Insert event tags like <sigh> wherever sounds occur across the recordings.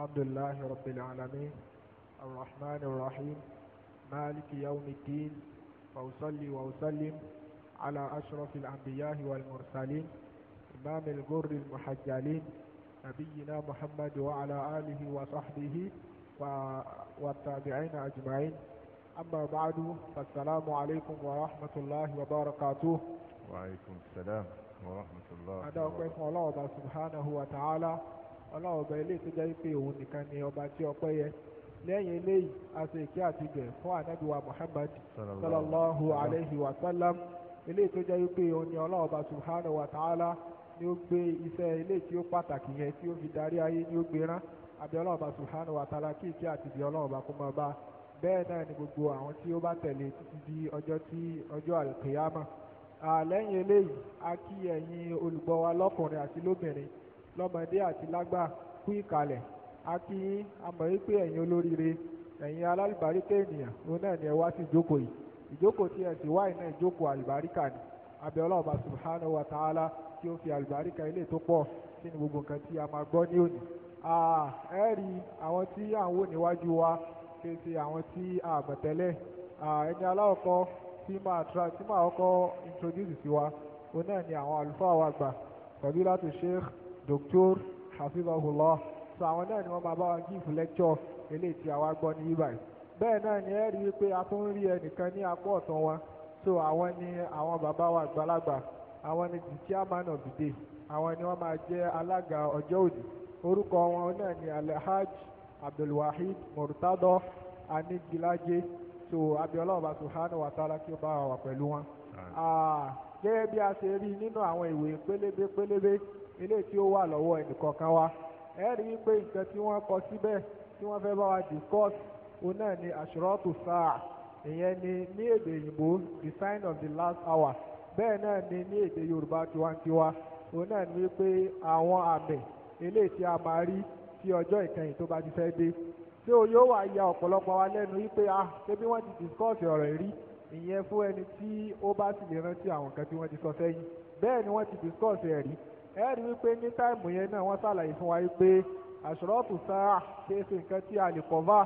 الحمد لله رب العالمين الرحمن الرحيم مالك يوم الدين وأصلي وأسلم على أشرف الأنبياء والمرسلين إمام الغر المحجلين نبينا محمد وعلى آله وصحبه والتابعين أجمعين أما بعد فالسلام عليكم ورحمة الله وبركاته وعليكم السلام ورحمة الله وبركاته أدعوكم الله سبحانه وتعالى ọlọ́run ọba ilé tó jẹ́ pé òun nìkan ni ọba tí ọpẹ́ yẹ lẹ́yìn eléyìí a ṣe ìkí àti ibẹ̀ fún ànábì wa muhammad sallallahu alayhi wa sallam ilé tó jẹ́ pé òun ni ọlọ́run ọba subhanahu wa ta'ala ni ó gbé iṣẹ́ ilé tí ó pàtàkì yẹn tí ó fi darí ayé ni ó gbé rán àbí ọlọ́run ọba subhanahu wa ta'ala kí ìkí àti ibẹ̀ ọlọ́run ọba kó máa bá bẹ́ẹ̀ náà ni gbogbo àwọn tí ó bá tẹ̀lé títí di ọjọ́ tí ọjọ́ àlùkìyámà àlẹ́yìn eléyìí a kí ẹ̀yin olùgbọ́ lọ́kùnrin àti lóbìnrin lọ́mọdé àti lágbà kú ìkàlẹ̀ a kí yín a mọ̀ wípé ẹ̀yin olóríire ẹ̀yin alálùbáríkà ènìyàn òun náà ni ẹ wá sí ìjókòó yìí ìjókòó tí ẹ sì wá iná ìjókòó àlùbáríkà ni abẹ́ ọlọ́ọ̀bá subhanahu wa ta'ala tí ó fi àlùbáríkà ilé tó pọ̀ sínú gbogbo nǹkan tí a máa gbọ́ ní òní. ẹ rí àwọn tí à ń wò níwájú wa ṣe àwọn tí a mọ̀ tẹ́lẹ̀ ẹni aláwọ̀kọ́ tí máa kọ́ introduce sí wa òun náà ni àwọn àlùfáà wa gbà Fadilatu Sheikh Doctor, hafizahullah so àwọn náà ni wọ́n máa bá wa give lecture eléyìí tí àwa gbọ́ ní ibà yìí bẹ́ẹ̀ náà ni ẹ rí i pé a tún rí ẹnìkan ní apá ọ̀tún wa so àwọn ni àwọn bàbá wa àgbàlagbà àwọn ni the chairman of the day àwọn ni wọ́n máa jẹ́ alága ọjọ́ òní orúkọ wọn náà ni alhaj abdulwahid murtado anigilaje so abiola ọba subhanahu wa ta'ala kí ó bá wa pẹ̀lú wọn. Ah, gẹ́gẹ́ bí a ṣe rí nínú àwọn ìwé pélébé pélébé eléyìí tí ó wà lọ́wọ́ ẹnìkọ̀ọ̀kan wa ẹ rí i pé nǹkan tí wọ́n kọ síbẹ̀ tí wọ́n fẹ́ bá wa discuss òun náà ni àṣírọ́tù sáà ìyẹn ni ní èdè òyìnbó the sign of the last hour bẹ́ẹ̀ náà ni ní èdè yorùbá tiwantiwa òun náà ni pé àwọn àmì eléyìí tí a máa rí tí ọjọ́ ìkẹyìn tó bá ti fẹ́ dé tí o yóò wá ya ọ̀pọ̀lọpọ̀ wa lẹ́nu wípé ah ṣé bí wọ́n ti discuss ọ̀rọ̀ rí ìyẹn fún ẹni tí ó bá sì lè rántí àwọn nǹkan tí wọ́n ti sọ sẹ́yìn bẹ́ẹ̀ ni wọ́n ti discuss ẹ̀ rí ẹ rí wípé ní táìmù yẹn náà wọ́n ṣàlàyé fún wa wípé àṣùrọ́tù sáà kìí ṣe nǹkan tí a lè kọ́fà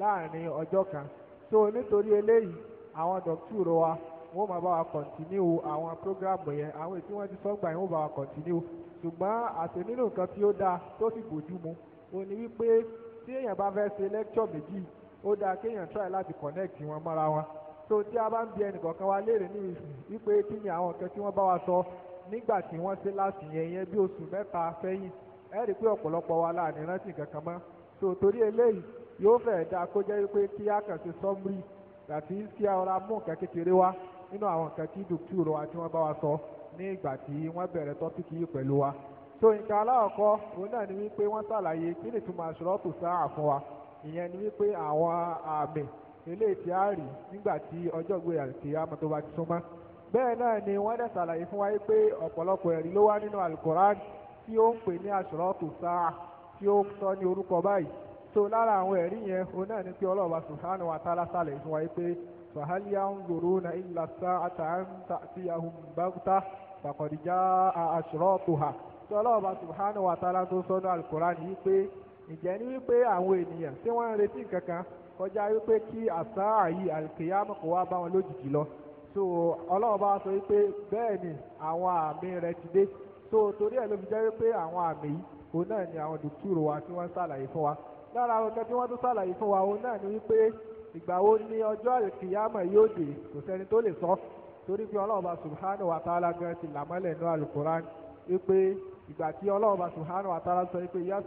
láàrin ọjọ́ kan so nítorí eléyìí àwọn dọ̀kítúrò wa wọ́n máa bá wa kọ̀ntínú àwọn prógrámù yẹn àwọn èyí tí wọ́n ti sọ́gbà yẹn wọ́n bá wa kọ̀ntínú ṣùgbọ́n àti nínú nǹkan tí ó dáa tó sì bójú mu ó ní wípé tí èèyàn bá fẹ́ ṣe lẹ́kṣọ̀ méjì ó dáa kéèyàn try láti connect wọn mọ́ra wọn so tí a bá ń bi ẹnìkọ̀ọ̀kan wa léèrè ní ìsìn wípé kí ni àwọn nǹkan tí wọ́n bá wa sọ nígbà tí wọ́n ṣe láti yẹn yẹn bí oṣù mẹ́ta sẹ́yìn ẹ rí i pé ọ̀pọ̀lọpọ̀ wa la ní rántí kankan mọ́ so torí eléyìí yóò fẹ́ dáa kó jẹ́ pé kí a kàn ṣe sọ́mùrì àti kí a ra mú nǹkan kékeré wá nínú àwọn nǹkan tí dùkúrò àti wọn bá wa sọ ní ìgbà tí wọ́n bẹ̀rẹ̀ tọ́pìkì yìí pẹ̀lú wa so nǹkan aláwọ̀kọ́ òun náà ni wípé wọ́n ṣàlàyé kí ni ìtumọ̀ àṣùrọ́tò sáà fún wa ìyẹn ni wípé àwọn àmì eléyìí tí a rí nígbà tí ọjọ́ ìgbéyàwó kìí àmọ́ tó bá ti súnmọ́ bẹ́ẹ̀ náà ni wọ́n dẹ̀ ṣàlàyé fún wa pé ọ̀pọ̀lọpọ̀ ẹ̀rí ló wá nínú alukoran tí ó ń pè ní aṣọ́rọ́tò sáà tí ó sọ ní orúkọ báyìí tó lára àwọn ẹ̀rí yẹn o náà ni pé ọlọ́ọ̀bá sùhánù àtàlà ṣàlàyé fún pé fàhálíà ń na ìlà sáà tàǹtà sí ahùn bàkútà fàkọ̀dìjà aṣọ́rọ́tò hà tí ọlọ́ọ̀bá sùhánù àtàlà tó sọ ní alukoran yìí pé ìjẹ́ ní wípé àwọn ènìyàn tí wọ́n ń retí kọjá so ọlọ́run bá sọ wípé bẹ́ẹ̀ ni àwọn àmì rẹ ti dé so torí ẹ̀ ló fi jẹ́ wípé àwọn àmì yìí òun náà ni àwọn dùkúrò wa tí wọ́n ń ṣàlàyé fún wa lára àwọn kan tí wọ́n tún ṣàlàyé fún wa òun náà ni wípé ìgbà wo ni ọjọ́ yóò dé kò sẹ́ni tó lè sọ torí pé ọlọ́run bá wa gan ti là mọ́lẹ̀ alukoran wípé ìgbà sọ wípé yas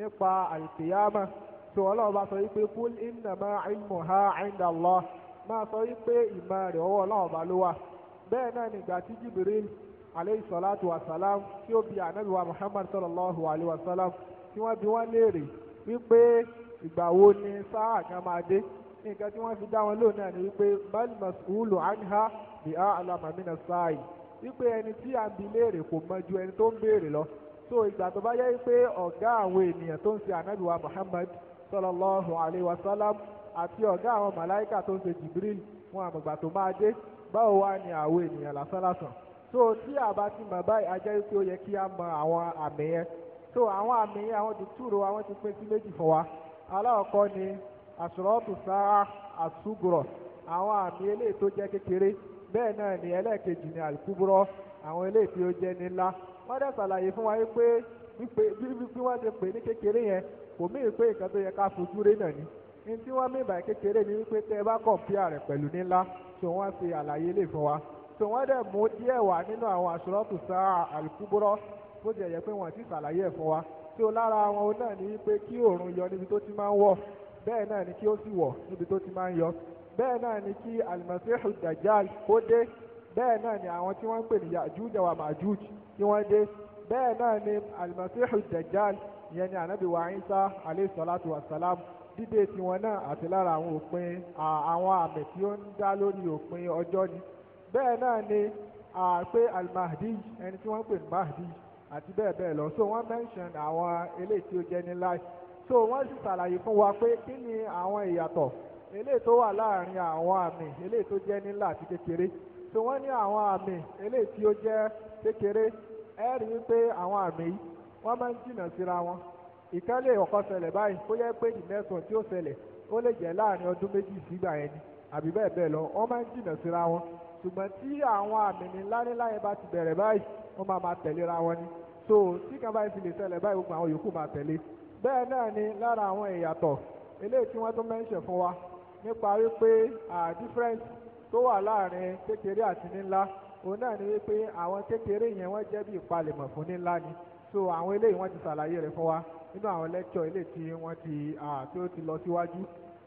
s nípa tó ọlọ́run bá sọ wípé kúl innama ilmuha inda Allah máa sọ wípé ìmọ̀ rẹ̀ ọwọ́ ọlọ́run bá ló wà bẹ́ẹ̀ náà nígbà tí Jibril aleyhi salatu wa salam tí ó bi anabi wa Muhammad sallallahu alayhi wa salam tí wọ́n bi wọ́n léèrè wípé ìgbà wo ni sáà kan máa dé nǹkan tí wọ́n fi dá wọn lóun náà ni wípé bal mas'ulu anha bi a'lama mina sáà wípé ẹni tí à ń bi léèrè kò mọ ju ẹni tó ń béèrè lọ so ìgbà tó bá yẹ wípé ọ̀gá àwọn ènìyàn tó ń ṣe anabi Muhammad sallallahu alayhi wa sallam àti ọ̀gá àwọn màláìkà tó ń ṣe jibril wọn àmọ̀gbà tó máa dé báwo wá ni àwọn ènìyàn lásán lásán so tí àbá ti mọ̀ báyìí a jẹ́ pé ó yẹ kí a mọ àwọn àmì yẹn so àwọn àmì yẹn àwọn dùtúrò àwọn ti pín sí méjì fún wa aláwọ̀kọ́ ni àsùrọ́tù sáà àsúgùrọ̀ àwọn àmì eléyìí tó jẹ́ kékeré bẹ́ẹ̀ náà ni ẹlẹ́ẹ̀kejì ni àlùkúbúrọ̀ àwọn eléyìí tí ó jẹ́ ní ńlá wọ́n dẹ̀ ṣàlàyé fún wa pé bí wọ́n ti pè ní kékeré yẹn kò mí pé nǹkan tó yẹ ká fojú rí náà ni ní tí wọ́n mí báyìí kékeré ni wípé tẹ́ ẹ bá kọ̀ǹpìà rẹ̀ pẹ̀lú nílá tó wọ́n ṣe àlàyé lè fún wa tó wọ́n dẹ̀ mú díẹ̀ wá nínú àwọn àṣọrọ́tù sáà àlùkúbọ́rọ́ bó ti ẹ̀yẹ pé wọ́n ti ṣàlàyé ẹ̀ fún wa tó lára àwọn ohun náà ni wípé kí òòrùn yọ níbi tó ti máa ń wọ̀ bẹ́ẹ̀ náà ni kí ó sì wọ̀ níbi tó ti máa ń yọ bẹ́ẹ̀ náà ni kí alimasihu dajjal kó dé bẹ́ẹ̀ náà ni àwọn tí wọ́n ń pè ní yajuj wa majuj kí wọ́n dé bẹ́ẹ̀ náà ni alimasihu dajjal ìyẹn ni ànábì wa Isa alayhi salatu wa salam dídé tiwọn náà àti lára àwọn òpin àwọn àmì tí ó ń dá lórí òpin ọjọ́ ni bẹ́ẹ̀ náà ni pé al-mahdi ẹni tí wọ́n ń pè ní mahdi àti bẹ́ẹ̀ bẹ́ẹ̀ lọ so wọ́n mention àwọn eléyìí tí ó jẹ́ ní láì so wọ́n sì ṣàlàyé fún wa pé kí ni àwọn ìyàtọ̀ eléyìí tó wà láàrin àwọn àmì eléyìí tó jẹ́ nílà àti kékeré so wọ́n ní àwọn àmì eléyìí tí ó jẹ́ kékeré ẹ rí i pé àwọn àmì yìí wọ́n máa ń jìnnà síra wọn ìkan lè ọ̀kan ṣẹlẹ̀ báyìí ó yẹ pé ìmẹ́sàn tí ó ṣẹlẹ̀ ó lè jẹ́ láàrin ọdún méjì sígbà yẹn ni àbí bẹ́ẹ̀ bẹ́ẹ̀ lọ wọ́n máa ń jìnnà síra wọn ṣùgbọ́n tí àwọn àmì ńláńlá yẹn bá ti bẹ̀rẹ̀ báyìí wọ́n máa máa tẹ̀léra wọn ni so tí kan báyìí ti lè ṣẹlẹ̀ báyìí gbogbo àwọn yòókù máa tẹ̀lé bẹ́ẹ̀ náà ni lára àwọn ìyàtọ̀ eléyìí tí wọ́n tún mẹ́ńṣẹ̀ a difference ni wípé àwọn kékeré yẹn ni so àwọn eléyìí wọ́n ti ṣàlàyé rẹ̀ fún wa nínú àwọn lecture eléyìí tí wọ́n ti tí ó ti lọ síwájú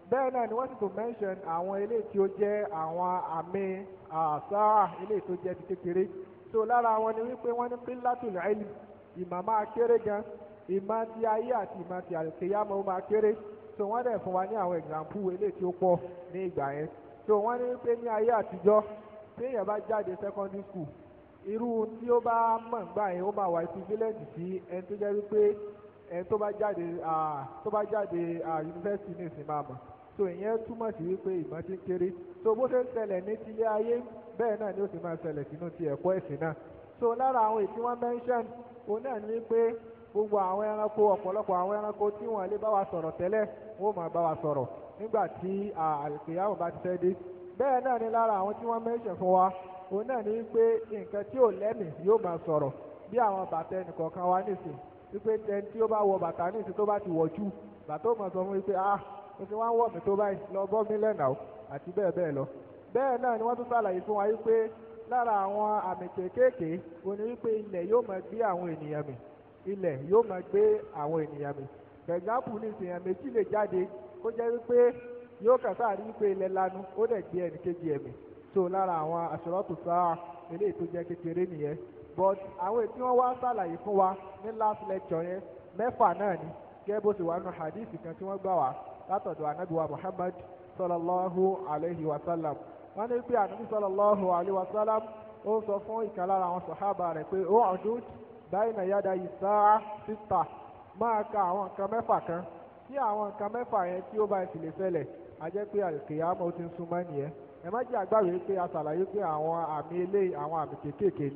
bẹ́ẹ̀ náà ni wọ́n sì tún mention àwọn eléyìí tí ó jẹ́ àwọn àmì sáà eléyìí tó jẹ́ ti kékeré so lára wọn ni wípé wọ́n ní kílátùl ilm ìmọ̀ máa kéré gan ìmọ̀ ti ayé àti ìmọ̀ ti àlùkìyámọ̀ máa kéré so wọ́n dẹ̀ fún wa ní àwọn example eléyìí tí ó pọ̀ ní ìgbà yẹn so wọ́n ní wípé ní ayé àtijọ́ téèyàn bá jáde secondary school irú tí ó bá mọ̀ nígbà yẹn ó máa wà equivalent sí ẹni tó jẹ́ wípé ẹni tó bá jáde tó bá jáde yunifásitì ní ìsìn máa mọ̀ so ìyẹn túmọ̀ sí wípé ìmọ̀ ti ń kéré so bó ṣe ń ṣẹlẹ̀ ní ti ilé ayé bẹ́ẹ̀ náà ni ó sì máa ṣẹlẹ̀ sínú ti ẹ̀kọ́ ẹ̀sìn náà so lára àwọn èyí tí wọ́n mention òun náà ni wípé gbogbo àwọn ẹranko ọ̀pọ̀lọpọ̀ àwọn ẹranko tí wọ́n lè bá wa sọ̀rọ̀ tẹ́lẹ̀ wọ́n máa bá wa sọ̀rọ̀ nígbà tí àlùkìyàwó bá ti fẹ́ dé bẹ́ẹ̀ náà ni lára àwọn tí wọ́n mention fún wa òun náà ní pé nǹkan tí ò lẹ́mìí yóò máa sọ̀rọ̀ bí àwọn bàtà ẹnìkọ̀ọ̀kan wa nìsín wípé tẹni tí ó bá wọ bàtà nìsín tó bá ti wọ̀ jù bàtà ó mọ̀ sọ fún mi ah mo ti wá ń wọ̀ mí tó báyìí lọ bọ́ mi lẹ́nà o àti bẹ́ẹ̀ bẹ́ẹ̀ lọ bẹ́ẹ̀ náà ni wọ́n tún ṣàlàyé fún wa wípé lára àwọn àmì kéékèèké òun ni wípé ilẹ̀ yóò máa gbé àwọn ènìyàn mì ilẹ̀ yóò máa gbé àwọn ènìyàn mì gbẹ̀gáàpù lanu ó dẹ̀ gbé so lára àwọn àṣọrọ́tò sáà eléyìí tó jẹ́ kékeré nìyẹn but àwọn èyí tí wọ́n wá sàlàyé fún wa ní last lecture yẹn mẹ́fà náà ni gẹ́gẹ́ bó wà hadith kan tí wọ́n gbà wá látọ̀dọ̀ anábìwá Muhammad sallallahu alayhi wa sallam wọ́n ní pé ànábì sallallahu alayhi wa sallam ó sọ fún ìkan lára àwọn sàhábà rẹ̀ pé ó ọ̀dún báyìí náà yìí sáà ka àwọn nǹkan mẹ́fà kan àwọn nǹkan mẹ́fà yẹn tí ó bá ti lè a jẹ́ pé ẹ má jẹ́ pé a ṣàlàyé pé àwọn àmì eléyìí àwọn àmì kéékèèké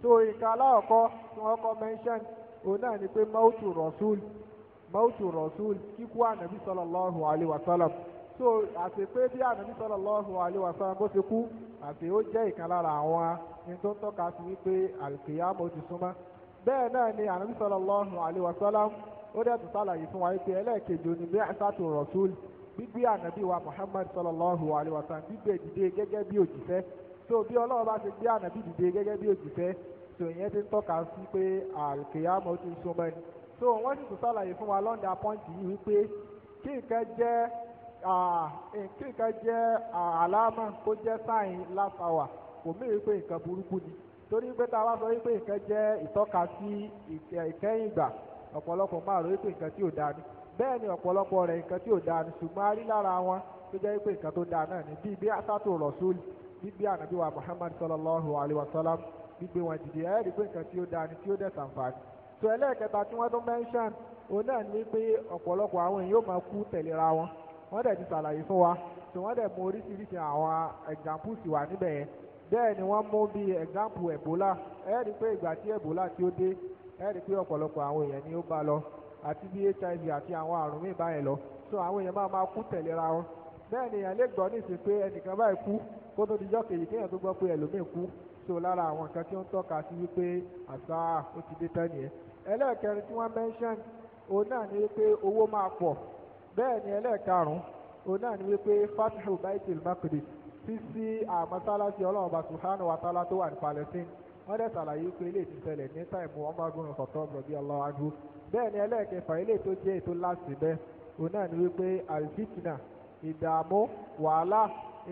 ni so nǹkan aláwọ̀kọ́ tí wọ́n kọ́ mention òun náà ni pé mautu rasul mautu kíkú ànàbí wasallam so àti pé bí ànàbí sallallahu alaihi wasallam bó ti kú àti ó jẹ́ ìkan lára àwọn ní tó ń ni ànàbí ó dẹ̀ tún fún wa pé ẹlẹ́ẹ̀kejì ò gbígbé ànábì wa muhammad sallallahu alayhi wa sallam gbígbé dìde gẹ́gẹ́ bí òjìṣẹ́ so bí ọlọ́run bá ti gbé ànábì dìde gẹ́gẹ́ bí òjìṣẹ́ so ìyẹn ti ń tọ́ka sí pé àkèyàmọ́ ni so wọ́n sì tún sàlàyé fún wa lọ́ndà pọ́ǹtì yìí wípé kí nǹkan jẹ́ kí nǹkan jẹ́ àlámà kó jẹ́ sáìn láfàwà kò mí wípé nǹkan burúkú ni torí pé tá a wípé nǹkan jẹ́ ìtọ́ka sí ìgbà ọ̀pọ̀lọpọ̀ máa wípé nǹkan tí ò bẹ́ẹ̀ ni ọ̀pọ̀lọpọ̀ rẹ̀ nǹkan tí ò dáa ni ṣùgbọ́n a rí lára wọn tó jẹ́ pé nǹkan tó dáa náà ni bíi bí asátò rasul bíbí ànábì muhammad sallallahu alayhi wa sallam gbígbé wọn dìde rí pé nǹkan tí ó dáa tí ó dẹ̀ sàǹfààní. tó ẹlẹ́ẹ̀kẹta tí wọ́n tún mẹ́ńṣán òun náà pé ọ̀pọ̀lọpọ̀ àwọn èèyàn máa kú wọn wọ́n dẹ̀ ti ṣàlàyé fún wa tí wọ́n dẹ̀ mú oríṣiríṣi àwọn wà níbẹ̀ ni wọ́n mú bí rí pé ìgbà tí àti bí hiv àti àwọn àrùn míì báyẹn lọ so àwọn èèyàn máa máa kú tẹ̀léra wọn bẹ́ẹ̀ ni èèyàn lè gbọ́ nísìn pé ẹnìkan báyìí kú kó tó dijọ́ kejì kéèyàn tó gbọ́ pé ẹlòmíì kú so lára àwọn nǹkan tí ó ń tọ́ka sí wípé àṣà ó ti dé tán nìyẹn ẹlẹ́ẹ̀kẹrin tí wọ́n mention òun náà ni wípé owó máa pọ̀ bẹ́ẹ̀ ni ẹlẹ́ẹ̀karùn-ún òun náà ni wípé fatihu baitul makdis sísí àmọ́sálásí ọlọ́run bá subhanahu wa ta'ala tó wà ní Palestine wọ́n dẹ̀ ṣàlàyé pé ilé ti ṣẹlẹ̀ ní táìmù Umar bin Khattab radiyallahu anhu bẹ́ẹ̀ ni ẹlẹ́ẹ̀kẹfà ilé tó jẹ́ ètò láti bẹ́ òun náà ni wípé alifitina ìdààmú wàhálà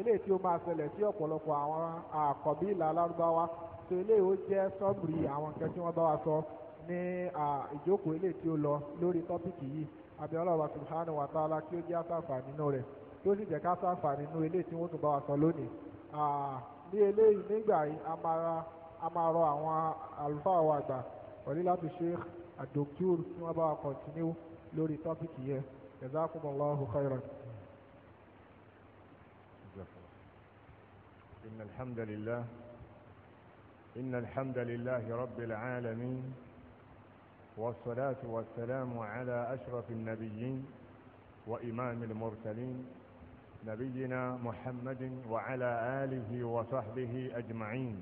ilé tí ó máa ṣẹlẹ̀ sí ọ̀pọ̀lọpọ̀ àwọn àkọ́bí ìlà alárúbáwá tó ilé ó jẹ́ sọ́ọ̀bùrì àwọn nǹkan tí wọ́n bá wa sọ ní ìjókòó ilé tí ó lọ lórí tọ́pìkì yìí abiola wa subhanahu wa ta'ala kí ó jẹ́ àṣàǹfààní nínú rẹ̀ kí sì jẹ́ ká àṣàǹfààní nínú ilé tí wọ́n tún bá wa sọ lónìí ní eléyìí nígbà yìí a máa amaro àwọn alfa wa gba oni láti Sheikh àdókúrú tí wọ́n bá continue lórí topic ye jazakumullahu khairan. إن الحمد لله إن الحمد لله رب العالمين والصلاة والسلام على أشرف النبيين وإمام المرسلين نبينا محمد وعلى آله وصحبه أجمعين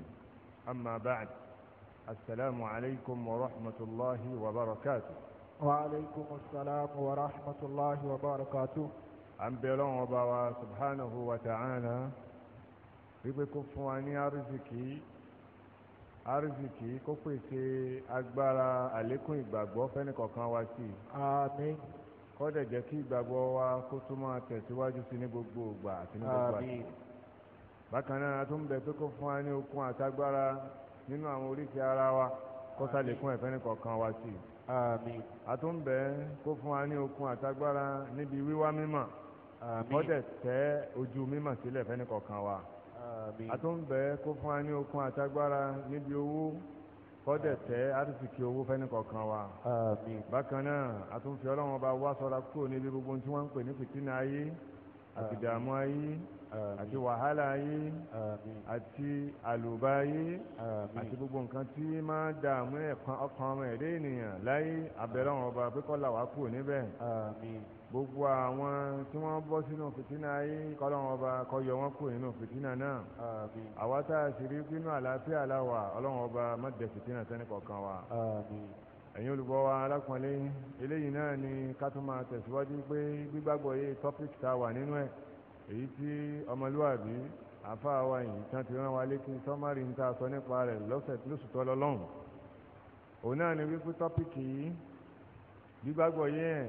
أما بعد السلام عليكم ورحمة الله وبركاته وعليكم السلام ورحمة الله وبركاته wa subhanahu wa ta'ala kó fún wa agbára àlékún ìgbàgbọ́ fẹ́nìkọ̀ọ̀kan wa sí i. àmín. kó dẹ̀ jẹ́ kí ìgbàgbọ́ wa kó gbogbo ìgbà àti ní gbogbo àti. bákan náà tó ń bẹ pé kó fún wa ní okun àtagbára nínú àwọn oríkèé ara wa kó sálẹ̀kùn ẹ̀fẹ́ ní kọ̀ọ̀kan wa sí i. àmín. a tó ń bẹ kó fún wa ní okun àtagbára níbi wíwá mímọ́. àmín. ó dẹ̀ tẹ́ ojú mímọ́ sílẹ̀ fẹ́ ní kọ̀ọ̀kan wa. àmín. a tó kó fún wa ní okun àtagbára níbi owó kọ́dẹ̀ tẹ́ àrísìkí owó fẹ́nìkọ̀ọ̀kan wa. àmín. bákan náà a tún ọlọ́run ọba wá sọ́ra àti wàhálà yín àti àlùbá yín àti gbogbo nǹkan tí máa dààmú ọkàn ọmọ ẹ̀dẹ́ ènìyàn láyé abẹ́rẹ́ ọ̀rọ̀ ọba pé kọ́là wá kúrò níbẹ̀ gbogbo àwọn tí wọ́n bọ́ sínú fìtínà ayé kọ́lọ́run ọba kó yọ wọ́n kúrò nínú fìtínà náà àwa tá a sì rí bínú àlàáfíà láwà ọlọ́run ọba má dẹ̀ fìtínà sẹ́ni kọ̀ọ̀kan wa ẹ̀yin olùgbọ́ wa alákùnrin eléyìí náà ni ká tún máa tẹ̀síwájú pé gbígbàgbọ́ yé topic tá a wà nínú ẹ̀ èyí tí ọmọlúwàbí àfáà wa yìí tán ti rán wa létí sọ́mọ́rì ń ta sọ nípa rẹ̀ lọ́sẹ̀ lóṣù tó lọ òun náà ni wípé tọ́pìkì yìí gbígbàgbọ́ yẹn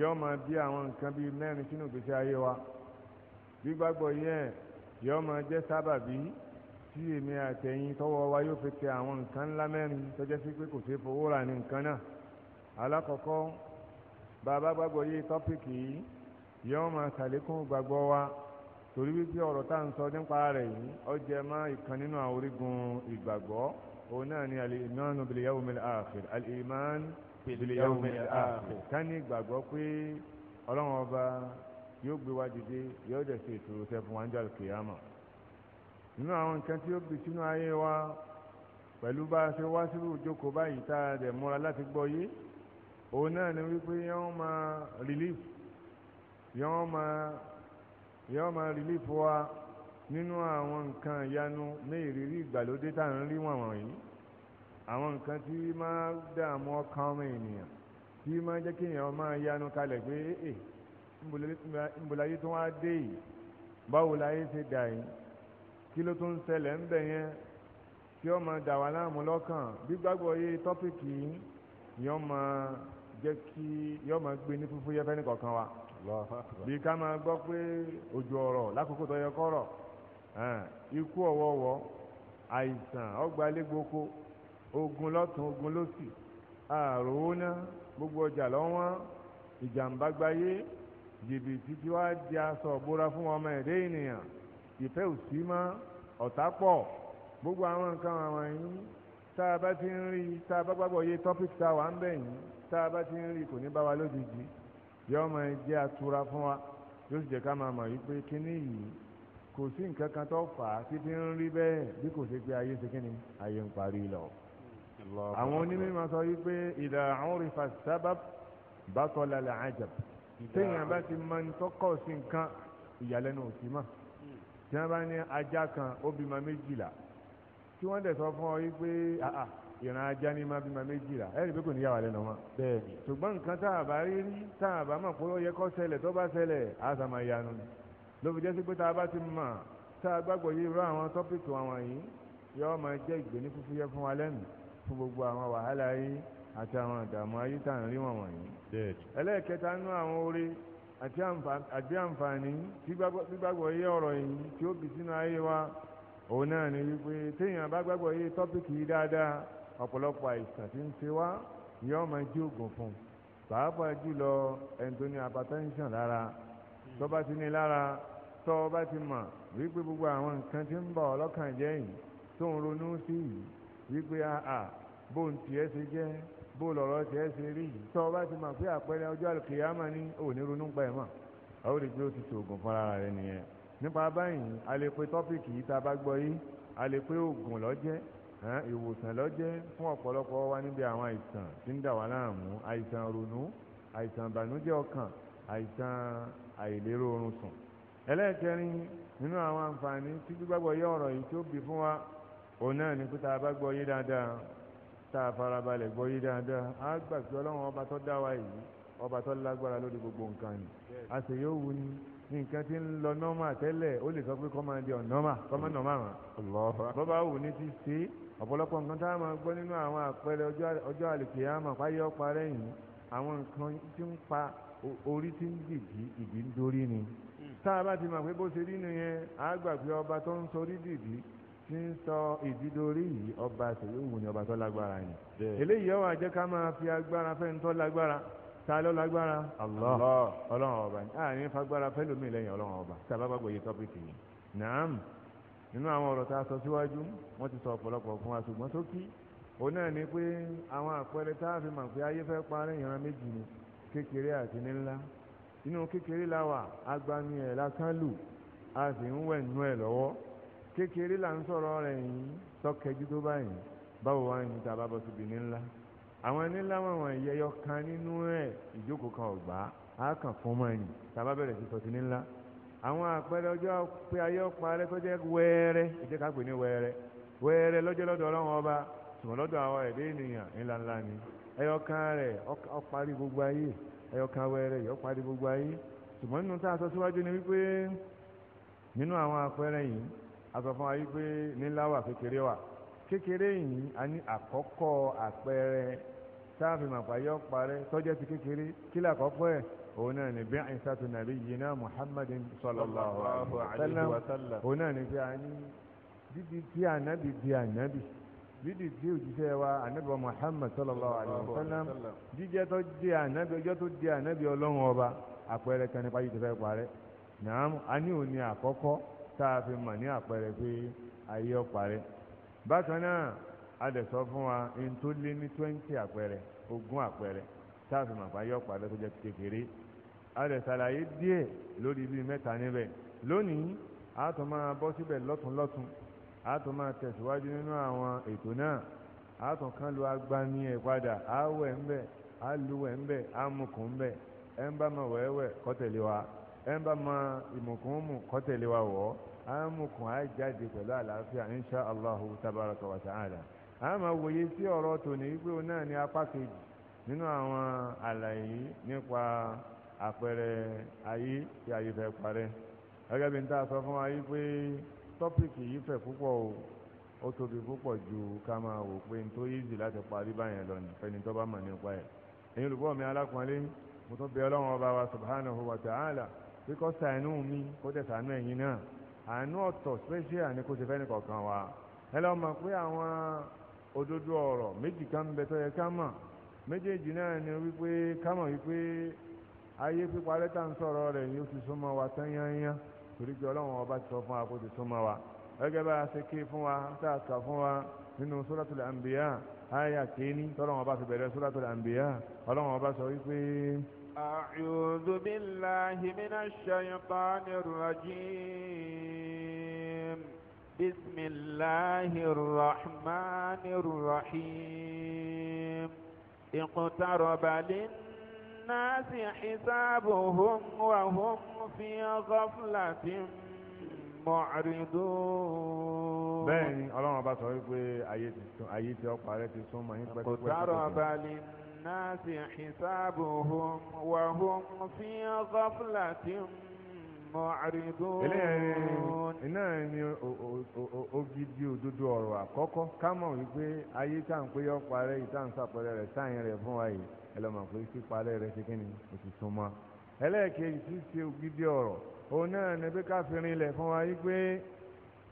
yọ máa bí àwọn nǹkan bíi mẹ́rin sínú ìgbésí ayé wa gbígbàgbọ́ yẹn yọ máa jẹ́ sábàbí tí èmi àtẹ̀yìn tọ́wọ́ wa yóò fi tẹ àwọn nǹkan ńlá mẹ́rin tó jẹ́ sí pé kò sí fowó rà ní nǹkan náà alákọ̀ọ́kọ́ bàbá gbàgbọ́ yé tọ́pìkì yìí yóò máa ṣàlékún gbàgbọ́ wa torí wípé ọ̀rọ̀ tá à ń sọ nípa rẹ̀ yìí ó jẹ mọ́ ìkan nínú àwọn orígun ìgbàgbọ́ òun náà ni al-imanu bil-yawmil akhir al-iman bil-yawmil akhir ká ní ìgbàgbọ́ pé ọlọ́run ọba yóò gbé wa dìde yóò dẹ̀ ṣe ìṣòro tẹ fún wa ní ọjọ́ kìyàmà nínú àwọn nǹkan tí ó gbé sínú ayé wa pẹ̀lú bá a ṣe wá sírú ìjókòó báyìí tá a dẹ̀ múra láti gbọ́ yé òun náà ni wípé wọ́n máa relief yọ́n máa yọ́n máa rìlífù wa nínú àwọn nǹkan ìyanu méèrèrí ìgbàlódé tá ń rí wọ̀n wọ̀nyí àwọn nǹkan tí máa dààmú ọkàn ọmọ ènìyàn tí máa jẹ́ kéèyàn máa yanu kalẹ̀ pé èè ńbùláyé tó wá dé yìí báwo láyé ṣe dà yìí kí ló tún ń ṣẹlẹ̀ ń bẹ̀ yẹn tí ó máa dà wá láàmú lọ́kàn gbígbàgbọ́ yé tọ́pìkì yìí yọ́n máa jẹ́ kí yọ́n máa gbé ní fúfú wa bí ká máa gbọ́ pé òjò ọ̀rọ̀ lákòókò tó yẹ kọ́rọ̀ ikú ọ̀wọ́wọ́ àìsàn ọgbàlégboko ogun lọ́tún ogun lọ́sì àròóná gbogbo ọjà lọ́wọ́n ìjàmbá gbáyé jìbìtì tí wàá di aṣọ ìbora fún ọmọ ẹ̀dẹ́ ènìyàn ìfẹ́ òsì mọ́ ọ̀tá pọ̀ gbogbo àwọn nǹkan àwọn yìí tá a bá ti ń rí tá a bá gbàgbọ́ yé tọ́pìkì tá a wà ń bẹ̀ yìí tá a bá ti ń rí kò ní bá wa lójijì yóò máa jẹ́ atura fún wa yóò sì jẹ́ ká máa mọ̀ yí pé kíní yìí kò sí nǹkan kan tó fà á títí ń rí bẹ́ẹ̀ bí kò sí pé ayé ṣe kíni ayé ń parí lọ. àwọn onímọ̀ sọ yí pé ìdá urifa sábàb batala al-ajab téèyàn bá ti máa ń sí nǹkan ìyàlẹ́nu òsì mọ̀ tí wọ́n bá ní ajá kan ó bímọ méjìlá tí wọ́n dẹ̀ sọ fún ọ yí pé àà ìran ajá ní má bímọ méjì rà ẹ̀rí pé kò ní yàwá lẹ́nu wọn. bẹ́ẹ̀ni. ṣùgbọ́n nǹkan tá a bá rí rí tá a bá mọ̀ pé ó yẹ kó ṣẹlẹ̀ tó bá ṣẹlẹ̀ á sà máa yanu ni. ló fi jẹ́ sí pé tá a bá ti mọ̀ tá a gbàgbọ́ yìí rọ àwọn tọ́pìkì àwọn yìí yọ máa jẹ́ ìgbéní fúfúyẹ́ fún wa lẹ́nu fún gbogbo àwọn wàhálà yìí àti àwọn àdààmú ayé tá à ń rí wọn wọ̀nyí. ẹlẹ́ẹ̀kẹta nú àwọn orí àti àǹfààní gbígbàgbọ́ yé ọ̀rọ̀ yìí tí ó bì sínú ayé wa òun náà ni wípé téèyàn bá gbàgbọ́ yé tọ́pìkì yìí dáadáa ọ̀pọ̀lọpọ̀ àìsàn tí ń ṣe wá yóò máa jí oògùn fún un pàápàá jùlọ ẹni tó ní hypertension lára tó bá ti ní lára tó bá ti mọ̀ wípé gbogbo àwọn nǹkan tí ń bọ̀ ọlọ́kàn jẹ́ yìí tó ń ronú sí yìí wípé àà bó ń tiẹ̀ ṣe jẹ́ bó lọ̀rọ̀ tiẹ̀ ṣe rí yìí tó bá ti mọ̀ pé àpẹẹrẹ ọjọ́ àlùkìyàmà ní òní ronú pa ẹ̀ mọ̀ àwọn olùgbé ó ti ṣoògùn fúnra rẹ̀ nìyẹn nípa báyìí a lè pe tọ́pìkì yìí tá a bá gbọ́ yìí a lè pe oògùn lọ́jẹ́ ìwòsàn ló jẹ́ fún ọ̀pọ̀lọpọ̀ wa níbi àwọn àìsàn tí ń dà wá láàmú àìsàn ronú àìsàn ìbànújẹ́ ọkàn àìsàn àìlérò oorun sùn ẹlẹ́ẹ̀kẹrin nínú àwọn àǹfààní tí gbígbàgbọ́ yé ọ̀rọ̀ yìí tó bí fún wa òun náà ni pé tá a bá gbọ́ yé dáadáa tá a farabalẹ̀ gbọ́ yé dáadáa á gbà pé ọlọ́run ọba tó dá wa yìí ọba tó lágbára lórí gbogbo nǹkan ni àṣeyọ́wù ni nǹkan tí ń lọ nọ́mà tẹ́lẹ̀ ó lè sọ pé kọ́ máa di ọ̀nọ́mà kọ́mọ́ nọ́mà mọ́. bọ́bá wù ní ti ṣe ọ̀pọ̀lọpọ̀ nǹkan tá a máa gbọ́ nínú àwọn àpẹẹrẹ ọjọ́ àlèkè àmọ̀ fáyé ọ̀pá rẹ̀yìn àwọn nǹkan tí ń pa orí tí ń dìdí ìdí ń dorí ni. Hmm. tá a bá ti mọ̀ pé bó ṣe rí nu yẹn á gbà pé ọba tó ń sorí dìdí tí ń sọ ìdí dorí yìí ọba àṣèlú òun ni ọba tó lágbára yẹn. eléyìí ó wá jẹ́ ta ló lágbára Allah ọlọ́run ọba àní fagbára fẹ́lómi lẹ́yìn ọlọ́run ọba tí a bá bá gbòye tọ́pìkì yìí naam nínú àwọn ọ̀rọ̀ tá a sọ síwájú wọ́n ti sọ ọ̀pọ̀lọpọ̀ fún wa ṣùgbọ́n tó kí òun náà ni pé àwọn àpẹẹrẹ tá a fi mọ̀ pé ayé fẹ́ parí ìran méjì ni kékeré àti níńlá inú kékeré la wà agbani ẹ̀ lásán lù a sì ń wẹ̀ nú ẹ̀ lọ́wọ́ kékeré là ń sọ̀rọ̀ rẹ̀ yìí tọ́kẹ́jú tó báyìí báwo wá ní ta bá bọ́ síbi níńlá àwọn níláwọ̀ àwọn ìyẹyọ kan nínú ẹ̀ ìjókòó kan ọ̀gbá á kàn fún ọmọ ẹ̀yìn tàbá bẹ̀rẹ̀ sí sọ ti ní ńlá àwọn àpẹẹrẹ ọjọ́ pé ayé ọ̀pá rẹ tó jẹ́ wẹ́ẹ́rẹ́ ìjẹ́ ká pè ní wẹ́ẹ́rẹ́ wẹ́ẹ́rẹ́ lọ́jọ́ lọ́dọ̀ ọlọ́run ọba ṣùgbọ́n lọ́dọ̀ àwọn ẹ̀dẹ́ ènìyàn ńláńlá ni ẹyọ kan rẹ̀ ó parí gbogbo ayé ẹyọ kan wẹ́ẹ́rẹ́ yìí ó gbogbo ayé ṣùgbọ́n nínú tá a sọ síwájú ni wípé nínú àwọn àpẹẹrẹ yìí a sọ fún wa wípé níláwà kékeré wà kékeré yìí a ní àkọ́kọ́ àpẹẹrẹ sáàfin màpáyọ́ parẹ́ tọ́jẹ́ ti kékeré kílà kọ́kọ́ ẹ̀ òun náà ni bí àìsà tó nàbí yìí náà muhammadin sallallahu alaihi wa sallam òun náà ni pé a ní dídì tí ànábì di ànábì dídì tí òjíṣẹ́ wa ànábì wa muhammad sallallahu alaihi wa sallam jíjẹ́ tó di ànábì ọjọ́ tó di ànábì ọlọ́run ọba àpẹẹrẹ kan nípa yìí ti fẹ́ parẹ́ nàám a ní àkọ́kọ́ sáàfin mà ní àpẹẹrẹ pé ayé ọ adẹ̀sọ fún wa n tó lé ní twenty àpẹẹrẹ ogún àpẹẹrẹ táàfì màpá yọ padà tó jẹ kékeré adẹ̀sàlàyé díẹ̀ lórí bíi mẹ́ta níbẹ̀ lónìí a tún máa bọ́ síbẹ̀ lọ́tùnlọ́tùn a tún máa tẹ̀síwájú nínú àwọn ètò náà a tún kán lu agbani ẹ̀ padà a wẹ̀ ń bẹ̀ a lu ẹ̀ ń bá ma wẹ̀ẹ́wẹ̀ kọ́tẹ̀lé wa ẹ̀ ń bá ma ìmùkùn mù kọ́tẹ̀lé wa wọ̀ ọ́ a mukùn a jáde pẹ̀lú àlàáfíà inṣàlá tabaraka wa ta'ala. a ma wòye sí ọ̀rọ̀ tòní wípé òun náà ní apá kejì nínú àwọn àlàyé nípa àpẹẹrẹ ayé tí ayé fẹ́ parẹ́ gẹ́gẹ́ bí n tá a sọ fún wa yí pé tọ́pìkì yìí o ó tóbi púpọ̀ ju ká máa wò pé n tó yízi láti parí báyẹn lọ tó bá mọ̀ nípa ẹ̀ ẹ̀yin olùkọ́ mi alákùnrin mo tún ọlọ́run ọba wa wa wa ẹ lọ́ mọ̀ pé àwọn òdodo ọ̀rọ̀ méjì kan ń bẹ tó yẹ ká mọ̀ méjèèjì náà ni wípé ká mọ̀ wípé ayé pípa lẹ́tà ń sọ̀rọ̀ rẹ̀ yóò ti súnmọ́ wa tán yányá torí pé ọlọ́run ọba ti sọ fún wa kó ti súnmọ́ wa gẹ́gẹ́ bá a ṣe ké fún wa tá a kà fún wa nínú suratul anbiya aya kéènì tọ́lọ́run ọba fi bẹ̀rẹ̀ suratul anbiya ọlọ́run ọba sọ wípé. أعوذ بالله من الشيطان الرجيم بسم الله الرحمن الرحيم اقترب للناس حسابهم وهم في غفلة معرضون بني الله ما بصوا يقول آيتي أو قارئتي ثم اقترب للناس حسابهم وهم في غفلة معرضون náà ni ògidì òdodo ọrọ àkọ́kọ́ ká wípé ayé tá à ń pé yọ parẹ́ yìí tá à sàpẹrẹ rẹ̀ sáyẹn rẹ̀ fún wa yìí ẹ lọ́mọ pé píparẹ́ rẹ̀ ṣe kí ni kò ẹlẹ́ẹ̀kejì tí ṣe ọ̀rọ̀ òun náà ni pé ká fi rinlẹ̀ fún wa yìí pé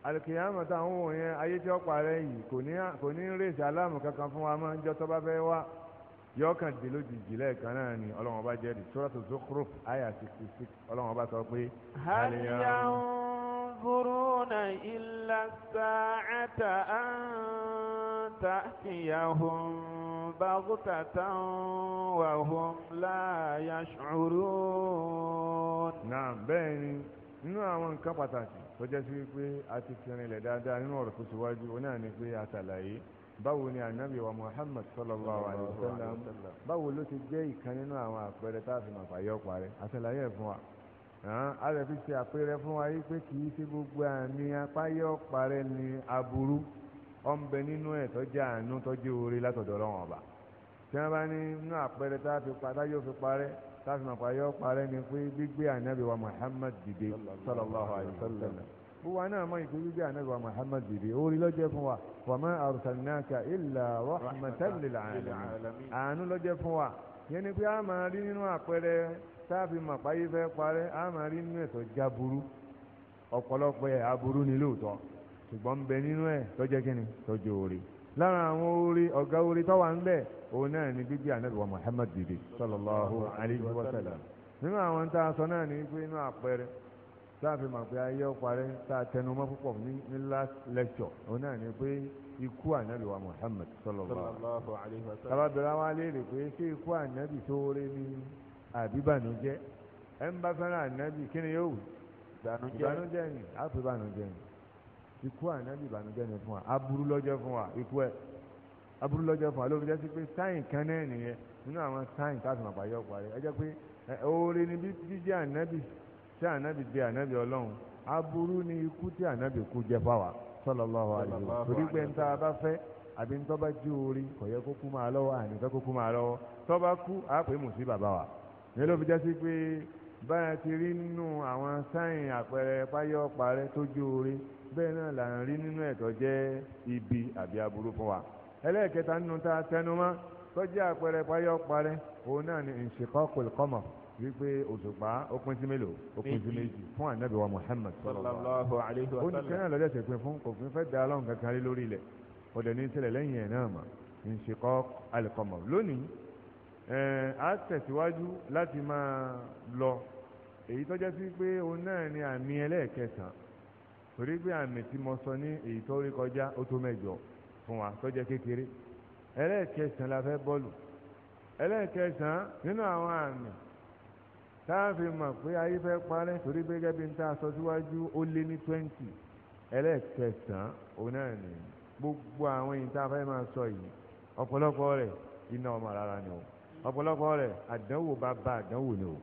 ayé tí yìí kò ní rèsì kankan fún wa tó bá yọkàn dé lójijì lẹ́ẹ̀kan náà ni ọlọ́run ọba jẹ́ di suratu Zukhruf àyà sixty six ọlọ́run ọba sọ pé. hal yanzuruna illa as-sa'ata an ta'tiyahum baghtatan wa hum la yash'urun. náà bẹ́ẹ̀ ni nínú àwọn nǹkan pàtàkì tó jẹ́ sí wípé a ti fi rinlẹ̀ dáadáa nínú ọ̀rọ̀ tó ṣíwájú ó náà ni pé a ṣàlàyé báwo ni ànábì wa muhammad sallallahu alayhi wa sallam báwo ló ti jẹ́ ìkan nínú àwọn àpẹẹrẹ tá a fi màfà yọ parẹ́ àtàlàyé ẹ̀ fún wa a lè fi ṣe àpẹẹrẹ fún wa yìí pé kì í ṣe gbogbo àmì apá yọ parẹ́ ni aburú ọ̀nbẹ nínú ẹ̀ tọ́jú àánú tọ́jú orí látọ̀dọ̀ ọlọ́wọ́n ọba tí wọ́n bá ní inú àpẹẹrẹ tá a fi pa tá fi parẹ́ tá a fi màfà yọ parẹ́ ni pé gbígbé ànábì wa muhammad dìde sallallahu alayhi wa sallam gbogbo wa náà mọ ìpínlẹ̀ bíi ànábì wa Muhammad bìbí orí lọ́jẹ́ fún wa wa ma arsalnaka illa rahmatan lil alamin àánú lọ́jẹ́ fún wa yẹn ni pé a máa rí nínú àpẹẹrẹ táàbí màpáyé fẹ́ parẹ́ a máa rí nínú ẹ̀tọ́ jáburú ọ̀pọ̀lọpọ̀ ẹ̀ aburú ni lóòótọ́ ṣùgbọ́n bẹ nínú ẹ̀ tọ́jẹ́ kí ni tọ́jú orí lára àwọn orí ọ̀gá orí tọ́wà ń bẹ̀ òun náà ni bíbí ànábì wa Muhammad bìbí sallallahu alayhi wa sallam nínú àwọn tá a sọ náà ni pé inú àpẹẹrẹ sáàfin mà pé ayé ọparẹ tá a tẹnu mọ́ púpọ̀ ní last lecture òun náà ni pé ikú ànábì wa Muhammad sallallahu alaihi wasallam tábàbẹ̀rẹ̀ àwọn aléèrè pé ṣé ikú ànábì tó rẹ ní àbíbànújẹ́ ẹ ń bá fẹ́ràn ànábì kí ni yóò wù ìbànújẹ́ ni àpè ìbànújẹ́ ni ikú ànábì ìbànújẹ́ ni fún wa aburú lọ́jọ́ fún wa ikú ẹ̀ aburú lọ́jọ́ fún wa ló fi jẹ́ sí pé sáyìn kan náà nìyẹn nínú àwọn sáyìn táàfin àpàyọ̀ parí ẹ jẹ́ pé oore ni bí jíjẹ́ ànábì tí ànábì gbé ànábì ọlọ́run aburú ni ikú tí ànábì kú jẹ fáwa sallallahu alaihi wasallam torí pé nta bá fẹ́ àbí ntọ́ bá jí orí kò kó kú máa lọ́wọ́ àní fẹ́ kó kú máa lọ́wọ́ tọ́ bá kú á mùsí bàbá wa ní ló fi jásí pé báyà ti rí nínú àwọn sáyìn àpẹẹrẹ páyọ parẹ́ tó jí orí bẹ́ẹ̀ náà là ń rí nínú ẹ̀tọ́ jẹ́ ibi àbí aburú fún wa ẹlẹ́ẹ̀kẹta nínú tá a tẹnu mọ́ tó àpẹẹrẹ páyọ parẹ́ òun náà ni inshaqaqul qamar wípé òṣùpá ó pín sí mélòó ó pín sí méjì fún ànábì wa Muhammad sallallahu alayhi wa sallam ó ní kẹ́hìn lọ́jọ́ ṣe pín fún òfin fẹ́ da ọlọ́run kankan rí lórí ilẹ̀ ó dẹ̀ ní ìṣẹ̀lẹ̀ lẹ́yìn ẹ̀ náà mà ń ṣe kọ́ alìkọ́mọ̀ lónìí a tẹ̀síwájú láti máa lọ èyí tọ́jọ́ sí pé òun náà ni àmì ẹlẹ́ẹ̀kẹsàn torí pé àmì tí mo sọ ní èyí tó rí kọjá ó tó mẹ́jọ fún wa tó kékeré ẹlẹ́ẹ̀kẹsàn la fẹ́ bọ́ọ̀lù ẹlẹ́ẹ̀kẹsàn nínú àwọn àmì táàfin mọ̀ pé ayé fẹ́ parẹ́ torí pé gẹ́gẹ́ bí ta sọ síwájú ó lé ní twenty ẹlẹ́ẹ̀kẹsàn-án òun náà ni gbogbo àwọn èyí tá a fẹ́ máa sọ yìí ọ̀pọ̀lọpọ̀ rẹ̀ iná ọmọ rárá ni o ọ̀pọ̀lọpọ̀ rẹ̀ àdánwò bá ba àdánwò ni o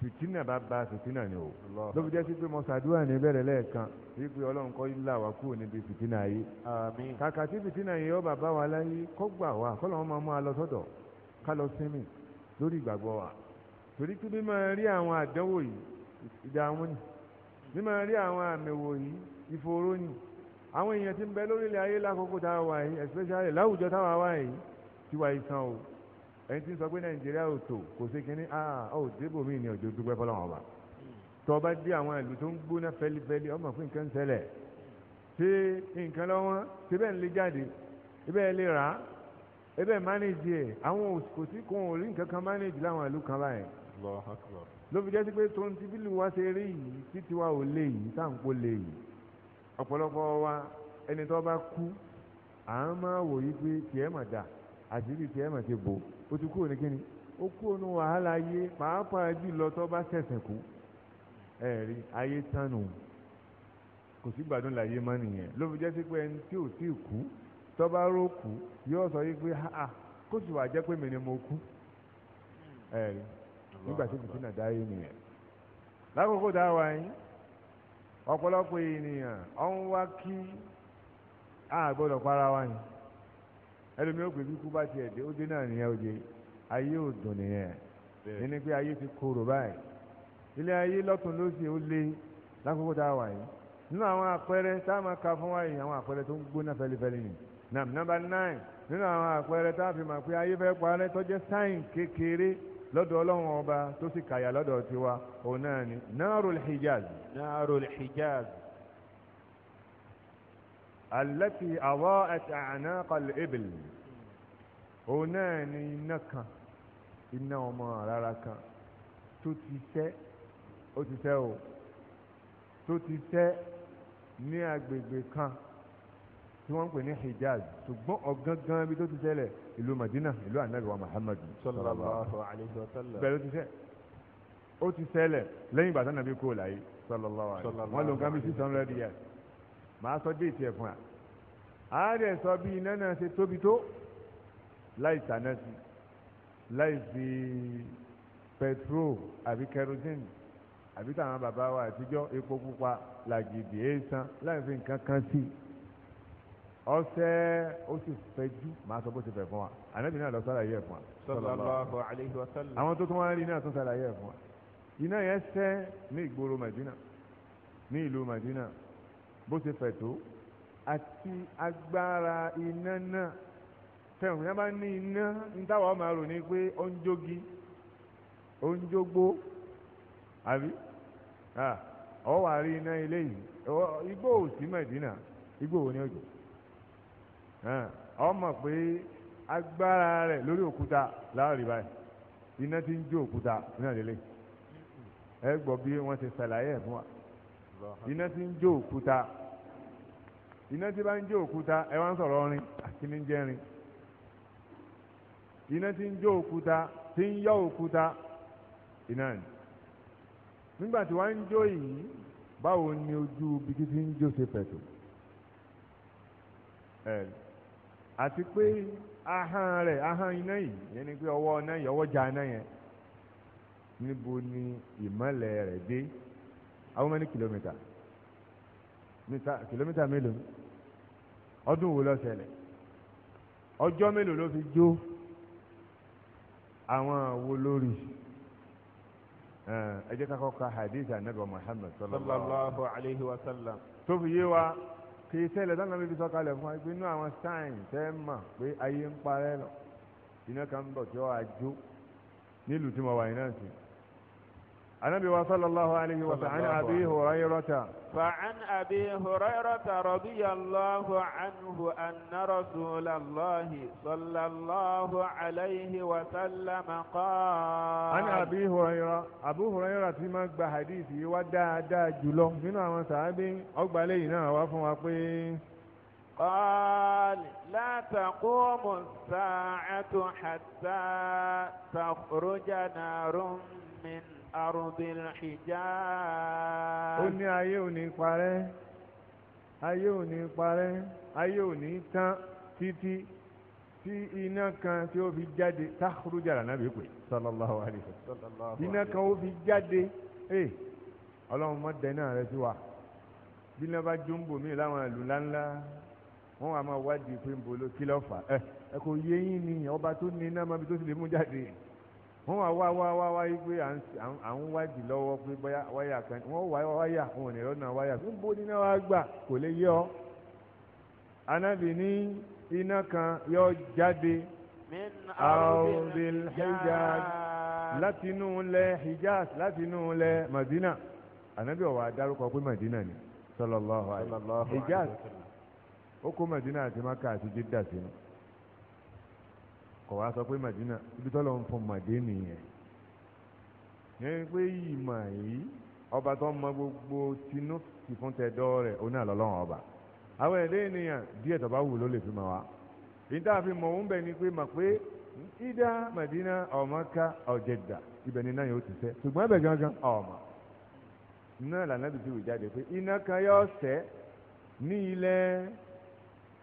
fìtínà bá ba fìtínà ni o ló fi jẹ́ sí pé mo ṣàdúrà ní bẹ̀rẹ̀ lẹ́ẹ̀kan wípé ọlọ́run kọ́ ilà wá kúrò níbi fìtínà yìí kàkà tí fìtínà yìí ọba bá wa láyé kó gbà wá kọ́ lọ́wọ́ máa mú a lọ sọ́dọ̀ ká lọ sinmi lórí ìgbàgbọ́ wa torí pé mímọ rí àwọn àdánwò yìí ìdààmú ni mímọ rí àwọn àmẹ̀wò yìí ìfòòró ni àwọn èèyàn ti ń bẹ lórílẹ̀ ayé lákòókò tá a wà yìí especially láwùjọ tá a wà yìí ti wà ìsan o ẹni tí ń sọ pé nàìjíríà ò tò kò sí kínní ah ó débò mí ni òjò dúpẹ́ fọlọ́wọ́n ọba tó bá dé àwọn ìlú tó ń gbóná fẹ́lifẹ́li ọmọ fún nǹkan ṣẹlẹ̀ ṣé nǹkan lọ́wọ́ ṣé bẹ́ẹ̀ ń lè jáde ibẹ̀ lè rà á ibẹ̀ manage ẹ̀ àwọn kò sí kò rí nǹkan kan manage láwọn ìlú kan báyìí ló fi jẹ́ sí pé tó ti bílù wá ṣe rí yìí títí wa ò lè yìí táǹpó lè yìí ọ̀pọ̀lọpọ̀ wa ẹni tó bá kú à ń máa wò yí pé tiẹ̀ mà dà àṣírí tiẹ̀ mà ti bò ó ti kúrò ní pàápàá tó bá ṣẹ̀ṣẹ̀ kú ẹ̀rí ayé kò sí láyé má nìyẹn kú tó bá kú yóò sọ yí pé kó sì wà jẹ́ pé mi kú nígbà tí fìtínà dáyé nìyẹn lákòókò dáwà yín ọ̀pọ̀lọpọ̀ ènìyàn ọ̀hún wá kí a para wa yín ẹlòmíì ó pè bí kú bá tiẹ̀ dé ó dé náà nìyẹn ó dé ayé ò dùn nìyẹn ẹni pé ayé ti korò báyìí ilé ayé lọ́tún lósì ó lé lákòókò dáwà yín nínú àwọn àpẹẹrẹ tá a máa ka fún wa yìí àwọn àpẹẹrẹ tó ń gbóná fẹlifẹli yìí nàm nàmbà náì nínú àwọn àpẹẹrẹ tá a fi mọ̀ pé ayé fẹ́ parẹ́ tó jẹ́ sáìn kékeré lọ́dọ̀ ọlọ́run ọba tó sì kàyà lọ́dọ̀ tiwa òun náà ni naarul hijaz naarul hijaz allati adaa'at a'naqal ibil òun náà ni iná kan iná ọmọ rárá kan tó ti sẹ́ ó ti sẹ́ o tó ti sẹ́ ní agbègbè kan tí wọ́n ń pè ní hijaz ṣùgbọ́n ọ̀gángan ibi tó ti ṣẹlẹ̀ ìlú Madina ìlú anabi wa Muhammad sallallahu alayhi wa sallam bẹ́ẹ̀ ló ti ṣe ó ti ṣẹlẹ̀ lẹ́yìn ìgbà tánà bí kú láyé sallallahu alayhi wa sallam wọn lò ń kábí six hundred years màá sọ dé ìtì ẹ̀fọn à á dẹ̀ sọ bí iná náà ṣe tóbi tó láì tàná sí láì fi pẹtrol àbí kerosene àbí táwọn bàbá wa àtijọ́ epo pupa làgìdì èèsàn láì fi nǹkan kan sí i. ọsẹ ó sì fẹjú màá sọ bó ti fẹ́ fún wa ànábì náà lọ sàlàyé ẹ fún wa. sallallahu alaihi wa sallam. àwọn tó tún wá rí tún sàlàyé ẹ fún wa. iná yẹn sẹ ní ìgboro Madina ní ìlú Madina bó ti fẹ̀ tó àti agbára iná náà yẹn bá ní iná máa rò ní pé ó ń jógi ó ń jógbó ọmọ pé agbára rẹ lórí òkúta láàrin báyìí iná ti ń jó òkúta ní ẹ gbọ bí wọ́n ti ṣàlàyé fún wa iná jó òkúta iná ti bá ń jó òkúta ẹ wá sọ̀rọ̀ ọrin àti ní jẹ́rin àti pé ahọ́n rẹ̀ ahọ́n iná yìí yẹn ni pé ọwọ́ iná yìí ọwọ́ já iná yẹn níbo ni ìmọ̀lẹ̀ rẹ̀ dé how many kìlómítà kìlómítà mélòó ọdún wo ló ṣẹlẹ̀ ọjọ́ mélòó ló fi jó àwọn wo lórí ẹ jẹ́ ká kọ́ka hadith anabi sallallahu alayhi fi yé wa. kì í ṣẹlẹ̀ dáná bíbí sọ̀kalẹ̀ fún wa pé inú àwọn sáìn tẹ́ mà pé ayé ń parẹ́ lọ iná kan ń bọ̀ tí ó wá jó nílùú tí mo wà yìí náà sí النبي صلى الله عليه وسلم عن أبي هريرة فعن أبي هريرة رضي الله عنه أن رسول الله صلى الله عليه وسلم قال عن أبي هريرة أبو هريرة ما بحديثه ودا دا جلو من أما صحابي أقبلينا وفوا قال لا تقوم الساعة حتى تخرج نار من àrùndín hijab. ó ní ayé ò ní parẹ́ ayé ò ní parẹ́ ayé ò ní tán títí tí iná kan tí ó fi jáde táhùrú jàrá náà bí pé sallallahu alayhi wa sallam iná kan ó fi jáde ee eh, ọlọ́run mọ́ dẹ́nà rẹ sí wa bí iná bá jóńbò mí láwọn ìlú ńláńlá wọ́n wà máa wádìí pé ń bolo kí ló fà ẹ eh, ẹ kò yé ni ọba tó ní iná mọ́bi tó sì lè mú jáde. wọ́n wá wá wá wá wá yí à ń lọ́wọ́ pé bóyá wáyà kan wọ́n wá wáyà wọn ò ní lọ́nà wáyà tó ń náà wá gbà kò lè yọ ọ. ní iná kan yọ jáde hijaz látinú lẹ hijaz látinú lẹ madina anábì ọ̀wà kọ̀ wá sọ pé Madina ibi tọ́lọ̀ ń fọ màdé nìyẹn yẹn pé ìmọ̀ yìí ọba tó mọ gbogbo tinú ti fún tẹ̀dọ́ rẹ̀ oní ọba àwọn ẹ̀dẹ́ ènìyàn díẹ̀ tó bá wù ló lè fi mọ̀ wá ìdá fi mọ̀ ń bẹ̀ ni pé mà pé ìdá Madina ọ̀mọ́ká ọ̀jẹ̀dà ibẹ̀ ni náà yóò ti ṣùgbọ́n gangan ọ̀mọ̀ náà lànà bìtì wù jáde pé iná kan yóò sẹ́ ní ilẹ̀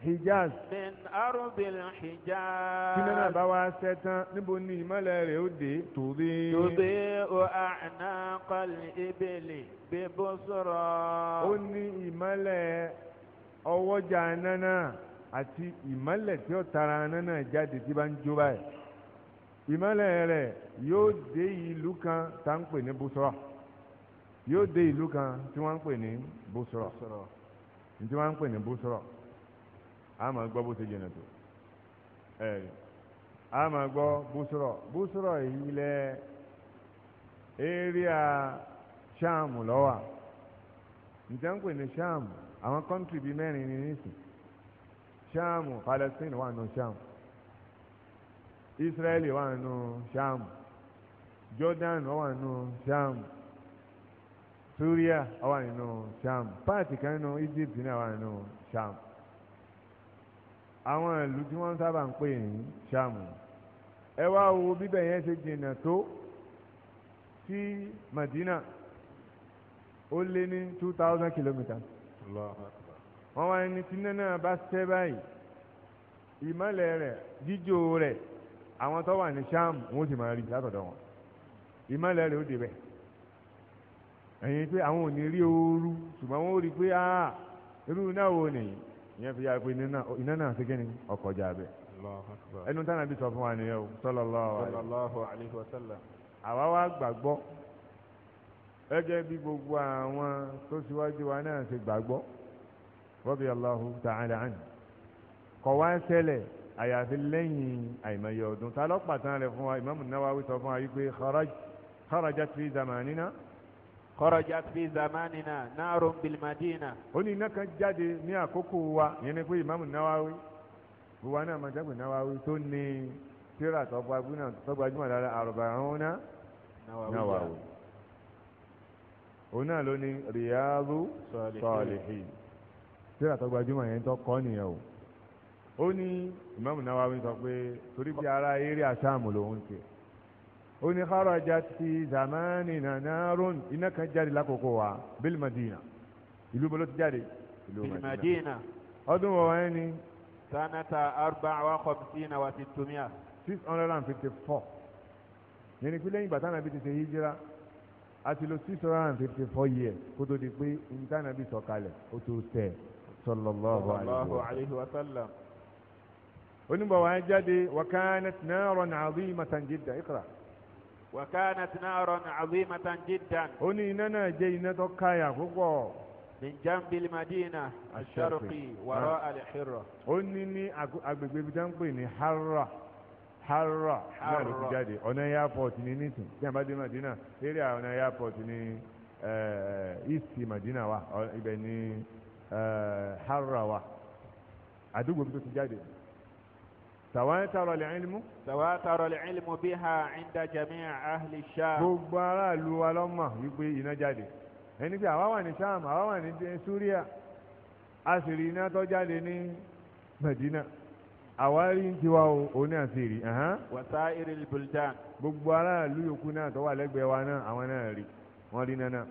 hijaz. min arubil hijaz. tí náà bá wá ṣẹ́ tán níbo ni ìmọ̀lẹ̀ rẹ̀ ó dé tòbí. tòbí o àná kọ́lì ìbèlè bí bó sọ̀rọ̀. ó ní ìmọ̀lẹ̀ ọwọ́jà nánà àti ìmọ̀lẹ̀ tí ó tara nánà jáde tí bá ń jó báyìí. ìmọ̀lẹ̀ rẹ̀ yóò dé ìlú kan tá ń pè ní bùsọ̀rọ̀ yóò dé ìlú kan tí wọ́n ń pè ní bùsọ̀rọ̀ tí wọ́n ń pè ní bùsọ̀rọ̀ a máa gbọ́ bó ṣe jìnà tó ẹ̀rì a máa gbọ́ búṣọ̀rọ̀ búṣọ̀rọ̀ ilẹ̀ eréa ṣáàmù lọ́wà ǹjẹ́ ń pè ní ṣáàmù àwọn kọ́ńtì bíi mẹ́rin ní nísìn ṣáàmù Palestine wà nù ṣáàmù Israeli wà nù ṣáàmù Jordan wà nù ṣáàmù Syria wà nù ṣáàmù páàtì kan nù Egypt náà wà nù ṣáàmù àwọn ìlú tí wọ́n sábà ń pè ní ṣàmù ẹ wá wo bíbẹ̀ yẹn ṣe jìnnà tó sí Madina ó lé ní two thousand kilometers. wọ́n wá ní tí náà bá ṣẹ́ báyìí ìmọ̀lẹ̀ rẹ̀ jíjó rẹ̀ àwọn tó wà ní ṣàmù wọ́n sì máa rí látọ̀dọ̀ wọn ìmọ̀lẹ̀ rẹ̀ ó débẹ̀ ẹ̀yìn pé àwọn ò ní rí ooru ṣùgbọ́n wọ́n ó rí pé irú náà wò nìyí ìyẹn fi yára pé iná náà ṣe kíni ọkọ̀ jà bẹ́ẹ̀. ẹnu tánà bí sọ fún wa nìyẹn o sallallahu alaihi wa sallam. àwa wá gbàgbọ́ gẹ́gẹ́ bí gbogbo àwọn tó síwájú wa náà ṣe gbàgbọ́ radiyallahu ta'ala anhu. kọ̀ wá ṣẹlẹ̀ àyàfi lẹ́yìn àìmọye ọdún ta lọ́pàá tán rẹ̀ fún wa Imam Nawawi sọ fún wa yìí pé kharajat fi zamanina kọ́rọ̀jà fi zamanina náàrùn bilmadina. ó ní iná kan jáde ní àkókò wa yẹn ni pé ìmáàmù náwáwí buwa náà máa jágbe náwáwí tó ní tíra tọ́gbajúmọ̀ lára àrùbárúnà náwáwí. òun náà ló ní Riyadu Salihin tíra tọ́gbajúmọ̀ yẹn tó kọ́ nìyẹn o. ó ní ìmáàmù náwáwí sọ pé torí bí ara eré àṣà àmúlò òun ó ní kharaja ti zamani nanarun iná kan jáde lákòókò wa bil madina ìlú bolo ti jáde. bil madina. ọdún wo wáyé ni. sanata arba wa khamsina wa situmiya. six hundred and fifty four. yẹn ni pé lẹ́yìn bàtà nàbí six hundred and fifty four years kó tó di pé nta nàbí sọ̀kalẹ̀ ó tó tẹ̀ sallallahu alayhi wa sallam. onígbà wáyé jáde wa kanat naran azimatan jidda iqra. وكانت نارا عظيمة جدا أني جينا تكايا فوقو من جنب المدينة الشرقي وراء الحرة أني ني أبي بجنبي حرة حرة حرة جادي أنا يا فوت نينيتي جنب المدينة إلي أنا يا فوت ني إيستي مدينة وا إبني حرة وا أدوب بتجادي tàwátàrọ̀ lè ilmu. tàwátàrọ̀ lè ilmu bí ha inda jami ahli sham. gbogbo aráàlú wa lọ́mọ wípé iná jáde ẹni pé àwa wà ní sham àwa wà ní suria a sì rí iná tó jáde ní medina àwa rí ń tiwa o òní àti rí. wàsá iril buldan. gbogbo aráàlú yòókù náà tó wà lẹ́gbẹ̀ẹ́ wa náà àwọn náà rí wọ́n rí náà náà.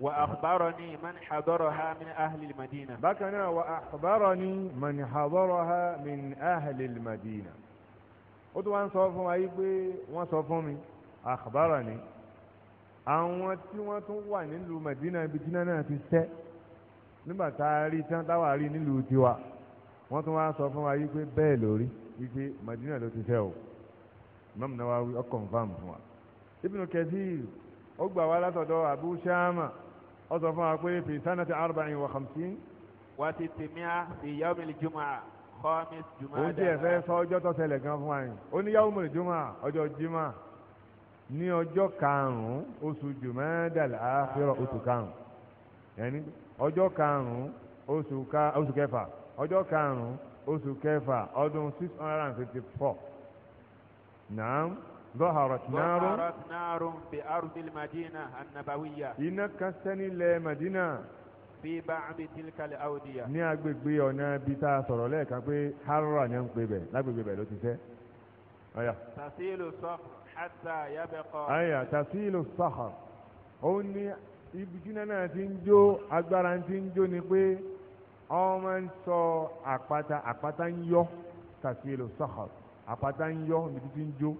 وأخبرني من حضرها من أهل المدينة بكنا وأخبرني من حضرها من أهل المدينة ó tún wá ń sọ fún wa yìí pé wọ́n sọ fún mi àkàbàrà ni àwọn tí wọ́n tún wà nílùú Madina ibi tí náà ti sẹ́ nígbà tá a rí tí wọ́n táwa rí nílùú tiwa wọ́n tún wá sọ fún wa yìí pé bẹ́ẹ̀ lórí wípé Madina ló ti sẹ́ o Imam Nawawi ó confirm fún wa Ibn Kathir ó gbà wá látọ̀dọ̀ Abu Shama ó sọ fún wa pé fi sanati arba'in wa khamsin. wà á ti tèmíà fi yawmil jumu'a khamis jumu'a. oúnjẹ ẹ fẹ́ sọ ọjọ́ tó ṣẹlẹ̀ gan fún wa yìí ó ní yawmil jumu'a ọjọ́ jimá ní ọjọ́ karùn-ún oṣù Jumadal Akhira oṣù karùn-ún yẹnni ọjọ́ karùn-ún oṣù kẹfà ọjọ́ karùn oṣù kẹfà ọdún six hundred and fifty four naam. ظهرت نار ظهرت نار في أرض المدينة النبوية إنك سني مدينة في بعض تلك الأودية ní agbègbè ọ̀nà bí tá sọ̀rọ̀ lẹ́ẹ̀kan pé harra ni ń pè bẹ̀ lágbègbè bẹ̀ ló ti ṣe aya تسيل الصخر حتى يبقى aya تسيل الصخر ó ní ibi tí náà ti ń jó agbára ti ń jó ni pé ọmọ ń sọ àpáta àpáta ń yọ تسيل الصخر àpáta ń yọ ibi tí ń jó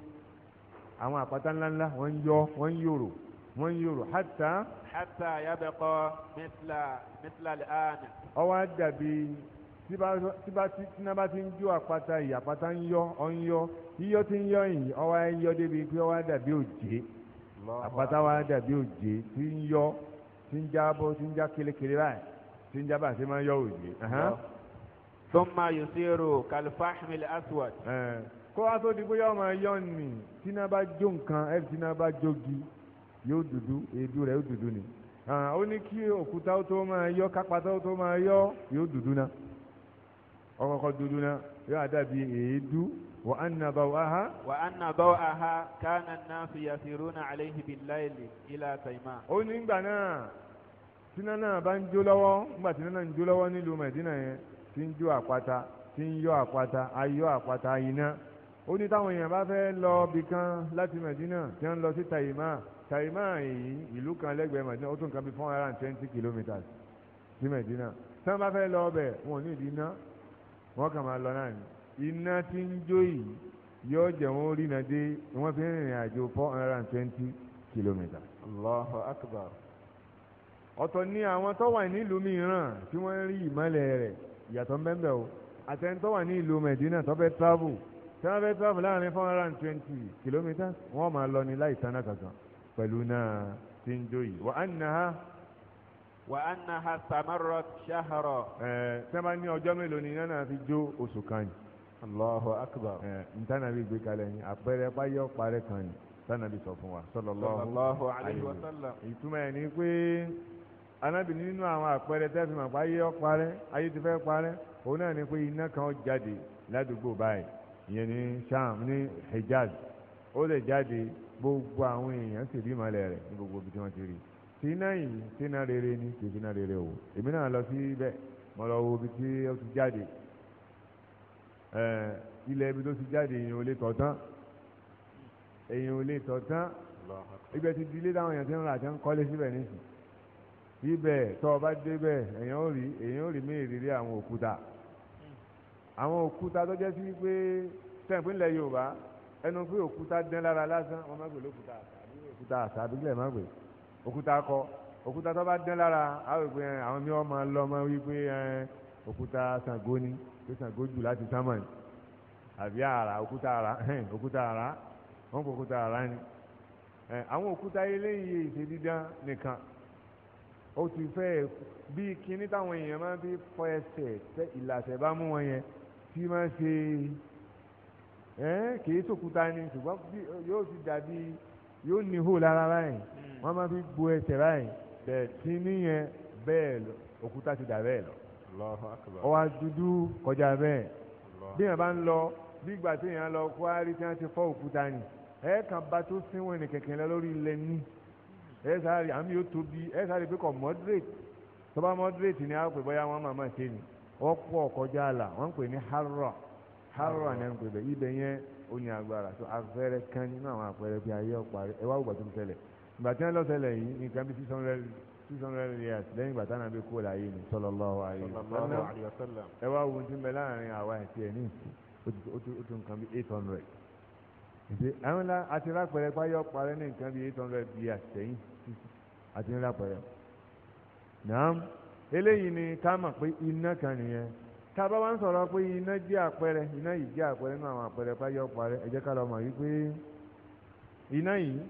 àwọn àpáta ńláńlá wọ́n ń yọ wọ́n ń yòrò wọ́n ń yòrò hátà. hátà yabẹ́kọ mẹ́tìlá mẹ́tìlá lè áàmì. ọwọ́ á dàbí tíná bá ti ń jó àpáta yìí àpáta ń yọ ọ ń yọ yíyọ ti ń yọ yìí ọwọ́ á ń yọ débi pé ọwọ́ á dàbí òjé àpáta wa dàbí òjé tí ń yọ tí ń jábọ́ tí ń já kélékélé báyìí tí ń jábọ́ àti máa yọ òjé. thumma yusiru kalfahmil aswad. kó wá tó di bóyá ọmọ ẹyọ nì tí náà bá jó nǹkan jogi tí náà bá jógi yóò dúdú èédú rẹ̀ yóò dúdú ni ó ní kí òkúta tó máa yọ kápátá tó máa yọ yóò dúdú ọkọ̀ọ̀kọ̀ dúdú yóò èédú wa an na wa aha bawaha kana an-nas yasiruna alayhi ila tayma ó ní ìgbà náà tíná náà bá ń jó lọ́wọ́ nígbà tíná náà ń jó lọ́wọ́ nílùú Mẹ̀dínà yẹn ń ó ní táwọn èèyàn bá fẹ́ lọ bì kan láti Mẹ̀dínà tí wọ́n lọ sí Tàyímà Tàyímà yìí ìlú kan lẹ́gbẹ̀ẹ́ Mẹ̀dínà ó tún kan bí four hundred and twenty kilometres sí Mẹ̀dínà tí wọ́n bá fẹ́ lọ ọbẹ̀ wọn ò ní ìdí iná wọ́n kàn máa lọ náà ni iná tí ń jó yìí yóò jẹ́ wọn ó rí iná dé wọ́n fi rìnrìn àjò four hundred and twenty kilometres. Allahu Akbar. ọ̀tọ̀ ni àwọn tó wà nílùú mìíràn tí wọ́n rí ìmọ̀lẹ̀ rẹ̀ ìyàtọ̀ ń o àtẹ̀ntọ́ wà ní ìlú Mẹ̀dínà tó fẹ́ travel tí wọ́n fẹ́ láàrin four hundred and twenty kilometres wọ́n máa lọ ní láì tanná kankan pẹ̀lú náà tí ń jó yìí wà á nà wà samarot ẹ ní ọjọ́ mélòó ni nánà fi jó oṣù kan yìí. Allahu akbar. ẹ ntànà bí gbé kalẹ̀ ni àpẹẹrẹ báyọ̀ parẹ́ kan ni bí sọ fún wa. alayhi wa sallam. ìtumọ̀ ni pé nínú àwọn àpẹẹrẹ ayé ti fẹ́ parẹ́ òun náà ni pé iná kan ìyẹn ní Sham ní Hijaz ó lè jáde gbogbo àwọn èèyàn sì rí ìmọ̀lẹ̀ rẹ̀ ní gbogbo ibi tí wọ́n ti rí tí iná yìí tí iná rere ni kì í fi iná rere o èmi náà lọ sí ibẹ̀ mo lọ wo ibi tí ó ti jáde ilẹ̀ ibi tó ti jáde èèyàn ò lè tọ̀ tán èèyàn ò lè tọ̀ tán ibẹ̀ ti di ilé táwọn èèyàn ti ń ra àti ń kọ́lé síbẹ̀ nísìnyí ibẹ̀ tó o bá débẹ̀ èèyàn ò rí èèyàn ò rí mí ìrírí àwọn òkúta àwọn òkúta tó jẹ́ sí pé tẹ̀pín lẹ̀ yorùbá ẹnu pé òkúta dán lára lásán wọn má gbé lókúta àṣà àbí òkúta àṣà àbí gbẹ̀ má gbé òkúta kọ òkúta tó bá dán lára eh, àwọn ìpè àwọn mi ọmọ lọmọ wípé eh, òkúta Ṣàngó ni pé Ṣàngó jù láti sámọ̀ ni àbí àrà òkúta àrà òkúta àrà wọn kò òkúta àrà ni eh, àwọn òkúta eléyìí ìṣe dídán nìkan ó ti fẹ́ bí kinní táwọn èèyàn máa fi fọ ẹsẹ̀ tẹ ìlàsẹ̀ bá mú wọn yẹn tí máa ṣe ẹ́ kìí sòkúta ni ṣùgbọ́n yóò ti dàbí yóò ní hó lára báyìí hmm. wọ́n máa fi gbo ẹsẹ̀ báyìí bẹ́ẹ̀ tí níyẹn bẹ́ẹ̀ lọ òkúta ti dà bẹ́ẹ̀ lọ ọwọ́ dúdú kọjá bẹ́ẹ̀ bí yẹn bá ń lọ bí ìgbà tí yẹn lọ kwari tí wọ́n ti fọ́ òkúta ni ẹ̀ kàn bá tó síwọ̀n ní kẹ̀kẹ́ lọ lórí ilẹ̀ ní ẹ̀ sáré àmì yóò tóbi ẹ̀ sáré pé kọ̀ moderate tó bá moderate ni á pè bóyá wọ́n máa máa ṣe ni. Ọkpọ pọ̀ kọjá àlà wọ́n ń ni wọ́n a na bẹ́ẹ̀ ibe yẹn onye agbara so tó kan nínú àwọn àpẹẹrẹ pé ayé ọ̀parí ẹ wá wò bàtú ṣẹlẹ̀ ìgbà tí wọ́n lọ yìí nǹkan bí six hundred six hundred years lẹyìn ìgbà táwọn abẹ́ kó láyé ni ẹ láàrin àwa tún nǹkan bí eight hundred àwọn ńlá àti ní nǹkan bí eight hundred years sẹ́yìn àti eléyìí ni ka mọ̀ pé iná kan nìyẹn ka a bá wá ń sọ̀rọ̀ pé iná jẹ́ àpẹẹrẹ iná yìí jẹ́ àpẹẹrẹ nínú àwọn àpẹẹrẹ páyọ̀ parẹ́ ẹ ká lọ mọ̀ wípé iná yìí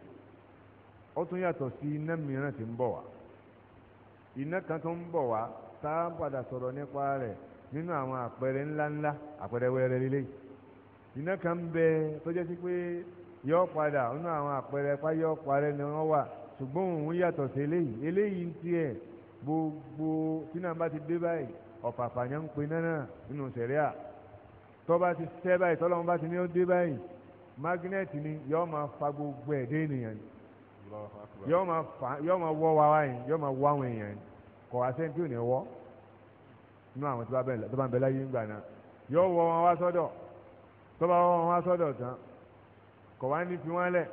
ó tún yàtọ̀ sí iná mìíràn tí ń bọ̀ wá iná kan tó ń bọ̀ wá apere nla padà sọ̀rọ̀ nípa rẹ̀ nínú àwọn àpẹẹrẹ ńláńlá àpẹẹrẹ wẹrẹ lélẹ̀ iná kan bẹ tó jẹ́ sí ni wọ́n wà ṣùgbọ́n òun yàtọ̀ sí eléyìí eléyìí ń tiẹ̀ gbogbo tí náà bá ti dé báyìí ọ̀fàfà yẹn ń pe náà nínú sẹ̀ríà tó bá ti sẹ́ báyìí tọ́lọ́mọ bá ti ní ó dé báyìí magnet ni yọ́ọ́ máa fa gbogbo ẹ̀ dé ènìyàn ni yọ́ọ́ máa fa yọ́ọ́ máa wọ́ wa wáyìí yọ́ọ́ máa wọ́ àwọn èèyàn ni kọ̀ wá sẹ́ni tí ò ní wọ́ nínú àwọn tó bá ń bẹ láyé ńgbà náà yọ́ọ́ wọ́ wọn wá sọ́dọ̀ tó wọ́ wọn wá sọ́dọ̀ tán kọ̀ wá ní fi wọ́n lẹ̀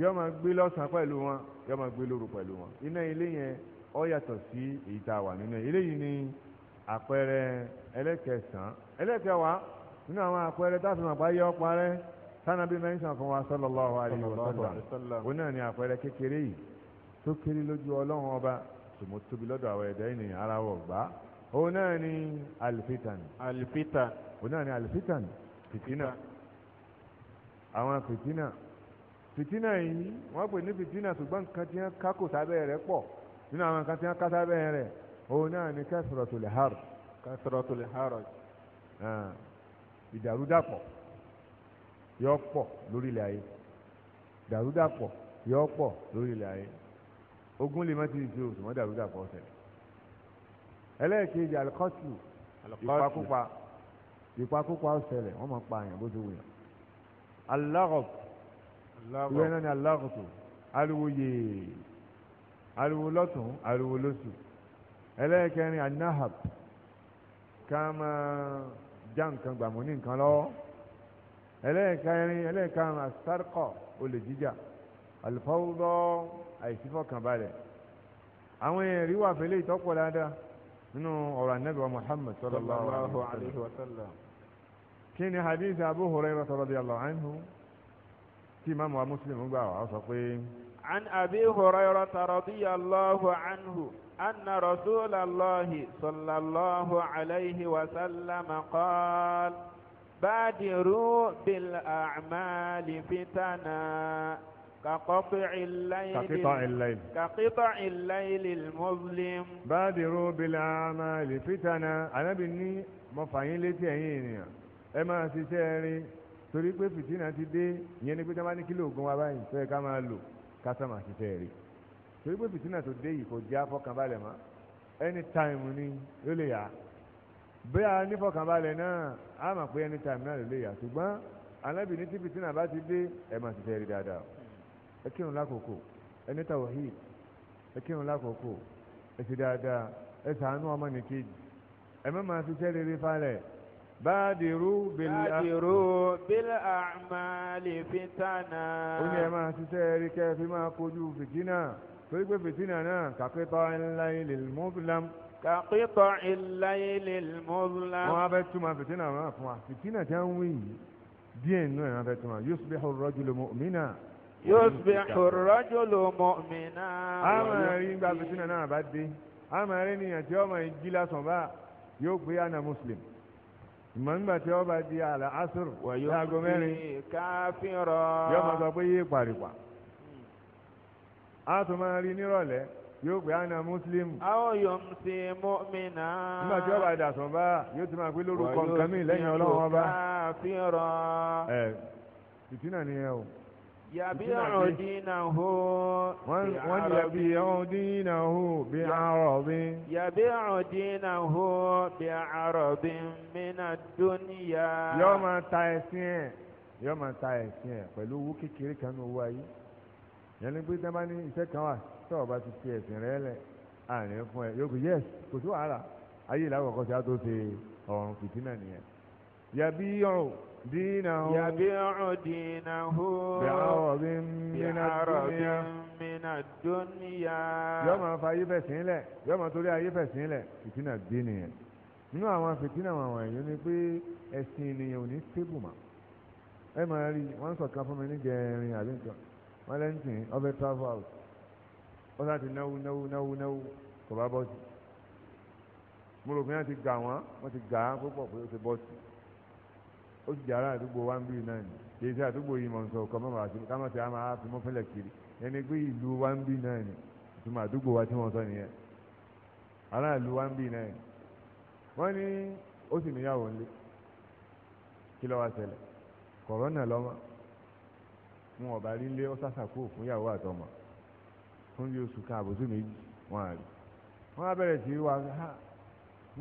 yọ́ọ́ máa gbé lọ́sàn-án pẹ̀lú wọn yọ́ọ́ máa gbé lóru pẹ̀lú wọn iná ilé yẹn ó yàtọ̀ sí èyí tá a wà nínú eléyìí ni àpẹẹrẹ ẹlẹ́kẹsàn-án ẹlẹ́kẹwàá nínú àwọn àpẹẹrẹ tá a fi mọ̀ báyé ọ̀pá rẹ sanabi mẹ́ńsàn fún wa sallallahu alaihi wasallam òun náà ni àpẹẹrẹ kékeré yìí tó kéré lójú ọlọ́run ọba tòmọ́ tóbi lọ́dọ̀ àwọn ẹ̀dá ènìyàn ara wọ̀ gbá òun náà ni alifitan alifitan òun náà ni alifitan fitina àwọn fitina fitina yìí wọ́n pè ní fìtínà ṣùgbọ́n nǹkan tí wọ́n kákò sábẹ́ rẹ̀ pọ̀ nínú àwọn kan tí wọ́n kásá bẹ́ẹ̀ rẹ̀ òun náà ni kẹsìrọ̀tò lè harọ̀ kẹsìrọ̀tò lè harọ̀ ìdàrúdàpọ̀ yọ pọ̀ lórí ilẹ̀ ayé ìdàrúdàpọ̀ yọ pọ̀ lórí ilẹ̀ ayé ogun lè má ti di o ṣùgbọ́n ìdàrúdàpọ̀ ṣẹlẹ̀ ẹlẹ́ẹ̀kejì alikọ́tù ìpakúpa ìpakúpa ṣẹlẹ̀ wọ́n máa pa àyàn bó ti wù yàn aláàgọ̀tù ìwé náà ni aláàgọ̀tù ariwo yèè ariwo lọ́tún ariwo lósì ẹlẹ́ẹ̀kẹrin anahab ká máa já nǹkan gbàmú ní nǹkan lọ́wọ́ ẹlẹ́ẹ̀kẹrin ẹlẹ́ẹ̀karùn asarkọ̀ olè jíjà alifawudọ́ àìsífọ̀kànbalẹ̀ àwọn èèyàn rí wà fẹ́lẹ́ ìtọ́pọ̀ dáadáa nínú ọ̀rọ̀ anábì wa muhammad sallallahu alayhi wa sallam kí ni hadith abu hurairah radiyallahu anhu tí imaamu wa muslim gbà wá sọ pé. عن أبي هريرة رضي الله عنه أن رسول الله صلى الله عليه وسلم قال بادروا بالأعمال فتنا كقطع الليل كقطع الليل كقطع الليل المظلم بادروا بالأعمال فتنا أنا بني مفاهيم لتيهيني أما سيسيري torí pé fìtínà ti dé ìyẹn ni pé tí wọ́n bá ní kílò ogun wa báyìí fẹ́ ká máa lò kásàmà ṣiṣẹ́ rí torí pé fìtínà tó dé yìí kò jẹ́ àfọkànbalẹ̀ mọ́ anytime ni ló lè yá bí a nífọkànbalẹ̀ náà a mọ̀ pé anytime náà ló lè yá ṣùgbọ́n alábìíní tí fìtínà bá ti dé ẹ̀ máa ṣiṣẹ́ rí dáadáa ẹ kírun lákòókò ẹni tàwọ̀hì ẹ kírun lákòókò ẹ ti dáadáa ẹ ṣàánú ọmọ nìkejì ẹ má máa ṣiṣẹ́ rere falẹ̀ báàdìrú bílàmàlì fìtánà. ó ní ẹ máa ṣiṣẹ́ rí kẹ́ fi máa kojú fìtínà torí pé fìtínà náà kàpẹ́tọ̀ al-laylil muzlam. kàpẹ́tọ̀ al-laylil muzlam. wọ́n á fẹ́ túmọ̀ fìtínà náà fún wa fìtínà tí wọ́n ń wí yìí díẹ̀ nínú ẹ̀ náà fẹ́ túmọ̀ yusbihu ar-rajulu mu'mina. yusbihu ar-rajulu mu'mina. àmọ́ ẹ̀rí gba fìtínà náà bá dé àmọ́ ẹ̀rí nìyànjẹ́ ìmọ̀nùgbà tí ọba di àlà asúrù láago mẹ́rin yóò máa sọ pé yé paripa a tún máa rí nírọ̀lẹ́ yóò pè ánà mùsùlùmù. àwọn yòm sí mọ́mìnà. nígbà tí ọba bá yóò ti lẹ́yìn ọba. yàbíyàrò dínàhó wọ́n yàbíyàrò dínàhó bí àrọ̀bí. yàbíyàrò dínàhó bí àrọ̀bí mínà dúníyà. yóò máa ta ẹ̀sìn ẹ̀ yóò máa ta ẹ̀sìn ẹ̀ pẹ̀lú owó kékeré kan ní owó ayé yẹn ni pé tí wọ́n bá ní iṣẹ́ kan wà tí ọba ti fi ẹ̀sìn rẹ̀ lẹ̀ àárín fún ẹ yóò kú yẹ́s kò sí wàhálà ayé ìlàkọ̀kọ̀ sí àtúnṣe ọ̀run fìtínà nìyẹn yàbíyàrò. دينه يبيع دينه بعرض من الدنيا من الدنيا yóò máa fa ayé fẹ̀sìn lẹ̀ yóò máa torí ayé fẹ̀sìn lẹ̀ fìtínà dé nìyẹn nínú àwọn fìtínà àwọn èèyàn ni pé ẹ̀sìn ènìyàn ò ní stable mà ẹ máa rí wọ́n sọ̀kan o mi ní jẹrin àbí nǹkan wọ́n lẹ́ǹtìn ọbẹ̀ travel out ó láti náwó náwó náwó náwó kò bá bọ́ọ̀sì mo rò ti ti ó ti jàrá àdúgbò wa ń bí náà ni kì í ṣe àdúgbò yìí mọ̀ nsọ̀ kọ́ mọ́mọ́ àti kámọ́tì àmọ́ àfi mọ́ kiri ẹni pé ìlú wa ń bí náà ni ìtumọ̀ àdúgbò wa tí wọ́n sọ nìyẹn aráàlú wa ń bí náà ni wọ́n ní ó sì níyàwó kí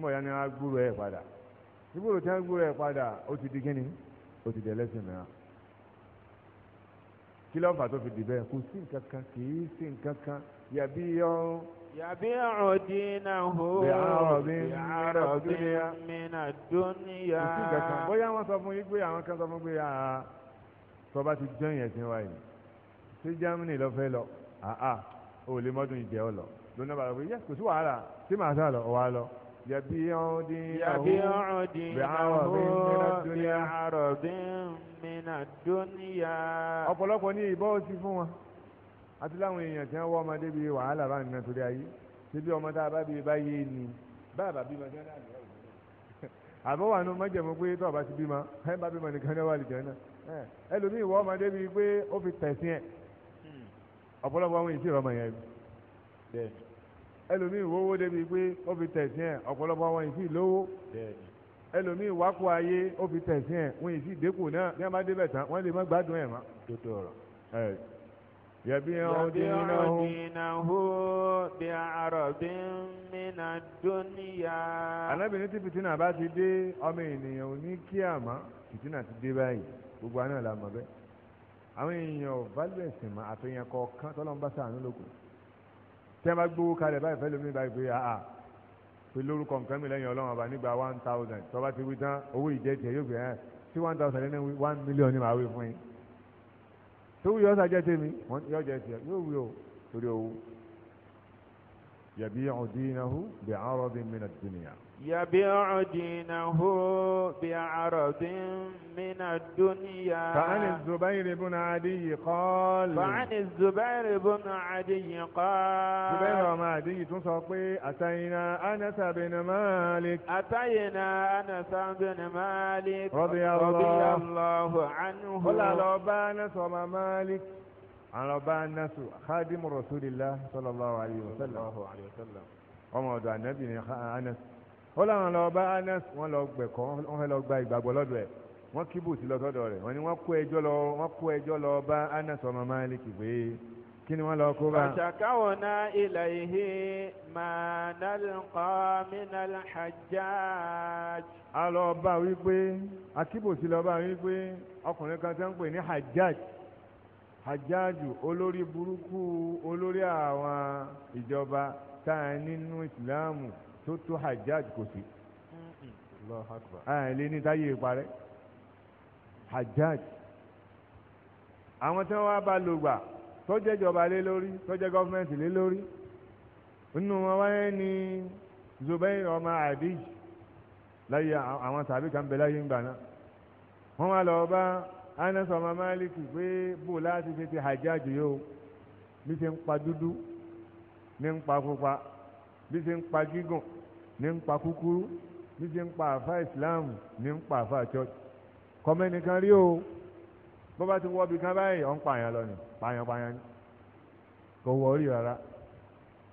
ha ya ni á gbúrò ẹ̀ síbòrò tí wọ́n gbúrò ẹ̀ padà ó ti di kíni ó ti di ẹlẹ́sìn mìíràn kí ló fà tó fi di bẹ́ẹ̀ kò sí nǹkan kan kì í sí nǹkan kan yàbí ọ̀hún. yàbí ọ̀dínà hó yàrọ̀bí mìíràn dúnìyà. kò sí nǹkan kan bóyá wọ́n sọ fún yín pé àwọn kan sọ fún pé tó bá ti jọyìn ẹ̀sìn wa yìí sí Germany lọ fẹ́ lọ àà ò lè mọ́dún ìjẹ́ ọ lọ lónà bàbá pé yẹ kò sí wàhálà tí màá sá lọ ọ wá lọ. يبيع دينه بعرض من الدنيا بعرض من الدنيا ọ̀pọ̀lọpọ̀ ní ìbọn ó sì fún wọn àti láwọn èèyàn tí wọ́n wọ́ ọmọdé bíi wàhálà bá nínú torí ayé síbi ọmọ tá ni báàbà bímọ sí ọ̀dà àgbà àbọ̀ wà nù mọ́jẹ̀mú pé tó ọba ti bímọ ẹ bá bímọ nìkan ní ọwọ́ àlùjọ náà ẹlòmíì wọ́ ọmọdé bíi pé ó fi tẹ̀sí ẹ̀ hmm. ọ̀pọ̀lọpọ̀ àwọn ìṣirò ọmọ yẹn bẹ́ẹ̀ ẹlòmíì wówó débi pé ó fi tẹ̀sí ẹ̀ ọ̀pọ̀lọpọ̀ wọn ìfi lówó ẹlòmíì wákò ayé ó fi tẹ̀sí ẹ̀ wọn ìfi dẹ́kù náà ní a débẹ̀ tán wọ́n lè má gbádùn ẹ̀ mọ́. dodo ọ̀rọ̀ ẹ yẹbi bí mìíràn alábìnrin tí fìtínà bá ti dé ọmọ ènìyàn ò ní kí àmọ́ fìtínà ti dé báyìí gbogbo àná làmọ́ bẹ́ẹ̀ àwọn èèyàn ò bá lè sìn mọ́ àfihàn kọ̀ọ̀kan àánú lókun tí wọ́n bá gbowó kalẹ̀ báyìí fẹ́ lómi báyìí pé àà pé lórúkọ nǹkan mi lẹ́yìn ọlọ́run ọba nígbà one thousand tó bá ti wí tán owó ìjẹ́ tiẹ̀ yóò gbé ẹ̀ tí one thousand lẹ́nu one million ni màá wí fún yín tó wù sàjẹ́ tèmi yọ́ jẹ́ tiẹ̀ yóò wù torí owó يبيع دينه بعرض من الدنيا يبيع دينه بعرض من الدنيا فعن الزبير بن عدي قال فعن الزبير بن عدي قال زبير بن عدي تصطي أتينا أنس بن مالك أتينا أنس بن مالك رضي الله, رضي الله عنه قل على أنس ومالك àrọ̀bá nasu khadimu rasulillah sallallahu alayhi wa sallam ọmọ ọ̀dọ̀ anabi ni anas ó láwọn lọ bá anas wọ́n lọ gbẹ̀kọ́ wọ́n fẹ́ lọ gba ìgbàgbọ́ lọ́dọ̀ ẹ̀ wọ́n kíbù sí lọ́sọ́dọ̀ rẹ̀ wọ́n ni wọ́n kó ẹjọ́ lọ wọ́n kó ẹjọ́ lọ bá anas ọmọ máàlìkì pé kí ni wọ́n lọ kó bá. fàṣàkáwọ̀nà ilayhi ma nalqa minal hajjaj. a lọ bá wípé akíbù lọ bá wípé ọkùnrin kan tẹ́ ń pè ní hajjaj hajjáàjù olórí burúkú olórí àwọn ìjọba tá a nínú ìsìláàmù tó tó hajjáàjù kò sí. àìlè ní táyé parẹ́ hajjáàjù àwọn tí wọ́n wá bá lògbà tó jẹ́ ìjọba lé lórí tó jẹ́ gọ́fúmẹ́ǹtì lé lórí nínú wọn wáyé ni Zubair ọmọ Abij láyé àwọn tàbí kan bẹ láyé ńgbà náà wọ́n wá lọ bá. Anas ọmọ Máàlìkì pé bò láti fi ti hajjáàjì yóò bí ti ń pa dúdú ní ń pa pupa bí ti ń pa gígùn ní ń pa kúkúrú bí ti ń pa àfa ìsìláàmù ní ń pa àfa church kọ́mẹ́nìkan rí o bó bá ti wọ́bi kan báyìí ọ̀ ń pààyàn lọ ni pààyàn pààyàn ni kò wọ́ orí rárá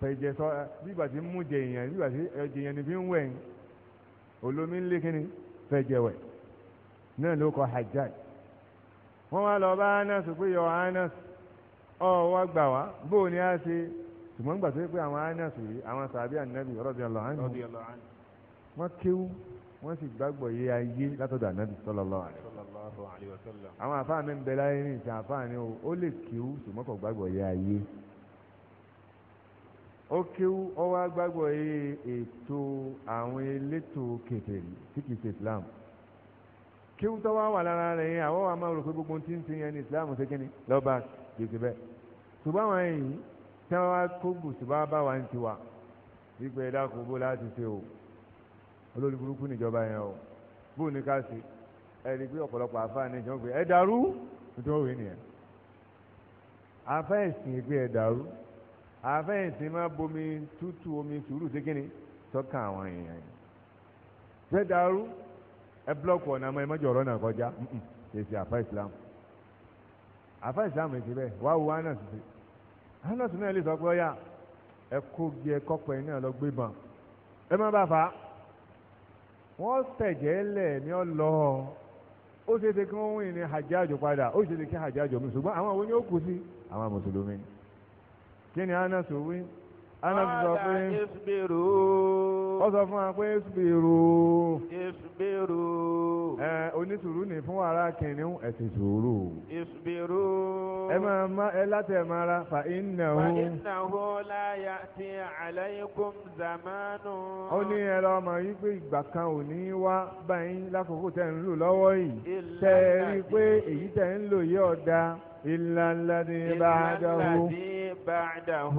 pẹ̀jẹ̀ sọ bí tí ń mú jẹ èèyàn bí tí ẹ̀jẹ̀ èèyàn ni fi ń wẹ̀ ń olómi ń lé kínní fẹ̀jẹ̀ wẹ̀ náà ló kọ hajjáàjì wọ́n wá lọ bá Anas pé yọ Anas ọ wá gbà wá bó ni a ṣe ṣùgbọ́n gbà tó yẹ pé àwọn Anas yìí àwọn sàbí ànábì radiyallahu anhu wọ́n kéwú wọ́n sì gbàgbọ́ yé ayé látọ̀dọ̀ ànábì sallallahu alaihi wasallam àwọn àfáà mi ń bẹ láyé ní ìsìn àfáà ni ó lè kéwú ṣùgbọ́n kò gbàgbọ́ yé ayé ó kéwú ó wá gbàgbọ́ yé ètò àwọn elétò kèfèrí tí kìí ṣe Islam kí wọ́n tọ́ wá wà lára rẹ̀ yẹn àwọn wa máa rò pé gbogbo tí ń sin yẹn ní ṣe kíni lọ́ba gbèsè bẹ́ẹ̀ ṣùgbọ́n àwọn èyí tí wọ́n wá kó gbòsùbá bá wa ń tiwa wípé ẹ̀dá kò bó láti ṣe o olórí burúkú níjọba yẹn o bóun ní ká ṣe ẹni pé ọ̀pọ̀lọpọ̀ àfáà ní ìjọba ẹ dàrú nítorí òwe nìyẹn àfáà pé ẹ dàrú máa bomi tútù omi sùúrù ṣe kíni tọ́ka àwọn èèyàn yẹn ẹ búlọ́ọ̀kù ọ̀nà àmọ́ ẹ mọ́jọ ọ̀rọ̀ náà kọjá ṣèṣe àfa islam àfa islam ti bẹ́ẹ̀ wá wo anas ṣe anas náà lè sọ pé ọ̀yà ẹ kó gé ẹ kọ́pọ̀ ẹ náà lọ gbé bàn ẹ má bàa fà á wọ́n tẹ̀jẹ́ lẹ̀ ní ọlọ́ ó ṣe é ṣe kí wọ́n wìn ní hajjáàjò padà ó ṣe é ṣe kí hajjáàjò mi ṣùgbọ́n àwọn àwọn yóò kú sí àwọn mùsùlùmí kí ni anas wí anas sọ pé. ọ̀dà ìfìrò ó sọ fún wa pé isbiru. isbiru. ẹ onísùúrù ní fún wàrà kìnìún ẹ ti sùúrù. isbiru. ẹ máa ma ẹ láti ẹ máa ra fa innahu. fa innahu la ya'ti alaykum zamanu. ó ní ẹ lọ mọ̀ pé ìgbà kan ò ní wá báyìí lákòókò tẹ̀ ń lò lọ́wọ́ yìí. tẹ́ ẹ rí i pé èyí tẹ̀ ń lò yìí ọ̀dà. إلا الذي بعده إلا الذي بعده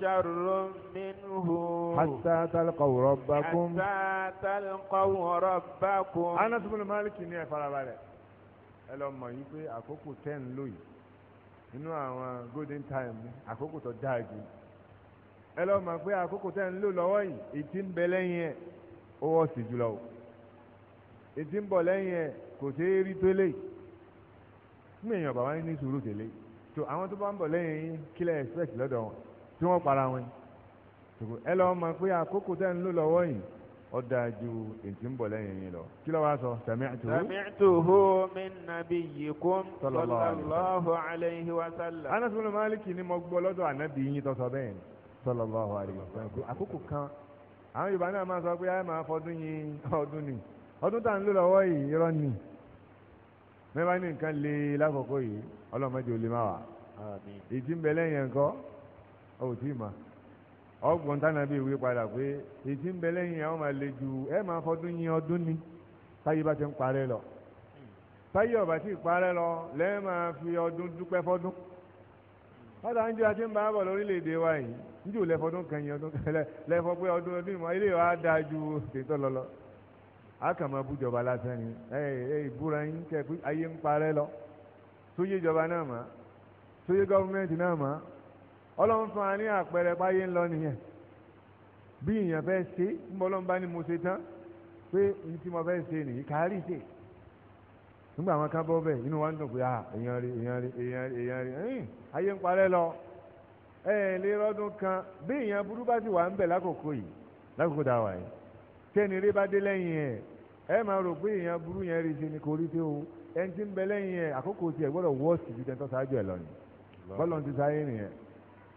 شر منه حتى تلقوا ربكم حتى تلقوا ربكم Anas bin Malik ní ẹ farabalẹ̀ ẹ lọ mọ̀ yí pé àkókò àwọn golden time àkókò tó dáa jù ẹ lọ mọ̀ pé àkókò ten ló lọ́wọ́ yìí ètí ń bẹ lẹ́yìn ẹ̀ ó wọ́ sí jùlọ o ètí ń bọ̀ lẹ́yìn ẹ̀ kò ṣeé rí tó fún èèyàn bàbá ní sùúrù tẹ́lẹ̀ tó àwọn tó bá ń bọ̀ lẹ́yìn yín kílẹ̀ expect lọ́dọ̀ wọn tí wọ́n para wọn yìí. ẹ lọ mọ̀ pé àkókò tẹ́ ń lò lọ́wọ́ yìí ó dáa ju ètí ń bọ̀ lẹ́yìn yìí lọ kí ló wá sọ sami'tuhu. sami'tuhu min nabiyyikum sallallahu alayhi wa sallam. ni mo gbọ́ lọ́dọ̀ ànábì yín tó sọ bẹ́ẹ̀ ni sallallahu wa àkókò kan àwọn yorùbá náà máa sọ pé ayé máa fọdún yín ọdún ni ọdún tá à ń lò yìí ni ní nǹkan lákòókò yìí ò lè má ètí ń bẹ ọgbọ̀n tánà bíi ìwé padà pé ètí ń bẹ lẹ́yìn àwọn máa le ju ẹ máa fọdún yín ọdún ni táyé bá ti ń parẹ́ lọ táyé ọ̀bà tí ì parẹ́ lọ lẹ́ẹ̀ máa fi ọdún dúpẹ́ fọdún fọ́dà ń jẹ́ àti ń bá bọ̀ lórílẹ̀‐èdè wa yìí ń jù lẹ́fọdún kẹyìn ọdún lẹ́fọ pé ọdún ọdún ìmọ̀ ilé wa dáa ju tètò lọ́lọ́ akàmọ́ bújọba lásán ni ẹ ẹ ìbúra yín kẹ ayé ń parẹ́ lọ sóyè ìjọba náà mọ́ sóyè gọ́fúmẹ́ntì náà mọ́ ọlọ́run fún wa ní àpẹẹrẹ báyé ń lọ nìyẹn bí èèyàn fẹ́ ṣe ń bọ́ lọ́nba ni mo ṣe tán pé n tí mo fẹ́ ṣe nìyí kárí ṣe nígbà wọn ká bọ́ bẹ́ẹ̀ inú wa ń dùn pé èèyàn rí èèyàn rí èèyàn rí èèyàn rí ẹ̀yìn ayé ń parẹ́ lọ ẹ ẹ̀ lè rọ́dún kan bí èèyàn burú bá ti wà ń bẹ̀ lákòókò yìí lákòókò dá wà yìí tẹ́ni rí bá dé lẹ́yìn ẹ̀ ẹ máa rò pé èèyàn burú yẹn rí ṣe ni kò rí tí o ẹni tí ń bẹ lẹ́yìn ẹ̀ àkókò tiẹ̀ gbọ́dọ̀ wọ́ọ̀sì ju tẹ́ńtọ́ ṣáájú ẹ̀ lọ ni bọ́lọ̀ ti sáyé nìyẹn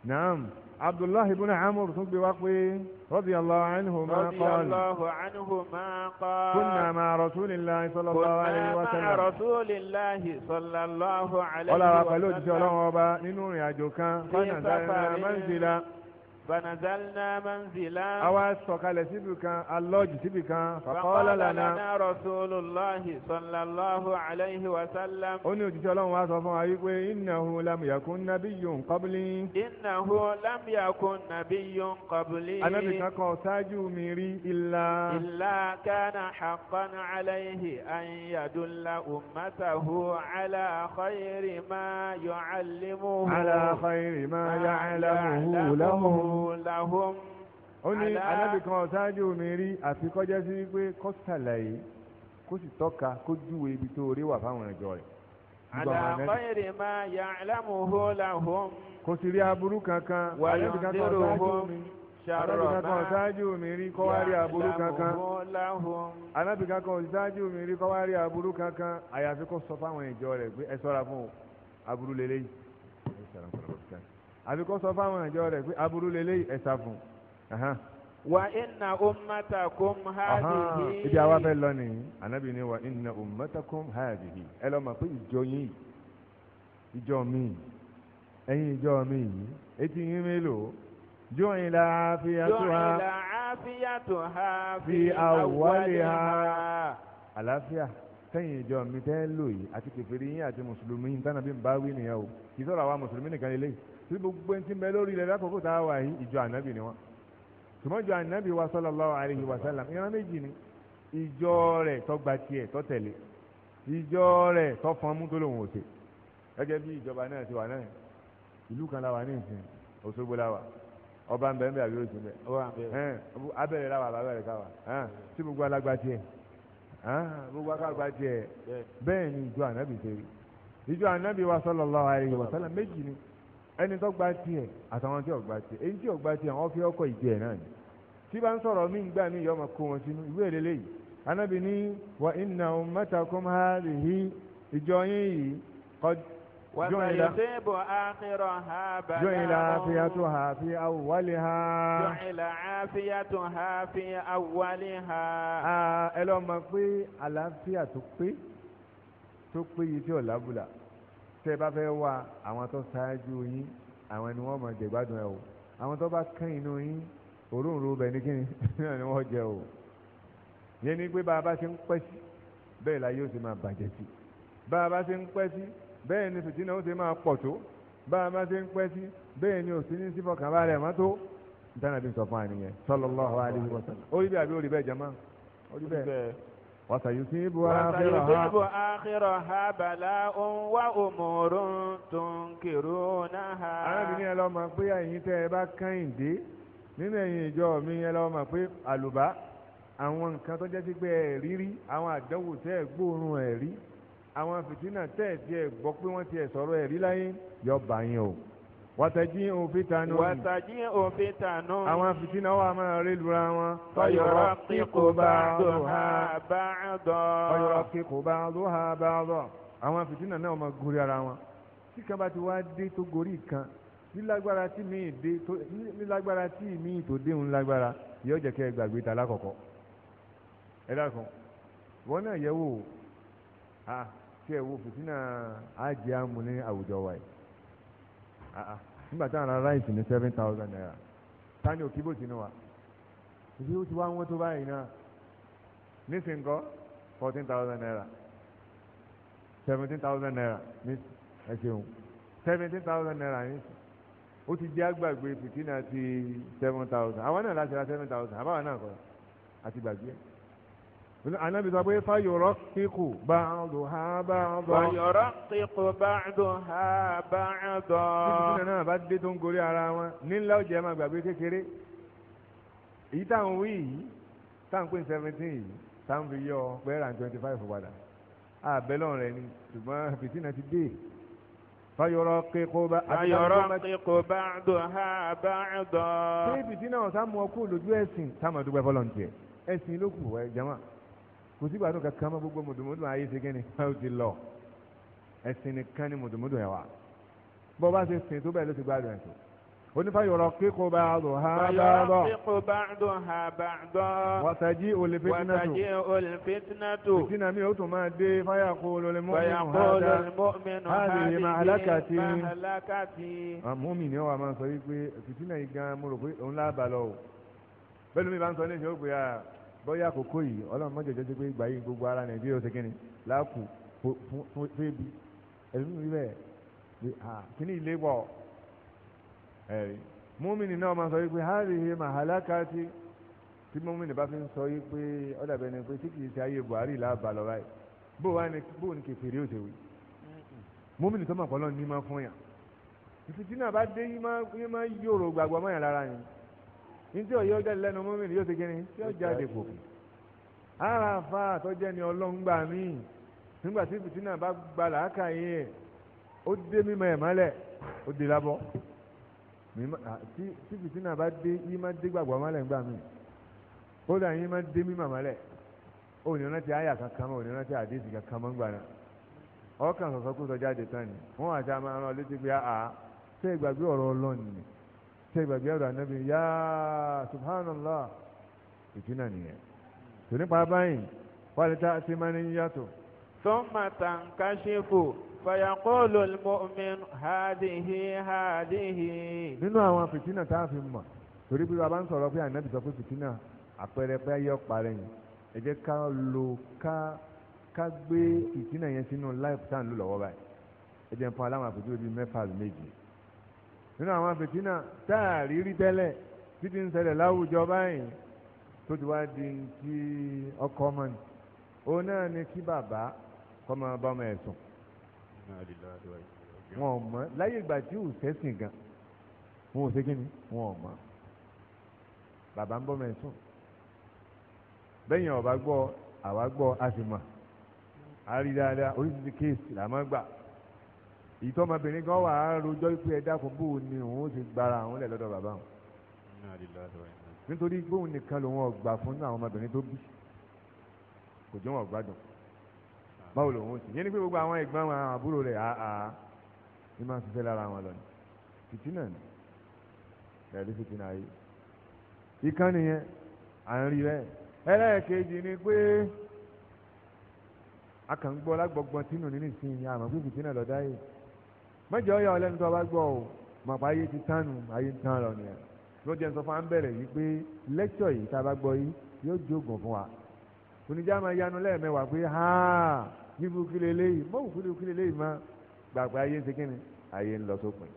naam abdullahi ibn amur tún gbé wá pé radiyallahu anhuma qala radiyallahu anhuma qala kunna ma'a rasulillahi sallallahu alayhi wa sallam kunna ma'a rasulillahi sallallahu alayhi wa sallam ọlọ́wà pẹ̀lú òjijì ọlọ́wọ́ ọba nínú ìrìn àjò kan fọ́nà sáyẹn náà máa ń ṣe la fanazalna manzila. àwa sọ̀kalẹ̀ síbi kan alọ́jì síbi kan faqala lana. faqala rasulullahi sallallahu alayhi wa sallam. ó ní òjijì ọlọ́run wá sọ fún wa wípé innahu lam yakun nabiyyun qabli. innahu lam yakun nabiyyun qabli. anábì kan kan ṣáájú mi rí illa. illa kana haqqan alayhi an yadulla ummatahu ala khayri ma yu'allimuhu. ala khayri ma ya'lamuhu lahum. lahum ó ní anábì kan ṣáájú mi rí àfi sí wípé kó ibi tó wà fáwọn ìjọ rẹ̀. ala ma ya'lamuhu lahum. kò sì rí aburú kankan anábì kan kan ṣáájú mi anábì kan mi rí wá rí aburú kankan anábì kan kan ṣáájú mi rí kankan àyàfi kó sọ fáwọn ìjọ rẹ̀ pé ẹ àbí kó sọ fáwọn ìjọ rẹ̀ pé aburú lélẹ́ ẹ̀sà fún un. wa inna ummatakum hadihi. ibi àwa fẹ́ lọ nìyí anabi ni wa inna ummatakum hadihi ẹ lọ́ọ́ mọ̀ pé ìjọ yín ìjọ mi ẹ̀yin ìjọ mi yìí etí yín mélòó jọ́yìn láàfíàtúhá fi awwaliha àlàáfíà tẹ́yìn ìjọ mi tẹ́ lò yìí àti kèfèrí yín àti mùsùlùmí yín tánàbí ń bá wí nìyẹn kì í sọ̀rọ̀ àwa mùsùlùmí nìkan lélẹ́yìí tí gbogbo ẹni tí ń bẹ lórí ilẹ̀ lákòókò tá a wà yìí ìjọ ànábì ni wọn tùmọ̀ ìjọ ànábì wa sallallahu alaihi wa sallam ìran méjì ni ìjọ rẹ̀ tó gba tiẹ̀ tó tẹ̀lé ìjọ rẹ̀ tó fọn mú tó lòun ò ṣe gẹ́gẹ́ bí ìjọba náà ti wà náà ìlú kan la wà ní ìsìn Òṣogbo la wà ọba ń bẹ ń bẹ àbí oṣù bẹ abẹ́rẹ́ la abẹ́rẹ́ ká tí gbogbo alágbá tiẹ̀ gbogbo akágbá tiẹ̀ ẹni tó gba tiẹ̀ àtàwọn tí ò gba tiẹ̀ èyí tí ò gba tiẹ̀ wọ́n fi ọkọ̀ ìdí ẹ̀ náà ni tí bá ń sọ̀rọ̀ mí gbà mí yọ̀ọ́ máa kó wọn sínú ìwé ìlélẹ́ yìí anábì ní wa inna ummatakum hadhihi ìjọ yín yìí qad وسيصيب آخرها بلاء جعل عافيتها في أولها جعل عافيتها في ẹ lọ mọ̀ pé àlàáfíà tó pé tó pé yìí tí ò lábùlà tẹ́ ẹ bá fẹ́ wá àwọn tó ṣáájú yín àwọn ẹni wọ́n máa jẹ̀gbádùn ẹ o àwọn tó bá kán inú yín òróǹro bẹ̀ ní kíni <laughs> náà ni wọ́n jẹ o yẹn ni pé bá a bá ṣe ń pẹ́ sí bẹ́ẹ̀ la yóò ṣe máa bàjẹ́ sí bá a bá ṣe ń pẹ́ sí bẹ́ẹ̀ ni fìtínà ó ṣe máa pọ̀ tó bá a bá ṣe ń pẹ́ sí bẹ́ẹ̀ ni òsín ní sífọ̀kànbalẹ̀ mọ́tò ìtànàbí sọ fún àníyàn sallallahu alaihi wasallam ó rí bẹ́ẹ̀ àbí ó rí bẹ́ẹ̀ jama ó rí bẹ́ẹ̀. وسيصيب آخرها, آخرها بلاء وأمور تنكرونها arábìnrin ẹ lọ mọ̀ pé ẹ̀yin tẹ́ ẹ bá kẹ́hìndé nínú ẹ̀yin ìjọ mi ẹ àwọn nǹkan tó jẹ́ sí pé ẹ rírí àwọn àdánwò tẹ́ ẹ gbóòórùn ẹ rí àwọn fìtínà tẹ́ ẹ tiẹ̀ gbọ́ pé wọ́n tiẹ̀ sọ̀rọ̀ ẹ rí láyé yọ bàyìn o wàtàjí òfitanu. wàtàjí òfitanu. àwọn fitina wa máa rí lura wọn. fọyọrọ kíkó bá dùn ha bá dọ̀. fọyọrọ kíkó bá dùn ha bá dọ̀. àwọn fitina náà máa gorí ara wọn. tí kan bá ti wá dé tó gorí kan nílágbára tí mi dé tó nílágbára tí mi tó dé ń lágbára yóò jẹ́ kẹ́ gbàgbé ta lákọ̀ọ́kọ́. ẹ dákun wọn náà yẹ wò ah tí ẹ wo fitina á jẹ́ àmúlẹ̀ àwùjọ wa yìí Ah, ah. nígbà a ará ráìsì ní seven thousand naira tani òkì bò sínú wa ìdí ó ti wá wọ́n tó báyìí náà nísìnyí kọ́ fourteen thousand naira seventeen thousand naira ní ẹ ṣeun seventeen thousand naira ní ó ti jẹ́ àgbàgbé fìtínà ti seven thousand àwọn náà láti ra seven thousand àbáwọn náà kọ́ àti gbàgbé ẹ̀ anabi sọ pé fayọrọ kíkù báàdù ha báàdù. fayọrọ kíkù báàdù ha báàdù. títí náà bá dé tó ń gorí ara wọn nílá ọjà máa gbàgbé kékeré èyí táwọn wí yìí táwọn pín seventeen yìí táwọn fi yọ pẹ́ẹ́rà twenty five padà àbẹ́lọ́n rẹ ni ṣùgbọ́n fìtínà ti dé fayọrọ kíkù báàdù. fayọrọ kíkù báàdù ha báàdù. ṣé fìtínà ọ̀sán mu ọkú lójú ẹ̀sìn táwọn àdúgbò ẹ̀fọ́ lọ́n tiẹ̀ ẹ̀sìn ló kù wẹ́ jama kò sígbà tó kankan mọ́ gbogbo mùdùmùdù ayé ṣe kíni ó ti lọ ẹ̀sìn nìkan ni mùdùmùdù yẹn wà bó bá ṣe sìn tó bẹ́ẹ̀ ló ti gbádùn ẹ̀ tó onífàyọ̀rọ̀ kíkó bá a dùn ha bá a dọ̀ kíkó bá a dùn ha bá a dọ̀ wàtàjí olùfitinatu wàtàjí olùfitinatu fitina mi o tún máa dé fáyà kó lórí mọ́mìnú hàdí màhàlákàtì máa sọ yìí pé fitina yìí gan mo rò pé òun lábàá lọ o bẹ́ẹ̀ ló mi bá ń sọ ní ìṣòro pé a. Ah, bóyá àkókò yìí ọlọ́run mọ́jọ jẹ́ pé ìgbà yìí gbogbo ara nàìjíríà ṣe kíni láàkù fún ebi ẹ̀mí mi bẹ́ẹ̀ pé kíní ilé wọ̀ ẹ̀rí múmìnì náà máa sọ wípé háàrìhì màhálákà tí tí múmìnì bá fi ń sọ wípé ọ̀dàbẹ̀ ni pé tí kìí ṣe ayé buhari làbà lọ báyìí bó wá ní bó ní kèfèrè ó ṣe múmìnì tó mọ̀ pọ̀ lọ́nà ní máa fún yàn ìfìtínà bá dé yí máa yòrò gbàgbọ́ nítorí ọ̀yọ́ jáde lẹ́nu mọ́mí ni yóò ti kíni yóò jáde kò kù ara fa àtọ́jẹ́ ni ọlọ́ngbà míì nígbà tí fìtínà bá gba làákà yìí ó dé mímọ ẹ̀ mọ́lẹ̀ ó dé lábọ́ tí fìtínà bá dé yìí má dé gbàgbọ́ mọ́lẹ̀ ńgbà míì kódà yìí má dé mímọ mọ́lẹ̀ òní rántí àyà kankan mọ́ òní rántí àdéhìí kankan mọ́ ńgbà náà ọkàn sọ̀sọ́ kó sọ jáde tán ni wọ́n àti àmọ́ ọ̀rọ̀ létí pé àá ṣé ìgbàgbé ọ̀rọ̀ ọlọ́ọ̀ni tẹ ìgbàgbé ọ̀rọ̀ ànábì yá subhanallah ìtúnà nìyẹn tò nípa báyìí wàlítà àti mani yàtọ̀. sọ́mà tàǹkàṣẹ́fò fàyàkọ́ọ̀lù mọ́mìn hádìhì hádìhì. nínú àwọn fìtínà tá a fi mọ̀ torí bí bàbá ń sọ̀rọ̀ pé ànábì sọ pé fìtínà àpẹẹrẹ pé ayé ọ̀parẹ́ yìí ẹ jẹ́ ká nínú àwọn fìtínà tá a rí rí tẹ́lẹ̀ títí ń ṣẹlẹ̀ láwùjọ báyìí tó ti wá di ti ọkọ ọmọ ni òun náà ni kí bàbá kọ́ máa bá ọmọ ẹ̀ sùn wọn ò mọ̀ láyé ìgbà tí ò sẹ́sìn gan wọn ò ṣe kí ni wọn ò mọ̀ bàbá ń bọ́ ọmọ ẹ̀ sùn bẹ́yìn ọ̀bá gbọ́ àwa gbọ́ a sì mọ̀ a oríṣiríṣi kéèsì là gbà ìtọ́mọbìnrin kan wà á rojọ́ pé ẹ dákun bóun ni òun ti gbára àwọn lẹ̀ lọ́dọ̀ bàbá òun nítorí bóun nìkan lòun ọgbà fún àwọn ọmọbìnrin tó bí kò jẹ́ wọn gbádùn ah. báwo lòun sì yẹn ni pé gbogbo àwọn ẹ̀gbọ́n àwọn àbúrò rẹ̀ àá ní máa ń ṣiṣẹ́ lára wọn lọ ni fìtínà ni ẹ̀rí fìtínà yìí ìkan nìyẹn à ń rí rẹ̀ ẹlẹ́ẹ̀kejì ni pé akàngbọ́ lágbọ̀gbọ́n tínú nínú ìsinyìí àmọ́ pé lọ́dá yìí mẹ́jọ yà ọlẹ́ni tó bá gbọ́ ọ màpá ayé ti tánu ayé ń tán lọ nìyẹn ló jẹ́ nsọ́fà ń bẹ̀rẹ̀ yìí pé lẹ́kṣọ̀ yìí tá a bá gbọ́ yìí yóò jogun fún wa oníjà máa yanu lẹ́ẹ̀mẹ́wàá pé ha níbi òkìlẹ̀ eléyìí mọ́ òkìlẹ̀ òkìlẹ̀ eléyìí má gbàgbé ayé ń ṣe kíni ayé ń lọ sópin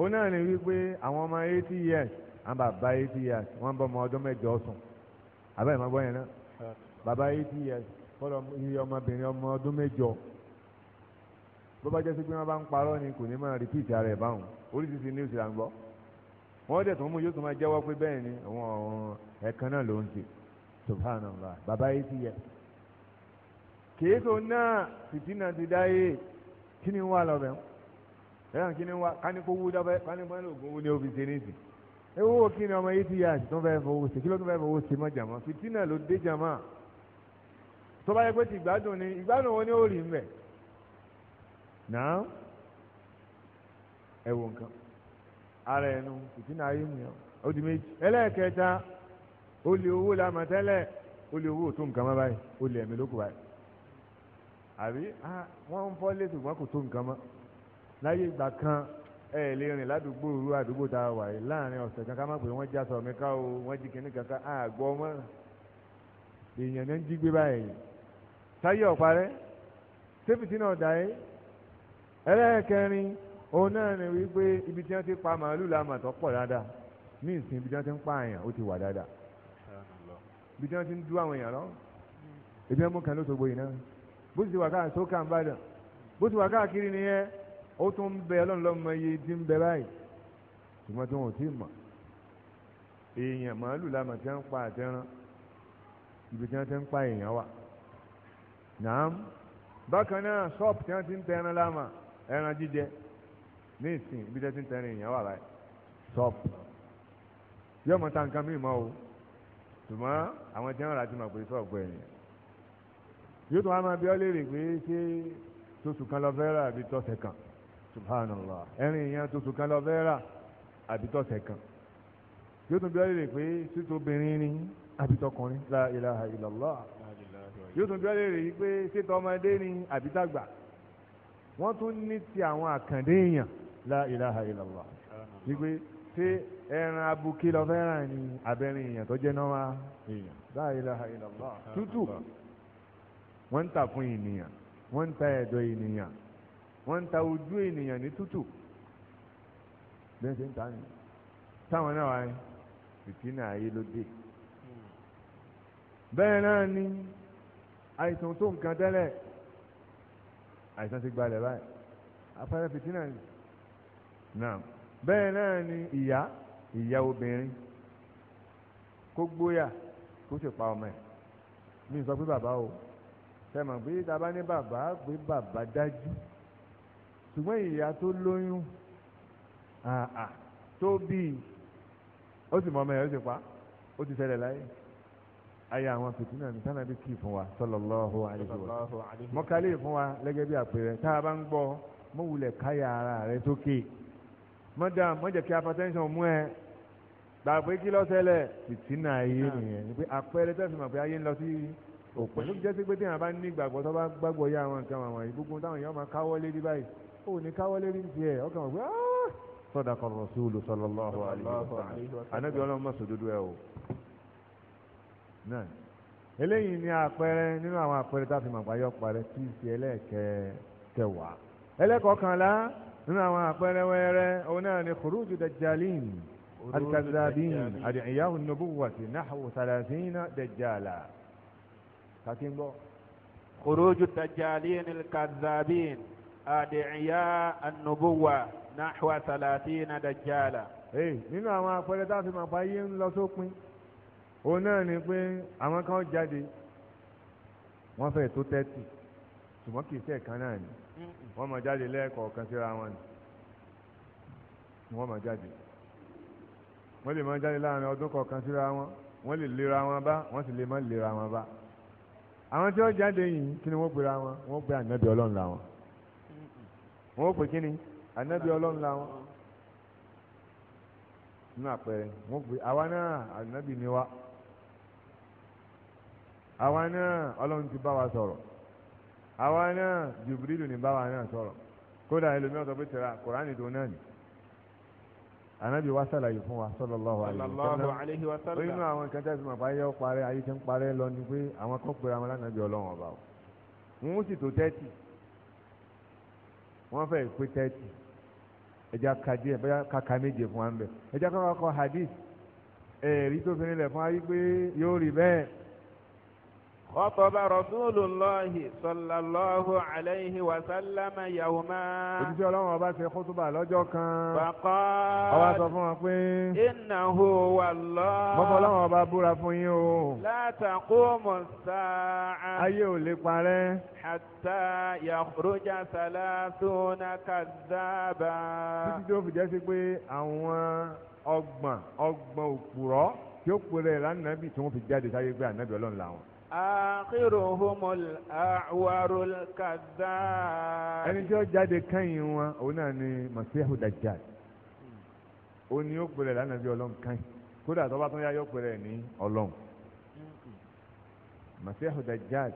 ó náà ní wípé àwọn ọmọ eighty years àwọn bàbá eighty years wọ́n bọ́ ọmọ ọdún mẹ́jọ sùn àbẹ́rẹ́ máa gbọ́ yẹn náà bàbá eighty years fọlọ iye ọmọbìnrin ọmọ ọdún mẹ́jọ bó bá jẹ́ sí pé wọ́n bá ń parọ́ ni kò ní máa repeat ara ẹ̀ báwọn oríṣiríṣi news là ń gbọ́ wọ́n dẹ̀ tó ń mú yóò tó máa jẹ́wọ́ pé bẹ́ẹ̀ ni àwọn ọ̀hún ẹ̀kan náà ló ń ṣe subhanallah bàbá yìí ti yẹ kèéso náà fìtínà ti dáyé kí ni wà lọ́bẹ̀ ẹ̀hàn kí ni wà kánikó wú dábẹ́ kánikó ní oògùn owó ní òbí ṣe níìsì ewu kí ni ọmọ yìí ti yà tó fẹ́ fowó ṣe kí ló tó fẹ́ fowó ṣe mọ́ jàmọ́ fìtínà ló dé jàmọ́ tó bá yẹ pé ti ìgbádùn ni ìgbádùn wọn ni ó rí mbẹ́ náà ẹ̀wọ̀n nǹkan ara ẹnu ìtìnà ayé mu yàn ó di méjì ẹlẹ́ẹ̀kẹta olè owó lamọ̀tẹ́lẹ̀ olè owó tó nǹkan mọ́ báyìí olè ẹ̀mí ló kù báyìí àbí wọ́n ń fọ́lé ṣùgbọ́n kò tó nǹkan mọ́ láyé ìgbà kan ẹ lè rìn ládùúgbò òru àdúgbò tá a wà yìí láàrin ọ̀sẹ̀ kan ká má pè wọ́n já sọ mi ká o wọ́n jí kínní kankan àgbọ̀ mọ́ èèyàn náà ń jí gbé báyìí táyé ọ̀parẹ́ sẹ́fìtì náà dà yìí ẹlẹ́ẹ̀kẹrin òun náà ni wípé ibi tí wọ́n ti pa màálù láàmà tó pọ̀ dáadáa ní ìsìn ibi tí wọ́n ti ń pa àyàn ó ti wà dáadáa ibi tí wọ́n ti ń dú àwọn èèyàn lọ ebi ẹmu kan ló tó gboyè náà bó ti wà ká sókà ń bàdàn bó ti wà káàkiri nìyẹn ó tún ń bẹ ọlọ́run lọ́mọ iye tí ń bẹ báyìí ṣùgbọ́n tí wọn ò tí ì mọ̀ èèyàn màálù láàmà tí wọ́n pa àtẹran ibi tí wọ́n ti ń pa èèyàn wà nàám bákan náà ṣọ́ọ̀pù tí wọ́n ti ń tẹran láàmà ẹran jíjẹ ní ìsìn ibi tẹ́tí ń tẹ́rin èèyàn wà láì sọ́ọ̀pù yóò mọ̀ ta nǹkan mí mọ́ o ṣùgbọ́n àwọn tí wọ́n rà ti mọ̀ pé sọ́ọ̀pù ẹ̀yìn yóò tún wá máa bí ọ léèrè pé ṣé tóṣù kan lọ fẹ́ rà àbí tọ́sẹ̀ kan subhanallah ẹrin èèyàn tóṣù kan lọ fẹ́ rà àbí tọ́sẹ̀ kan yóò tún bí ọ léèrè pé ṣètò obìnrin ni àbí tọkùnrin la ilaha illallah yóò tún bí ọ léèrè pé ṣètò ọmọdé ni àbí tàgbà wọ́n tún ní ti àwọn àkàndé èèyàn la ilaha illallah wípé ṣé ẹran abuké lọ fẹ́ràn ni abẹ́rin èèyàn tó jẹ́ nọ́wá èèyàn la ilaha illallah tútù wọ́n ń ta fún ènìyàn wọ́n ń ta ẹ̀dọ̀ ènìyàn wọ́n ń ta ojú ènìyàn ní tútù bẹ́ẹ̀ ṣe ń ta ni táwọn náà wáyé fìtínà ayé ló dé bẹ́ẹ̀ náà ni àìsàn tó nǹkan tẹ́lẹ̀ àìsàn ti gbalẹ̀ báyìí afárá fìtínà náà bẹ́ẹ̀ náà ni ìyá ìyá obìnrin kó gbóyà kó sì pa ọmọ ẹ̀ mi sọ pé bàbá o sẹ́mọ̀ pé tá a bá ní bàbá pé bàbá dájú ṣùgbọ́n ìyá tó lóyún àà tó bí ó sì mọ ọmọ ẹ̀ ó sì pa ó ti ṣẹlẹ̀ láyé ayé àwọn fìtínà ní sànàbí kì í fún wa sallallahu alaihi wasallam mọ́kálí fún wa lẹ́gẹ́ bí àpẹẹrẹ tá a bá ń gbọ́ mọ́ wulẹ̀ káyà ara rẹ sókè mọ́dà mọ́jẹ̀ kí apatẹ́ńsán mú ẹ gbà pé kí lọ́sẹ̀lẹ̀ fìtínà ayé ah. nìyẹn ni pé àpẹẹrẹ tẹ́sí mọ̀ pé ayé ń lọ sí òpin ló jẹ́ sí pé téèyàn bá ní gbàgbọ́ tó bá gbàgbọ́ yá àwọn nǹkan àwọn ìgbógun táwọn èèyàn máa káwọ́ lérí báyìí ó ní káwọ́ lérí ní tiẹ̀ ọkàn wọ́n pé ah! sadaqa ar-rasulu sallallahu alaihi wasallam ànábì ọlọ́run mọ̀ sódodo o náà eléyìí ni àpẹẹrẹ nínú àwọn àpẹẹrẹ tá a fi mọ̀ àgbáyọ̀ parẹ́ tí í ṣe ẹlẹ́ẹ̀kẹwàá ẹlẹ́kọ̀ọ́kànlá nínú àwọn àpẹẹrẹ wẹ́rẹ́ òun náà ni khuruju dajjalin alikazabin adiyahu nubuwati nahwu salasina dajjala kàkí ń gbọ́. khuruju dajjalin alikazabin adiyahu nubuwa nahwu salasina dajjala. ee nínú àwọn àpẹẹrẹ tá a fi mọ̀ àgbáyé ń sópin. O náà ni pé àwọn kan jáde wọ́n fẹ́ tó tẹ́tì ṣùgbọ́n kì í ṣe ẹ̀kan náà ni wọ́n máa jáde lẹ́ẹ̀kọ̀ọ̀kan síra wọn ni wọ́n máa jáde wọ́n lè máa jáde láàrin ọdún kọ̀ọ̀kan síra wọn wọ́n lè lera wọn bá wọ́n sì lè má lera wọn bá àwọn tí wọ́n jáde yìí kí ni wọ́n pera wọn wọ́n pe ànábì ọlọ́run làwọn wọ́n pe kí ni ànábì ọlọ́run làwọn nínú àpẹẹrẹ wọ́n pe àwa náà ànábì ni wa àwa náà ọlọ́run ti bá wa sọ̀rọ̀ àwa náà jùbìrìlù ní bá wa náà sọ̀rọ̀ kódà ẹlòmíràn sọ pé tẹ̀ra kùránì tó náà ni anabi wa sàlàyé fún wa sallallahu alayhi wa sallam nínú àwọn nǹkan tẹ́sí màpá yẹ ó parẹ́ ayé tẹ́ ń parẹ́ lọ ni pé àwọn kan pèrè àwọn alánàbí ọlọ́run ọba o wọ́n sì tó tẹ́tì wọ́n fẹ́ pé tẹ́tì ẹja kàdí ẹ bẹ́ẹ̀ kàkà méje fún wa ń bẹ̀ ẹja kọ́kọ́ hadith ẹ̀ẹ́dì tó fi nílẹ̀ fún wa yí pé yóò rí bẹ́ẹ̀. خطب رسول الله صلى الله عليه وسلم يوما òjíṣẹ́ ọlọ́run ọba ṣe kútúbà lọ́jọ́ kan. faqal àwa sọ fún wọn pé. innahu wallah. mọ́kọ́ ọlọ́run ọba búra fún yín o. la taqumu sa'a. ayé ò lè parẹ́. hatta yakhruja thalathuna kadhaba. títí tí ó fi jẹ́ sí pé àwọn ọgbọ̀n ọgbọ̀n òpùrọ́ tí ó pèrè lánàá bí tí wọ́n fi jáde sáyé pé ànábì ọlọ́run làwọn. àkírùhùmùl àwárùl kàdá. ẹni tí ó jáde kẹ́yìn wọn òun náà ni masihu dajjal O ni ó pèrè lánàá bí ọlọ́run kẹ́yìn kódà tó bá tún yá yọ pèrè ní ọlọ́run masihu dajjal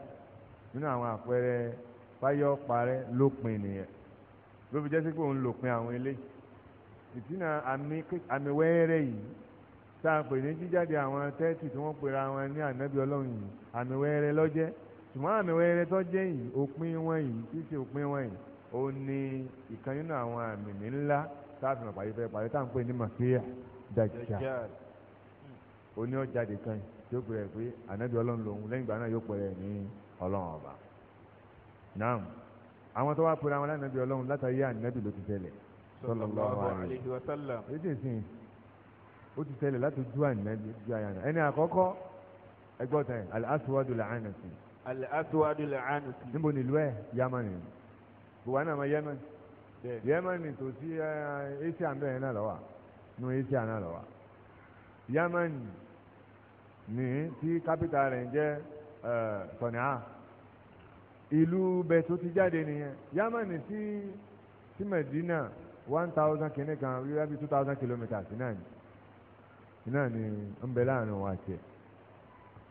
nínú àwọn àpẹẹrẹ fáyọ parẹ́ lópin nìyẹn ló fi jẹ́ sí pé òun lòpin àwọn eléyìí ìtìnà àmì wẹ́ẹ́rẹ́ yìí àmì wẹrẹ lọ́jẹ́ ṣùgbọ́n àmì wẹrẹ tọ́jẹ́ yìí òpin wọn yìí títí òpin wọn yìí ó ní ìkan nínú àwọn àmì ńlá táàfin àpàdé fẹ́ pàdé táà ń pè ní màkìyà dajjal oní ọ̀jáde kan yóò pè é pé ànábì ọlọ́run lòun lẹ́yìn ìgbà náà yóò pè é ní ọlọ́run ọba naam àwọn tó wá pèrè àwọn ànábì ọlọ́run látàrí ànábì ló ti tẹ̀lẹ̀ sallallahu alaihi wasallam ètò ìsìn ó ti tẹ̀lẹ̀ láti ojú ànábì ojú àyànà ẹni àkọ́kọ́ ẹgbọ́n tẹ al-aswadu al-anasi. al-aswadu al-anasi. níbo ni ìlú ẹ̀ yamani buwa náà ma yamani yamani tó sí asia ń bẹ̀rẹ̀ náà lọ́wọ́ nù asia náà lọ́wọ́ yamani ní tí kápítà rẹ̀ ń jẹ́ sọ̀nìá ìlú bẹ̀ tó ti jáde nìyẹn yamani sí sí Medina one thousand kìnnìkan wíwá bíi two thousand kilometres náà ni náà ni ń bẹ láàrin wọn àti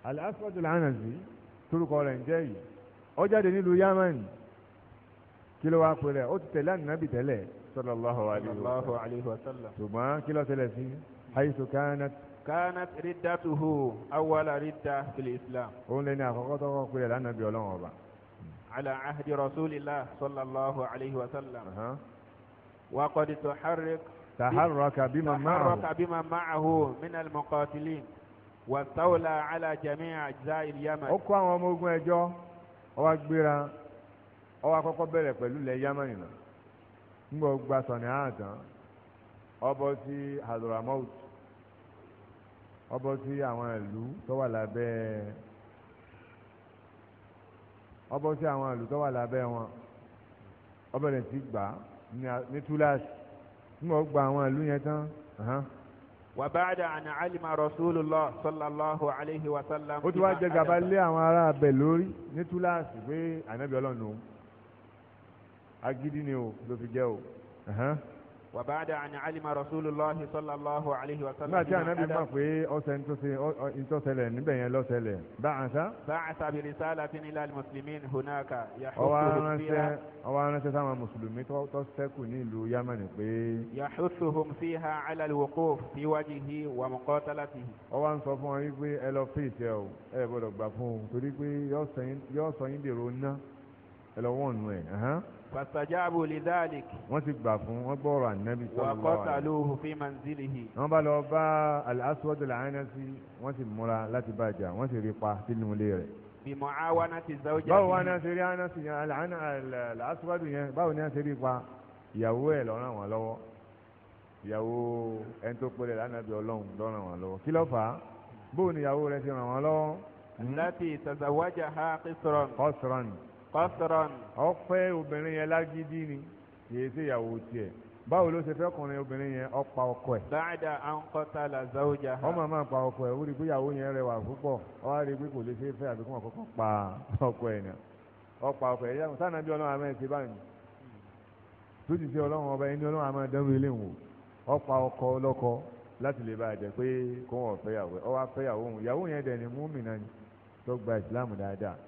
al-Aswad al-Anazi torúkọ rẹ̀ ń jẹ́ yìí ó jáde nílùú Yamani kí ló wá pè rẹ̀ ó ti tẹ̀lé ànábì tẹ́lẹ̀ sallallahu alayhi wa sallam ṣùgbọ́n kí ló tẹ̀lẹ̀ sí haythu kanat. kanat riddatuhu awwala ridda fil islam. òun lè ní àkọ́kọ́ tó kọ́ pè rẹ̀ lánàbì ọlọ́run ọba. ala ahdi rasulillah sallallahu alayhi wa sallam. wa qad taharrak. taharraka bima ma'ahu. taharraka bima ma'ahu wàsáwòlà alájẹmí àjá ìlú yamani. ó kó àwọn ọmọ ogun ẹjọ́ ó wá gbéra ó wá kọ́kọ́ bẹ̀rẹ̀ pẹ̀lú ilẹ̀ yamani náà nígbà ó gba sọ̀nì àtàn ó bọ́ sí hadramaut ó bọ́ sí àwọn ìlú tó wà lábẹ́ ó sí àwọn ìlú tó wà lábẹ́ wọn ó bẹ̀rẹ̀ sí gbà ní túláàsì nígbà gba àwọn ìlú yẹn tán. وبعد أن علم رسول الله صلى الله عليه وسلم ó ti wá jẹ gàba lé àwọn ará abẹ lórí ní túláàsì pé ànábì ọlọ́run agídí ni o ló fi jẹ́ o. وبعد أن علم رسول الله صلى الله عليه وسلم ما كان النبي ما في أوسن توسي أوسن نبين لوسن بعث بعث برسالة إلى المسلمين هناك يحثهم فيها أوانا سام المسلمين تستكوني لو يمن يحثهم فيها على الوقوف في وجهه ومقاتلته أوان صفون يبي ألوفيت يو أبو لك بفهم تريبي يوسن يوسن يديرونا ألوان وين أها fastajabu li dhalik. wọ́n ti gbà fún wọ́n gbọ́ ọ̀rọ̀ ànábì sọ́lá wa. waqataluhu fi manzilihi. wọ́n bá lọ bá al-aswad al-anasi wọ́n ti múra láti bá a jà wọ́n sì rí pa sínú ilé rẹ̀. bi mu'awanati zawjati. báwo wá ní ṣe rí anasi yẹn al-aswad yẹn báwo ní a ṣe rí pa ìyàwó ẹ̀ ló ràn lọ́wọ́ ìyàwó ẹni tó péré lánàbí ọlọ́run ló ràn lọ́wọ́ pásítọ̀rán. ọpẹ́ obìnrin yẹn lágídí ni kìí ṣe ìyàwó tiẹ̀ báwo ló ṣe fẹ́ kùnrin obìnrin yẹn ó pa ọkọ ẹ̀. báàdà àǹkọ́tà làzáwójà. ọmọ máa pa ọkọ ẹ̀ ó rí i pé ìyàwó yẹn rẹwà púpọ̀ ó wá rí i pé kò lè ṣe é fẹ́ àbí kún ọ̀kọ́kọ́ pa ọkọ ẹ̀ náà ó pa ọkọ ẹ̀ yẹ́n sáà nàbí ọlọ́run àmọ́ ẹ̀ ṣe báyìí tó ti ṣe ọlọ́run ọba ẹni ọlọ́run àmọ́ ẹ̀dánwó ilé wò ó pa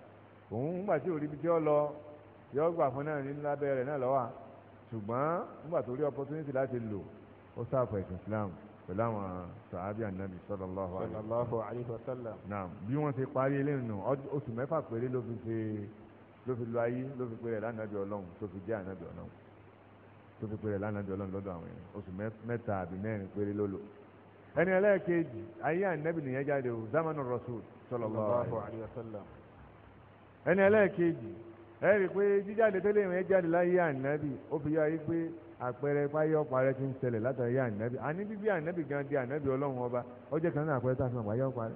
òun ńgbà tí ò rí ibi tí ó lọ yọ gbà fún náà ní lábẹ́ rẹ̀ náà lọ́wọ́ ṣùgbọ́n ńgbà tó rí opportunity láti lò ó sáfù ẹ̀sìn Islam pẹ̀lú àwọn sàábì ànábì sallallahu alaihi wa naam bí wọ́n ti parí eléyìí nù oṣù mẹ́fà péré ló fi ṣe ló fi lo ayé ló fi péré lánàbì ọlọ́run tó fi jẹ́ ànábì ọlọ́run tó fi péré lánàbì ọlọ́run lọ́dọ̀ àwọn èèyàn oṣù mẹ́ta àbí mẹ́rin péré ló lò ẹni ẹlẹ́ẹ̀kejì ayé ànábì nìyẹn jáde o zamanu rasul sallallahu alaihi ẹni ẹlẹ́ẹ̀kejì ẹ rí i pé jíjáde tẹ́lẹ̀ ìwọ̀n jáde láyé ànábì ó fi yọ ayé pé àpẹẹrẹ fáyọ parẹ ti ń ṣẹlẹ̀ látàrí ànábì àní bíbí ànábì gan di ànábì ọlọ́run ọba ó jẹ́ kan náà àpẹẹrẹ tá a fi hàn wáyọ parẹ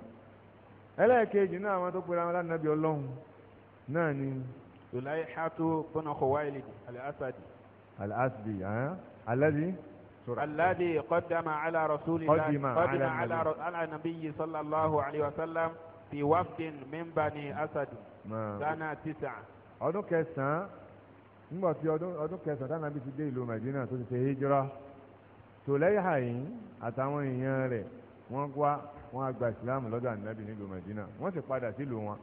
ẹlẹ́ẹ̀kejì náà àwọn tó pera wọn lánàbì ọlọ́run náà ni. Zulaihatu buna Khuwailid al-Asadi. al-Asadi ẹn aladi fi wafdin min bani asadi sana tisa. ọdún kẹsàn-án nígbà tí ọdún kẹsàn-án táwọn àbí ti dé ìlú Madina tó ti ṣe hijira tòlẹ́yà yìí àtàwọn èèyàn rẹ̀ wọ́n wá wọ́n gba ìsìláàmù lọ́dọ̀ ànábì nílùú Madina wọ́n sì padà sílùú wọn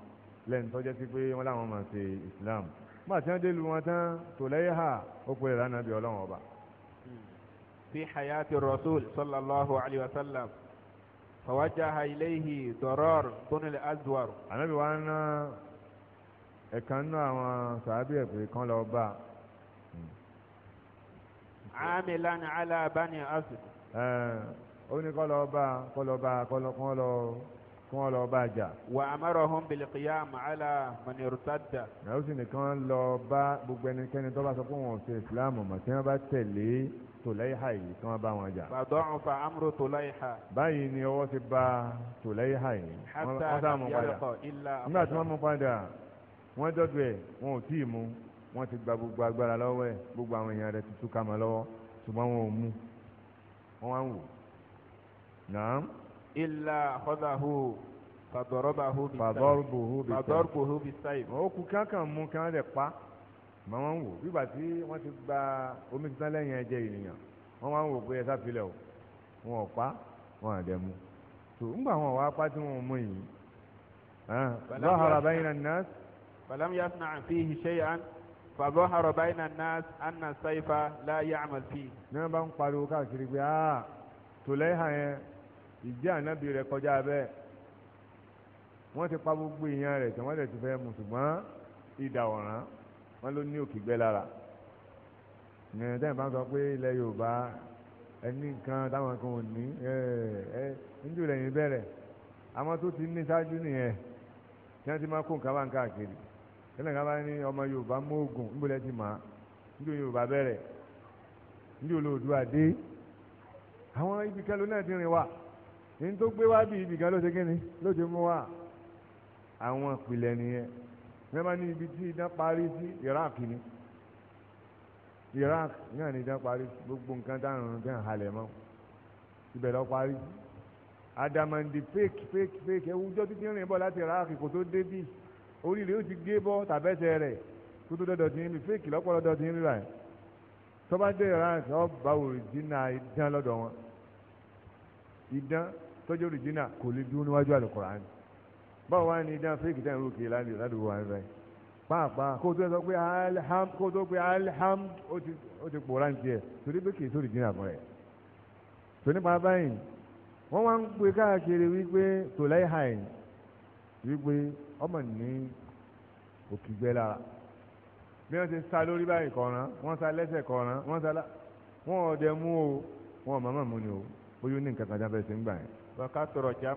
lẹ́nu tọ́jọ́ sí pé wọ́n láwọn máa ṣe ìsìláàmù nígbà tí wọ́n dé ìlú wọn tán tòlẹ́yà ó pe ìlànà bí ọlọ́wọ́n ọba. Hmm. fi hayati rasul sallallahu alayhi wa sallam. فوجه إليه ضرار بن الأزور النبي وانا كان نوع صحابي في كان لو با عاملا على بني أسد ó ní kọ́ lọ bá kọ́ lọ bá kọ́ lọ kọ́ lọ kọ́ lọ bá jà. wà á mọ̀rọ̀ hàn bilqiyam ala mọ̀nìrútàdà. ìyàwó sì nìkan lọ bá gbogbo ẹnikẹ́ni tó bá sọ pé wọn ò ṣe ìsìláàmù mọ̀ tí wọ́n bá tẹ̀lé tòlẹ́yà yìí tí wọ́n bá wọn jà. bàdọ́n fa amúrò tòlẹ́yà. báyìí ni ọwọ́ ti bá tòlẹ́yà yìí. wọ́n sá mú padà nígbà tí wọ́n mú padà wọ́n dọ́dọ̀ ẹ̀ wọn ò tíì mú wọ́n ti gba gbogbo agbára lọ́wọ́ ẹ̀ gbogbo àwọn èèyàn rẹ̀ ti tú kama lọ́wọ́ ṣùgbọ́n wọn ò mú wọn wá ń wò. nàám. ilà àkọ́dàhù fàdọ̀rọ̀bàhù bìsáì. fàdọ̀rọ̀bùhù bìsáì. ó kú kankan mú kan lè pa ṣùgbọ́n wọ́n ń wò bígbà tí wọ́n ti gba omi tán lẹ́yìn ẹ̀jẹ̀ ènìyàn wọ́n wá ń wò pé ẹ sáfilẹ̀ o wọn ò pa wọn àdẹ mu tó ńgbà wọn wá pa tí wọn mú yìí ظهر بين الناس فلم يصنع فيه شيئا فظهر بين الناس أن السيف لا يعمل فيه ní wọ́n bá ń pariwo káàkiri pé ah Tùlẹ́hà yẹn ìdí ànábì rẹ̀ kọjá bẹ́ẹ̀ wọ́n ti pa gbogbo èèyàn rẹ̀ tí wọ́n lè ti fẹ́ mu ṣùgbọ́n ìdà ọ̀ràn wọ́n ló ní òkìgbẹ́ lára ìyẹn tẹ́yìn bá ń sọ pé ilẹ̀ Yorùbá ẹni nǹkan táwọn kan ò ní ẹ ẹ níjú lẹ́yìn bẹ̀rẹ̀ àwọn tó ti ní ṣáájú nìyẹn tí wọ́n ti máa kó nǹkan bá ń káàkiri tẹ́lẹ̀ ká bá ní ọmọ Yorùbá mú oògùn níbo lẹ́ ti mà á níjú Yorùbá bẹ̀rẹ̀ níjú olóòdú àdé àwọn ibi kan ló náà ti rìn wá ní tó gbé wá bí ibi kan ló ṣe kí ni ló ti mú wá àwọn ìpìlẹ̀ nìyẹn mẹ́ma ní ibi tí idán parí sí Iraq ni Iraq náà ní idán parí sí gbogbo nǹkan dáhùn bí n halẹ̀ mọ́ ibẹ̀ lọ parí sí adamandi fake fake fake ẹwùjọ́ títí rìn bọ̀ láti Iraq kò tó dé bí oríire ó ti gé bọ́ tàbẹ́sẹ̀ rẹ̀ kó tó dọ̀dọ̀ tí ń rí fake lọ́pọ̀lọ́ dọ̀dọ̀ tí ń rí ẹ̀ tọ́ba dé Iraq ọba òrìjínà idán lọ́dọ̀ wọn idán tọ́jú òrìjínà kò lè dúró níwájú àlùkùránì báwo wá ní dán fíìkì tẹ̀ ń rúkì ládùú ládùú wà rẹ̀ pàápàá kó tó sọ pé alham kó tó pé alham ó ti pòórá tiẹ̀ torí pé kì sóri dínà fún rẹ̀ tó nípa báyìí wọ́n wá ń pe káàkiri wípé tòláì wípé ọmọ ní òkìgbẹ́ lára bí wọ́n ti lórí báyìí kọ̀ọ̀ràn wọ́n lẹ́sẹ̀ kọ̀ọ̀ràn wọ́n wọ́n ọ̀dẹ̀ mú o wọ́n mú ni o ní nǹkan kan jáfẹ́ sí ń gbà yẹn.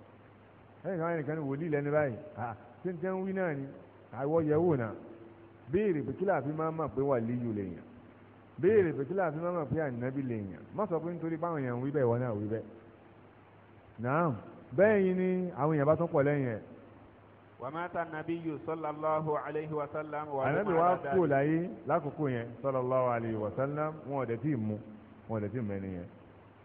ẹnì kan ẹnì kan ní wòlíì lẹ́nu báyìí tí ń wí náà ni àwọ̀ yẹ wò náà béèrè pé kí láàfin máa mọ̀ pé wà líyù lèèyàn béèrè pé kí láàfin máa mọ̀ pé ànábì lèèyàn má sọ pé nítorí báwọn èèyàn wí bẹ́ẹ̀ wọ́n náà wí bẹ́ẹ̀ náà bẹ́ẹ̀ yìí ni àwọn èèyàn bá tún pọ̀ lẹ́yìn ẹ̀. wàmátà nàbíyù sallallahu alayhi wa sallam wà ló máa dáadáa. ànábì wa kú láyé lákòókò yẹn sallallahu alayhi wa sallam wọn ò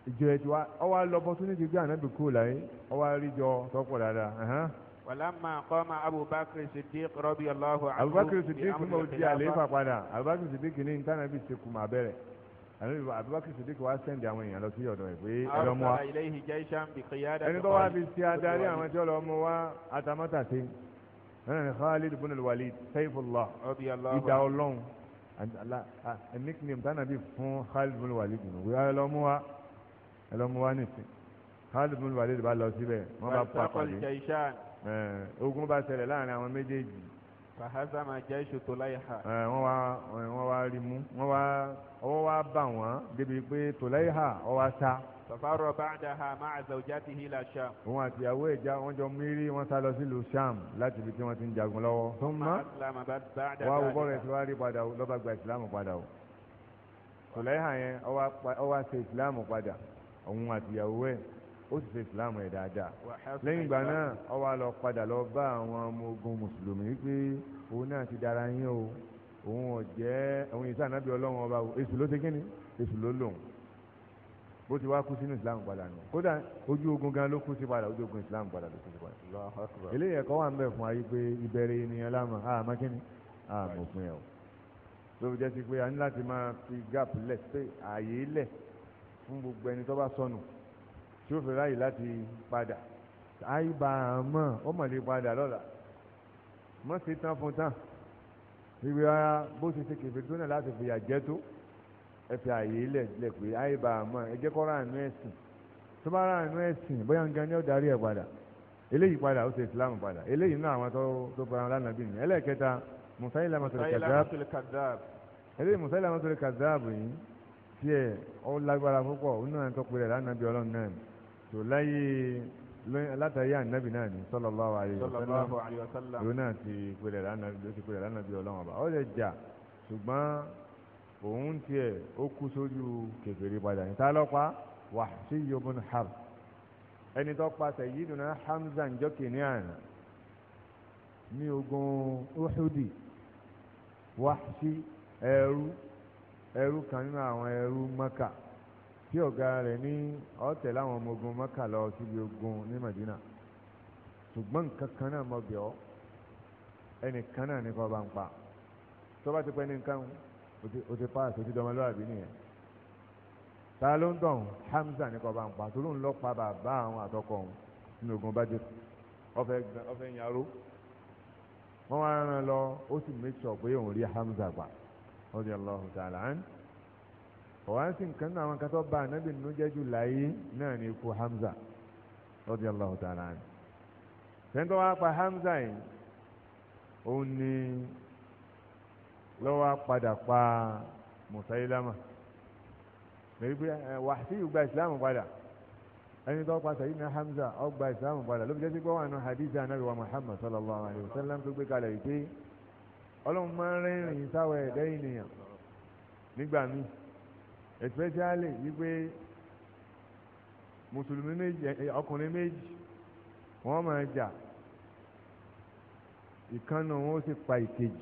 ìjọ ẹ ti wá ọwọ́ lọ́bọ tó ní ti gbé ànábì kú láyé ọwọ́ àríjọ tọ́pọ̀ dáadáa. wàlámà kọ́mà abubakar sidik rọ́bì ọlọ́hu àbúrò abubakar sidik mọ̀ di àlééfà padà abubakar sidik ní ntànàbì sekú mà bẹ̀rẹ̀ abubakar sidik wá sẹ́ndì àwọn èèyàn lọ sí ọ̀dọ̀ ẹ̀ pé ẹ̀rọ mu wa ẹni tó wá fi ṣe adarí àwọn tí ọlọ́mọ wa atamátàsé ẹnì ní khalid bin walid saifullah ìdá ọlọ́run ẹ̀mí kìnnìkan tànàbì fún khalid bin walid nù wíwá ọlọ́mọ wa ẹlọ́mú wá nìsín Khalid bin Walid bá lọ síbẹ̀ wọ́n bá pa pàdé ogun bá ṣẹlẹ̀ láàrin àwọn méjèèjì. fahazama jaishu tolaiha. wọ́n wá wọ́n wá rí mú wọ́n wá ọwọ́ wá bà wọ́n débi pé tolaiha ọ wá sá. safarọ ba'daha ma'a zawjatihi ila Sham. òun àti ìyàwó ìjà wọn jọ mírí wọn sá lọ sílùú Sham láti ibi tí wọ́n ti ń jagun lọ́wọ́. tó ń mọ́ wá wọ́n bọ́ọ̀rẹ̀ tí wọ́n rí padà òun àtìyàwó ẹ̀ ó sì ṣe ìsìláàmù ẹ̀ dáadáa lẹ́yìn ìgbà náà ó wá lọ padà lọ bá àwọn ọmọ ogun mùsùlùmí pé òun náà ti dára yín o òun ò jẹ́ òun ìsá ànábì ọlọ́run ọba o èṣù ló ṣe kíni èṣù ló lòun bó ti wá kú sínú ìsìláàmù padà nù kódà ojú ogun gan ló kú sí padà ojú ogun ìsìláàmù padà ló kú sí padà eléyìí ẹ̀kọ́ wà ń bẹ̀ fún ayé pé ìbẹ̀rẹ̀ ènìyàn lámà àmọ́ kíni àmọ́ òpin ẹ̀ o ló fi jẹ́ sí pé a ní láti máa fi gáàpù lẹ̀ pé ààyè lẹ̀ fún gbogbo ẹni tó bá sọnù tí ó fi ráyè láti padà àìbá àmọ́ ó mọ̀ lè padà lọ́la mọ̀ sí tán fún tán ìwé ara bó ṣe ṣe kèfé tó náà láti fìyà jẹ tó ẹ fi àyè lẹ̀ lẹ̀ pé àìbá àmọ́ ẹ jẹ́ kọ́ ra àánú ẹ̀sìn tó bá ra àánú ẹ̀sìn bóyá ń gan ni ó darí ẹ̀ padà eléyìí padà ó ṣe Islam padà eléyìí náà àwọn tó fara lánàá bí nìyẹn ẹlẹ́ẹ̀kẹta Musailamatul Kadhab eléyìí Musailamatul Kadhab yìí tiẹ̀ ó lágbára púpọ̀ ó náà tó pe rẹ̀ lánàbí ọlọ́run náà ni tó láyé látàrí ànábì náà ni sallallahu alaihi wasallam ló náà ti pe rẹ̀ lánàbí ọlọ́run ọba ó lè jà ṣùgbọ́n òun tiẹ̀ ó kú sójú kèfèrí padà ní tálọ́pá Wahshi ibn Harb ẹni tó pa Sayyiduna Hamza njọ́ àná ní ogun Uhudi Wahshi ẹrú. E ẹrú kan nínú àwọn ẹrú mọ́kà tí ọ̀gá rẹ̀ ní ọ̀tẹ̀ láwọn ọmọ ogun mọ́kà lọ síbi ogun ní Madina ṣùgbọ́n nǹkan kan náà mọ̀ bíọ́ ẹnìkan náà ní kọ́ bá ń pa tó bá ti pẹ́ ní nǹkan o ti pa àti o ti dọmọlúwàbí nìyẹn ta ló ń dọ̀hún Hamza ní kọ́ bá ń pa tó ló ń lọ pa bàbá àwọn àtọkọ òun nínú ogun bájẹ́ ọ̀fẹ́ yàrá wọ́n wá rán lọ ó sì make pé òun rí Hamza gbà radiyallahu ta'ala an wọ́n sì nǹkan náà àwọn kátó bá ànábì nínú jẹ́jú láyé náà ní ikú Hamza radiyallahu ta'ala an sẹ́ńtọ́ wa pa Hamza yìí òun ni lọ́wọ́ padà pa Musailama mẹ́rin wàhásí ìgbà ìsìlámù padà ẹni tó pa Sayyidina Hamza ó gba ìsìlámù padà ló fi jẹ́ sí pé wọ́n àná hadith anabi wa Muhammad sallallahu alayhi wa sallam tó gbé kalẹ̀ yìí pé ọlọ́run máa ń rẹ́rìn sáwọ́ ẹ̀dẹ́ ènìyàn nígbà míì especially wípé mùsùlùmí méjì ọkùnrin méjì wọ́n máa jà ìkànnà wọn ó sì pa ìkejì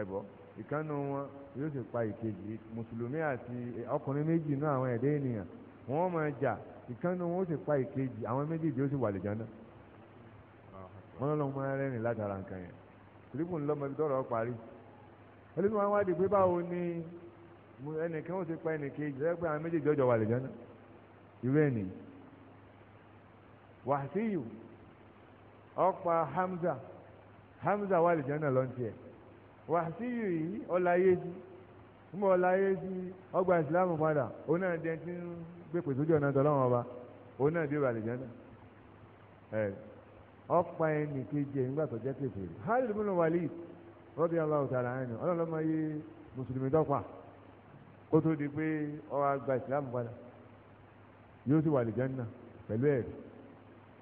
ẹ̀bọ ìkànnà wọn yóò sì pa ìkejì mùsùlùmí àti ọkùnrin méjì náà àwọn ẹ̀dẹ́ ènìyàn wọ́n máa jà ìkànnà wọn ó sì pa ìkejì àwọn méjèèjì ó sì wà lè jẹun náà wọ́n lọ́ọ́ máa rẹ́rìn látara nǹkan yẹn. tìrìbù ńlọmọ ibi tọrọ parí olómi wọn wá di pé báwo ni ẹnìkan ó ti pa ẹnìkejì rẹ àwọn méjèèjì ọjọ́ wà lè jẹun irú ẹnì wàsíù ọpa Hamza Hamza wà lè jẹun lọ́ntì ẹ̀ wàsíù yìí ọláyé mbọ ọgbà ìsìlámù padà òun náà jẹ ti ń gbé ọba òun náà ọ̀pá ẹnì kejì ẹ̀ nígbà tó jẹ́ kèfèrí Khalid ibn Walid radiyallahu ta'ala anhu ọlọ́lọ́mọ yé mùsùlùmí dọ́pà kó tó di pé ó wá gba ìsìlámù padà yóò sì wà lè Jánnà pẹ̀lú ẹ̀rí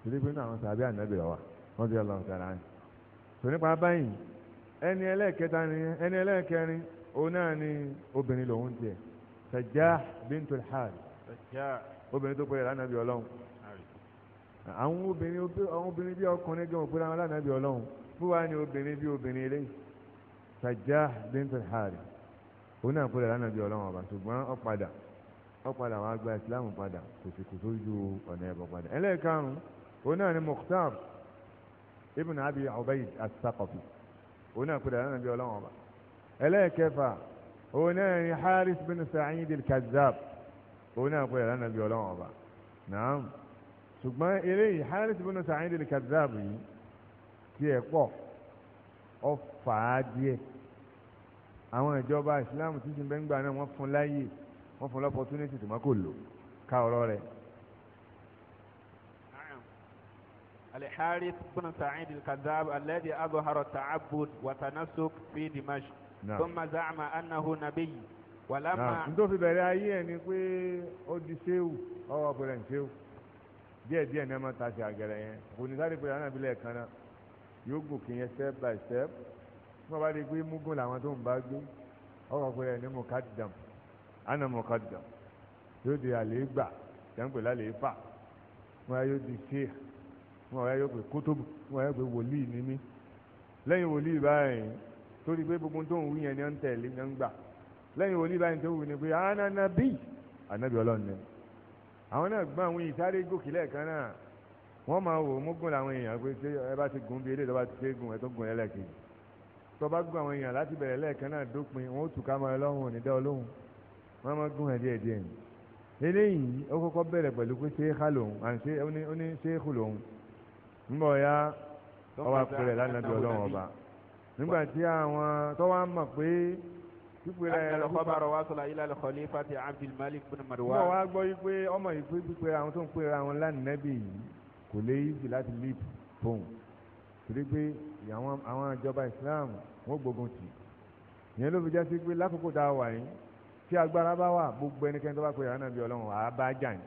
torí pé náà àwọn sàbí ànábì lọ́wọ́ radiyallahu ta'ala anhu tò nípa báyìí ẹni ẹlẹ́ẹ̀kẹta ni ẹni ẹlẹ́ẹ̀kẹrin òun náà ni obìnrin lòun tiẹ̀ Sajjah bintul àwọn obìnrin àwọn obìnrin bí ọkùnrin gan òpin àwọn alánàbí ọlọ́run fún wa ni obìnrin bí obìnrin eléyìí Sajjah bint al-Hari òun náà kúrẹ̀ alánàbí ọlọ́run ọba ṣùgbọ́n ọ̀padà ọ̀padà wàá gba ìsìláàmù padà kò sì kò sójú ọ̀nà ẹ̀bọ̀ padà ẹlẹ́ẹ̀karùn-ún òun náà ni Mukhtar ibn Abi Ubayd as-Saqafi òun náà kúrẹ̀ alánàbí ọlọ́run ọba ẹlẹ́ẹ̀kẹfà òun náà ni Harith bin Sa'id al òun náà kúrẹ̀ alánàbí ọlọ́run ọba náà ṣùgbọ́n eléyìí Harith ibn Sa'id al-Kadhdhab yìí tiẹ̀ pọ̀ ọ fà á díẹ̀ àwọn ìjọba ìsìláàmù tí ti bẹ́ńgbà náà wọ́n fún láyè wọ́n fún lọ́pọ̀túnìtì tí wọ́n kò lò ká ọ̀rọ̀ rẹ̀. الحارث بن سعيد الكذاب الذي أظهر التعبد والتنسك في دمشق ثم زعم أنه نبي ولما díẹ̀ díẹ̀ ní ẹ máa ta sí àgẹ̀rẹ̀ yẹn kò ní sáré pẹ̀lú ànábì lẹ́ẹ̀kan náà yóò gòkè yẹn step by step fún ọba di pé mugun làwọn tó ń bá gbé ọkọ̀ pé ẹ̀ ní mukadam ana mukadam yóò di àléégbà tẹ́ǹpẹ̀ lálẹ́fà fún ọba yóò di sheikh fún ọba yóò pè kótóbù fún ọba yóò pè wòlíì ní mí lẹ́yìn wòlíì báyìí torí pé gbogbo tó ń wí yẹn ni ó ń tẹ̀lé ní ń gbà lẹ́yìn wòlíì báyìí tó wù ní pé ànànàbí ànàbí ọlọ́run ni àwọn náà gbọ́n àwọn ìsáré gòkè lẹ́ẹ̀kan náà wọ́n máa wò ó mógùn làwọn èèyàn pé ṣé ẹ bá ti gun bí eléyìí tó ti ṣe é gun ẹ tó gun ẹlẹ́ẹ̀kejì tó bá gun àwọn èèyàn láti bẹ̀rẹ̀ lẹ́ẹ̀kan náà dópin wọn ó tù ká máa lọ́hùn onídẹ́ olóhùn wọ́n máa gun ẹ̀díẹ̀ díẹ̀ ni eléyìí ó kọ́kọ́ bẹ̀rẹ̀ pẹ̀lú pé ṣé ha lòun à ń ṣe ó ní lòun ń bọ̀ ya ọwọ́ àpẹẹrẹ lánàá pípé rẹ alakọbarọ wa sọlá ilé alikọlẹ fati abdulmalik bin marwa. mo wá gbọ́ yí pé ọmọ yìí pé pípé àwọn tó ń pè àwọn lánàbì yìí kò lè yíjì láti leap fóun torí pé àwọn ìjọba islam wọ́n gbógun tì ìyẹn ló fi jásí pé lákòókò tá a wà yìí tí agbára bá wà gbogbo ẹnikẹ́ni tó bá pè àwọn àbí ọlọ́run àá bá jà ní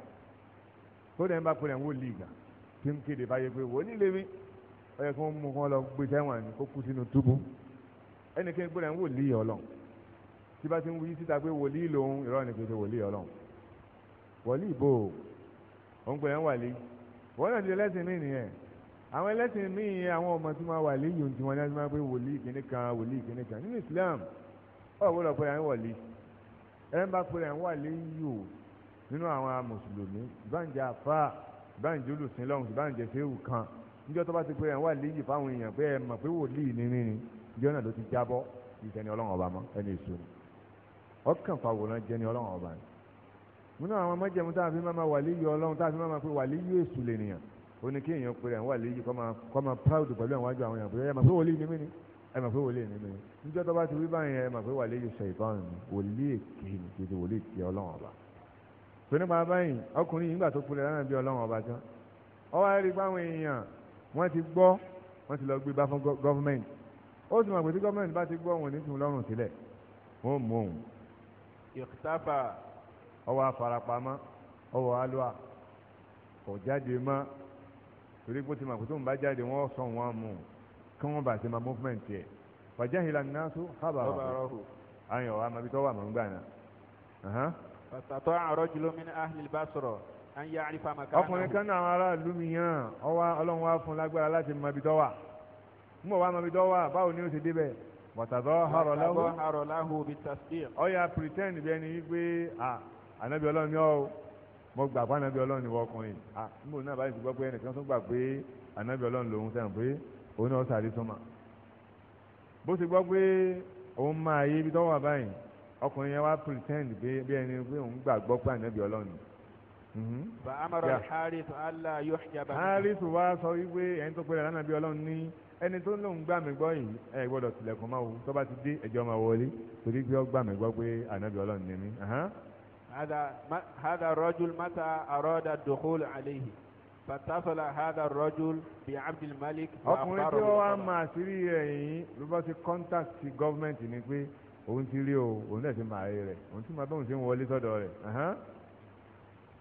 kó dẹ̀ ń bá pè àwọn wòlíì ìgbà tí ń kéde báyé pé wò ó nílé mi mú kó lọ gbé sẹ́wọ̀n kó kú sínú túbú ẹnikẹ́ni gbọ́dọ̀ ń wòlíì ọlọ́run tí bá ti ń wí síta pé wòlíì lòun irọ́ ni kò ṣe wòlíì ọlọ́run wòlíì ìbò òun pè é ń wàlí wọ́n náà ti ẹlẹ́sìn mí nìyẹn àwọn ẹlẹ́sìn mí yẹn àwọn ọmọ tí wọ́n wàlí yòó tí wọ́n ní wọ́n pé wòlíì kìíní kan wòlíì kìíní kan nínú Islam ọ̀wọ́lọ̀ pé à ń wọ̀lí ẹ̀ ń bá pé à ń wàlí yòó nínú àwọn mùsùlùmí ìbáǹjẹ àfa ìbáǹjẹ olùsìnlọ́hùn ìbáǹjẹ fẹ́hù kan níjọ́ tó bá ti pé ẹ̀ ń wà léyìí fáwọn èèyàn pé ẹ̀ mọ̀ pé wòlíì ní nínú ìjọ́ náà ló ti jábọ́ ìtẹ̀ni ọlọ́run ọba ẹni èso ọkàn fàwòrán jẹ ní ọlọ́run ọba ni múnú àwọn májẹ̀mú tá a fi máa wà líyìí ọlọ́run tá a fi máa pe wà líyìí èṣù lè nìyàn ó ní kí èèyàn pe rẹ̀ ń wà kọ́ máa kọ́ máa proud pẹ̀lú àwọn àjọ àwọn èèyàn pé ẹ máa pé wòlíì ní mí ni ẹ máa pé wòlíì ní mí ni níjọ́ tó bá ti wí báyìí ẹ máa pé wà líyìí ṣèyíbáwọn ni wòlíì èké ni kì í ṣe wòlíì ti ọlọ́run ọba tó nípa báyìí ọkùnrin yìí nígbà tó pe rẹ̀ lánàá bí ọlọ́run ọba tán ọ wá rí báwọn èèyàn wọ́n ti gbọ́ wọ́n ti lọ gbé bá fún gọ́fúmẹ̀ntì ó sì mọ̀ pé tí gọ́fúmẹ̀ntì bá ti ìkítáfà ọwọ́ afarapamọ́ ọwọ́ alúwa kò jáde mọ́ torí pé tí màkútó ń bá jáde wọ́n sọ wọn mú kí wọ́n bá ti ma movement yẹ wàjá ìlà nàásù hábàárọ̀ ayọ̀ wa màbí tó wà mọ̀ ń gbà náà. pàtàkì rajulun min ahli al-Basra ọkùnrin kan náà àwọn aráàlú mi ọlọ́run wá fún lágbára láti mọ ibi tó wá mọ ibi báwo ni ó ti débẹ̀. wàtàdọ́hárọ̀ láhù wàtàdọ́hárọ̀ láhù bí tasbih. ó yá pretend bí ẹni igwe a ọlọ́run ni mo gbà pé ni wọ́n ọkùnrin níbo náà báyìí gbọ́ pé ẹnìkan tún gbà pé ànábì ọlọ́run lòun sẹ́yìn pé òun náà sàrí súnmọ́ bó ti pé òun máa yé ibi tó wà báyìí ọkùnrin yẹn wá bí ẹni pé òun gbàgbọ́ pé ni mhm. sọ wípé ẹni tó ẹni tó ń lòun gbà mí gbọ́ yìí ẹ gbọ́dọ̀ tilẹ̀kùn máa wò tó bá ti dé ẹjọ́ máa wọlé torí pé ó gbà mí gbọ́ pé ànábì ọlọ́run ni mí. هذا الرجل متى أراد الدخول عليه فاتصل هذا الرجل بعبد الملك ọkùnrin tí ó wá máa sírí rẹ̀ yìí ló bá ti kọ́ńtàkì gọ́ọ̀mẹ̀ntì ni pé òun ti rí o òun náà ti máa rí rẹ̀ òun ti máa bẹ́ẹ̀ òun ti ń wọlé sọ́dọ̀ rẹ̀.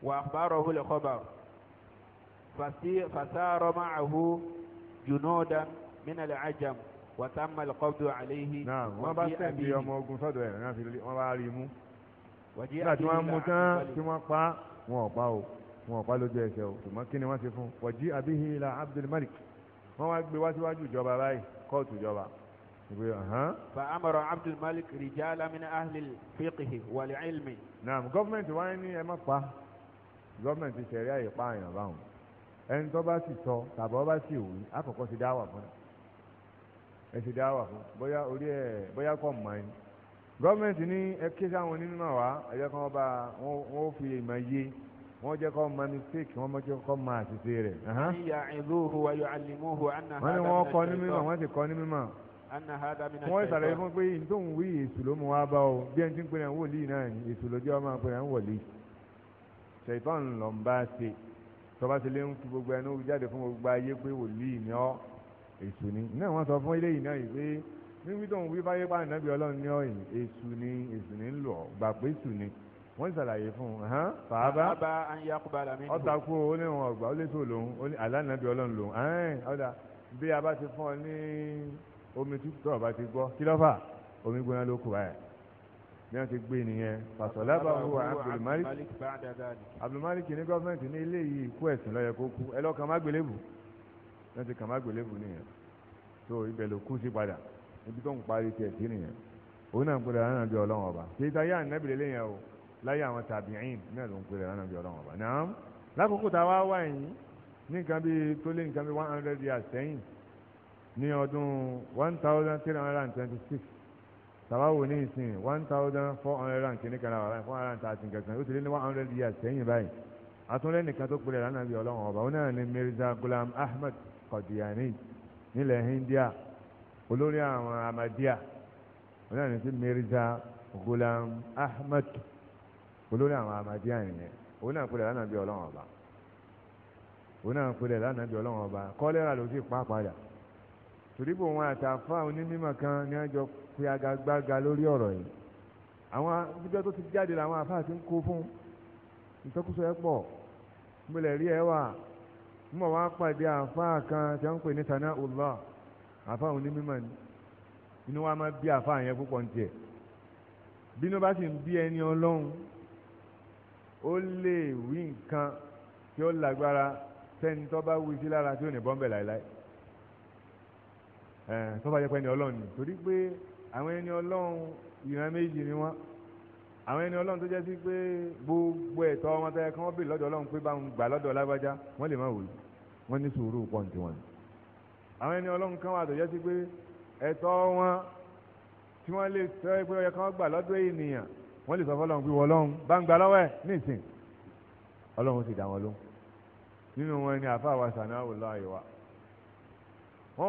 وأخبره الخبر فسار معه جنودا من العجم وتم القبض عليه نعم wọ́n bá sẹ́ǹdì ọmọ ogun sọ́dọ̀ ẹ̀ náà fi wọ́n bá rí mú nígbà tí wọ́n mú tán tí wọ́n pa wọn ò pa o wọn ò pa lójú ẹsẹ̀ o ṣùgbọ́n kí ni wọ́n ti fún wọ́jí abihi ila Abdul wọ́n wá gbé wá ìjọba báyìí kóòtù ìjọba. فأمر عبد الملك رجالا من أهل الفقه والعلم نعم government wá ní ẹ má pa government ṣẹ̀rí àyè pààyàn báwọn ẹni tó bá sì sọ tàbí ọ bá sì wí àkọ́kọ́ ti dáwà fún un ẹ ṣe dáwà fún bóyá orí ẹ bóyá kọ̀ mọ́ ẹ gọ́ọ̀mẹ̀ntì ní ẹ ké sáwọn onímọ̀ wá ẹ jẹ́ kí wọ́n bá wọ́n fi ìmọ̀ yé wọ́n jẹ́ kọ́ ma mistake wọ́n jẹ́ kọ́ ma àṣìṣe rẹ̀. wọ́n ní wọ́n kọ́ ní mímọ̀ wọ́n sì kọ́ ní mímọ̀. wọ́n ṣàlàyé fún pé n tó ń wí èṣù ló mú wá bá o bí ẹni tí ń pèrè ń wòlíì náà ni èṣù ló jẹ́ ọmọ pèrè ń wòlíì. ṣèyítọ́n lọ ń bá ṣe tọ́ba ti lé ń fi gbogbo ẹnu jáde fún gbogbo ayé pé wòlíì ni ọ́ èṣù ni náà wọ́n sọ fún eléyìí náà yìí pé níbi tó ń wí báyé pa ànábì ọlọ́run ní ọ̀yìn èṣù ni èṣù ni ń lọ gbà pé èṣù ni wọ́n ti ṣàlàyé fún un hàn fàábà ọ̀tà kú ó ní wọn ọ̀gbà ó lè tó lòun alánàbì ọlọ́run lòun ẹ̀ẹ́n ọ̀dà bí a bá ti fún ọ ní omi tútù tó bá ti gbọ́ kí ló fà omi gbóná ló kù báyìí bí wọ́n ti gbé e nìyẹn pàṣọlábà wo Abdulmalik Abdulmalik ní gọ́fẹ̀ntì ní ilé yìí kú ẹ̀sìn lọ́yẹ kó kú ẹ lọ́kàn má gbélébù wọ́n ti kàn má gbélébù nìyẹn tó ibẹ̀ ló kú sí padà ibi tó ń parí tiẹ̀ sí nìyẹn òun náà ń pèrè lánàá bí ọlọ́run ọba kì í ta yá ànábìlẹ̀ lẹ́yìn o láyé àwọn tàbíyìn náà ló ń pèrè lánàá bí ọlọ́run ọba náà lákòókò tá a wá wá yìí ní nǹkan bíi tó lé nǹkan bíi one hundred years sẹ́yìn ní ọdún one thousand three hundred and twenty six tàbáwò ní ìsìn one thousand four hundred and kìíní kan àwọn four hundred and thirty kẹsàn-án ó ti lé ní one hundred years sẹ́yìn báyìí àtúnlẹ̀ nìkan tó pèrè lánàá bí ọlọ́run ọba òun náà ni Mirza Ghulam Ahmed Qadiani nílẹ̀ India olórí àwọn Amadiya; olórí àwọn ti Mirza Ghulam Ahmad olórí àwọn Ahmadiyya nìyẹn òun náà kúrẹ̀ lánàá bí ọlọ́wọ́n ọba òun náà kúrẹ̀ lánàá bí ọlọ́wọ́n ọba kọ́lẹ́rà ló pa padà wọn àtàfà onímọ̀ kan ní àjọ pé agagbága lórí ọ̀rọ̀ yìí àwọn ibíjọ́ tó ti jáde làwọn ń kó fún ìtọ́kùsọ mo wá pàdé àfáà kan tí wọ́n ń pè ní Sanaullah àfáà onímọ̀ ni inú wa máa bí àfáà yẹn púpọ̀ ní tiẹ̀ bínú bá sì ń bí ẹni ọlọ́run ó lè wí nǹkan tí ó lágbára sẹ́ni tó bá wí sí lára tí ò ní bọ́m̀bẹ̀ láéláé tó bá yẹ pé ẹni ọlọ́run ni torí pé àwọn ẹni ọlọ́run ìran méjì ni wọ́n àwọn ẹni ọlọ́run tó jẹ́ sí pé gbogbo ẹ̀tọ́ wọn tẹ́ kán bè lọ́dọ̀ ọlọ́run pé bá ń gbà lọ́dọ̀ lágbájá wọ́n lè má wòye wọ́n ní sùúrù pọ̀ ní tiwọn. àwọn ẹni ọlọ́run kan wà tó jẹ́ sí pé ẹ̀tọ́ wọn tí wọ́n lè sọ pé ọyẹ kán gbà lọ́dọ̀ ènìyàn wọ́n lè sọ fọlọ́run pé wọlọ́run bá ń gbà lọ́wọ́ ẹ̀ nísìn ọlọ́run sì dá wọn lóhùn nínú wọn ni àfa wa sànáwó láàyèwà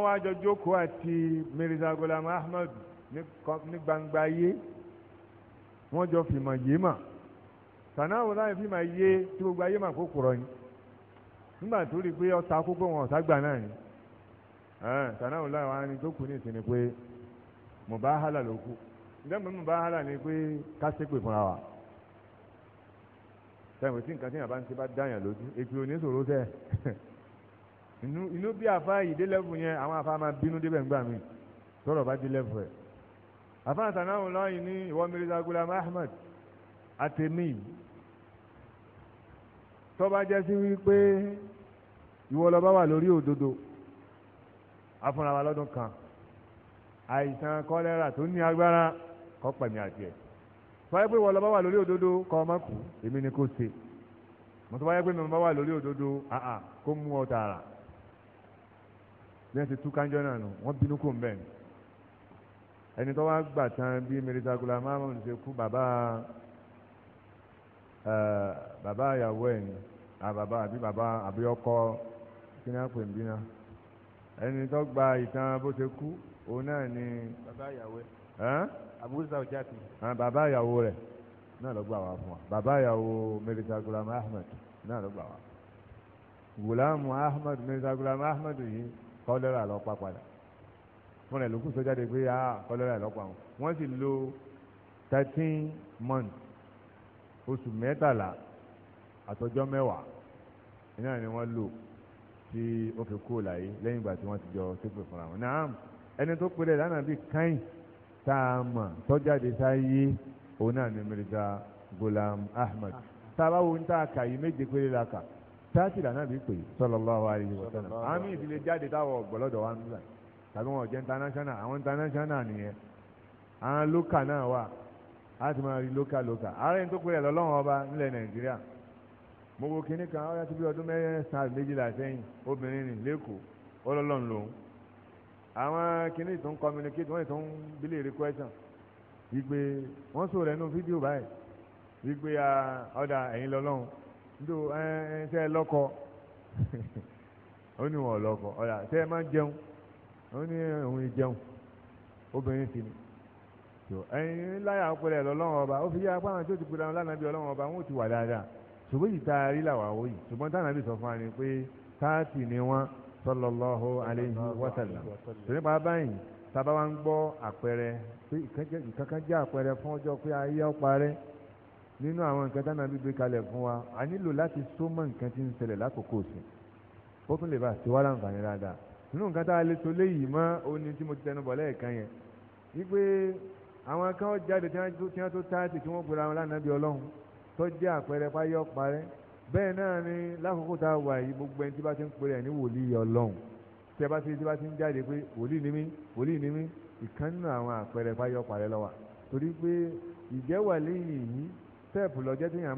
wá jọ jókòó àti Mirza Ghulam Ahmad ní gbangba yé wọ́n jọ fìmọ̀ yé mà sànáwó láyé fìmọ̀ yé tí gbogbo ayé mà kó kúrọ̀ ni nígbà tó rí i pé ọ̀sà kókó wọn ọ̀sà gbà náà ni sànáwó láyé wọn ni tó kù ní ìsinmi pé mùbáhálà ló kù ìdáhùn mùbáhálà ni pé kásẹ́pè fúnra wa sẹ́yìn tí nǹkan tí yàrá bá ń ṣe bá dáyàn lójú èpè òní sòro sẹ́ <laughs> inú bí àfa ìdílẹ́fù yẹn àwọn àfa máa bínú débẹ̀ ńgbà mí tọ́rọ̀ bá dé lẹ́fù ẹ̀ àfáàtà náà lọ́yìn ní ìwọ Mirza Ghulam Ahmad àtẹ̀mí tó bá jẹ́ sí wípé ìwọ lọ bá wà lórí òdodo afúnra wa lọ́dún kan àìsàn kọ́lẹ́rà tó ní agbára kọ́ pẹ̀mí àti ẹ̀ tó wáyé pé ìwọ lọ bá wà lórí òdodo kọ́ ọ má kú èmi ni kò ṣe mo tó wáyé pé mi bá wà lórí òdodo kó mú ọ tààrà bí wọ́n ti tú kánjọ́ náà nù wọ́n bínú kò ń bẹ̀ ni ẹni tó wá gbà tán bí Mirza Ghulam Ahmad ṣe kú bàbá bàbá ìyàwó ẹ̀ ni àbàbà àbí bàbá àbí ọkọ kí ni a pè ń bí náà ẹni tó gba ìtàn bó ṣe kú òun náà ni. bàbá ìyàwó ẹ. Abu Zawjati. bàbá ìyàwó rẹ náà ló gbà wá fún wa bàbá ìyàwó Mirza Ghulam Ahmad náà ló gbà wá Ghulam Ahmad Mirza Ghulam Ahmad yìí kọ́lẹ́rà lọ pa padà fúnra ẹ̀ ló kù sọ jáde pé ah kọ́lẹ́rà lọ́pọ̀ àwọn wọ́n sì lo thirteen months oṣù mẹ́tàlá àtọjọ́ mẹ́wàá iná ni wọ́n lò tí ó fi kú láyé lẹ́yìn ìgbà tí wọ́n ti jọ ṣépè fúnra wọn. náà ẹni tó pèlè lánàá bíi kain tá a mọ̀ tọ́jáde sáyé òun náà ni Mirza Ghulam Ahmad tá a bá wo ní tá a kà yìí méje péré la kà tá a sì lànà bíi pè sallallahu alaihi wasallam àmì ìdílé jáde táwọn ọ̀gbọ́lọ́dọ̀ wa ń bílà. tàbí wọn ò international àwọn international nìyẹn àwọn local náà wà á ti máa rí local local ààrẹ tó pè é lọ́wọ́ ọba nílẹ̀ nàìjíríà mo wo kinní kan ọ̀rẹ́ ti bí ọdún mẹ́sàn-án méjìlá sẹ́yìn obìnrin ní lẹ́kọ̀ọ́ ọlọ́lọ́run lòun àwọn tó ń communicate wọ́n tó ń bílẹ̀ wípé sọ rẹ̀ nù fídíò báyìí wípé ọ̀dà ẹ̀yin lọ́lọ́run ndo ẹ lọ́kọ <laughs> ó ní wọn lọ́kọ wọ́n ní òun ìjẹun obìnrin sì ni tó ẹyin láyà ọpẹlẹ lọ́lọ́run ọba ó fi yá apá àwọn tó ti gbéra lánàá bí Ọlọ́run ọba wọn ò ti wà dáadáa ṣùgbọ́n yìí tá a rí làwà ó yìí ṣùgbọ́n táwọn àbí sọ fún wa ni pé táàtì ni wọ́n sallallahu alayhi wa sallam tó nípa báyìí tábà wá ń gbọ́ àpẹẹrẹ pé ìkankan jẹ́ àpẹẹrẹ fún ọjọ́ pé ayé ọpa rẹ nínú àwọn nǹkan táwọn àbí gbé kalẹ̀ fún wa a nílò láti só mọ́ nǹkan tí ń ṣẹlẹ̀ lákòókò sí ó tún lè bá tiwárà nǹkan ní dáadáa nínú nǹkan tá a lè so léyìí mọ́ oní tí mo ti tẹnu bọ̀ lẹ́ẹ̀kan yẹn wípé àwọn kan jáde tí wọ́n tó táàtì tí wọ́n pera wọn lánàbí ọlọ́run tó jẹ́ àpẹẹrẹ fáyọ́ parẹ́ bẹ́ẹ̀ náà ni lákòókò tá a wà yìí gbogbo ẹni tí bá ti ń pera ẹ̀ ní wòlíì ọlọ́run tí a bá ti tí bá ti ń jáde pé wòlíì ni mí wòlíì ni mí ìkànnì àwọn àpẹẹrẹ fáyọ́ parẹ́ lọ́wọ́ torí pé ìjẹ́wàlẹ́ yìí tẹ́ẹ̀pù lọ́jọ́ tí yàn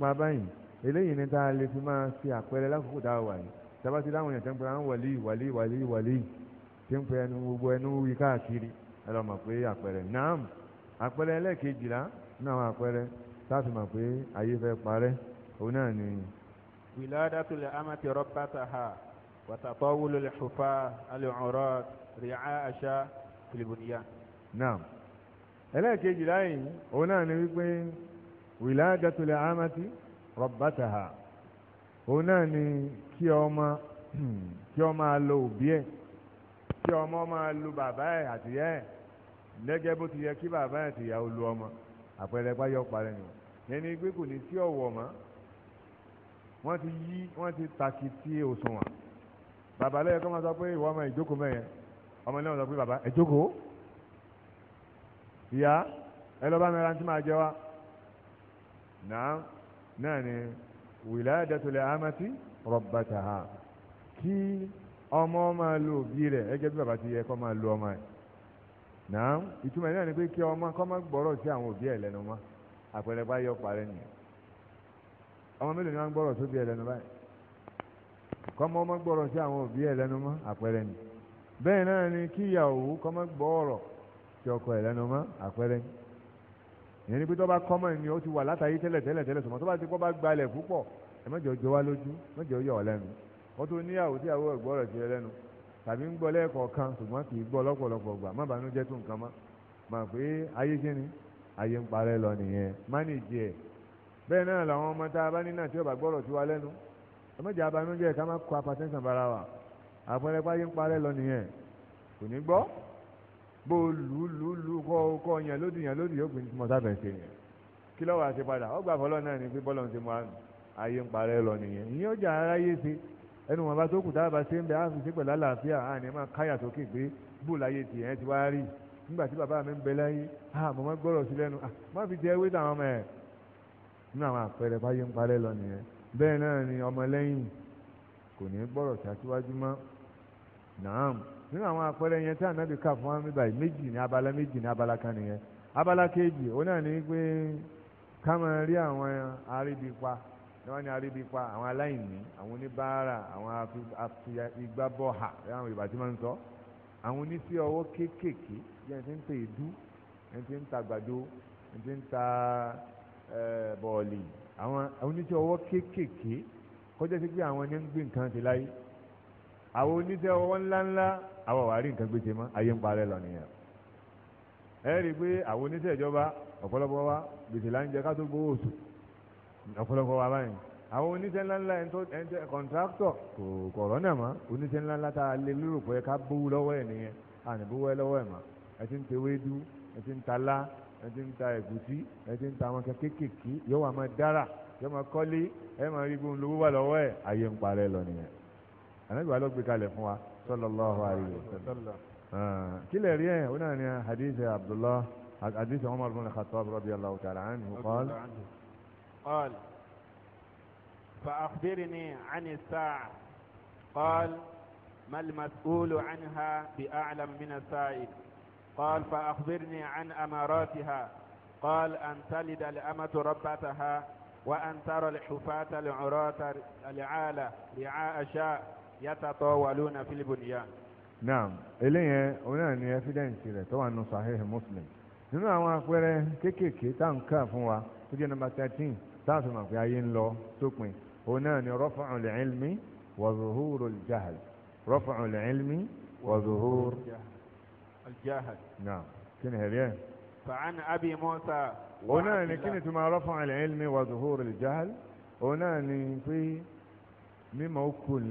máa eléyìí ni tá a lè fi máa fi àpẹẹrẹ lákòókò tá a wà yìí sábà ti dáhùn yẹn tẹ́ ń pẹ́ àwọn wàlíì wàlíì wàlíì wàlíì tí ń pẹ́ ẹnu gbogbo ẹnu wí káàkiri ẹ lọ́ mọ̀ pé àpẹẹrẹ naam àpẹẹrẹ ẹlẹ́ẹ̀kejìlá náà àwọn àpẹẹrẹ tá a fi mọ̀ pé ayé fẹ́ parẹ́ òun náà ni. wìládàtú lè lè xufa alùcùrọ̀ rìcá àṣà kìlìbùnìyà. naam ẹlẹ́ẹ̀kejìlá yìí òun náà ni wípé wìládàtú lè amati rọ̀bátàhà òun náà ni kí ọmọ <clears throat> kí ọmọ alo òbí ẹ̀ kí ọmọ máa lu bàbá ẹ̀ àtìyá ẹ̀ lẹ́gẹ́ bó ti yẹ kí bàbá ẹ̀ àtìyá ó lu ọmọ àpẹẹrẹ báyọ̀ parẹ́ nù ẹni gbé kò ní sí ọ̀wọ̀ mọ́ wọ́n ti yí wọ́n ti takìtì òṣùwọ̀n bàbá lẹ́yìn kọ́ máa sọ pé ìwọ ọmọ ìjókòó mẹ́yẹn ọmọ náà sọ pé bàbá ẹ ìyá ẹ lọ bá mi ra ní tí máa jẹ wá náà náà ni wiladatul amati rabbataha kí ọmọ máa lo òbí rẹ̀ ẹgẹ́ bí bàbá ti yẹ kó máa lo ọmọ ẹ̀ náà ìtumọ̀ ẹ̀ náà ni pé kí ọmọ kó má gbọ́rọ̀ sí àwọn òbí ẹ̀ lẹ́nu mọ́ àpẹẹrẹ bá yọ parẹ́ nìyẹn ọmọ mélòó ni wọ́n gbọ́rọ̀ sóbi ẹ̀ lẹ́nu báyìí kọ́mọ ọmọ gbọ́rọ̀ sí àwọn òbí ẹ̀ lẹ́nu mọ́ àpẹẹrẹ nìyẹn bẹ́ẹ̀ náà ni kíyàwó kọ́mọ gbọ́rọ̀ sí ọkọ ẹ̀ lẹ́nu mọ́ àpẹẹrẹ nìyẹn ìyẹn ni pé tó bá kọ́mọ̀ ni ó ti wà látàyé tẹ́lẹ̀ tẹ́lẹ̀ tẹ́lẹ̀ sọ̀mọ́ tó bá ti kọ́ bá gbalẹ̀ púpọ̀ ẹ mọ̀jọ jọ wá lójú mọ̀jọ yọ ọ lẹ́nu ó tó níyàwó tí àwọn ẹ̀gbọ́ rẹ̀ ti rẹ lẹ́nu tàbí ń gbọ́ lẹ́ẹ̀kọ̀ọ̀kan ṣùgbọ́n kì í gbọ́ lọ́pọ̀lọpọ̀ gbà má bàánú jẹ́ tó nǹkan mọ́ mà pé ayé kí ni ayé ń parẹ́ lọ nìyẹn mánìjì ẹ̀ bẹ́ẹ̀ náà làwọn ọmọ tá a bá ní náà tí ọba gbọ́rọ̀ ti wá lẹ́nu ẹ mọ̀jọ abànújẹ́ ká má kó apatẹ́sàn bara wa àpẹẹrẹ pé ayé ń parẹ́ lọ nìyẹn kò ní gbọ́ bó lù lù lù kọ́ kọ́ yẹn lódì yẹn lódì yóò gbìn tí mo sábẹ̀ ṣe yẹn kí lọ́wọ́ àti padà ó gbà fọlọ́ náà ni pé bọ́lọ̀ ti mọ ayé ń parẹ́ lọ nìyẹn ìyẹn ó jà aráyé ṣe ẹnu wọn bá tó kù dábàá ṣe ń bẹ àfi ṣe pẹ̀lú àlàáfíà àní máa káyà sókè pé bù láyé tiẹ̀ ti wá rí nígbà tí bàbá mi ń bẹ láyé ah mo máa gbọ́rọ̀ sí lẹ́nu ah má fi jẹ́ wíta àwọn ọmọ ẹ̀ nínú àwọn àpẹẹrẹ báyé ń parẹ́ náà nínú àwọn àpẹẹrẹ yẹn tí ànábì kà fún wa báyìí méjì ní abala méjì ní abala kan nìyẹn abala kejì ó náà ní pé ká máa rí àwọn aríbipa ní wọ́n ní aríbipa àwọn aláìní àwọn oníbàárà àwọn afigbábọ́hà àwọn ìbàdí máa ń sọ àwọn oníṣẹ́ ọwọ́ kéékèèké bí ẹni tí ń ta èédú ẹni tí ń ta àgbàdo ẹni tí ń ta bọ̀ọ̀lì àwọn oníṣẹ́ ọwọ́ kéékèèké kọjá sí pé àwọn ẹni ń gbé nǹkan ti láyé àwọn oníṣẹ́ ọwọ́ ńláńlá àwọn wàá rí nǹkan gbé ṣe mọ́ ayé ń parẹ́ lọ nìyẹn ẹ rí i pé àwọn oníṣẹ́ ìjọba ọ̀pọ̀lọpọ̀ wa gbèsè là ń jẹ ká tó gbowó oṣù ọ̀pọ̀lọpọ̀ wa báyìí àwọn oníṣẹ́ ńláńlá ẹ̀ kọ̀ǹtráktọ̀ kò kọ̀rọ̀ náà mọ́ oníṣẹ́ ńláńlá tá a lè lérò pé ká bówó lọ́wọ́ ẹ̀ nìyẹn a ní bówó ẹ lọ́wọ́ ẹ̀ mọ́ ẹ ti ń tewédú ẹ ti ń talá ẹ ti ń ta ẹ̀gúsí ẹ ti ń ta àwọn kékèké yóò wà máa dára yóò máa kọ́lé ẹ máa rí gbóhùn lówó wà lọ́wọ́ ẹ̀ ayé ń parẹ́ lọ nìyẹn ànágbà ló gbé kalẹ̀ fún wa صلى الله عليه وسلم كل رياه هنا حديث عبد الله حديث عمر بن الخطاب رضي الله تعالى عنه قال قال فأخبرني عن الساعة قال ما المسؤول عنها بأعلم من السائل قال فأخبرني عن أماراتها قال أن تلد الأمة ربتها وأن ترى الحفاة العراة العالة رعاء شاء yatatawaluna fil bunyan. naam eléyẹn òun náà ni evidence rẹ̀ tó wà nù sahih muslim nínú àwọn àpẹẹrẹ kéékèèké tá à ń kà fún wa tó jẹ́ nọ́mbà thirteen tá a fi mọ̀ pé ayé ń lọ sópin òun náà ni raf'ul ilmi wa zuhurul jahl raf'ul ilmi wa zuhurul jahl. naam kí ni ẹ̀rí ẹ̀. fa'an abi musa. òun náà ni kí ni tó máa raf'ul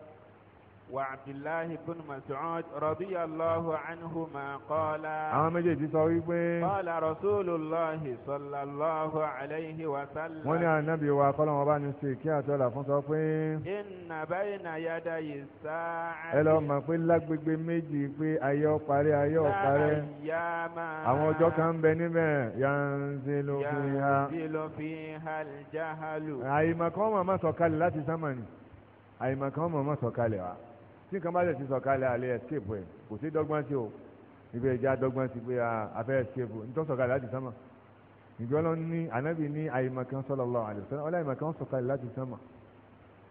وعبد الله بن مسعود رضي الله عنهما قال قال رسول الله صلى الله عليه وسلم وني النبي وقال وبا نسيكي اتولا فنصفين إن بين يدي الساعة ẹlọ mọ̀ pé lágbègbè méjì pé ayé ọparẹ́ ayé ọparẹ́ àwọn ọjọ́ kan ń bẹ níbẹ̀ yanzilu fiha yanzilu fiha aljahalu àyèmọ̀ kan mọ̀ mọ̀ sọ̀kalẹ̀ láti sámánì àyèmọ̀ kan mọ̀ mọ̀ sọ̀kalẹ̀ wa tí nǹkan bá lè ti sọ̀kalẹ̀ àlẹ́ escape ẹ̀ kò sí dọ́gbọ́n sí o ibi ẹja dọ́gbọ́n sí pé afẹ́ escape nítorí sọ̀kalẹ̀ láti sánmà ìjọ lọ ní anábì ní àyèmọ̀kan sallallahu alaihi wasallam ọláyèmọ̀kan sọ̀kalẹ̀ láti sánmà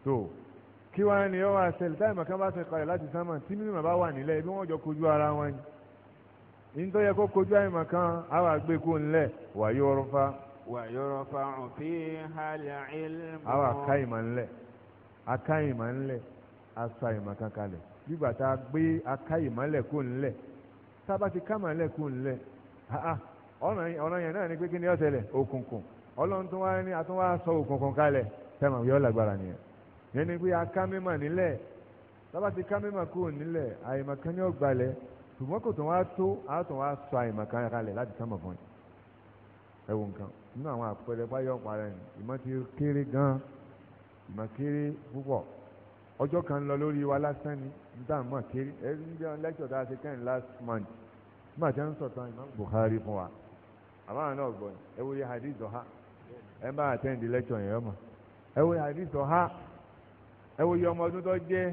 tó kí wọ́n ní ọwọ́ àṣẹlẹ̀ táyèmọ̀kan bá sọ̀kalẹ̀ láti sánmà tí mímọ̀ bá wà nílẹ̀ ibi wọ́n jọ kojú ara wọn ni nítorí yẹ kó kojú àyèmọ̀kan àwọn àgbẹ̀kú ńlẹ̀ wà yóò rọ́fà ويرفع فيها العلم له asa ìmọ̀ kankan lẹ̀ gbígbà tá a gbé aká ìmọ̀lẹ̀ kó ńlẹ̀ tá a bá ti ká ìmọ̀lẹ̀ kó ńlẹ̀ ọ̀ràn yẹn náà ni pé kí ni ó ṣẹlẹ̀ òkùnkùn ọlọ́run tó wá ní atún wá sọ òkùnkùn kalẹ̀ tẹ̀mọ̀ yọ lágbára nìyẹn yẹn ni pé aká mímọ̀ nílẹ̀ tá a bá ti ká mímọ̀ kó nílẹ̀ àìmọ̀ kan yóò gbalẹ̀ ṣùgbọ́n kò tó wá tó àtún wá sọ àìmọ̀ kan kalẹ̀ láti sánmọ̀ fún yìí ẹ wo nǹkan nínú àwọn àpẹẹrẹ báyọ̀ gan ìmọ̀ kéré púpọ̀ ọjọ́ kan lọ lórí wa lásán ni mọ̀ lẹ́kṣọ̀ tá a ṣe last month nígbà tí wọ́n ń sọ̀tàn Imam Bukhari fún wa àbáwọn náà gbọ́ ẹ wo hadith ẹ bá àtẹ́ǹdì lẹ́kṣọ̀ yẹn ọmọ ẹ wo hadith ẹ ọmọ ọdún tó jẹ́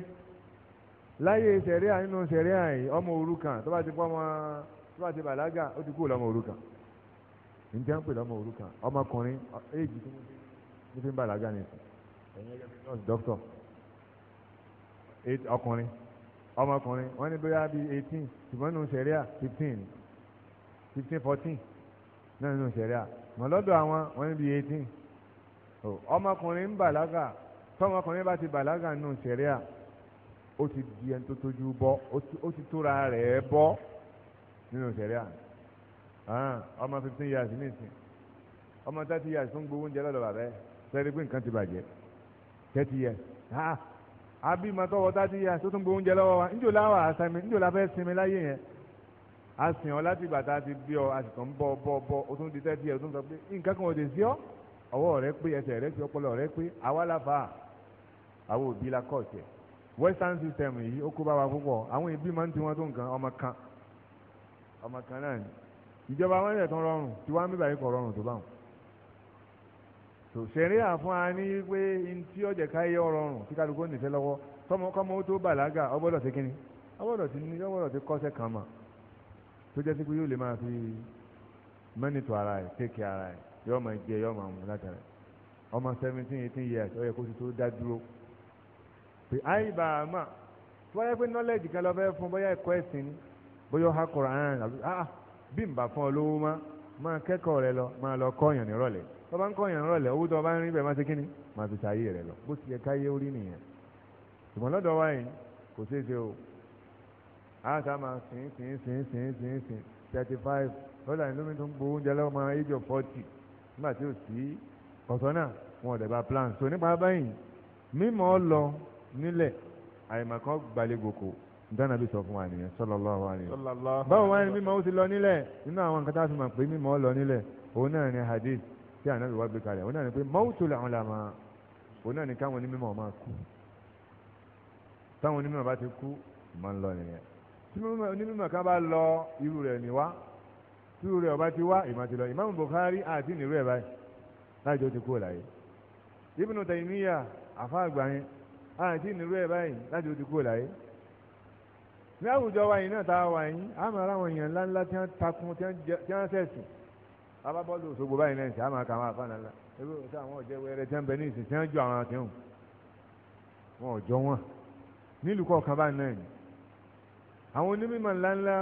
láyé sẹ̀ríà nínú sẹ̀ríà yìí ọmọ òrukàn tó ọmọ tó bá ti bàlágà ó ti kúrò lọ́mọ ń pè lọ́mọ ọmọkùnrin ọkùnrin ọmọkùnrin wọ́n ní bóyá bíi eighteen ṣùgbọ́n nínú sẹ̀ríà fifteen fifteen fourteen náà nínú sẹ̀ríà mọ̀lọ́dọ̀ àwọn wọ́n ní bíi eighteen ọmọkùnrin ń bàlágà tọmọkùnrin bá ti bàlágà nínú sẹ̀ríà ó ti di ẹni tó tójú bọ́ ó ti tóra rẹ̀ bọ́ nínú sẹ̀ríà ọmọ fifteen years nísìn ọmọ thirty years tó ń gbowó oúnjẹ lọ́dọ̀ bàbá ẹ̀ sẹ́rí pé nǹkan ti bàjẹ́ thirty years abímọ tọwọ tátí yá tó tún gbé oúnjẹ lọ́wọ́ wa níjò láwà àsàmì níjò láfẹ́ sinmi láyé yẹn a sìn ọ láti ìgbà tá a ti bí ọ a sì tàn bọ bọ bọ o tún di tẹ́tí ẹ o tún sọ pé nǹkan kan ò lè sí ọ ọwọ́ rẹ pé ẹsẹ̀ rẹ pé ọpọlọ rẹ pé àwa la fà á àwọn òbí la kọ̀ ọ̀tẹ̀ western system yìí ó kó bá wa púpọ̀ àwọn ìbí máa ń tiwọn tó nǹkan ọmọ kan ọmọ kan náà ni ìjọba wọn yẹ tán rọrùn tiwọn bíbá so sẹ̀rí àfún wa ní pé ntí ọ̀jẹ̀ káyé ọ̀rọ̀rùn tí kálukú ń nìfẹ́ lọ́wọ́ kọ́mọ tó bàlágà ti kínní ọgbọ́dọ̀ ti ní ọgbọ́dọ̀ ti kọ́sẹ̀ kan mà tó jẹ́ sí yóò lè máa fi mẹ́nìtò ara ẹ̀ tẹ́kì ara ẹ̀ yóò máa jẹ máa mú látara ọmọ seventeen eighteen years tọ́ba ń kọ́yàn rọlẹ̀ owó tọ́ba ń rí bẹ́ẹ̀ máa ṣe kíni máa fi ṣàyè rẹ̀ lọ bó ti yẹ káyé orí nìyẹn ṣùgbọ́n lọ́dọ̀ wa yìí kò ṣeé ṣe o àṣà máa sìn sìn sìn sìn sìn sìn thirty five lọ́dà ní lómi tó ń gbowó oúnjẹ lọ́wọ́ máa age of forty nígbà tí ò sí ọ̀sán náà wọn ò dẹ̀ bá plan so nípa báyìí mímọ́ lọ nílẹ̀ àyèmàkàn gbalẹ̀gòkò ntana bi sọ fún wa nìyẹn sallallahu alaihi wasallam báwo wá ní mímọ́ ó ti lọ nílẹ̀ nínú àwọn nǹkan tá a fi mọ̀ pé mímọ́ lọ nílẹ̀ òun náà ní hadith tí ànábì wá gbé kalẹ̀ òun náà ni pé mautul ulama òun náà ni káwọn onímọ̀ máa kú táwọn onímọ̀ bá ti kú máa ń lọ nìyẹn tí onímọ̀ kan bá lọ irú rẹ̀ ní wá tí irú rẹ̀ ọba ti wá ìmọ̀ ti lọ Imam Bukhari àti nìrú ẹ̀ báyìí láì jọ ti kú ọ̀láyé Ibn Taymiyyah àfa àgbà yẹn àti nìrú ẹ̀ báyìí láì jọ ti kú ọ̀láyé ní àwùjọ wa yìí náà tá a wà yín àmọ́ bàbá bọ́ọ̀lù Òṣogbo báyìí náà ṣe àmà kàwọn àfa nàlá ebi òṣà àwọn ọ̀jẹ̀ wẹrẹ tẹ́ ń bẹ ní ìsìn tí wọ́n jọ àwọn àtẹ̀hùn wọn ò jọ wọn nílùú kọ̀ọ̀kan báyìí náà ni àwọn onímọ̀ ńláńlá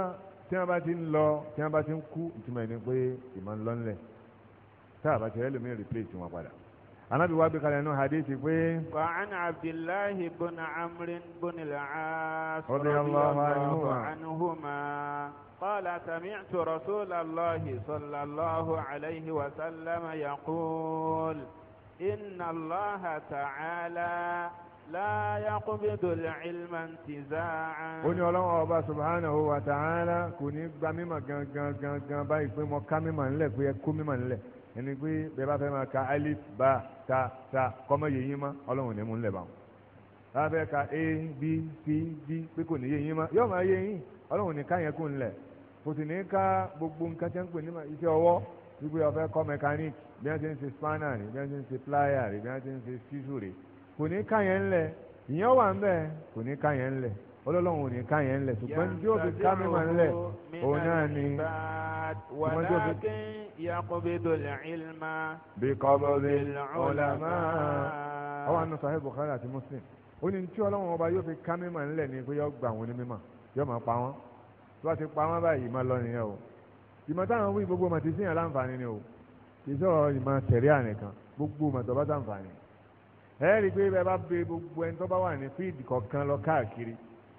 tí wọ́n bá ti ń lọ tí wọ́n bá ti ń kú ìtumọ̀ ẹni pé ìmọ̀ ńlọ́ńlẹ̀ tá a bá ti rẹ́ replace wọn padà anabi wa bi kalẹ̀ nù hadith pé. wa an abdullahi bin amrin bin al-aas. radiyallahu anhu anhuma. قال سمعت رسول الله صلى الله عليه وسلم يقول إن الله تعالى لا يقبض العلم انتزاعا ó ní ọlọ́run ọba subhanahu wa ta'ala kò ní gba mímọ̀ gangan gangan báyìí pé mo ká mímọ̀ nílẹ̀ pé ẹ kó mímọ̀ nílẹ̀ ẹni pé bẹ́ẹ̀ bá fẹ́ máa ka alif ba ta ta kọ́mọ yẹ yín mọ́ ọlọ́run ní mú ń lẹ̀ wọn bá fẹ́ ka a b c d pé kò ní yẹ yín mọ́ yóò máa yẹ yín ọlọ́run ní ká yẹn kò ń lẹ̀ kò sì ní ká gbogbo nǹkan tí wọ́n ń pè ní iṣẹ́ ọwọ́ wípé ó fẹ́ kọ́ mechanic bí wọ́n ti ń ṣe spanner rè bí wọ́n ti ń ṣe plier rè bí wọ́n ti ń ṣe scissor rè kò ní ká yẹn ń lẹ̀ ìyẹn wà ń bẹ̀ kò ní ká yẹn ń lẹ̀ ọlọ́lọ́run ò ní ká yẹn ńlẹ̀ ṣùgbọ́n tí ó fi ká mímọ́ ńlẹ̀ òun náà ni ṣùgbọ́n tí ó fi. yaqbidul ilma. bí qabdil ulama. ọwọ́ àna sahih Bukhari àti Muslim ó ní tí ọlọ́run ọba yóò fi ká mímọ́ ńlẹ̀ ni pé yóò gbà wọn ní mímọ́ yóò máa pa wọn tí wọ́n ti pa wọn báyìí máa lọ nìyẹn o ìmọ̀ táwọn wí gbogbo màtí sí yàn láǹfààní ni o ìṣòro ìmọ̀ tẹ̀rí ànìkan gbogbo màtí ọba táǹfààní ẹ pé bẹ́ẹ̀ bá be gbogbo ẹni tó bá wà ní fíìdì kọ̀ọ̀kan lọ káàkiri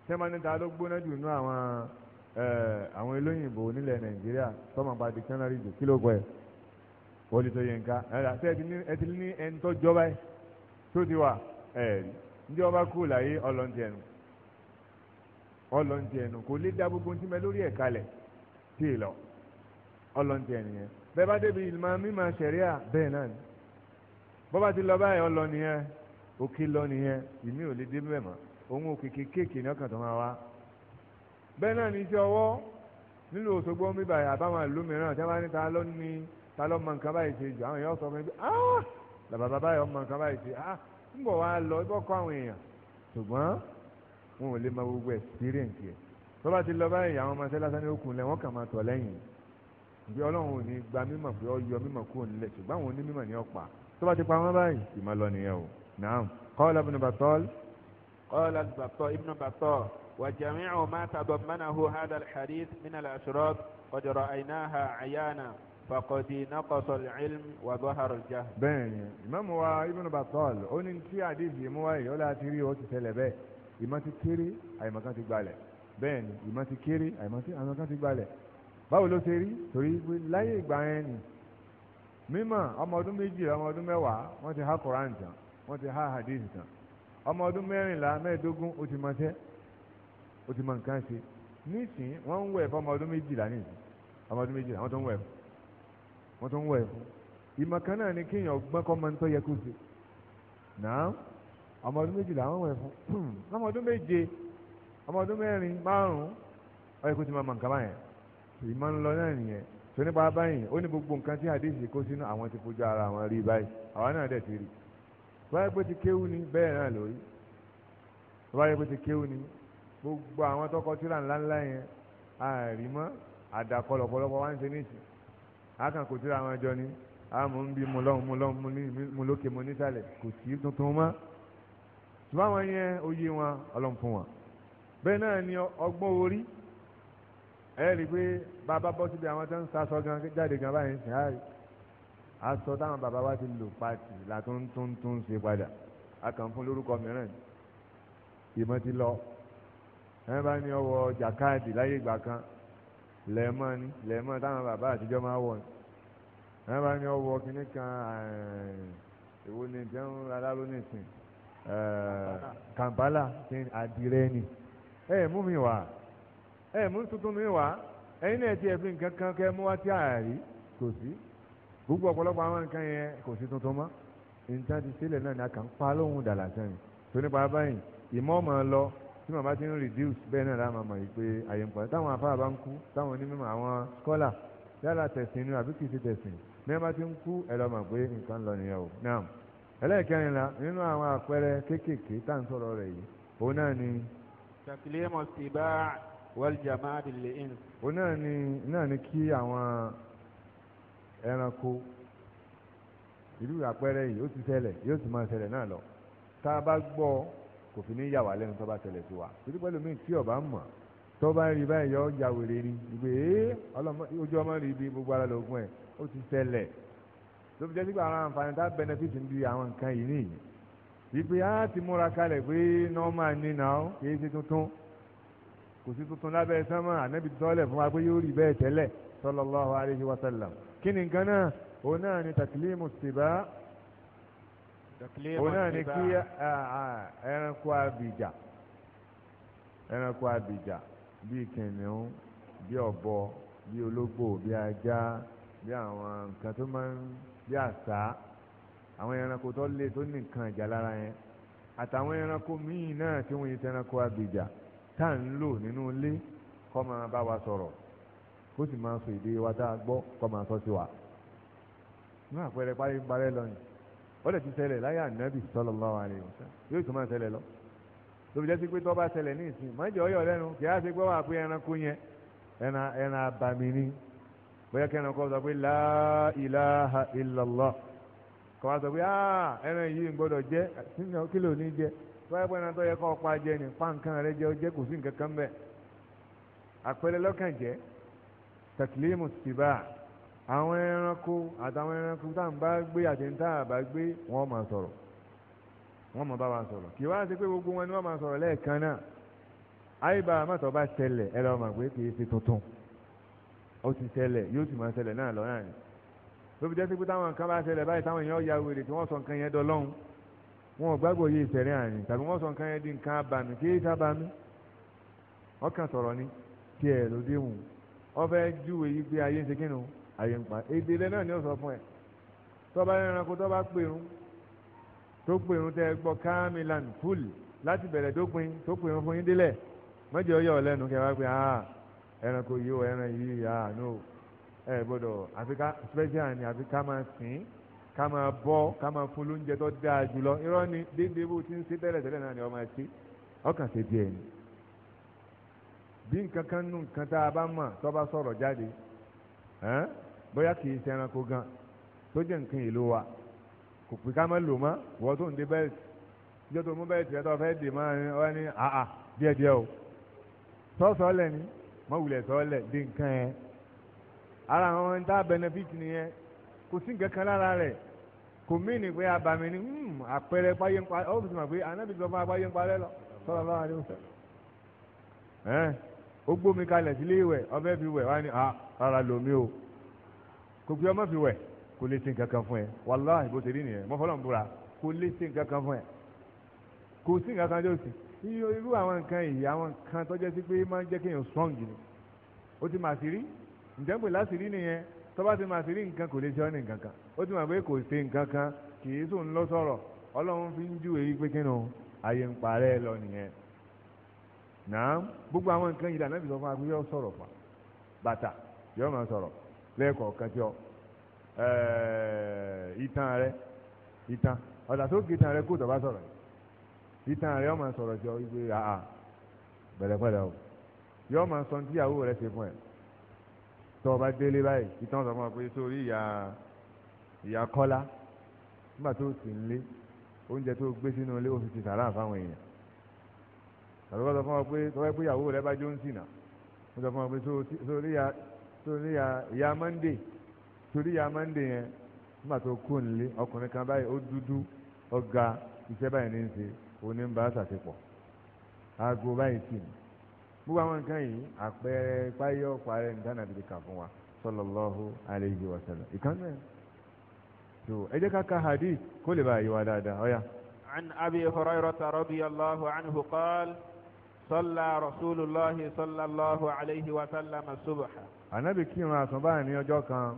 tí wọ́n bá ní ta ló gbóná jù nú àwọn eh, àwọn olóyìnbó nílẹ̀ nàìjíríà tọ́mọ̀ bá dictionary jù kí ló kọ ẹ̀ wọ́n tó yẹn ká ẹ̀rọ àti ẹ̀tì ní ẹni tó jọba ẹ̀ tó ti wà ẹ̀rí ndí ọba kú láyé ọlọ́ntì ẹnu ọlọ́ntì ẹnu kò lè dá gbogbo ntí mẹ lórí ẹ̀ kalẹ̀ tí ì lọ ọlọ́ntì ẹnu yẹn bẹ́ẹ̀ bá débi ìlmọ̀ mímọ̀ sẹ̀ríà bẹ́ẹ̀ náà ni bọ́ba ti lọ báyìí ọlọ́ni yẹn òkè lọ́ni yẹn ìmí ò lè dé bẹ́ẹ̀ òun òkèké kéèkì náà kàn tó máa wá bẹ́ẹ̀ náà ní iṣẹ́ ọwọ́ nílùú Òṣogbo ń bíbà àbáwọn ìlú mìíràn tí wọ́n bá ní ta ló ní ta ló mọ nǹkan báyìí ṣe jù àwọn èèyàn sọ fún mi pé ah làbàbà báyìí ọmọ nǹkan báyìí ṣe ah ń bọ̀ wá lọ ibọ̀ kọ́ àwọn èèyàn ṣùgbọ́n wọn ò lè mọ gbogbo experience yẹn tó bá ti lọ báyìí àwọn ọmọ ṣẹ́ lásán ní okùn lẹ̀ wọ́n kàn máa tọ̀ lẹ́yìn bí ọlọ́run ò ní gba mímọ̀ pé ọ yọ mímọ̀ kúrò nílẹ̀ ṣùgbọ́n àwọn onímọ̀ ní ọ̀pá tó bá ti pa wọ́n báyìí ìmọ̀ lọ nìyẹn o naam qala ibn Battal قال البطاء ابن بطاء وجميع ما تضمنه هذا الحديث من الأشراط قد رأيناها عيانا فقد نقص العلم وظهر الجهل بين امام هو ابن بطال ó ní tí àdìsí mú wáyé ó láti rí ó ti ṣẹlẹ̀ bẹ́ẹ̀ ìmọ̀ ti kéré àìmọ̀ kan ti gbalẹ̀ bẹ́ẹ̀ ni ìmọ̀ ti kéré àìmọ̀ kan ti gbalẹ̀ báwo ló ṣe rí torí pé láyé ìgbà yẹn ni mímọ̀ ọmọ ọdún méjì ọmọ ọdún mẹ́wàá wọ́n ti há koran tán wọ́n ti há hadith tán ọmọ ọdún mẹ́rìnlá mẹ́ẹ̀ẹ́dógún ó ti mọ ṣẹ́ ó ti mọ nǹkan ṣe nísìn wọ́n ń wẹ̀ fún ọmọ ọdún méjìlá nísìn ọmọ ọdún méjìlá wọ́n tó ń wẹ̀ fún wọ́n tó ń wẹ̀ fún ìmọ̀ kan náà ni kéèyàn gbọ́n kọ́ mọ́ ní tó yẹ kó ṣe náà ọmọ ọdún méjìlá wọ́n wẹ̀ fún hmm, ọmọ ọdún méje ọmọ ọdún mẹ́rin márùn-ún ti máa mọ nǹkan báyẹn ìmọ̀ ń náà nìyẹn báyìí pé ti kéwú ni bẹ́ẹ̀ náà lórí báyìí pé ti kéwú ni gbogbo àwọn tọkọ tíra ńláńlá yẹn àrímọ́ àdàkọ lọ́pọ̀lọpọ̀ wá ń ṣe níṣì àkàn kò tíra àwọn ẹjọ́ ni àmọ́ ń bí mu lọ́hùn mu lọ́hùn mu ní mu lókè mu nísàlẹ̀ kò sí tuntun mọ́ ṣùgbọ́n àwọn yẹn oyè wọn ọlọ́run fún wọn bẹ́ẹ̀ náà ni ọgbọ́n orí ẹ rí i pé bàbá bọ́ síbi àwọn tó ń sasọ gan jáde gan báyìí ń sìn áyì aṣọ táwọn bàbá wa ti lò pati látún tún tún ṣe padà akàn fún lórúkọ mìíràn ìmọ̀ ti lọ ẹ bá ní ọwọ́ jàkáàdì láyé ìgbà kan lẹ́ẹ̀mọ́ ni lẹ́ẹ̀mọ́ táwọn bàbá àtijọ́ máa wọ̀ ni ẹ bá ní ọwọ́ kínní kan eh, èwo ni jẹun aláró nìsín eh, kàmpálà ti àdìrẹ ni ẹ mú mi wá ẹ mú tuntun mi wá ẹyin náà ti ẹ fi nǹkan kan kẹ mú wá tí a rí kò sí gbogbo ọ̀pọ̀lọpọ̀ àwọn nǹkan yẹn kò sí tuntun mọ́ nǹkan ti sílẹ̀ náà ni a kàn ń pa lóhùn dà lásán yìí tó nípa báyìí ìmọ̀ ọmọ lọ tí màmá ti ń reduce bẹ́ẹ̀ náà láàmà mọ̀ yìí pé àyè ń pọ̀ táwọn afárá bá ń kú táwọn onímọ̀ àwọn scholar yálà tẹ̀sìn inú àbí kìí ṣe tẹ̀sìn mẹ́rin bá ti ń kú ẹ lọ́mọ pé nǹkan lọ nìyẹn o náà ẹlẹ́ẹ̀kẹrin la nínú àwọn àpẹẹrẹ kéékèèké tá à ń sọ̀rọ̀ rẹ̀ yìí òun náà ni. taklimu sibaa wal jamaadil ins. òun náà ni náà ni kí àwọn ẹranko ìlú àpẹẹrẹ yìí ó ti ṣẹlẹ̀ yóò sì máa ṣẹlẹ̀ náà lọ tá a bá gbọ́ kò fi ní yà wá lẹ́nu tó bá ṣẹlẹ̀ sí wa torí pẹ̀lú mi tí ọba mọ̀ tó bá rí báyìí yọ ya wèrè ni ìgbé ojú ọmọ rí ibi gbogbo ara lóògùn ẹ̀ ó ti ṣẹlẹ̀ tó fi jẹ́ sígbà ara àǹfààní tá benefit ń bi àwọn nǹkan yìí nìyí wípé á ti múra kalẹ̀ pé nọ́ọ̀mà ni náà kì í ṣe tuntun kò sí tuntun lábẹ́ sánmà ànábì tọ́lẹ̀ fún wa pé yóò rí bẹ́ẹ̀ tẹ́lẹ̀ sallallahu alaihi wasallam kí ni nǹkan náà òun ni takilimu sibá òun náà ni kí ẹranko abìjà ẹranko abìjà bíi kìnìún bíi ọ̀bọ bíi ológbò bíi ajá bíi àwọn nǹkan tó máa ń bíi àṣá àwọn ẹranko tó lé tó ní nǹkan ìjà lára yẹn àtàwọn ẹranko míì náà tí wọ́n yìí tẹranko abìjà tá à ń lò nínú ilé kọ́ máa bá wa sọ̀rọ̀ kó sì máa sọ èdè wa tá a gbọ́ kó máa sọ sí wa. ní àpẹẹrẹ parí ń parẹ́ lọ ni ó lè ti ṣẹlẹ̀ láyé ànábì sallallahu alaihi wasallam yóò tún máa ṣẹlẹ̀ lọ. tóbi jẹ́ sí pé tó bá ṣẹlẹ̀ ní ìsìn má jẹ́ lẹ́nu kì á ṣe gbọ́ wà pé ẹranko yẹn ẹran ẹran abàmì ni bóyá kẹ́ran kọ́ sọ pé la ilaha illallah kọ́ wa sọ pé ẹran yìí gbọ́dọ̀ jẹ́ kí ló ní jẹ́ tọ́yẹ́ pé ẹran tó yẹ kọ́ pa jẹ ni pàǹkan tẹ̀kílímù síbà àwọn ẹranko àtàwọn ẹranko tá à ń bá gbé àti tá à bá gbé wọ́n máa sọ̀rọ̀ wọ́n máa bá wa sọ̀rọ̀ kì í wá sí pé gbogbo wọn ni wọ́n máa sọ̀rọ̀ lẹ́ẹ̀kan náà àyíbá àmọ́tọ́ bá ṣẹlẹ̀ ẹ lọ́ọ́ mà pé kì í ṣe tuntun ó ti ṣẹlẹ̀ yóò sì máa ṣẹlẹ̀ náà lọ́nà ni lóbi jẹ́ sí pé táwọn nǹkan bá ṣẹlẹ̀ báyìí táwọn èèyàn ya wèrè tí wọ́n sọ nǹkan yẹn dọlọ́hún wọn ò gbàgbọ́ yé ìṣẹ̀rẹ́ àárín tàbí wọ́n sọ nǹkan yẹn di nǹkan abàmì kí é sábàmì ọkàn sọ̀rọ̀ ni tiẹ̀ ló dé wù ọbẹ̀ júwe yìí pé ayé ń ṣe kí nu ayé ń pa èdè ilẹ̀ náà ni ó sọ fún ẹ tọ́ba ẹranko tọ́ba pèrún tó pèrún tẹ́ ẹ gbọ́ kamilan full láti bẹ̀rẹ̀ dópin tó pèrún fún yín délẹ̀ mọ́jọ yọ ọ lẹ́nu kẹwàá pé ah ẹranko yìí ó ẹran yìí ah no ẹ gbọ́dọ̀ àfi ká special ni àfi ká máa sìn ká máa bọ́ ká máa fún lóúnjẹ tó dáa jùlọ irọ́ ni déédéé bó ti ń ṣe tẹ́lẹ̀ tẹ́lẹ̀ náà ni ọ máa ṣe ọkàn ṣe díẹ̀ ni bí nǹkan kan nù nǹkan tá a bá mọ̀ tó bá sọ̀rọ̀ jáde bóyá kì í ṣe ẹranko gan tó jẹ́ nǹkan èlò wa kò pé ká má lò mọ́ wọ́n tó ń dé bẹ́ẹ̀tì ìjọ tó mú bẹ́ẹ̀tì ẹ̀ tó fẹ́ dè máa ní ọ ní àà díẹ̀díẹ̀ o sọ́ọ̀sọ́ọ̀lẹ̀ ni mọ̀wùlẹ̀ sọ́ọ̀lẹ̀ dé nǹkan yẹn ara àwọn ohun tá a benefit nìyẹn kò sí nǹkan kan lára rẹ̀ kò mí ní pé abàmì ni hmm, àpẹẹrẹ páyé ń parẹ́ ọ́ fi mọ̀ pé anábìsọ̀ fún apáyé ń parẹ́ lọ sọ́ọ̀lọ́ ó gbómi kalẹ̀ sílé ìwẹ̀ ọbẹ̀ fi wẹ̀ wá ní a rárá lomi o kò gbé ọmọ fi wẹ̀ kò lè ṣe nǹkan kan fún ẹ wàláhì bó ṣe nìyẹn mọ́fọ́lọ́ ń kò lè ṣe nǹkan kan fún ẹ kò sí nǹkan kan tó sì irú àwọn nǹkan yìí àwọn nǹkan tó jẹ́ sí pé máa ń jẹ́ kéèyàn strong ni ó ti mà sí rí ǹjẹ́ pé láti rí nìyẹn tó bá ti mà sí rí nǹkan kò lè ṣe ọ́ ní nǹkan kan ó ti mà pé kò se nǹkan kan kì í sùn lọ sọ̀rọ̀ ọlọ́run fi ń júwèé pé kínú ayé ń parẹ́ lọ nìyẹn náà gbogbo àwọn nǹkan yìí lànà ìbísọ̀ fún akúnyẹ́ yóò sọ̀rọ̀ pa bàtà yóò máa sọ̀rọ̀ lẹ́ẹ̀kọ̀ọ̀kan tí ọ ìtàn rẹ ìtàn ọ̀dà tó gé ìtàn rẹ kó tọ̀ bá sọ̀rọ̀ yìí ìtàn rẹ yóò máa sọ̀rọ̀ tí ọ wípé àà bẹ̀rẹ̀pẹ̀rẹ̀ o yóò máa sọ tí ìyàwó rẹ ṣe fún ẹ tọ́ ọ bá délé báyìí ìtàn sọ fún ọ pé sórí ìyá ìyá kọ́lá nígbà tó sì ń lé oúnjẹ tó gbé sínú ilé ó fi ti sàrà fáwọn èèyàn tàbí wọ́n sọ fún ọ pé tọ́wọ́ pé ìyàwó rẹ bá jó ń sìnà wọ́n sọ fún ọ pé sórí ìyá Monday sórí ìyá Monday yẹn nígbà tó kú nílé ọkùnrin kan báyìí ó dúdú ọ̀gá iṣẹ́ báyìí ní í ṣe òní ń bá a ṣàṣepọ̀ aago báyìí sì ni gbogbo àwọn nǹkan yìí àpẹẹrẹ páyọ parẹ nǹkan àbí kà fún wa sallallahu alayhi wa sallam ìkànnì tó ẹ jẹ́ ká ka hadith kó lè bá yí wa dáadáa ọ̀ya. عن أبي هريرة رضي الله عنه قال صلى رسول الله صلى الله عليه وسلم الصبح النبي كيما صباني ọjọ́ kan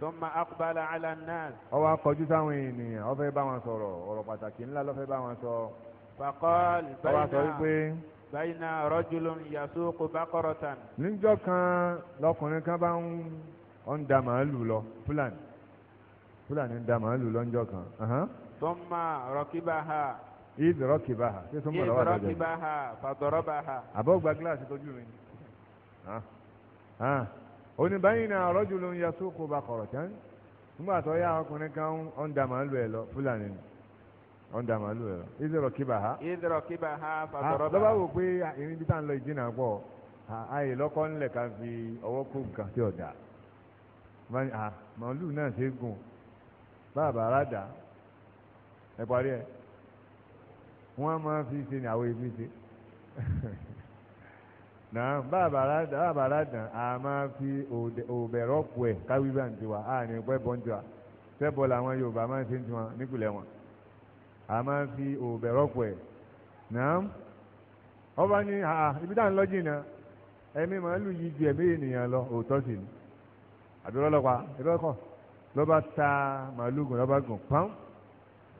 ثم أقبل على الناس ó wá kọjú sáwọn ènìyàn ó fẹ́ bá wọn sọ̀rọ̀ ọ̀rọ̀ pàtàkì ńlá ló fẹ́ bá wọn sọ فقال ó wá sọ wípé بين رجل يسوق بقرة níjọ́ kan lọkùnrin kan bá ń ń da màálù lọ Fúlàní Fúlàní ń da màálù lọ níjọ́ kan ثم ركبها ìdọ̀rọ̀ kìbá ha tó ń bọ̀ lọ́wọ́ ìdọ̀rọ̀ ha fàdọ̀rọ̀ ha. náà ló ń ya sóko bakọrọ kọ̀rọ̀ tán nígbà tó yá ọkùnrin kan ọ̀n da màálù ẹ̀ lọ fúlàní ọ̀n ẹ̀ lọ ìdọ̀rọ̀ ha. ìdọ̀rọ̀ kìbá ha fàdọ̀rọ̀ ha. wò pé wọ́n máa fi ṣe ní àwọn ibi ṣe <laughs> náà bàbá aládàn a máa fi òbẹ̀rọ̀ pù ẹ̀ káwí bá ń tiwa a ní pẹ́ bọ́ ń tiwa tẹ́bọ̀ làwọn Yorùbá máa ń ṣe ń tiwọn nípìnlẹ̀ wọn a máa fi òbẹ̀rọ̀ pù ẹ̀ náà ọba ní ibi táwọn lọ́jì náà ẹ̀mí màálù yìí ju ẹ̀mí ènìyàn lọ òótọ́ sí ni àbí ọlọ́pàá ẹ̀rọ kọ̀ lọ́ba ta màálù gùn lọ́ba gùn pọ́n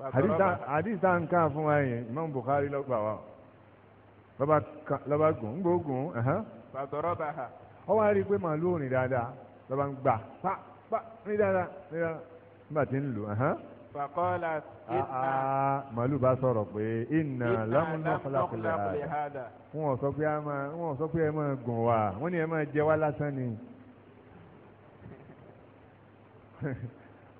àdìsá nǹkan fún wa yẹn Imam Bukhari lọ́gbà wa lọ́ba gùn ńgbò gùn. pàtọ́rọ́ bá a. ọ wá rí i pé màálù ò rìn dáadáa lọ́ba ń gbà pa pa rìn dáadáa rìn dáadáa nígbà tí ń lò. fàkọ́lá ìnà. Ah, ah, màálù bá sọ̀rọ̀ pé ìnà lámúnáfọláfọlá hàdà. wọn sọ pé wọn sọ pé ẹ máa gùn wá wọn ni ẹ máa jẹ wá lásán ni. <laughs>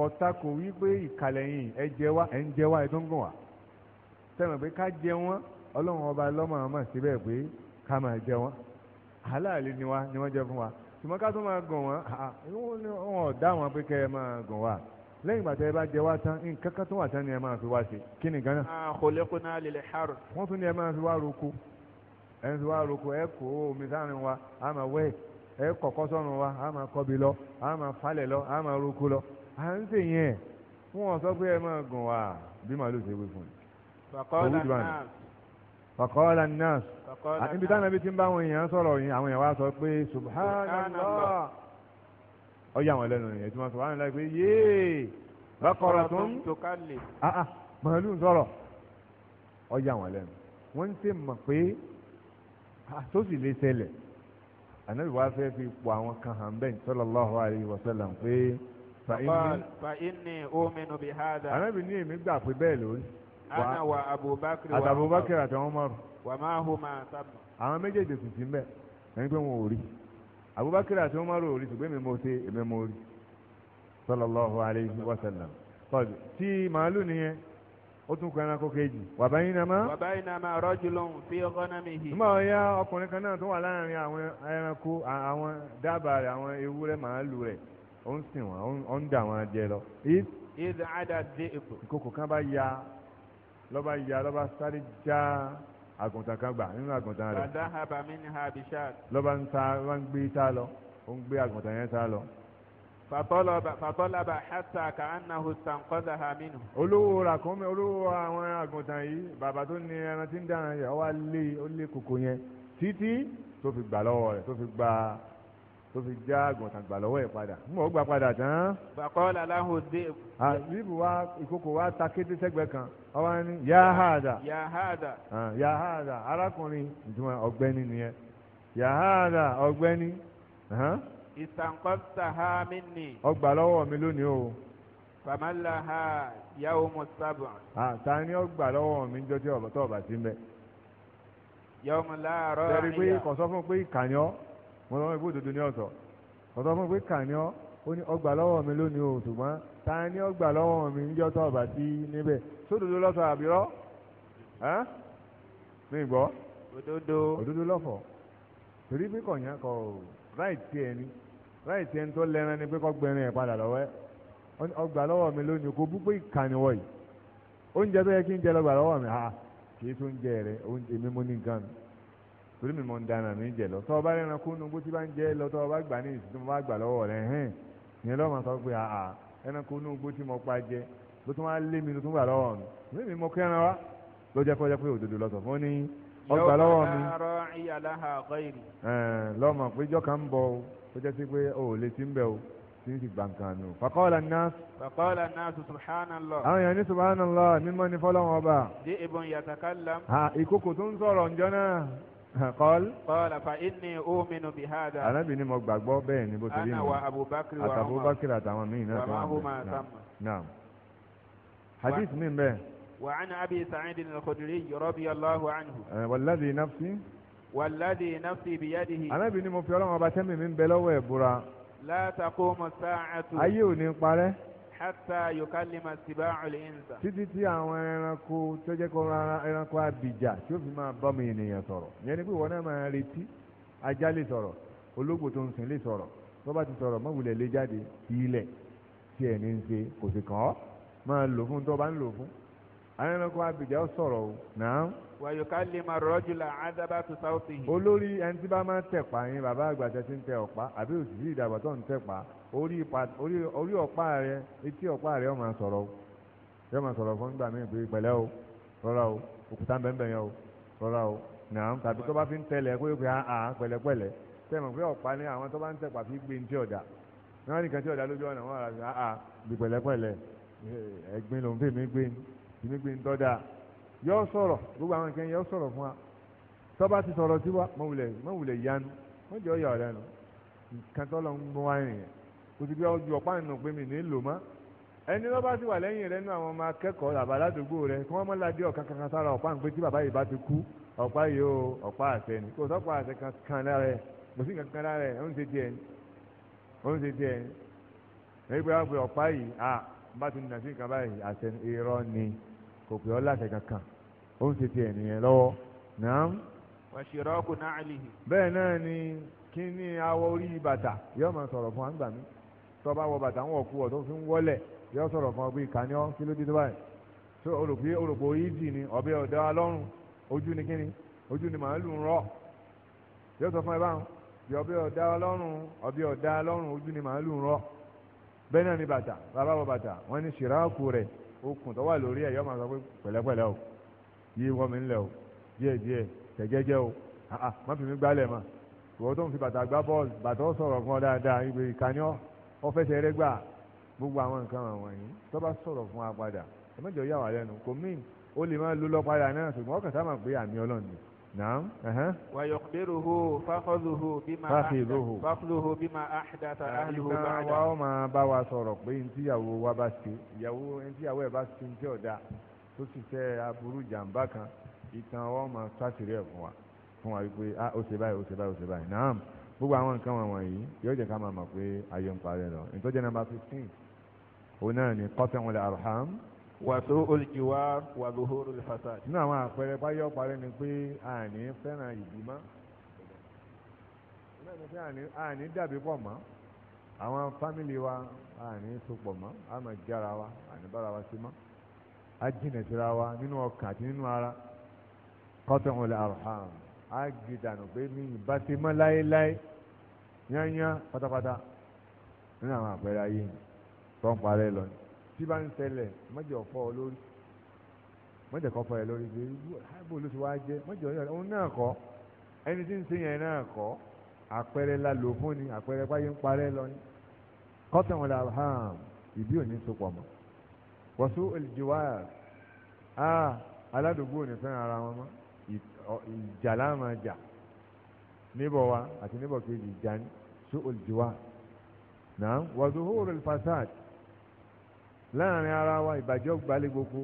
kọta kò wí pé ìkàlẹ̀ yìí ẹ jẹ wá ẹ ń jẹ wá ẹ wá pé ká jẹ wọ́n ọlọ́run ọba lọ́mọ àmọ́ síbẹ̀ pé ká máa jẹ wọ́n ni wá ni wọ́n jẹ fún wa tùmọ̀ ká tó máa gùn wọ́n wọn ò dá wọn pé kẹ́ ẹ máa gùn wá lẹ́yìn ìgbà ẹ bá jẹ wá tán nǹkan kan tó wà tán ni ẹ máa fi wá ṣe kí ni gánà. àkọlẹ́kùnà wọ́n tún ẹ máa fi wá roko ẹ fi wá roko ẹ kó a máa wẹ̀ ẹ à ń sè yẹn fún wọn sọ pé ẹ máa gùn wá bí màálù ṣe wí fún mi. fàkọ́ọ́lá náà fàkọ́ọ́lá náà níbi táwọn ẹbí ti ń bá àwọn èèyàn sọ̀rọ̀ yìí àwọn èèyàn wá sọ pé subhanallah ó yà wọ́n lẹ́nu yẹn tí wọ́n sọ wọ́n lẹ́nu pé yéé bákọ̀rọ̀ tó ń màálù sọ̀rọ̀ ó yà wọ́n lẹ́nu wọ́n ń ṣe mọ̀ pé tó lè ṣẹlẹ̀ ànábì wá fẹ́ fi pọ̀ àwọn kan hàn bẹ́ẹ̀ sallallahu alaihi wasallam pé fàínì òmìnú bí hádà. anábì ní èmi gbà pé bẹ́ẹ̀ lórí. ana wa abubakar wa àti abubakar àti àwọn ọmọ rẹ. wà máa hó máa sábà. àwọn méjèèjì sì ti ń bẹ ẹni pé wọn ò rí abubakar àti ọmọ rẹ ò rí ṣùgbọ́n èmi mo ṣe èmi mo rí sallallahu alayhi wa sallam. tọ́jú tí màálù nìyẹn ó tún kan ẹranko kejì wa baynama. wa baynama rajulun fi ghanamihi. nígbà wọn yá ọkùnrin kan náà tó wà láàrin àwọn ẹranko àwọn dábàá rẹ àwọn ewúrẹ́ màálù rẹ̀ ó ń sìn wọn ó ń dà wọn jẹ lọ. ìdá àdá dé èkó. ìkòkò kan bá ya lọ́ba ya lọ́ba sáré já àgùntàn kan gbà nínú àgùntàn rẹ̀. bàdá haba mi ni ha bí ṣáà. lọ́ba ń ta lọ́ba ń gbé ta lọ ó ń gbé àgùntàn yẹn ta lọ. fàtọ́lọ́ba hàtà kàánàhù sànkọ́dà ha mínú. olówó ra kún mi olówó àwọn àgùntàn yìí bàbá tó ní ẹran tí ń dáná yẹ ọ wá lé ó lé kòkò yẹn títí tó fi gbà lọ́wọ́ rẹ̀ tó fi gbà tó fi já àgùntàn gbà lọ́wọ́ ẹ̀ padà mú ọ gbà padà tán. bàkọ́lá aláhùn dé. àbíbù wa ìkókò wa ta kété sẹ́gbẹ́ kan ọba ní yahada. yahada. yahada arákùnrin ìtumọ̀ ọ̀gbẹ́ni nìyẹn yahada ọ̀gbẹ́ni. ìsànkọ́sà ha mi nì. ọgbà lọ́wọ́ mi lónìí o. fàmálà ha yàwó mo sábà. ta ni ọgbà lọ́wọ́ mi jọjọ́ ọ̀bọ̀tọ̀ ọ̀bà sí mbẹ́. yọmọ láàárọ̀ àríyá. sẹ́ni pé kọ̀sọ́ fún pé ìkànnì ọ́. wọ́n lọ́wọ́ ibú òdodo ní ọ̀tọ̀ ọ̀sọ̀ fún pé kàní ọ́ ó ní ọgbà lọ́wọ́ mi lónìí o ṣùgbọ́n ta ni ọgbà lọ́wọ́ mi ń jọ́tọ̀ ọ̀bà sí níbẹ̀ sódodo lọ́sọ̀ mi gbọ́ lọ́fọ̀ torí pé kọ ráìtì ẹni ráìtì ẹni tó lẹ́ran ni pé kọ́ ẹ̀ padà lọ́wọ́ ọgbà lọ́wọ́ mi lónìí kò oúnjẹ tó yẹ kí jẹ lọ́gbà lọ́wọ́ mi ha kì í tún jẹ rẹ oúnjẹ mímú ní gan torí mi mọ̀ ń dáná mi jẹ lọ tọ́ ọba rẹ̀ ẹranko nínú gbó tí bá ń jẹ́ lọ tọ́ ọba gbà ní ìsìn tí mo bá gbà lọ́wọ́ rẹ̀ hẹ́n ìyẹn lọ́ọ́ sọ pé àà ẹranko nínú gbó tí mo pa jẹ ló tún wá lé mi ló tún gbà lọ́wọ́ mi mi mọ kẹ́ran wa ló jẹ́ kọ́jọ́ pé òdodo lọ́sọ̀ fún ni ọgbà lọ́wọ́ mi lọ́mọ pé jọ́ka ń bọ̀ ó jẹ́ sí pé ó lè ti ń bẹ̀ ó tí ń ti gbà nǹkan nù. faqala an-nas. faqala an àwọn èèyàn ní subhanallah mímọ́ ni fọlọ́wọ́n ọba. di ibùn yatakallam. ìkókò tó ń sọ̀rọ̀ ǹjọ́ náà. قال قال فإني أؤمن بهذا Ànábì ní mo gbàgbọ́ bẹ́ẹ̀ ni bó ṣe rí mi. أنا وأبو بكر وعمر àtàbù bákìrì àtàwọn míì náà tó wà ní. نعم نعم hadith mi bẹ́ẹ̀. وعن أبي سعيد الخدري رضي الله عنه. والذي نفسي. والذي نفسي بيده. Ànábì ní mo fi Ọlọ́run ọba tẹ́mi mi ń bẹ lọ́wọ́ ẹ̀ búra. لا تقوم الساعة. ayé ò ní parẹ́ hata yukalima sibaa al-insa. títí tí àwọn ẹranko tó jẹ́ kó ẹranko abìjà tí ó fi máa bá mi ènìyàn sọ̀rọ̀ yẹn ni pé ìwọ náà máa retí ajá lè sọ̀rọ̀ ológbò tó ń sìn lè sọ̀rọ̀ tó bá ti sọ̀rọ̀ mọ́wulẹ̀ lè jáde ilẹ̀ tí ẹ̀ ní ń ṣe kò sì kàn ọ́ máa lò fún tó bá ń lò fún ẹranko abìjà ó sọ̀rọ̀ o náà wàyùkálìmọ̀ rọ́jùlá àdàbà tó sáwùtì yìí. olórí ẹni tí bá máa ń tẹ̀pá yín bàbá àgbàjẹ ti ń tẹ ọ̀pá àbí òṣìṣẹ́ ìdàgbà tó ń tẹ̀pá orí ọ̀pá rẹ etí ọ̀pá rẹ ọmọ sọ̀rọ̀ yóò máa sọ̀rọ̀ fún gbà mí pé pẹ̀lẹ́ o rọra o òkúta ń bẹ̀ẹ̀ yẹn o rọra o nàá tàbí tó bá fi ń tẹ̀lẹ̀ pé pé àá pẹ̀lẹ́pẹ̀lẹ́ tẹ̀mọ̀ pé ọ̀pá ni àwọn tó bá ń tẹ̀pá fi gbé ntí ọ̀dà náà nìkan tí ọ̀dà lójú ọ̀nà wọn àrà àá bí pẹ̀lẹ́pẹ̀lẹ́ ẹ̀gbin lòún fi mí gbé mi gbé ntọ́dà yọ sọ̀rọ̀ gbogbo àwọn nǹkan yọ sọ̀rọ̀ fún wa tọ́ba ti sọ̀rọ̀ sí wa mọ̀wulẹ̀ mọ̀wulẹ̀ yanu wọ́n jọ yà ọ̀rẹ́ nu nǹkan tó lọ ń gbọ́n wá nìyẹn kò sì pé ọjọ́ ọ̀pá nù pé mi nílò mọ́ ẹni lọ́ bá ti wà lẹ́yìn rẹ nínú àwọn ọmọ akẹ́kọ̀ọ́ àbá ládùúgbò rẹ kí wọ́n mọ́ ládé ọ̀kan kankan sára ọ̀pá nǹkan tí bàbá yìí bá ti kú ọ̀pá yìí ó ọ̀pá àṣẹ ni kò sọ́pá àṣẹ kankan lára ẹ̀ kò sí ó ń ṣe ti ẹ̀nìyàn lọ́wọ́ nàám. wàṣírọ́kù náà àlìyé. bẹ́ẹ̀ náà ni kí ni awọ orí bàtà yóò máa sọ̀rọ̀ fún àgbà mi tó wọ bàtà ń wọ̀ kú ọ̀ fi ń wọlẹ̀ yóò sọ̀rọ̀ fún ọgbẹ́ ìkànnì ọ́ kí ló dé tó báyìí ni ọbịa ọ̀dọ́ alọ́run ojú ni kíni ojú ni màálù sọ fún ẹ báwọn bí ọ̀dọ́ alọ́run ọ̀dọ́ alọ́run ojú ni màálù ń rọ̀ bẹ́ẹ̀ náà ni bàbá wọ bàtà wọ́n ní yé wọ́n mi ń lẹ̀ o díẹ̀ díẹ̀ tẹ̀jẹ́jẹ́ o àà ah, ah. má fi mi gbálẹ̀ mà ìwọ tó ń fi bàtà gbá bọ́ọ̀lù bàtà ó sọ̀rọ̀ fún ọ dáadáa ìgbè ìkànnì ọ fẹsẹ̀ rẹ gbà gbogbo àwọn nǹkan wọ̀nyí tó bá sọ̀rọ̀ fún wa padà ẹ mẹ́jọ yà wá lẹ́nu kò mí o lè máa lu lọ padà náà ṣùgbọ́n ọkàn sábà pé àmì ọlọ́run ni naam. wàyọ̀kùdéròhó fáfọ́dúhó bímá fáfọ́dúhó bímá àḥdàtà àhìlúhó bàdà. àyíká wa ó máa bá wa sọ̀rọ̀ pé ntíyàwó wa bá ṣe ìyàwó ntíyàwó ẹ̀ bá ṣe ntí ọ̀dà tó sì tẹ́ aburú jàǹbá kan ìtàn wọn máa sásìrí ẹ̀ fún wa fún wa wípé ah ó ṣe báyìí ó ṣe báyìí ó ṣe báyìí náà gbogbo àwọn nǹkan wọ̀nyí yóò jẹ́ ká máa mọ̀ pé ayé ń parẹ́ lọ ìtọ́jẹ́ nọ́mbà fifteen òun náà ni qat'ul arham. wàtó olùjìwà wà zuhurul fasad. nínú àwọn àpẹẹrẹ báyọ̀ parẹ́ ni pé àní fẹ́ràn ìbímọ àní dàbí pọ̀ mọ́ àwọn fámìlì wa àní so pọ̀ mọ́ àmọ̀ jára wa àní bára wa sí mọ́ á jìnà síra wa nínú ọkàn àti nínú ara kọ́tọ̀ ọ̀lẹ̀ arham á gbé dànù pé mi ìbá ti mọ́ láéláé yányá pátápátá nínú àwọn àpẹẹrẹ ayé yìí tó ń parẹ́ lọ ni tí bá ń ṣẹlẹ̀ mọ́jọ́ fọ́ ọ lórí mọ́jọ́ kọ́ fọ́ ẹ lórí pé bó ló ti wá jẹ́ mọ́jọ́ yọ̀ọ́ òun náà kọ́ ẹni tí ń ṣe yẹn náà kọ́ àpẹẹrẹ la lò fún ni àpẹẹrẹ báyìí ń parẹ́ lọ ni kọ́tọ̀ ọ̀lẹ̀ arham ìbí òní sopọ̀ mọ́ wọ́sù olùjìwáàr á aládùúgbò ò ní fẹ́ràn ara wọn mọ́ ìjà láàmà jà níbọ̀ wa àti níbọ̀ kejì ìjà ní sú olùjìwáàr náà wọ́sù hóòrò fasad láàrin ara wa ìbàjẹ́ gbalẹ̀ gbogbo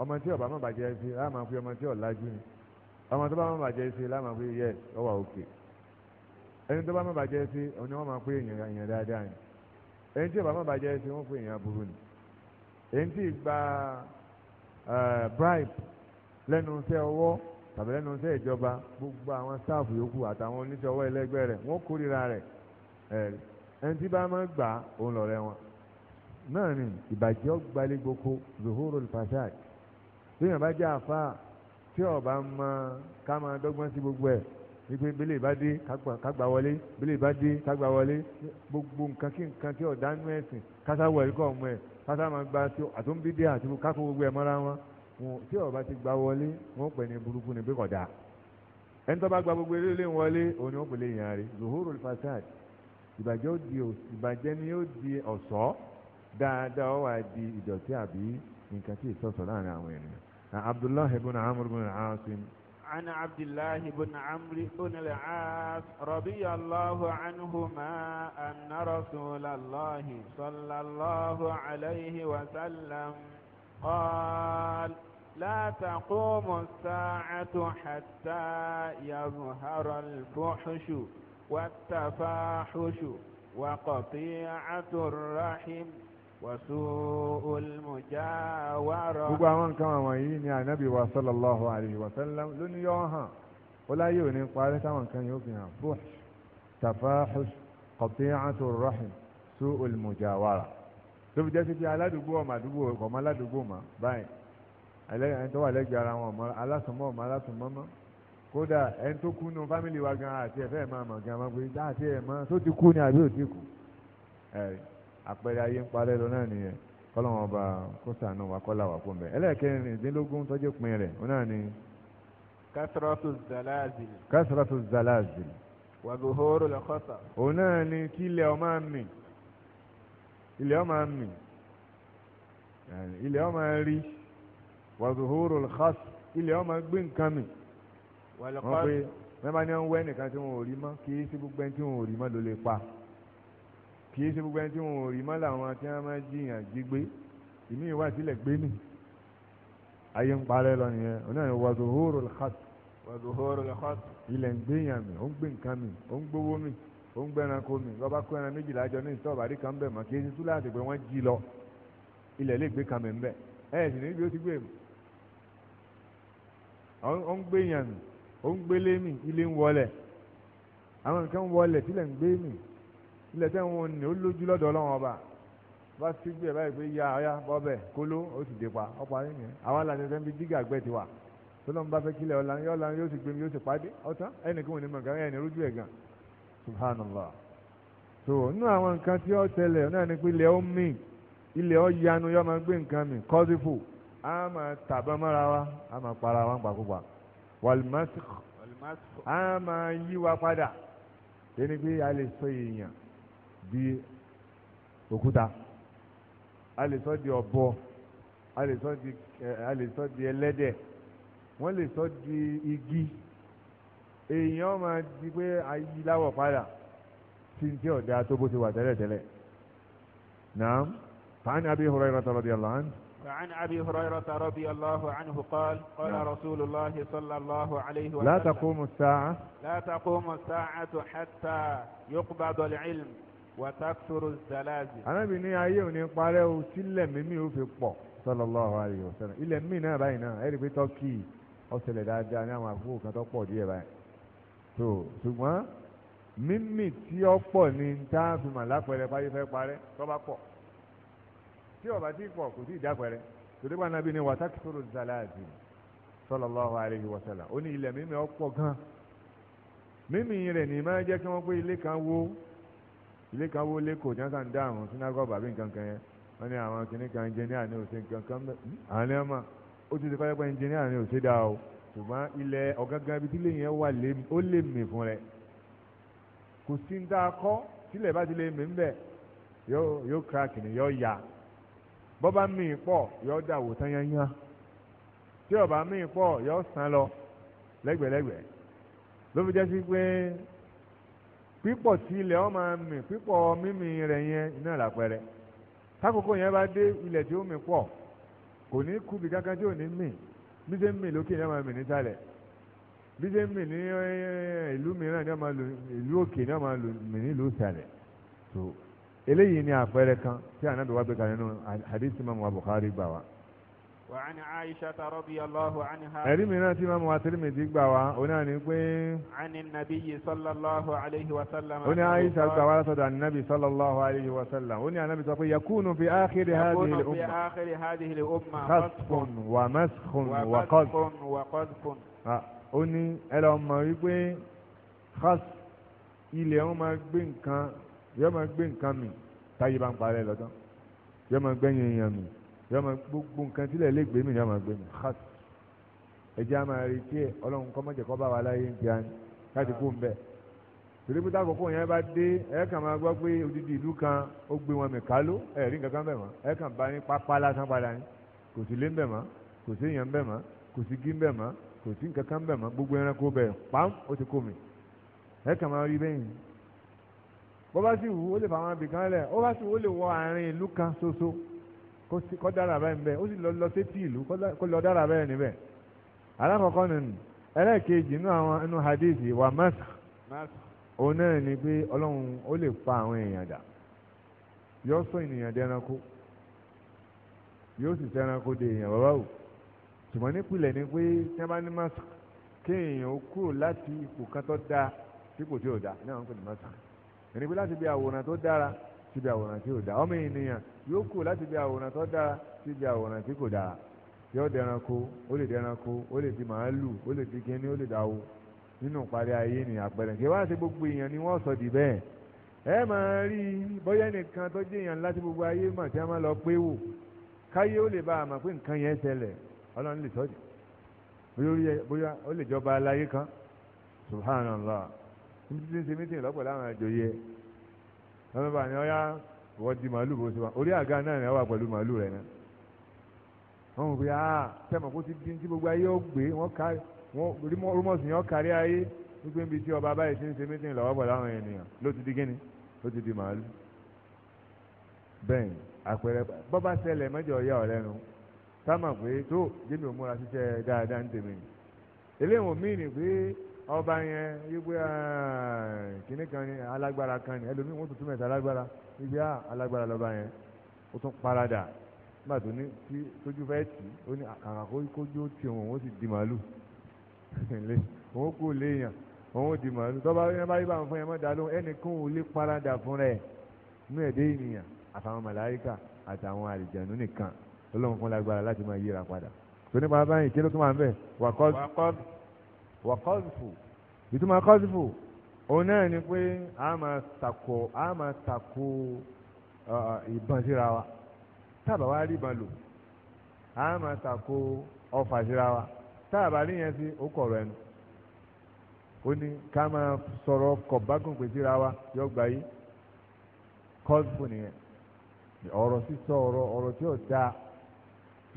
ọmọ tí ọba má bàjẹ́ sí láàmà pé ọmọ tí ọ̀làjú ni ọmọ tó bá má bàjẹ́ sí láàmà pé yẹ ọwà òkè ẹni tó bá má bàjẹ́ sí ọ̀nà wọn máa pé èèyàn dáadáa ni ẹni tí ọba má bàjẹ́ sí wọn pé èèyàn aburú ni èyí gba bribe lẹ́nu iṣẹ́ ọwọ́ tàbí lẹ́nu iṣẹ́ ìjọba gbogbo àwọn sáàfù yòókù àtàwọn oníṣẹ́ ọwọ́ ẹlẹ́gbẹ́ rẹ̀ wọ́n kórìíra rẹ̀ ẹni tí bá máa gbà òun lọ̀rẹ́ wọn náà ni ìbàjẹ́ ọgbàlẹ̀ gboko zohoro fasad bí yàn bá jẹ́ àfa tí ọba mọ ká máa dọ́gbọ́n sí gbogbo ẹ̀ wípé bílẹ̀ bá dé kágbà wọlé bílẹ̀ bá dé kágbà wọlé gbogbo nǹkan kí nǹkan tí ọ̀dánú ẹ̀sìn kásáwọ̀ ẹ̀ríkọ̀ ọmọ ẹ̀ kátà máa gba tí àtúnbídé àti kákó gbogbo ẹ̀ mọ́ra wọn tí ọba ti gba wọlé wọn pè ní burúkú ní pẹ́kọ̀ dá ẹni tó bá gba gbogbo eré lé wọlé òní ó pèlè yàn rí zuhurul fasad ìbàjẹ́ ó di ìbàjẹ́ ni ó di ọ̀ṣọ́ dáadáa ó wà di ìdọ̀tí àbí nǹkan tí ì sọ̀sọ̀ láàrin àwọn ènìyàn Abdullahi ibn Amr ibn Asim عن عبد الله بن عمرو بن العاص رضي الله عنهما أن رسول الله صلى الله عليه وسلم قال لا تقوم الساعة حتى يظهر الفحش والتفاحش وقطيعة الرحم wàsó olùmọ̀jáwárọ̀. gbogbo àwọn nǹkan àwọn yìí ni ànábì wa sallallahu alayhi wa sallam lónìí yọ hàn ó láyé òní parí táwọn nǹkan yóò fi hàn fún tafahush qati'atu rahim sú olùmọ̀jáwárọ̀. tó fi jẹ́ sí pé aládùúgbò ọmọ àdúgbò ọmọ aládùúgbò mọ̀ báyìí ẹni tó wà lẹ́gbẹ̀ẹ́ ara wọn ọmọ alásùnmọ́ ọmọ alásùnmọ́ mọ́ kódà ẹni tó kú nù fámìlì wa gan àti ẹ̀fẹ́ máa mọ̀ gan máa pé dáhàtì ẹ̀ mọ́ tó ti kú ni àbí ò ti kú ẹ̀rí àpẹẹrẹ ayé ń parẹ́ lọ náà nìyẹn kọ́lọ́wọ́n ọba kó sànù wa kọ́lá wa fún bẹ́ẹ̀ ẹlẹ́ẹ̀kẹrin ìdínlógún tọ́jú pin rẹ̀ ó náà ni. kásírọ́tù zalazil. kásírọ́tù zalazil. wàdúhóró lọ́kọ́sà. òun náà ni kí ilẹ̀ ọmọ mi ilẹ̀ ọmọ mi ilẹ̀ ọmọ rí wàdúhóró lọ́kọ́sà ilẹ̀ ọmọ gbé nǹkan mi. wọ́n pe mẹ́bàá ni wọ́n wẹ́ nìkan tí wọ́n ò rí mọ́ kì kì í ṣe gbogbo ẹni tí wọn ò rí mọ́ làwọn tí wọ́n máa jiyàn jí gbé ìmí ìwà sílẹ̀ gbé nì ayé ń parẹ́ lọ nìyẹn onáà ní wàzúhóró lẹ́kọ́t wàzúhóró lẹ́kọ́t ilẹ̀ ń gbéyàn mi ó ń gbé nǹkan mi ó ń gbówó mi ó ń gbẹ́ranko mi lọ́ba kó ẹran méjìlá jọ ní ìtọ́ àbárí kan bẹ̀ mọ́ kì í ṣe túláàsì pé wọ́n jí lọ ilẹ̀ lè gbé kan mi ń bẹ̀ ẹ̀ sì níbi ó ó ilẹ̀ tẹ́ ń wo ni ó lójú lọ́dọ̀ ọlọ́run ọba bá ti gbé ẹ báyìí pé ya ọya bọ́bẹ̀ kóló ó sì dé pa ọ̀pọ̀ ayé nìyẹn àwọn alájọ tẹ́ ń fi dígà gbẹ́ ti wà tọ́lọ́mù bá fẹ́ kílẹ̀ ọ̀la yóò la yóò sì gbé mi yóò sì pàdé ọ̀tán ẹnìkan ò ní mọ̀ nǹkan ẹ̀ ní rújú ẹ̀ gan subhanallah so nínú àwọn nǹkan tí ó tẹlẹ̀ náà ni pé ilẹ̀ ó mì ilẹ̀ ó yanu yóò máa gbé nǹkan mi kọ́sífò á máa tàbá mọ́ra wa á máa para wa gbàgbọ́gbà wàlùmásìkò á máa yí wa padà ẹni pé a lè sọ èèyàn di òkúta a lè sọ di ọ̀bọ a lè sọ di eh, a lè sọ di ẹlẹ́dẹ̀ wọ́n lè sọ di igi èèyàn máa di pé ayí láwọ̀ padà tí n tí ọ̀dà tó bó ti wà tẹ́lẹ̀tẹ́lẹ̀ naam fàánì Abi Hurairah radiyallahu anhu. فعن أبي هريرة رضي الله عنه قال قال نعم. رسول الله صلى الله عليه وسلم لا تقوم الساعة لا تقوم الساعة حتى يقبض العلم wàtàkùrù zalazi. anábì ní ayé òní parẹ́ o sílẹ̀ mímí ó fi pọ̀ sallallahu alaihi wasallam ilẹ̀ mímí náà báyìí náà ẹ̀rí pé tọ́kì ọ̀sẹ̀lẹ̀ dáadáa ní àwọn àkókò kan tó pọ̀ díẹ̀ báyìí tó ṣùgbọ́n mímí tí ó pọ̀ ní tá a fi mà lápẹ̀rẹ̀ páyé fẹ́ parẹ́ tó bá pọ̀ tí ó bá pọ̀ kò tí ì dápẹ̀rẹ̀ tòdígbà anábì ní wàtàkùrù zalazi sallallahu alaihi wasallam ó ilé kan wó lẹ́kọ̀ọ́ tí wọ́n kàn dá àwọn sinagogue àbí nǹkan kan yẹn wọ́n ní àwọn kìnnì kan engineer ní òsè nǹkan kan bẹ́ẹ̀ àwọn ẹ̀ máa ó ti ti kọ́ pé engineer ní òsè dá o ṣùgbọ́n ilẹ̀ ọ̀gángan ibi tílé yẹn wà ó lè mì fún rẹ̀ kò sí ń dá kọ́ tílẹ̀ bá ti lè mì ń bẹ̀ yóò crack ni yóò yá bọ́bá mì pọ̀ yóò dà wò tán yányá tí ọ̀bá mì pọ̀ yóò sàn lọ lẹ́gbẹ̀lẹ́gbẹ̀ ló fi jẹ́ sí pé pípọ̀ tí ilẹ̀ ọ máa mì pípọ̀ mímì rẹ̀ yẹn iná làpẹrẹ tákòókò yẹn bá dé ilẹ̀ tí ó mì pọ̀ kò ní kúbi kankan tí ò ní mì bí ṣe ń mì lókè ni ọ máa mì nísàlẹ̀ bí ṣe ń mì ní ìlú mìíràn ni ọ máa lò ìlú òkè ni ọ máa lò mì nílùú so eléyìí ni àpẹẹrẹ kan tí ànábì gbé kalẹ̀ nínú hadith Imam wa gbà wá. وعن عائشة رضي الله عنها أري من أتي ما ترمذي بوا هنا نقول عن النبي صلى الله عليه وسلم هنا عائشة بوا عن النبي صلى الله عليه وسلم هنا النبي صلى يكون في آخر هذه الأمة في آخر هذه الأمة خسف ومسخ وقذف وقذف ó ní ẹ lọ mọ̀ wípé khas ilẹ̀ wọn máa gbé nǹkan yọ máa gbé nǹkan mì táyé yọ ma gbogbo nǹkan tílẹ̀ lè gbé mi ni wọ́n ma gbé mi xas ẹjẹ́ a máa retí ẹ̀ ọlọ́run kọ́ mọ̀jẹ̀ kọ́ bá wa láyé ń jẹun láti kú nbẹ torí pé tákòókò yẹn bá dé ẹ kàn máa gbọ́ pé odidi ìlú kan ó gbé wọn mi káló ẹ rí nǹkan kan bẹ̀ mọ́ ẹ kàn bá ní pápá lásán padà ní kò sí lé ń bẹ̀ mọ́ kò sí èèyàn ń bẹ̀ mọ́ kò sí gí ń bẹ̀ mọ́ kò sí nǹkan kan bẹ̀ mọ́ gbogbo ẹranko bẹ̀ pam ó ti kó mi ẹ kàn máa rí bẹ́yìn bó bá sì wù ó lè fà wọn bì lẹ̀ ó bá sì wù ó lè wọ àárín ìlú kan ṣoṣo kó dára bẹ́ẹ̀ níbẹ̀ ó sì lọ sétí ìlú kó lọ dára bẹ́ẹ̀ níbẹ̀ alákọ̀ọ́kọ́ nínú ẹlẹ́ẹ̀kejì inú àwọn inú hadith wà mẹ́sà òun náà ni pé ọlọ́run ó lè pa àwọn èèyàn dà yóò sọ ènìyàn dẹranko yóò sì sẹranko de èèyàn bàbá o ṣùgbọ́n nípìnlẹ̀ ni pé tí wọ́n bá ní mẹ́sà kí ó kúrò láti ipò kan tó dáa sípò tí ò dáa ní àwọn pè ní mẹ́sà ẹni pé láti bí àwòrán tó dára síbi àwòrán tí ò dáa ọmọ ènìyàn yóò kù láti bí àwòrán tó dáa síbi àwòrán tí kò dáa yóò dẹranko ó lè dẹranko ó lè di màálù ó lè di kíní ó lè dáwó nínú ìparí ayé ni àpẹẹrẹ kí wọ́n á ṣe gbogbo èèyàn ni wọ́n sọ di bẹ́ẹ̀ ẹ máa rí bóyá nìkan tó gbogbo ayé tí a lọ pé wò káyé ó lè bá a pé nǹkan yẹn lè bóyá ó lè jọba aláyé kan subhanallah ń ṣe lọ́pọ̀ láwọn ọmọ bá ní ọyá wọ́n di màálù bó ṣe wá orí àga náà ni wọ́n wà pẹ̀lú màálù rẹ̀ náà wọ́n mọ̀ pé ah tẹ́mọ̀ kó ti dín tí gbogbo ayé ó gbé wọ́n ká wọ́n rúmọ̀sì yẹn ó kárí ayé wípé níbi tí ọba báyìí ti ń ṣe mítìn lọ́wọ́ pẹ̀lú àwọn ènìyàn ló ti di gíní ló ti di màálù bẹ́ẹ̀ àpẹẹrẹ bọ́bá ṣẹlẹ̀ mẹ́jọ ọ̀yá ọ̀rẹ́ nu táwọn mọ̀ pé tó jẹ́mi ò múra ṣiṣẹ́ dáadáa ń tèmi eléwọ̀n míì ni pé ọba yẹn wípé ah, kìnnì kan ni alágbára kan ni ẹlòmíì wọn tuntun mẹ́ta alágbára wípé ah, alágbára lọba yẹn ó tún parada nígbà tó ní tí tójú fẹ́ tì ó ní kàkà kójú tì òun ó sì di màálù <laughs> òun kò léèyàn òun di màálù tọ́ba yẹn bá yí bá ń fún yẹn mọ́ dá lóhùn ẹnìkan ò lè parada fún rẹ̀ inú ẹ̀dẹ́ ènìyàn àtàwọn màláyíkà àtàwọn àlìjànú nìkan Ọlọ́run fún lágbára láti máa yíra padà tó nípa báyìí kí ló tún máa ń bẹ̀ wàkọ́. wà kọ́sìfù ìtumọ̀ kọ́sìfù ni a tako a máa tako ìbọn síra wa tábà wá rí ìbọn lò a tako ọfà síra wa tábà rí yẹn sí ó kọ̀rọ̀ ẹnu ó ní ká síra wa yọ gbà yí kọzifu nìyẹn ọrọ sísọ ọ̀rọ̀ ọrọ tí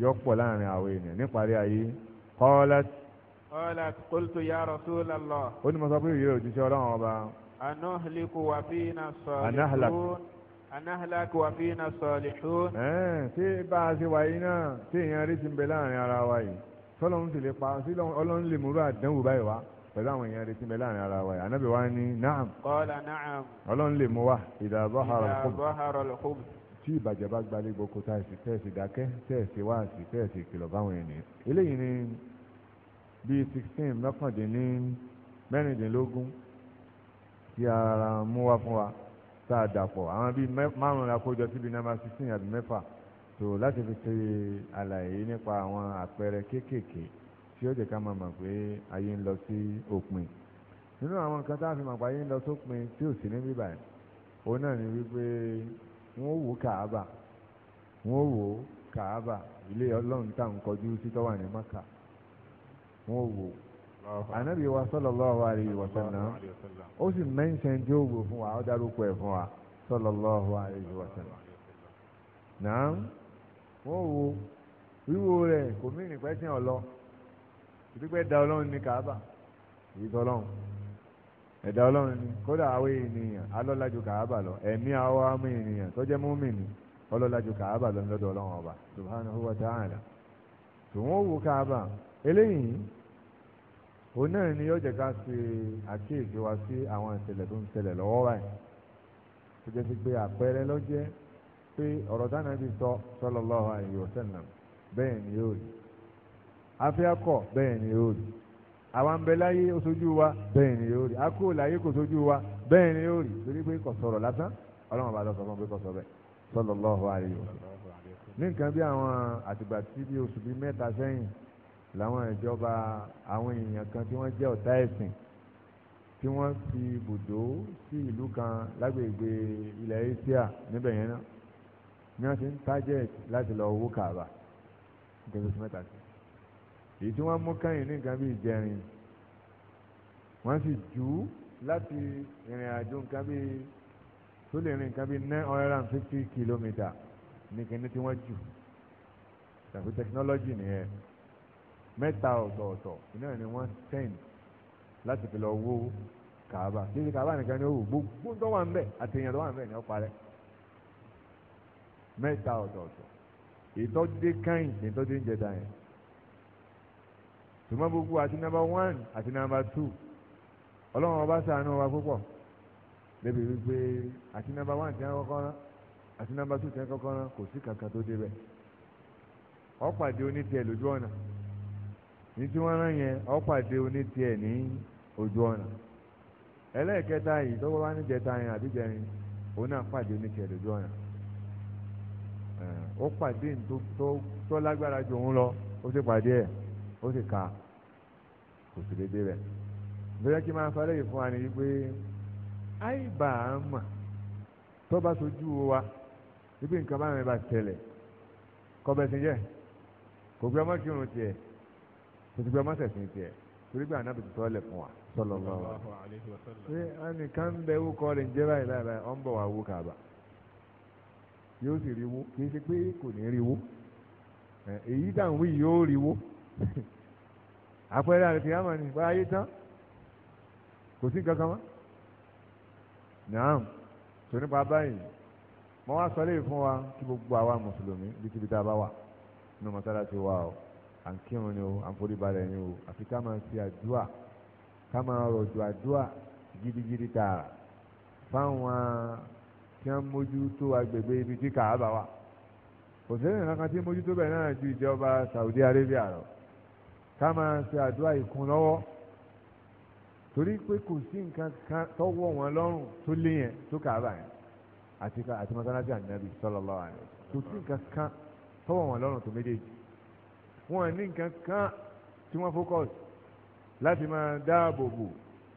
yọ láàrin qalat qultu ya rasulallah. ó ní mo sọ fún ìyẹ́rẹ́ òjíṣẹ́ ọlọ́run ọba. anuhliku wa fina salihun anahlaku wa fina salihun. ẹ̀ẹ́n tí bá a ṣe wáyé náà tí èèyàn rí ti ń bẹ láàrin ara wa yìí sọlọ́run sì lè pa sí ọlọ́run lè múrú àdánwò báyìí wá pẹ̀lú àwọn èèyàn retí bẹ láàrin ara wa yìí anábì wa ní naam. qala naam. ọlọ́run lè mú wa idha zahara al tí ìbàjẹ́ bá gbalẹ̀ gboko tá a sì tẹ̀ bíi sixteen mọ́kàndínní mẹ́rìndínlógún tí ara mú wá fún wa tá a dàpọ̀ àwọn bíi márùn-ún la kójọ síbi nàmbà sixteen àbí mẹ́fà tó láti fi ṣe àlàyé nípa àwọn àpẹẹrẹ kéékèèké tí ó jẹ́ ká máa mọ̀ pé ayé ń lọ sí òpin nínú àwọn nǹkan tá a fi mọ̀ pé ayé ń lọ sópin tí ò sí ní bíbà yìí òun náà ni wípé wọ́n wò kàába wọ́n wò kàába ilé ọlọ́run tá à ń kọjú sí tó ní Mákà wọn ò wò ànábì wa sallallahu alaihi wa sallam ó sì mẹ́ńsẹ̀n tí ó wò fún wa ó ẹ̀ fún wa sallallahu alaihi wa sallam náà wọn wíwo rẹ̀ kò mí ìdúpẹ́ ọlọ́run ní kàába ọlọ́run ẹ̀dá ọlọ́run ni kódà àwọn ènìyàn alọ́lájú kàába lọ ẹ̀mí àwọn lọ lọ́dọ̀ ọlọ́run ọba subhanahu wa ta'ala tòun wò eléyìí òun náà ni yóò jẹ́ ká ṣe àkíyèsí wa sí àwọn ìṣẹ̀lẹ̀ tó ń ṣẹlẹ̀ lọ́wọ́ báyìí tó jẹ́ sí pé àpẹẹrẹ ló jẹ́ pé ọ̀rọ̀ táwọn ẹbí sọ sallallahu alaihi wasallam bẹ́ẹ̀ ni yóò rí afẹ́akọ̀ bẹ́ẹ̀ ni yóò rí àwọn abẹ́láyé oṣojú wa bẹ́ẹ̀ ni yóò rí akó láyé kò sojú wa bẹ́ẹ̀ ni yóò rí torí pé kò sọ̀rọ̀ lásán ọlọ́run bá lọ sọ fún pé kò sọ bẹ́ẹ̀ sallallahu alaihi wasallam ní nǹkan bí àwọn àtìgbà bí oṣù bíi mẹ́ta sẹ́yìn làwọn ìjọba àwọn èèyàn kan tí wọ́n jẹ́ ọ̀tá ẹ̀sìn tí wọ́n fi ibùdó sí ìlú kan lágbègbè ilẹ̀ Asia níbẹ̀ yẹn náà ni wọ́n ti ń target láti lọ owó kààbà nítorí oṣù mẹ́ta sí èyí tí wọ́n mú kẹ́yìn ní nǹkan bíi jẹrin wọ́n sì jù ú láti ìrìn àjò nǹkan bíi tó lè rìn nǹkan bíi nine hundred and fifty kilometre ní kíní tí wọ́n jù tàbí technology nìyẹn mẹ́ta ọ̀tọ̀ọ̀tọ̀ náà ni wọ́n tẹ́ǹ láti fi lọ wó kàába kí ni kàába nìkan ni ó wò gbogbo tó wà ń bẹ̀ àti èèyàn tó wà ń bẹ̀ ni ó parẹ́ mẹ́ta ọ̀tọ̀ọ̀tọ̀ ìtọ́jú kẹ́yìn ní ìtọ́jú ń jẹta yẹn tùmọ̀ gbogbo àti nàmbà one àti nàmbà two ọlọ́run ọba ṣàánú wa púpọ̀ débi wípé àti nàmbà one ti ń kọ́kọ́ rán àti nàmbà two ti ń kọ́kọ́ rán kò sí kankan tó débẹ̀ ọ̀pàdé oníṣẹ́ lójú ọ̀nà. ní tí wọ́n rán yẹn ọ̀pàdé onítìẹ̀ ní ojú ọ̀nà ẹlẹ́ẹ̀kẹta yìí tọ́wọ́ wá ní jẹta yẹn àbí jẹrin òun náà pàdé onítìẹ̀ lójú ọ̀nà ó pàdé tó lágbára ju òun lọ ó sì pàdé ẹ̀ ó sì ka kò sì lè dé rẹ̀ kí n máa falẹ̀ yìí fún wa ni wípé wa wípé nǹkan bá mi bá tẹ̀lẹ̀ kọ́ bẹ́sẹ̀ yẹ kò tòtí pé ọmọ sẹ̀sìn tiẹ̀ torí pé ànábì tuntun ọlẹ̀ fún wa sọlọ lọ. ṣé ẹnìkan ń bẹ wúkọ rẹ̀ ń jẹ́ báyìí láìláì ọ̀ ń bọ̀ wá wú kàbà yóò sì rí wú kì í ṣe pé kò ní rí wú èyí dànwí yóò rí wú <laughs> àpẹẹrẹ àti àmọ́ ni bá ayé tán kò sí nǹkan kan mọ́ naam tó nípa báyìí mo wá sọ léyìí fún wa kí gbogbo àwa mùsùlùmí bí kíbi a bá wà nínú mọ́sálásí wa o à ń kírun ni o à ń forí balẹ̀ ni o àfi ká máa ṣe àdúà ká máa rọ̀jò àdúà gidigidi tààrà fáwọn tí wọ́n mójútó agbègbè ibi tí kàábà wà kò sí ènìyàn kan tí mójútó bẹ̀ náà ju ìjọba Saudi Arabia lọ ká máa ṣe àdúà ìkun lọ́wọ́ torí pé kò sí nǹkan kan tọ́wọ́ wọn lọ́rùn tó lé yẹn tó kàábà yẹn àti àti mọ́sálásí ànábì sallallahu alaihi wasallam kò sí nǹkan kan tọ́wọ́ wọn lọ́rùn tó méjèèjì wọn ní nǹkan kan tí wọ́n focus láti máa dáàbò bò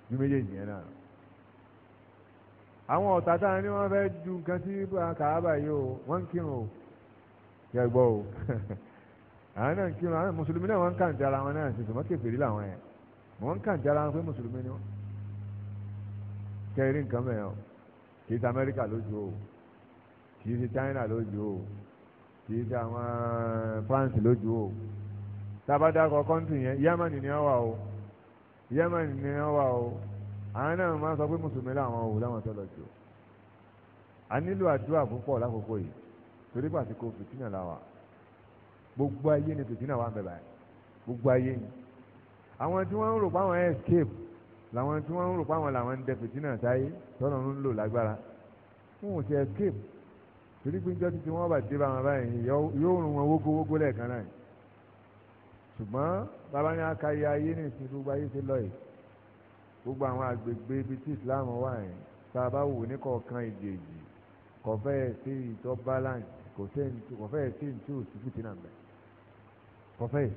ju méjèèjì yẹn náà àwọn ọ̀tá tá a ní wọ́n fẹ́ ju nǹkan sí kàábà yìí o wọ́n ń kírun o yẹ gbọ́ o <laughs> àwọn náà ń kírun àwọn mùsùlùmí náà wọ́n ń kàǹtì ara wọn náà ṣe sùnmọ́ kèfèrí làwọn yẹn wọ́n ń kàǹtì ara wọn pé mùsùlùmí ni wọ́n kẹrin nǹkan mẹ́rin o kì í ṣe Amẹ́ríkà lójú o kì í ṣe China lójú o kìí ṣe àwọn eh, France lójú o tabadakọ kọ́ńtì yẹn Yemen ni wọ́n wà o Yemen ni wà o àwọn náà máa sọ pé mùsùlùmí làwọn ò láwọn tó lọ jù o a nílò àdúrà púpọ̀ lákòókò yìí torí pàṣípò fìtínà làwà gbogbo ayé ni fìtínà wà ń bẹ̀ báyìí gbogbo ayé ni àwọn tí wọ́n ń rò pé àwọn escape làwọn tí wọ́n ń rò pé àwọn làwọn ń dẹ fìtínà sáyé tọ́lọ́run ń lò lágbára fún òsì escape torí pé njọ́ títí wọ́n bá dé bá wọn báyìí yóò rún wọn wógó wógó lẹ́ẹ̀kan náà ṣùgbọ́n bàbá ní akáyé ayé ní ìsìn gbogbo ayé ti lọ yìí gbogbo àwọn agbègbè ibi tí Islam wà yìí tá a bá wò ní kọ̀ọ̀kan ìjèjì kò fẹ́ẹ̀ sí ìtọ́ balance kò fẹ́ẹ̀ sí ìtú òsìkú tí nàmbẹ́ kò fẹ́ẹ̀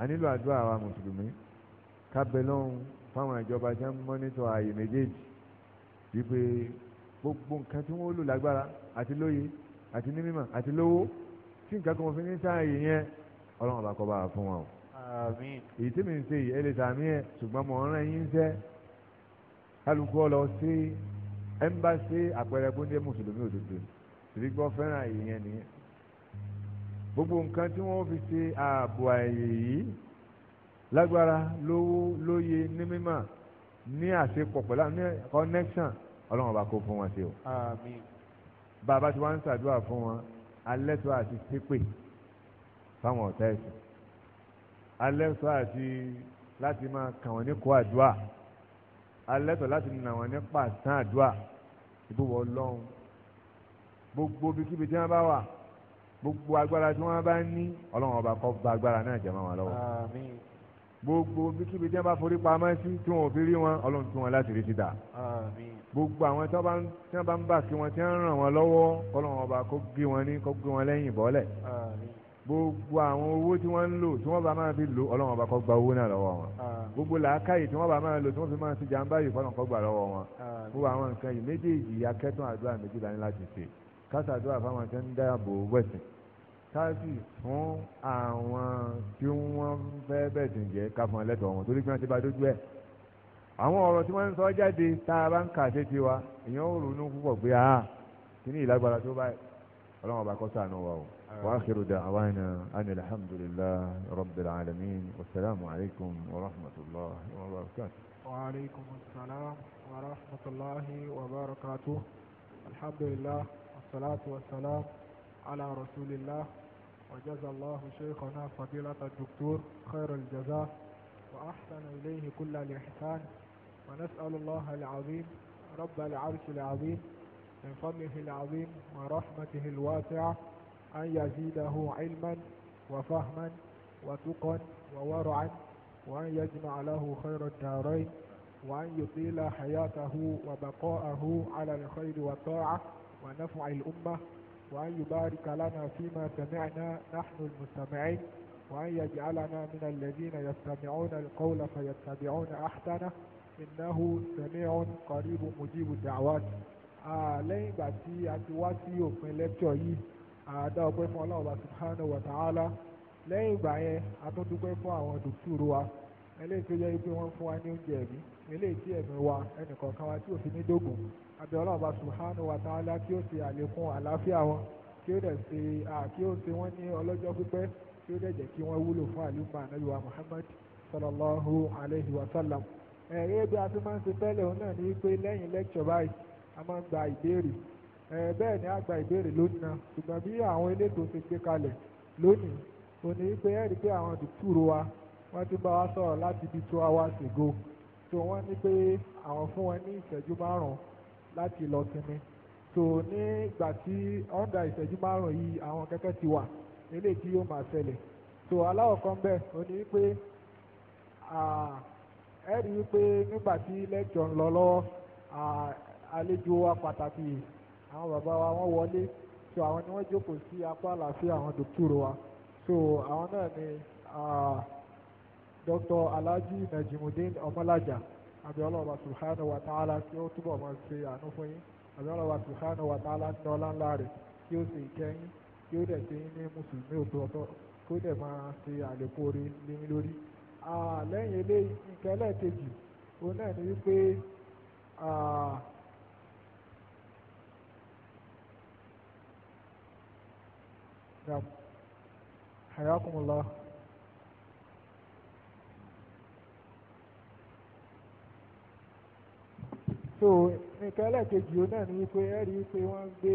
a nílò àdúrà àwa mùsùlùmí kábẹ́ fáwọn ìjọba jẹ́ mọ́nítọ̀ ààyè méjèèjì wípé gbogbo nǹkan tí wọ́n lò lágbára àti lóye àti ní mímọ̀ àti lówó tí nǹkan kan fi ní sáàyè yẹn ọlọ́run bá kọ́ bá fún wọn o. èyí tí mi ń ṣe yìí ẹ lè sàmì ẹ ṣùgbọ́n mo rán yín sẹ́ kálukú ọ lọ sí ẹmbásí àpẹẹrẹ bó ń jẹ́ mùsùlùmí òdodo ìdí gbọ́ fẹ́ràn àyè yẹn nìyẹn. gbogbo nǹkan tí wọ́n fi ṣe ààbò àyè yìí lágbára lówó lóye ní mímọ̀ ní àṣepọ̀ pẹ̀lú ní connection ọlọ́run ọba kó fún wọn sí o. àmín. bàbá tí wọ́n ń ṣàdúrà fún wọn alẹ́ tó àti pípé fáwọn ọ̀tá ẹ̀sìn alẹ́ tó àti láti máa kàn wọ́n ní kó àdúrà alẹ́ tó láti nà wọ́n ní pàṣán àdúrà ìbúwọ̀ ọlọ́run gbogbo ibikíbi tí wọ́n bá wà gbogbo agbára tí wọ́n bá ní ọlọ́run ọba kó ba agbára náà jẹ́ mọ́ wọn lọ́wọ́ gbogbo bíkíbi tí wọn bá forí pamọ́ sí tí wọn ò fi rí wọn ọlọ́run tún wọn láti rí síta gbogbo àwọn tí wọn bá ń bà kí wọn tí wọn ràn wọn lọ́wọ́ kọ́lọ́run ọba kó gé wọn ní kó gé wọn lẹ́yìn bọ́lẹ̀ gbogbo àwọn owó tí wọ́n ń lò tí wọ́n bá máa fi lò ọlọ́run ọba kó gba owó náà lọ́wọ́ wọn gbogbo làákàyè tí wọ́n bá máa lò tí wọ́n fi máa ti jàǹbá yìí fọ́nà kó gbà lọ́wọ́ wọn gbogbo àwọn nǹkan yìí méjèèjì akẹ́tùn àdúrà méjìlá ṣáájú fún àwọn tí wọ́n fẹ́ bẹ̀sùn jẹ́ ká fún ẹlẹ́tọ̀ọ́ wọn torí pé wọ́n ti bá dójú ẹ̀ àwọn ọ̀rọ̀ tí wọ́n ń sọ jáde tá a bá ń kà sí tiwa èèyàn ò ronú púpọ̀ pé a ah, kí ní ìlágbára tó báyìí ọlọ́run ọba kó ṣàánú wa o wa akhiru da'wana ani alhamdulillahi rabbil alamin wasalaamu alaykum wa rahmatulahi wa barakatuh. wa aleykum salaam wa rahmatulahi wa barakatuh alhamdulilah wasalaatu wasalaam ala rasulillah. وجزى الله شيخنا فضيلة الدكتور خير الجزاء وأحسن إليه كل الإحسان ونسأل الله العظيم رب العرش العظيم من فضله العظيم ورحمته الواسعة أن يزيده علما وفهما وتقا وورعا وأن يجمع له خير الدارين وأن يطيل حياته وبقاءه على الخير والطاعة ونفع الأمة وأن يبارك لنا فيما سمعنا نحن المستمعين وأن يجعلنا من الذين يستمعون القول فيتبعون أحسنه إنه سميع قريب مجيب الدعوات lẹ́yìn ìgbà tí a ti wá sí òpin lẹ́kṣọ̀ yìí àdá ọpẹ́ fún ọlọ́run bá subhanahu wa ta'ala lẹ́yìn ìgbà yẹn a tún dúpẹ́ fún àwọn dòkítúrò wa eléyìí tó yẹ pé wọ́n fún wa ní oúnjẹ ẹ̀mí eléyìí tí ẹ̀mí wa ẹnìkọ̀ọ̀kan wa tí òfin ní dógùn àbí ọlọ́ọ̀bá subhanahu wa ta'ala kí ó ṣe àlékún àlàáfíà wọn kí ó dẹ̀ ṣe kí ó ṣe wọ́n ní ọlọ́jọ́ pípẹ́ kí ó dẹ̀ jẹ́ kí wọ́n wúlò fún àlùfà ànábì wa Muhammad sallallahu alayhi wa sallam. ẹ ẹ bí a ti máa ń ṣe tẹ́lẹ̀ òun náà ní pé lẹ́yìn lẹ́kṣọ̀ báyìí a máa ń gba ìbéèrè ẹ bẹ́ẹ̀ ni a gba ìbéèrè lónìí náà ṣùgbọ́n bí àwọn elétò ṣe gbé kalẹ̀ lónìí òun ní pé ẹ̀rí pé pé àwọn láti lọ sinmi so ní ìgbà tí ọ̀ndà ìṣẹ́jú márùn-ún yìí àwọn kẹ́kẹ́ ti wà nílé tí yóò máa ṣẹlẹ̀ so aláwọ̀ kan bẹ́ẹ̀ ó ní wípé ẹ rí wípé nígbà tí lẹ́jọ̀ ń lọ lọ́wọ́ àlejò wa pàtàkì àwọn bàbá wa wọ́n wọlé so àwọn ni wọ́n jókòó sí apá àlàáfíà àwọn dòkítúrò wa so àwọn náà ni dr alhaji najimudin ọmọlájà àbí ọlọ́ọ̀bà subhanahu wa ta'ala tí ó túbọ̀ máa ṣe àánú fún yín àbí ọlọ́ọ̀bà subhanahu wa ta'ala tí ọlá ńlá rẹ̀ kí ó ṣe ìkẹyìn kí ó dẹ̀ ṣe yín ní mùsùlùmí òtọ́tọ́ kí ó dẹ̀ máa ṣe àlékún orí léyìn lórí. lẹ́yìn eléyìí nǹkan ẹlẹ́ẹ̀kejì náà ni wípé حياكم الله so nǹkan ẹlẹ́ẹ̀kejì ó náà ní wípé ẹ rí i pé wọ́n gbé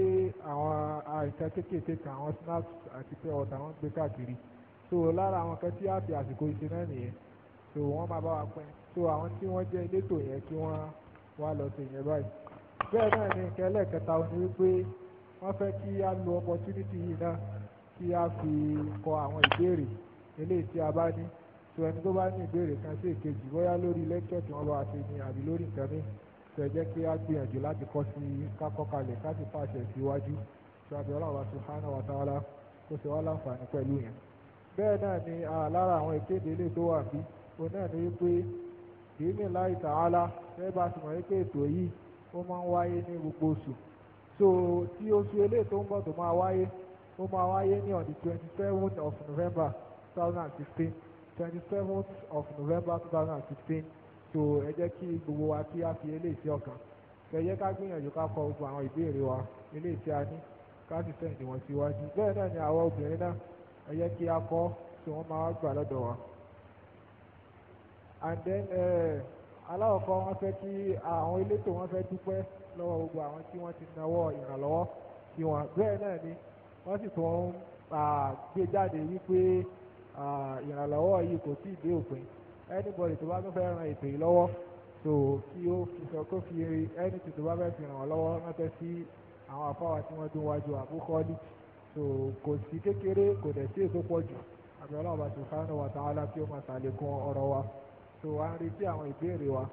àwọn àìsàn kéékèèké kan àwọn snaps àti pé ọ̀tà wọ́n gbé káàkiri so lára àwọn kan tí á fi àsìkò ìṣe náà nìyẹn so wọ́n máa bá wa pín so àwọn tí wọ́n jẹ́ elétò yẹn kí wọ́n wá lọ sí ìyẹn báyìí bẹ́ẹ̀ náà ní nǹkan ẹlẹ́ẹ̀kẹta ó ní wípé wọ́n fẹ́ kí á lo opportunity yìí náà kí á fi kọ àwọn ìbéèrè eléyìí tí a bá ní so ẹni tó bá ní ìbéèrè kan sí èkejì bóyá lórí lẹ́kítọ̀ tí wọ́n bá wa ṣe ni àbí lórí nǹkan mìíràn tẹ jẹ́ kí a gbìyànjú láti kọ́ sí kákọ́kalẹ̀ káti pàṣẹ síwájú ṣáàbí ọlọ́wà subhanahu wa ta'ala kó ṣe wá láǹfààní pẹ̀lú yẹn. bẹ́ẹ̀ náà ni lára àwọn ìkéde ilé tó wà bí òun náà ni wípé kì í ní láì ta'ala bẹ́ẹ̀ bá ti mọ̀ wípé ètò yìí ó máa ń wáyé ní gbogbo oṣù. so tí oṣù eléyìí tó ń bọ̀ tó máa wáyé ó máa wáyé ní on the twenty seventh of November two thousand and sixteen twenty seventh of November two thousand and sixteen so ẹ jẹ́ kí gbogbo wa kí a fi eléyìí sí ọkàn ẹ jẹ́ ká gbìyànjú ká kọ gbogbo àwọn ìbéèrè wa eléyìí tí a ní ká sì sẹ́ǹdì wọn síwájú bẹ́ẹ̀ náà ni àwa obìnrin náà ẹ jẹ́ kí a kọ tí wọ́n máa gbà lọ́dọ̀ wa. and then aláwọ̀kọ́ wọn fẹ́ kí àwọn elétò wọn fẹ́ dúpẹ́ lọ́wọ́ gbogbo àwọn tí wọ́n ti nawọ́ ìrànlọ́wọ́ sí wọn bẹ́ẹ̀ náà ni wọ́n sì tún gbé jáde wípé ìrànlọ́wọ́ yìí kò tí ì dé òpin anybody tó bá tún fẹ́ ran ètò yìí lọ́wọ́ so kí ó fi sọ kó fi anything tó bá fẹ́ fi ràn wọ́n lọ́wọ́ ránṣẹ́ sí àwọn afáwà tí wọ́n tún wájú àbúkọ́lì so kò sí kékeré kò dẹ̀ sí èso pọ̀ jù àbí ọlọ́run bá ti fáwọn ọ̀tá wa kí ó máa ṣàlékún ọ̀rọ̀ wa so à ń retí àwọn ìbéèrè wa.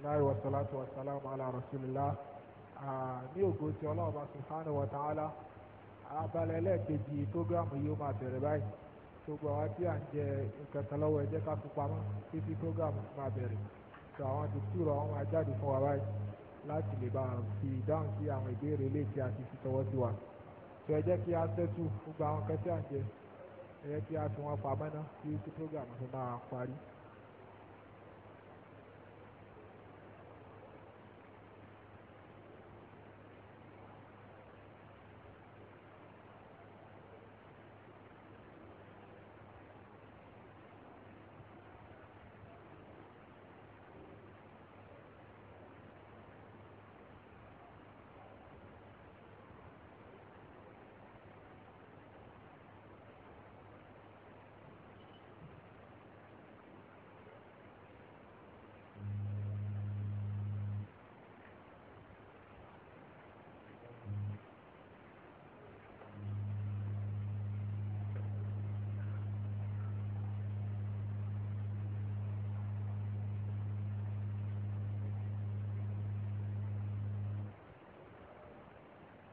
bisimilahi wa salatu wa salamu ala rasulillah ní ògo tí ọlọ́run bá subhanahu wa ta'ala abalẹ̀ ẹlẹ́ẹ̀kejì programu yìí ó máa bẹ̀rẹ̀ báyìí gbogbo àwọn tí à ń jẹ nǹkan kan lọ́wọ́ ẹ jẹ́ ká fi pamọ́ títí programu máa bẹ̀rẹ̀ tó àwọn dùkúrò àwọn máa jáde fún wa báyìí láti lè bá fi ìdáhùn sí àwọn ìbéèrè ilé tí a ti fi tọwọ́ sí wa tó ẹ kí a tẹ́tù gbogbo àwọn kan à ń jẹ ẹ kí a fi wọn pamọ́ ná títí programu fi máa parí.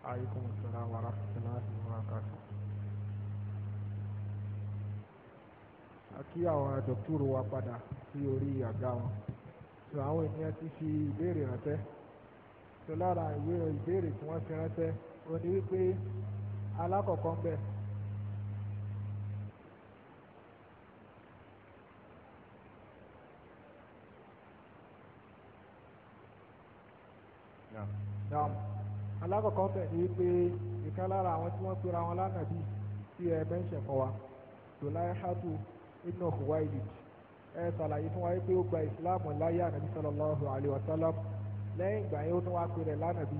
عليكم السلام ورحمة الله وبركاته kí àwọn dọ̀kítúrò wa padà sí orí àga wọn so àwọn ènìyàn ti fi ìbéèrè ránṣẹ́ so lára ìwé ìbéèrè tí wọ́n fi ránṣẹ́ ó ní wípé alákọ̀ọ́kọ́ ń bẹ̀ Yeah. Um, alákọ̀ọ́kọ́ tẹ̀ ní pé ìkan lára àwọn tí wọ́n pera wọn lánàbí tí ẹ mẹ́ńṣẹ̀ fún wa tòláyé hátù ibn Khuwaylid ẹ ṣàlàyé fún wa pé ó gba ìsìláàmù láyé ànàbí sallallahu alaihi wasallam lẹ́yìn ìgbà yẹn ó tún wá pèrè lánàbí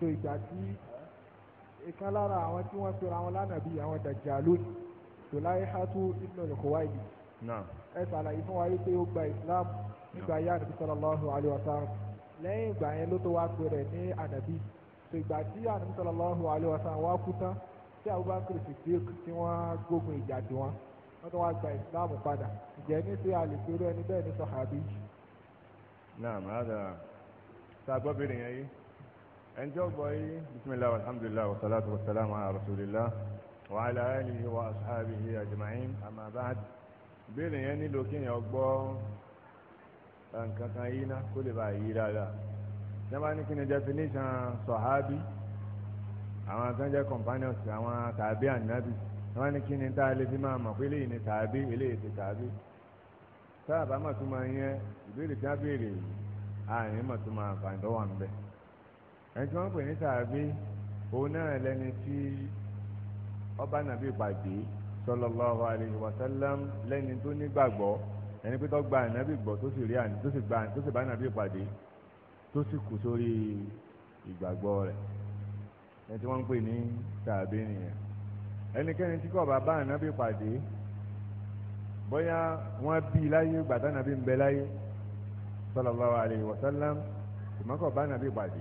tó ìgbà tí ìkan lára àwọn tí wọ́n pera wọn lánàbí àwọn dàjálù tòláyé hátù ibn Khuwaylid ẹ ṣàlàyé fún wa pé ó gba ìsìláàmù nígbà yẹn ànàbí sallallahu alaihi wasallam lẹ́yìn ìgbà yẹn ló tó wá pèrè ní ànàbí so ìgbà tí ànábì sallallahu alaihi wasallam wá kú tán tí Abubakar Siddiq tí wọ́n gbógun ìjà dùn wọn wọ́n tó wá gba ìsìláàmù padà ǹjẹ́ ní sí àlèkérò ẹni bẹ́ẹ̀ ní sọ̀hábí. naam hada sàgbọ́ bìnrin yẹn yìí ẹni tí ó gbọ́ yìí bisimilah alhamdulilah wa salatu wa salam ala rasulillah wa ala alihi wa ashabihi ajma'in amma ba'd bìnrin yẹn nílò kéèyàn gbọ́ nǹkan yìí ná kó lè bá yí dáadáa sábà ní kí ni definition sọ̀hábí àwọn kan jẹ́ companions àwọn tàbí ànábì sábà ní kí ni tá a lè fi máa mọ̀ pé eléyìí ni tàbí eléyìí ti tàbí sábà má tún máa yẹn ìbéèrè tí wọ́n béèrè yìí àní má tún máa fà ìdánwò à ń bẹ̀. ẹni tí wọ́n pè ní tàbí òun náà lẹni tí ọba nàbí pàdé sallallahu alaihi wasallam lẹni tó nígbàgbọ́ ẹni pé tó gba ànábì gbọ́ tó sì rí àná tó sì gba ànábì pàdé tó sì kù sórí ìgbàgbọ́ rẹ̀ ẹni tí wọ́n ń pè ní tàbí nìyẹn ẹnikẹ́ni tí kò bá bá ànábì pàdé bóyá wọ́n bí láyé gbàtà ànábì ń bẹ láyé sallallahu alayhi wa sallam ṣùgbọ́n kò bá ànábì pàdé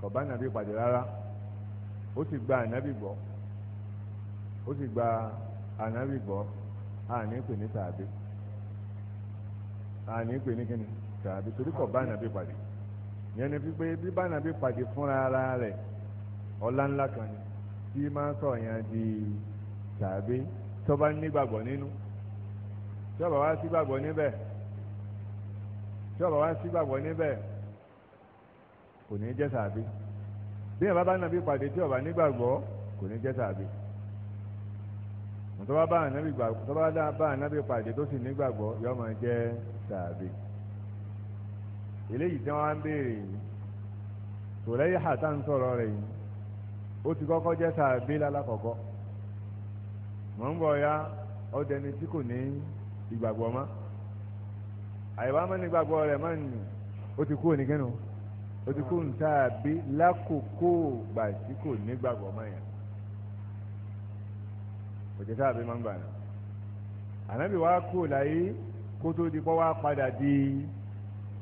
kò bá ànábì pàdé rárá ó sì gba ànábì gbọ́ ó sì gba ànábì gbọ́ àní pè ní tàbí àní pè ní kíni tàbí torí kò bá ànábì pàdé yẹn ni pípé bí bánàbí pàdé fúnra ara rẹ̀ ọlá ńlá kan ni tí máa sọ yẹn di tàbí tó bá nígbàgbọ́ nínú tí ó bá wá sígbàgbọ́ níbẹ̀ tí ó bá wá sígbàgbọ́ níbẹ̀ kò ní jẹ́ tàbí bí ìyàbá bánàbí pàdé tí ó bá nígbàgbọ́ kò ní jẹ́ tàbí tó bá bá ànábì pàdé tó sì nígbàgbọ́ yóò máa jẹ́ tàbí eléyìí tí wọ́n á ń béèrè yìí tòlẹ́yìn hàtà ń sọ̀rọ̀ rẹ̀ yìí ó ti kọ́kọ́ jẹ́ sàbí lálákọ̀ọ́kọ́ mọ̀ ń bọ̀ ya ọdẹni tí kò ní ìgbàgbọ́ mọ́ àyẹ̀wò amẹ́ni gbàgbọ́ rẹ̀ máa ń nì ó ti kú oníkẹ́nu ó ti kú nsàbí lákòókò gbà tí kò ní gbàgbọ́ mọ́ yẹn òjò sàbí máa ń gbà náà ànábì wa kú láyé kó tó di pọ́ wá padà di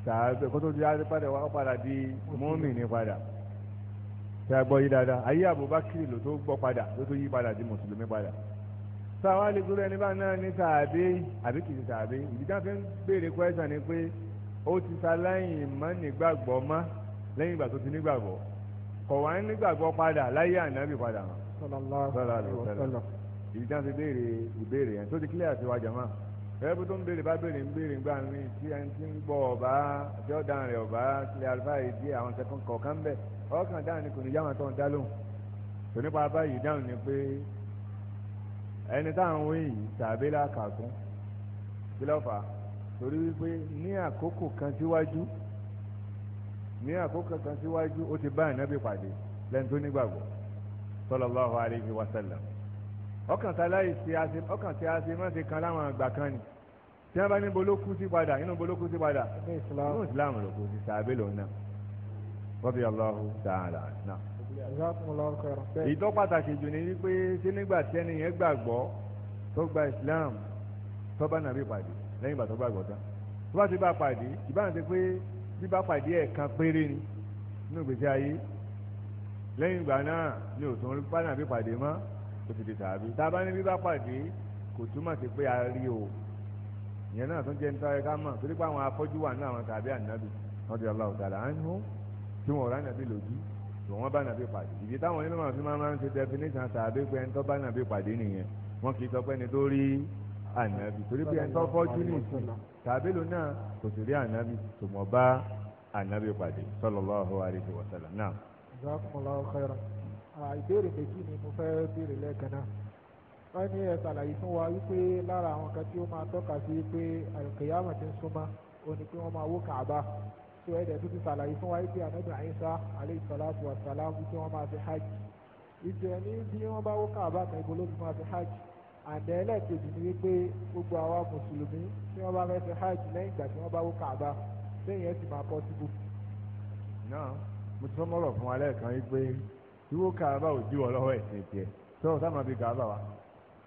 sàábẹ kótó di adé padà wá padà di mùmínì padà tẹ gbọ́ yí dáadáa ayé Abubakar ló tó gbọ́ padà ló tó yí padà di mùsùlùmí padà sáwa lè gbúrò ẹni bá náà ní sàábé àbí kìí sàábé ìdí tá a fi ń béèrè kwẹ́sàn ni pé ó ti sa lẹ́yìn mọ́ nígbàgbọ́ mọ́ lẹ́yìn ìgbà tó ti nígbàgbọ́ kọ̀ wá nígbàgbọ́ padà láyé ànábì padà sallallahu alaihi wasallam ìdí tá a fi béèrè ìbéèrè yẹn tó ti kílẹ̀ àti wájà máa bẹ́ẹ̀ bó tó ń béèrè bá béèrè ń béèrè gbà ní tí ẹni tí ń gbọ́ ọ̀bá àti ọ̀dà rẹ̀ ọ̀bá tilẹ̀ alifáyé díẹ̀ àwọn sẹ́kọ̀n kọ̀ọ̀kan bẹ̀ ọ̀kan dáhùn ni kò ní yáwọn tó ń dá lóhùn tò nípa báyìí dáhùn ni pé ẹni táwọn wé yìí tàbí lákàtún kí lọ́fà torí wípé ní àkókò kan síwájú ní àkókò kan síwájú ó ti bá ànábì pàdé lẹ́ni tó nígbàgbọ́ sallallahu alaihi wasallam ọkàn sáláì ṣe àṣe ọkàn ṣe àṣe má ṣe kan láwọn àgbà kan ni tí wọn bá ní bolókú sí padà inú bolókú sí padà inú ìsìláàmù ló kù sí sàbẹ lòun náà wọ́n fi ọlọ́hu tààlà náà. ìtọ́ pàtàkì jù ní wípé ṣé nígbà tẹ́ni yẹn gbàgbọ́ tó gba ìsìláàmù tó bá nàbí pàdé lẹ́yìn ìgbà tó gbàgbọ́ tán tó bá ti bá pàdé ìbára ṣe pé bí bá pàdé ẹ̀ẹ̀kan péré ni nínú ìgbésí ayé lẹ́yìn ìgbà náà ni òtún ó ti di sàábí tá a bá ní bí bá pàdé kò túmọ̀ sí pé a rí o ìyẹn náà tún jẹ́ ní tọ́yẹ ká mọ̀ torí pé àwọn afọ́jú wà nínú àwọn tàbí ànábì wọ́n ti ọlọ́wọ́ tààlà á ń hó tí wọ́n rà nàbí lòdì tó wọ́n bá nàbí pàdé ìdí táwọn onímọ̀ fi máa ń ṣe definition tàbí pé ẹni tó bá nàbí pàdé nìyẹn wọ́n kì í sọ pé ẹni tó rí ànábì torí pé ẹni tó fọ́jú ní ìsìn tàbí lò náà kò sì rí ànábì tó mọ̀ bá ànábì pàdé sallallahu alaihi wasallam ìbéèrè méjì ni mo fẹ́ béèrè lẹ́ẹ̀kan náà wọ́n ní ẹ ṣàlàyé fún wa wípé lára àwọn kan tí ó máa tọ́ka sí pé àlùkìyámà ti ń súnmọ́ ó ní pé wọ́n máa wó kàába tó ẹ̀dẹ̀ tó ti ṣàlàyé fún wa wípé ànábì àyíṣá alayhi salatu wa salam wípé wọ́n máa fi hajj ìjọ ní bí wọ́n bá wó kàába kan ibo ló fi máa fi hajj àdẹ́ ẹlẹ́ẹ̀kejì ni wípé gbogbo àwa mùsùlùmí tí wọ́n bá fẹ́ fi hajj lẹ́yìn ìgbà tí wọ́n bá wó kàába lẹ́yìn ẹ̀ sì máa possible. náà mo ti fọ́ fún wa lẹ́ẹ̀kan wípé ìwọ kàába ò díwọ lọ́wọ́ ẹ̀sìn tiẹ̀ sọ̀rọ̀ sáà máa fi kàába wa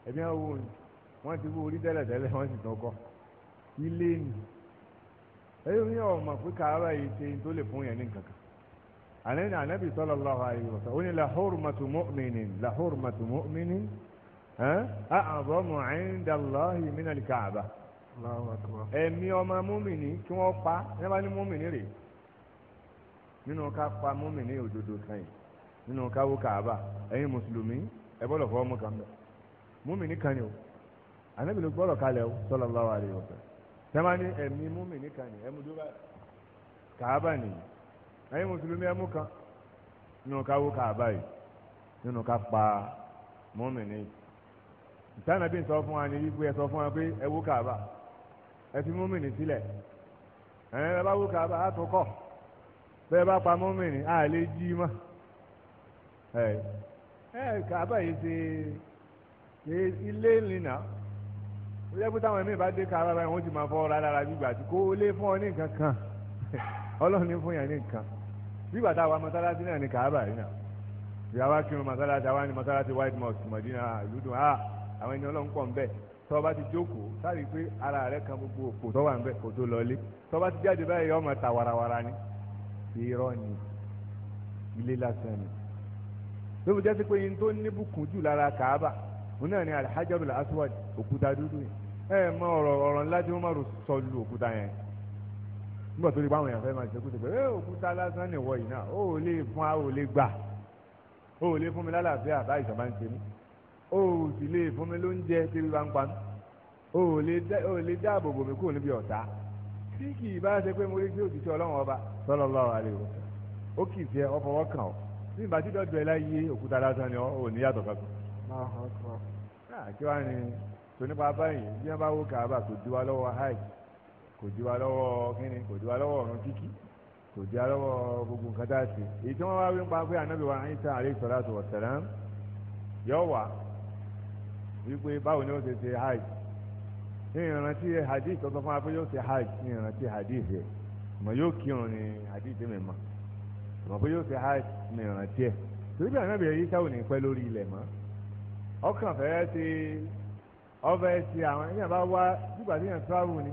ẹ̀mí àwọn wo ni wọ́n ti wú orí tẹ́lẹ̀tẹ́lẹ̀ wọ́n sì tán kọ́ ilé ni ẹ̀yọ́ mi ò mọ̀ pé kàába yìí ṣe tó lè fún yẹn ní nǹkan kan àlẹ́ni ànábì sallallahu alaihi wasallam ó ní la hurmatu mu'minin la hurmatu mu'minin a'zamu 'inda Allahi min al-Ka'ba ẹ̀mí ọmọ múmìnì kí wọ́n pa ẹ̀ bá ní múmìnì rè nínú ká pa múmìnì òdodo kan yìí nínú káwó kàába ẹ̀yin mùsùlùmí ẹ bọ́dọ̀ fọwọ́ mú kan bẹ̀ múmìnì kan ni o ànábì ló gbọ́dọ̀ kalẹ̀ o sallallahu alaihi wasallam tẹ́lá ní ẹ̀mí múmìnì kan ni ẹ̀mú dúró kàába nìyí ẹ̀yin mùsùlùmí ẹ̀mú kan nínú káwó kàába yìí nínú ká pa múmìnì yìí ìtànà bí n sọ fún wa ni wípé ẹ sọ fún wa pé ẹ wó kàába ẹ fi múmìnì sílẹ̀ ẹ̀ ẹ bá wó kàába á tún kọ̀ bẹ́ẹ̀ bá pa múmìnì á lè jí mọ́. ẹ ilé nìyà ó táwọn ẹ̀mí bá dé kàbá báyìí ti máa gbígbà tí lé fún ọ ní kan <laughs> fún yàn ní nǹkan gbígbà náà ní yìí náà ìyá wa kírun mọ́sálásí àwa ní mọ́sálásí white mosque mọ̀dínà a ah, àwọn ẹni ọlọ́run pọ̀ ń bẹ̀ ti jókòó sáré pé ara kan gbogbo òpó tó lọlé ọmọ ta warawara ni ni ilé lásán ló fi jẹ́sí pé yín tó ní bùkún jù lára kàába òun náà ni alhajarul aswad òkúta dúdú yìí ẹ mọ ọ̀rọ̀ ọ̀rọ̀ ńlá tí wọ́n máa sọ lu òkúta yẹn nígbà tó lè bá àwọn èèyàn fẹ́ máa ṣe kúta pé ẹ òkúta lásán nìwọ yìí náà ó lè fún a ó lè gbà ó lè fún mi lálàáfíà bá ìṣàmá ń ṣe mí ó sì lè fún mi lóúnjẹ tí bí bá ń pa mí ó lè dáàbò bò mí kúrò níbi ọ̀tá tí kì í bá ṣe pé mo rí sí òtítọ́ ọlọ́run ọba sallallahu ní ìgbà tí dọ́dọ̀ ẹ láyé òkúta lásán ni ó ní yàtọ̀ kankan. kí wàá ní tó nípa báyìí bí wọ́n bá wó kàába kò di wa lọ́wọ́ hajj kò di wa lọ́wọ́ kínní kò di wa lọ́wọ́ ọ̀run kíkí kò di wa lọ́wọ́ gbogbo nǹkan tá a ṣe èyí tí wọ́n wá wí ń pa pé ànábì wa Ìsá alayhi salatu wa salam yọ wà wípé báwo ni ó ṣe ṣe hajj ní ìrántí hadith tó sọ fún wa pé yóò ṣe hajj ní ìrántí hadith yẹ mọ yóò kírun ní hadith mi mọ́ mọ̀ pé yóò fi hajj ní ìrántí ẹ̀ torí bí ànábìyẹ yìí sáwọn ní pẹ́ lórí ilẹ̀ mọ́ ọkàn fẹ́ẹ́ ṣe ọfẹ́ ṣe àwọn èèyàn bá wá nígbà tí èèyàn travel ni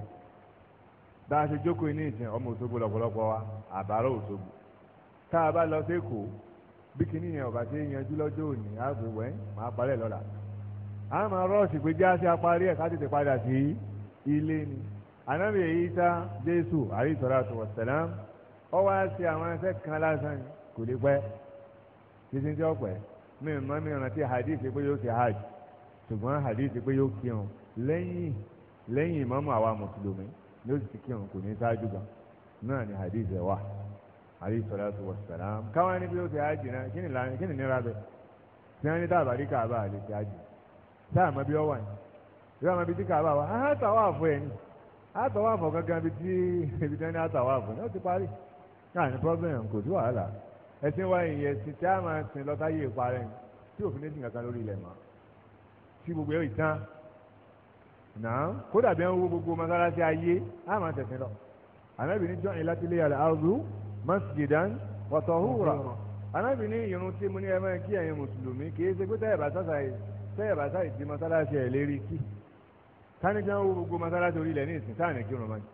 bá a ṣe jókòó ní ìsìn ọmọ Òṣogbo lọ́pọ̀lọpọ̀ wa àbárò Òṣogbo tá a bá lọ sí Èkó bí kinní yẹn ọ̀bà tí yanjú lọ́jọ́ òní ààbò wẹ́ máa parẹ́ lọ́la a máa rọ́ọ̀sì pé já sí apárí ẹ̀ ká tètè padà sí ilé ni ànábìyẹ yìí sá Jésù àríṣọ́lá tó wọ̀ sẹ́lẹ̀mù ọ wá ṣe àwọn ẹsẹ̀ kan lásán kò lè pẹ́ títí tí ó pẹ́ mi ò mọ̀ mi rántí hadith pé yóò ṣe hajj ṣùgbọ́n hadith pé yóò kírun lẹ́yìn lẹ́yìn ìmáàmù àwa mùsùlùmí yóò sì kírun kò ní ṣáájú gan náà ni hadith ẹ̀ wà alayhi salatu wa salam káwọn ẹni pé yóò ṣe hajj náà kí ni lànà kí ni nira bẹ tí wọn ní tá àbárí kàbá àlè ṣe hajj táà mọ bí ọ wà ní bí wọn mọ bí tí kàbá wà á tàwa àfọ ẹ ní á tàwa àfọ gangan bí tí ibi tí wọn ní á tàwa àfọ ní ó ti parí náà ní problem kò sí wàhálà ẹsìn wa ìyẹn ti tí a máa sin lọ́táyé ìparẹ́ ni tí òfin ní ìsìnkàkan lórí ilẹ̀ mọ́ tí gbogbo ẹ̀ ìtàn náà kódà bí wọ́n wo gbogbo mọ́sálásí ayé a máa tẹ̀sìn lọ. anábì ní jọ́ìn láti lé yàrá ardu masjidan wa tahura anábì ní irun tí mo ní ẹ máa kí ẹ̀yin mùsùlùmí kì í ṣe pé tẹ́yẹ̀ bá sáṣà tẹ́yẹ̀ bá sáṣà ìdí mọ́sálásí ẹ̀ lérí kí káníkì wọ́n wo gbogbo mọ́sálásí orí ilẹ̀ ní ìsìn táà ní kírun mọ́ni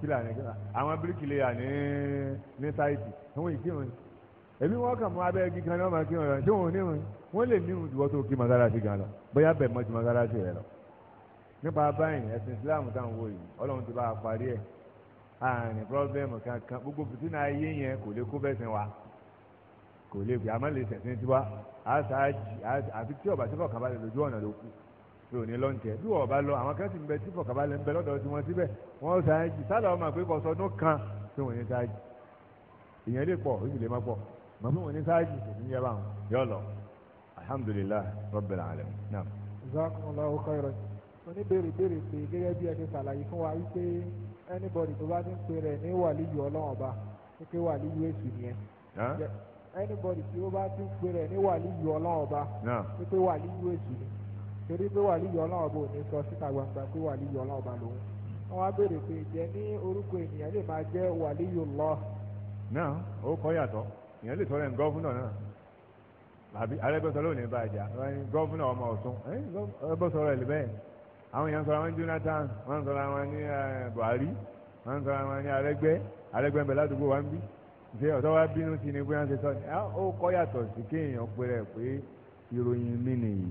kílà ní kílà àwọn bíríkìlẹ̀yà ní ní sáìtì àwọn ìkírun èmi wọn kàn mọ abẹ́ igi kan náà máa kírun rẹ̀ ṣé wọn ò ní wọn wọn lè ní ìdúró tó kí mọ́sálásí gan lọ bóyá bẹ̀ mọ́ ju mọ́sálásí rẹ lọ. nípa báyìí ẹ̀sìn Islam táwọn wò yìí Ọlọ́run ti bá a parí ẹ̀ àárín pírọ́blẹ́mù kankan gbogbo fìtínà ayé yẹn kò lè kó bẹ́sẹ̀ wa kò lè gbé àmọ́ lè sẹ̀sìn tiwa àti tí ọ̀bà tí fọ̀kànbalẹ̀ lójú ọ̀nà ló kù pé òní lọ́n tiẹ̀ bí wọ́n bá lọ àwọn kan ń bẹ tí fọkàbalẹ̀ ń bẹ lọ́dọ̀ tí wọ́n síbẹ̀ wọ́n ṣáájì sálà ọmọ pé kọ́ sọdún kan tí wọ́n ní ìyẹn lè pọ̀ ó lè má pọ̀ màmú wọn ní kò ní yẹ bá yọ lọ alhamdulilayi rabbil alamin naam. jazakumullahu khairan oníbèrè béèrè pé gẹ́gẹ́ bí ẹ ti ṣàlàyé fún wa wípé anybody tó bá ti ń pè rẹ̀ ní wàlíyù ọlọ́run ọba wípé wàlíyù èṣù nìyẹn anybody tí ó bá ti ń pè rẹ̀ ní wàlíyù ọlọ́run ọba wípé wàlíyù èṣù nìyẹn torí pé wàlí yọ ọlọ́run ọba ò ní sọ síta gbangba pé wàlí yọ ọlọ́run ọba lòun wọn wá béèrè pé ìjẹ ní orúkọ ènìyàn lè máa jẹ wàlí yọ lọ. náà ó kọ́ yàtọ̀ èèyàn lè sọ̀rọ̀ ẹ̀ gọ́fúnà náà àbí arẹ́gbẹ́sọ lónìí bá jà gọ́fúnà ọmọ ọ̀tún arẹ́gbẹ́sọ̀rọ̀ ẹ̀ lẹ́bẹ̀ẹ́ àwọn èèyàn sọ̀rọ̀ àwọn Jonathan wọ́n sọ̀rọ̀ àwọn ní Buhari wọ́n sọ̀rọ̀ àwọn ní Arẹ́gbẹ́ Arẹ́gbẹ́ ń bẹ ládùúgbò wa ń bí ṣe ọ̀tọ́ wa bínú sí ni bí wọ́n ṣe sọ ni ó kọ́ yàtọ̀ sí kéèyàn pé rẹ̀ pé ìròyìn mi nìyí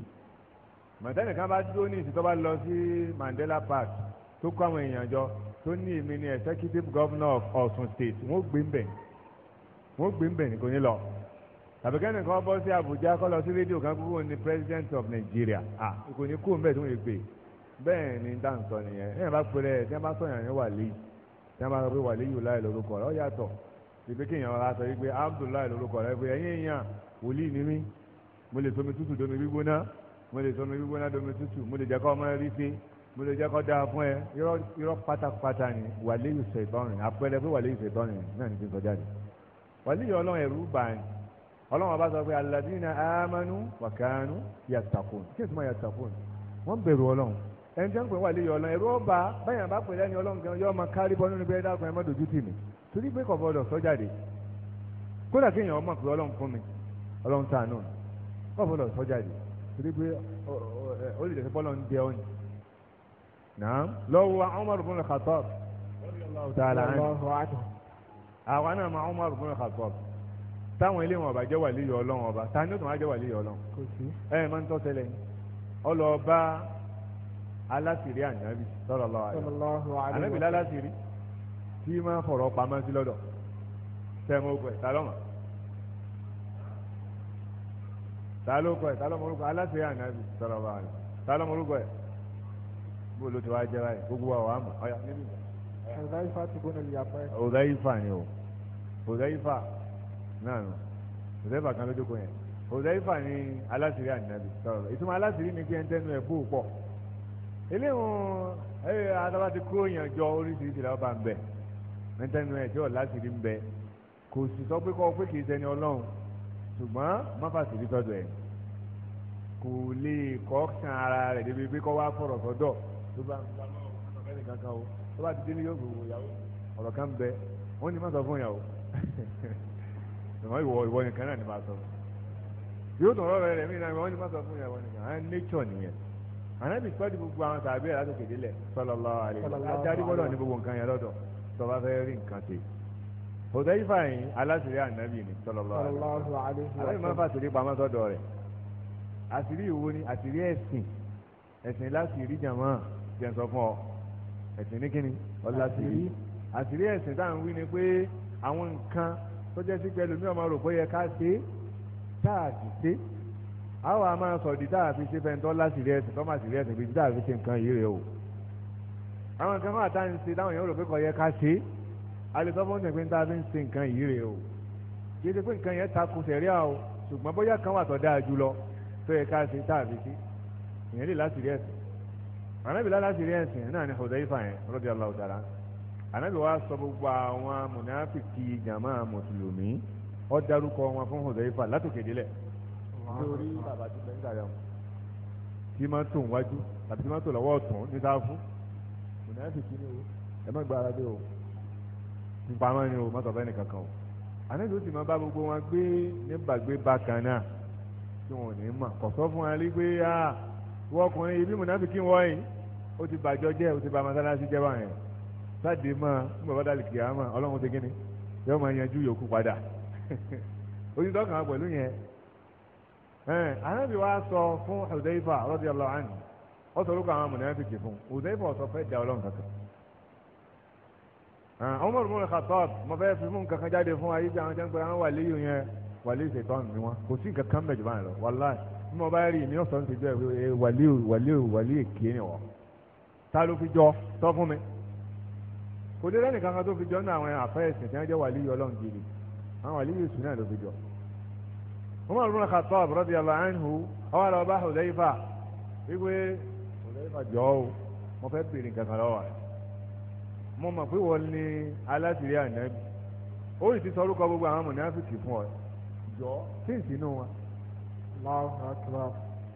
mọ̀tẹ́nì kan bá dúró ní ìsìn tó bá lọ sí Mandela Park tó kọ́ àwọn èèyàn jọ tó ní èmi ní executive governor of Ọ̀ṣun state wọ́n gbé ń bẹ̀ wọ́n gbé ń bẹ̀ ní kò ní lọ tàbí kẹ́ni kan bọ́ sí Àbújá kọ́ lọ sí rédíò kan kúrò ní president of Nigeria ah kò ní kú ń bẹ̀ tó ń gbé bẹ́ẹ̀ ni dá ń sọ nìyẹn ẹ̀yìn bá pẹ́rẹ́ ẹ̀ tí wọ́n bá sọ yàn ní wàlíì tí wọ́n bá sọ pé wàlíì yìí láì lórúkọ rẹ̀ ó yàtọ̀ ìpè kéèyàn ọ̀la sọ wípé Abdullahi lórúkọ rẹ̀ pé ẹ̀yìn èèyàn wòlíì ni mí mo lè somi tútù domi gbígbóná mo lè sọnù gbígbóná domi tútù mo lè jẹ́ kọ́ ọmọ rí sí mo lè jẹ́ kọ́ dáa fún ẹ irọ́ pátápátá ni wàlẹ́ yóò sọ ìbọnrin àpẹẹrẹ pé wàlẹ́ yóò sọ ìbọnrin náà ní ti sọ jáde wàlẹ́ yóò ọlọ́run ẹ̀rú bà ní ọlọ́run ọba sọ pé alladina amanu wa kanu yattaqun kí èsì máa yattaqun wọ́n bẹ̀rù ọlọ́run ẹni tí wọ́n pè wàlẹ́ yóò ọlọ́run ẹ̀rú ọba báyà bá pè lẹ́ni ọlọ́run gan yọ ọmọ kárí bọ́ nínú bẹ́ẹ̀ dákun ẹ torí pé ó lè dẹ̀sẹ̀ bọ́lọ̀ ń jẹ ọ́ ni. naam lọ́wọ́ Umar ibn al-Khattab tààlà ánì àwa náà máa Umar ibn al-Khattab táwọn ilé wọn ọba jẹ́ wàlí yọ ọlọ́run ọba ta ni ó tún wá jẹ́ wàlí yọ ọlọ́run ẹ ẹ máa ń tọ́sẹ̀lẹ̀ ọlọ́ọ̀ba alásìrí ànábì sallallahu alaihi ànábì lálásìrí tí máa fọ̀rọ̀ pamọ́ sí lọ́dọ̀ tẹ́ mo gbẹ̀ lọ́mọ́. ta ló kọ ẹ̀ ta ló morúkọ aláṣẹ ànábì sọ̀rọ̀ bá rẹ̀ ta ló morúkọ ẹ̀ bó ló ti wá jẹ́ báyìí gbogbo wa wà á mọ̀ ọ̀yà níbí. ọ̀dáyífà ti gbóná lè yàpá ẹ̀. ọ̀dáyífà ni o ọ̀dáyífà náà nù ọ̀dáyífà kan ló jókòó yẹn ọ̀dáyífà ni aláṣẹ ànábì sọ̀rọ̀ ìtumọ̀ aláṣẹ ni pé ẹntẹ́nu ẹ̀ bó pọ̀ eléwọn ẹ adaba ti kó yàn jọ oríṣiríṣi làwọn bá ń bẹ ẹntẹ́nu ẹ̀ tí ọ̀ ṣùgbọ́n mọ́fàsì rí tọ́jú ẹ̀ kò lè kọ́ san ara rẹ̀ débi pé kọ́ wá fọ̀rọ̀ sọ́dọ̀ tó bá ń bá ọ̀rọ̀ ẹnì kankan o tó bá ti délé yóò gbòòrò ìyàwó ọ̀rọ̀ kan bẹ wọ́n ní má sọ fún ìyàwó ìmọ̀ <laughs> ìwọ ìwọ nìkan náà ni má sọ yóò tàn ọ̀rọ̀ rẹ̀ mí náà wọ́n ní má sọ fún ìyàwó nìkan àwọn nature nìyẹn ànábì sọ́ọ́dì gbogbo àwọn tàbí ẹ̀ látòkè délẹ̀ sallallahu alaihi wasallam adarí gbọ́dọ̀ ní gbogbo nǹkan yẹn lọ́dọ̀ tó bá fẹ́ rí nǹkan ṣe Hudayfa yìí aláṣìírí ànábì ni sallallahu alaihi wasallam aláṣìírí máa ń fàṣírí pamọ́ sọ́dọ̀ rẹ̀ àṣírí ìwo ni àṣírí ẹ̀sìn ẹ̀sìn láṣìírí jàmọ́ jẹ́ sọ fún ọ ẹ̀sìn ní kíni ọláṣìírí àṣírí ẹ̀sìn táà ń wí ni pé àwọn nǹkan tó jẹ́ sí pẹ̀lú mi ọmọ rò pé yẹ ká ṣe táà sì ṣe àwọn a máa sọ̀dí táà fi ṣe fẹ́ntọ́ láṣìírí ẹ̀sìn tọ́ máa ṣìírí ẹ̀sìn fi táà fi ṣe nǹkan yìí rẹ̀ o àwọn nǹkan máa tá à ń ṣe táwọn èèyàn rò pé kò yẹ ká ṣe alẹ́sọ́fọ́nsẹ̀ pé níta fi ń ṣe nǹkan yìí rè o yéde pé nǹkan yẹn takò sẹ̀ríà o ṣùgbọ́n bóyá kan wà tó dáa jù lọ tó yẹ ká ṣe tá a fi sí ìyẹn lè láti rí ẹ̀sìn ànábì láti rí ẹ̀sìn náà ni Hudayfa yẹn radiyallahu ta'ala ànábì wa sọ gbogbo àwọn mùnàfìkì jàmá mùsùlùmí ó dárúkọ wọn fún Hudayfa látòkè délẹ̀ nítorí bàbá ti bẹ́ẹ̀ sàrẹ̀ wọn pípamọ́ ni o mọ́tò fẹ́ẹ́ nìkan kan o àníbi ó sì máa bá gbogbo wọn gbé nígbàgbé bákan náà tí wọn ò ní mọ̀ kò sọ fún wọn rí pé a wọ́n ọkùnrin ibi mùnàfíkì wọ́n yìí ó ti bàjọ́ jẹ́ ó ti ba mọ́sálásí jẹ́ báyẹn sáde mọ́ ní bàbá dàlí kìá mọ́ ọlọ́run ti gíní yóò máa yanjú yòókù padà <laughs> onítọ́ kan pẹ̀lú yẹn àníbi wa sọ fún Hudayfa radiyallahu anhu ó sọ lóko àwọn mùnàfíkì fún Hudayfa sọ fẹ́ da ọlọ́run kankan Umar ibn Khattab mo fẹ́ fi mú nǹkan kan jáde fún wa yìí bí àwọn jẹ́ ń pẹ́ra wọn wà léyìn yẹn wàlíì ṣètọ́nù ni wọn kò sí nǹkan kan bẹ̀ jù báyìí lọ wàláì bí mo bá rí i ní ọ̀sán ti jọ ẹ wàlíì wàlíì wàlíì èké ni wọ́n ta ló fi jọ tọ́ fún mi kò dé lẹ́nu kankan tó fi jọ ní àwọn àfẹ́sìn tí wọ́n jẹ́ wàlíì ọlọ́run gidi àwọn wàlíì yìí sùn náà ló fi jọ. Umar ibn Khattab radiyallahu anhu ọwọ́ àlọ́ mo mọ̀ pé wọ́n ní alátìrí ànábì ó sì ti sọ orúkọ gbogbo àwọn mọ̀nàfíìsì fún ọ jọ sí ìsinú wọn. láwọn àtúrà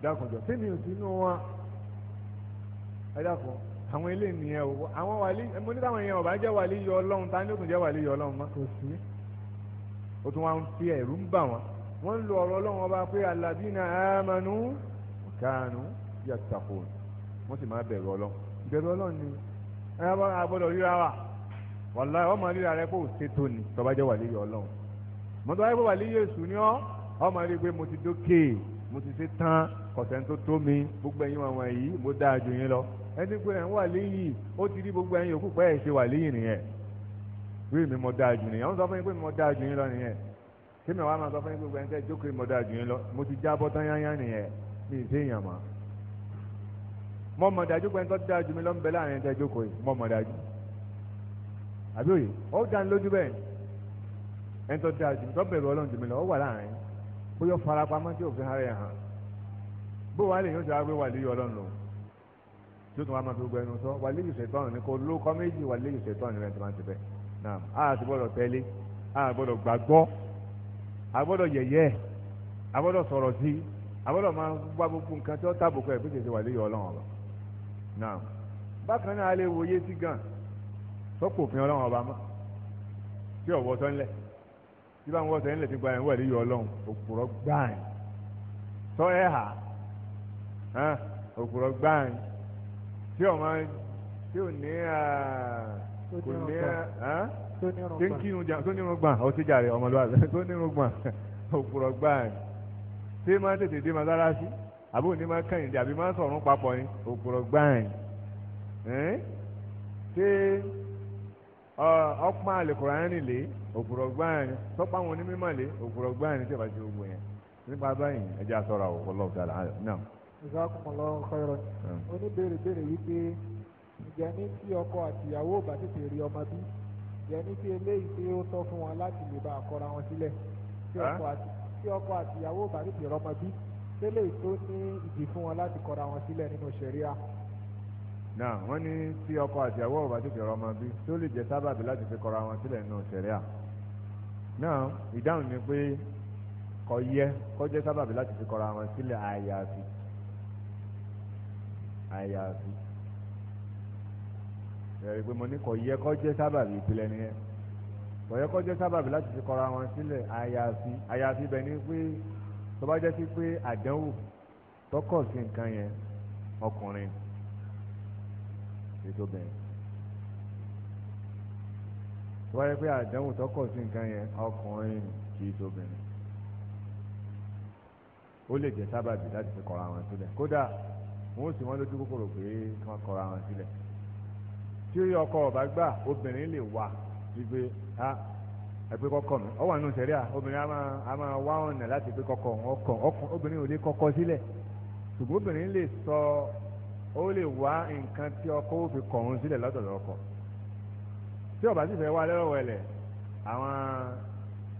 dákunjọ sí mi ò sínú wọn ẹ dákun àwọn ilé nìyẹn o àwọn wàlí mo ní táwọn èèyàn ọba jẹ́ wàlí yọ ọlọ́run ta ni ó tún jẹ́ wàlí yọ ọlọ́run mọ́. kò sí. ó tún wá ń fi ẹ̀rú ń bà wọ́n wọ́n ń lo ọ̀rọ̀ ọlọ́run ọba pé alladina amanu kanu yattaqun wọ́n sì máa bẹ̀rù ọlọ́run bẹ̀rù ọlọ́run ni ẹ bá agbọ́dọ̀ ríra wa wàlá ọmọ ríra rẹ kó o ṣe tó ni tọ́ba jẹ́ wàlíyé ọlọ́run mọ́tò wáyé pé wàlíyé èṣù ni ọ́ ọmọ rí i pé mo ti dókè mo ti ṣe tán kọ̀sẹ̀ tó tó mi gbogbo ẹ̀yin wọn wọ̀nyí mo dáa ju yín lọ ẹni pé ẹ̀ ń wàlíyì ó ti rí gbogbo ẹ̀yin òkú pẹ́ ẹ̀ ṣe wàlíyì nìyẹn wí mi mo dáa ju nìyẹn ó sọ fún yín pé mo dáa ju yín lọ nìyẹn kí mi wàá máa sọ fún yín pé gbogbo ẹ̀yin tẹ́ jókòó mo dáa ju yín lọ mo ti jábọ́ tán yányá nìyẹn mi ì mo mọ̀ dájú pé ń tọ́ dájú mi lọ́nbẹ̀ láàrin ẹ̀ńtẹ́ jókòó yìí mo mọ̀ dájú àbí òye ó dá ní lójú bẹ́ẹ̀ ẹni tó dáa jùlọ tó bẹ̀rù ọlọ́run jùlọ ó wà láàrin bóyá farapamọ́ tí òfin ara ẹ̀ hàn bó wàá lè yóò ṣe wáwé wà léyìí ọlọ́run lòun tí ó tún wá máa fi gbogbo ẹnu sọ wà léyìí ṣètọ́nù ní kó ló kọ́ méjì wà léyìí ṣètọ́nù rẹ̀ tó máa ti bẹ̀ a ti gbọ́dọ̀ a gbọ́dọ̀ gbàgbọ́ a gbọ́dọ̀ yẹ̀yẹ́ a gbọ́dọ̀ sọ̀rọ̀ a gbọ́dọ̀ máa wá gbogbo nǹkan tí ó náà bákan náà a lè wòye sí gan sọ́pọ̀ òfin ọlọ́run ọba mọ́ tí ọ̀wọ́ sọ́nlẹ̀ tí bá ń wọ́ sọ́nlẹ̀ tí gba ẹ̀ ń wẹ̀lẹ́ yọ ọlọ́run òpùrọ̀ gbáàyìn sọ ẹ̀ hà òpùrọ̀ gbáàyìn tí ọ̀ máa tí ò ní kò ní tí ń kírun jà tó nírun gbà ọtí jàre ọmọlúwàbí <laughs> tó nírun gbà <laughs> òpùrọ̀ gbáàyìn tí máa tètè dé masalasi àbí òní máa kàn yín dé àbí máa sọ̀rọ̀ papọ̀ ni òpùrọ̀ gbáàn ṣé ọpọ́n àlèkùránì lé òpùrọ̀ gbáàn tọ́pọ̀ àwọn onímọ̀ lé òpùrọ̀ gbáàn tí a bá ti gbogbo yẹn nípa báyìí ẹ jẹ́ àsọ̀rọ̀ àwọn ọ̀pọ̀lọpọ̀ tí a là ń náà. ìsàkùnmọ̀lọ́ ọ̀kọ́rọ̀ oníbèrè béèrè wípé ǹjẹ́ ní tí ọkọ àtìyàwó bá tètè rí ọmọ bí ní tí ọkọ àtìyàwó tẹ́lẹ̀ tó ní ìdí fún wọn láti kọra wọn sílẹ̀ nínú ṣẹ̀ríà. náà wọ́n ní tí ọkọ àti ìyàwó ọ̀bá tó fẹ́ràn ọmọ bí tó lè jẹ́ sábàbí láti fi kọra wọn sílẹ̀ nínú ṣẹ̀ríà. náà ìdáhùn ni pé kò yẹ kó jẹ́ sábàbí láti fi kọra wọn sílẹ̀ àyàfi àyàfi ẹ̀rí pé mo ní kò yẹ kó jẹ́ sábàbí ìpìlẹ̀ nìyẹn kò yẹ kó jẹ́ sábàbí láti fi kọra wọn sílẹ̀ àyàfi àyàfi bẹ̀ ni pé tó bá jẹ́ sí pé àdánwò tọkọ̀ sí nǹkan yẹn ọkùnrin ètò obìnrin tó bá jẹ́ pé àdánwò tọkọ̀ sí nǹkan yẹn ọkùnrin kì í tóbìnrin ó lè jẹ́ sábàbí láti fi kọ̀ra wọn sílẹ̀ kódà wọn ó sì wọ́n lójú kòkòrò pé kí wọ́n kọ̀ra wọn sílẹ̀ tí ọkọ ọba gbà obìnrin lè wà wípé ah ẹgbẹ́ kọ́kọ́ mi ọwọ́ àánú sẹ́rí à obìnrin a máa wá ọ̀nà láti gbé kọ́kọ́ ọkọ̀ ọkùn obìnrin ò lè kọ́kọ́ sílẹ̀ ṣùgbọ́n obìnrin lè sọ ó lè wá nǹkan tí ọkọ ó fi kọ̀ ọ́n sílẹ̀ lọ́dọ̀ lọ́kọ tí ọba sì fẹ́ wá lẹ́rọ̀ wẹ̀lẹ̀ àwọn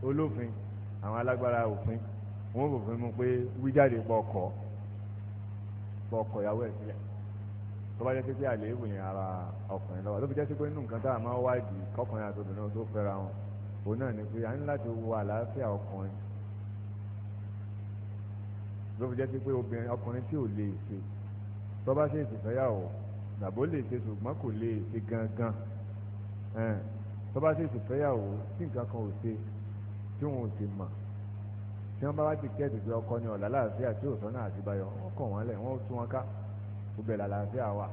olófin àwọn alágbára òfin wọn kò fún mi pé wíjáde pọ̀ ọkọ̀ pọ̀ ọkọ̀ ìyàwó ẹ̀ sílẹ̀ tó bá jẹ́ pé àléébù yẹn ara ọkùnrin lọ́wọ́ ló a máa wá ìdí kọkùnrin àti obìnrin tó fẹ́ra òun náà ni pé a ní láti wo àlàáfíà ọkùnrin ló fi jẹ́ sí pé obìnrin ọkùnrin tí ò lè ṣe tó bá ṣe ìsìfẹ́yàwó tàbó lè ṣe ṣùgbọ́n kò lè ṣe gangan tó bá ṣe ìsìfẹ́yàwó tí nǹkan kan ò ṣe tí wọn ò sì mọ̀ tí wọ́n bá wá ti kẹ́ẹ̀tì pé ọkọ ni ọ̀la láàfíà tí òsán náà àti bayọ̀ wọ́n kàn wọ́n lẹ̀ wọ́n tún wọn ká gbogbo ẹ̀ làlàáfíà wà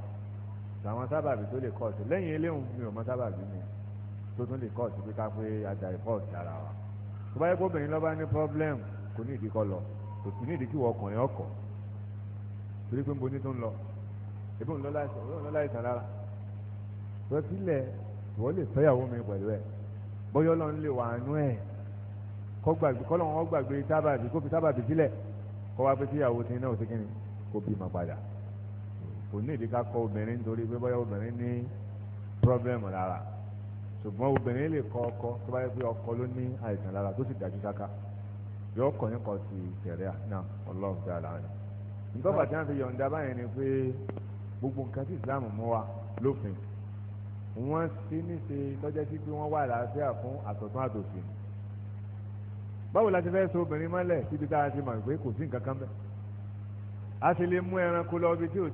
làwọn sábàbí tó lè kọ́ ọ̀sẹ̀ lẹ́yìn eléhùn mi ò mọ sábàbí mi tó tún lè kọ́ ọ̀sì pé ká pé ada ìfọ́ọ̀sì ara wa tó bá yẹ kó obìnrin lọ́ba ní problem kò ní ìdí kọ́ lọ kò sì ní ìdí kí wọ́n ọkùnrin ọkọ̀ torí pé nbo ní tó ń lọ ebi òun lọ́la ìsàn lára tó sílẹ̀ wọ́n lè fẹ́yàwó mi pẹ̀lú ẹ̀ bóyá ọlọ́run lè wà ánú ẹ̀ kọ́lọ́run gbàgbé tábàbí kó fi tábàbí sílẹ̀ kọ́ wá pé síyàwó ti náà ṣe kíni kó bímọ padà kò ní ìdí ká kọ́ obìnrin nítorí pé bóyá obìnrin ní pírọ́blẹ́mù lára ṣùgbọ́n obìnrin lè kọ ọkọ tó bá yẹ pé ọkọ ló ní àìsàn lára tó sì dájú ṣáká yóò kọ ní kan ti tẹ̀rẹ́ náà ọlọ́run dá ara rẹ̀ nítorí àti àfi yọ̀ǹda báyẹn ni pé gbogbo nǹkan tí Islam mú wa lófin wọ́n ti ní ṣe tọ́jẹ́ sí pé wọ́n wà láàáfíà fún àtọ̀tún àtòsìn báwo la ti fẹ́ so obìnrin mọ́lẹ̀ síbi tá a ti mọ̀ pé kò sí nǹkan kan bẹ́ẹ̀ a ti lè mú ẹranko lọ ibi tí ò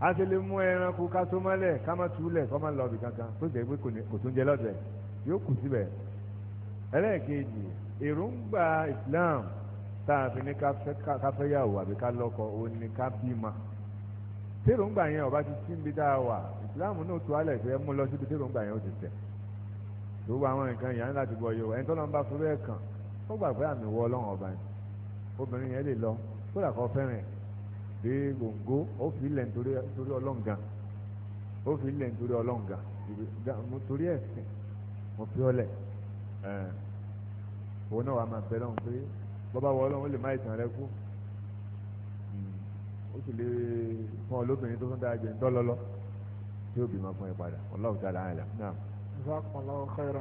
a ti lè mú ẹranko ká tó mọ́lẹ̀ ká má túlẹ̀ kọ́ má lọ́ọ̀bì kankan tó jẹ́ pé kò tó ń jẹ lọ́dẹ̀ yóò kù síbẹ̀ ẹlẹ́ẹ̀kejì èròǹgbà Islam tá a fi ní ká fẹ́ yàwó àbí ká lọ́kọ òun ni ká bímọ tèròǹgbà yẹn ọba ti tí ń bi dáa wà Islam náà tó alẹ̀ fẹ́ mú lọ síbi tèròǹgbà yẹn ó ti tẹ̀ tó bá àwọn nǹkan yẹn láti gbọ́ yòó ẹni tó lọ́n bá fúrẹ́ kàn ó gbà àmì wọ ọlọ́run ọba yẹn dé gbòǹgó ó fi ilẹ̀ nítorí ọlọ́ǹga ó fi ilẹ̀ nítorí ọlọ́ǹga mo torí ẹ̀sìn mo fi ọlẹ̀ òun náà wà máa bẹ lọ́hùn pé bọ́bá wọ ọlọ́run ó lè má ìtàn rẹ kú hmm. ó sì lè fún ọ lóbìnrin tó tún dáa jẹ ńdọ́lọ́lọ́ tí ó bímọ fún ẹ padà ọlọ́run tá a dáhà ẹ̀ náà. ìfọ̀kànlọ́ kẹ́rọ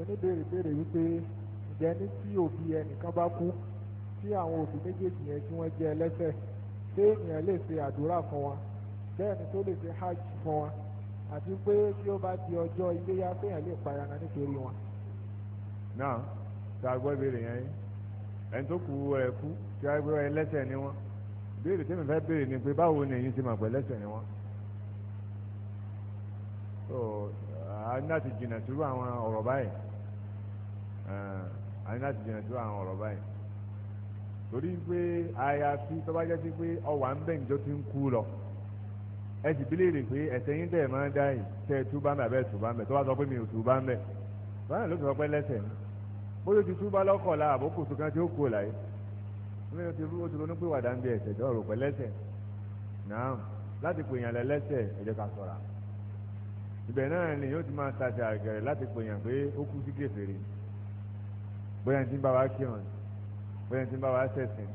oníbèrè béèrè wípé ǹjẹ́ ní tí òbí ẹnìkan bá kú tí àwọn òbí méjèèjì yẹn tí wọ́n jẹ́ ẹlẹ́ṣẹ̀ pé èèyàn lè ṣe àdúrà fún wa bẹ́ẹ̀ ni tó lè ṣe hajj fún wa àti pé tí ó bá di ọjọ́ iléyá péèyàn lè payana nítorí wọn. náà tá a gbọ́ ìbéèrè yẹn yín ẹni tó kú ẹ kú tí a gbọ́ ẹlẹ́ṣẹ̀ ni wọ́n béèrè tí mi fẹ́ béèrè ni pé báwo ni èyí ti mọ̀ pé ẹlẹ́ṣẹ̀ ni wọ́n. so a ní láti jìnnà sírú àwọn ọ̀rọ̀ báyìí a ní láti jìnnà sírú àwọn ọ̀rọ̀ báyìí torí pé àyàfi tó bá jẹ́ sí pé ọwà ń bẹ̀ níjọ́ ti ń kú lọ ẹ sì bí léèrè pé ẹ̀ṣẹ̀ yín tẹ̀ máa ń dá yìí tẹ́ ẹ túbá ń bẹ̀ abẹ́ túbá ń bẹ̀ tó bá sọ pé mi ò túbá ń bẹ̀ báyìí ló sọ pé lẹ́ṣẹ̀ ni bóyá ti túbá lọ́kọ̀ la àbókò tó kan tí ó kú ò láyé lóyún ti rú ó ti ronú pé wàdà ń bẹ ẹ̀ṣẹ̀ tó rò pé lẹ́ṣẹ̀ náà láti pè yàn lẹ́lẹ́ṣẹ̀ ẹ ká ṣọ́ra ibẹ̀ náà ni yóò ti máa tàṣà àgẹ̀rẹ̀ láti pè yàn pé ó kú sí kèfèrí bóyá ti ń bá wa kírun bẹ́ẹ̀ tí ń bá wa ṣẹ̀sìn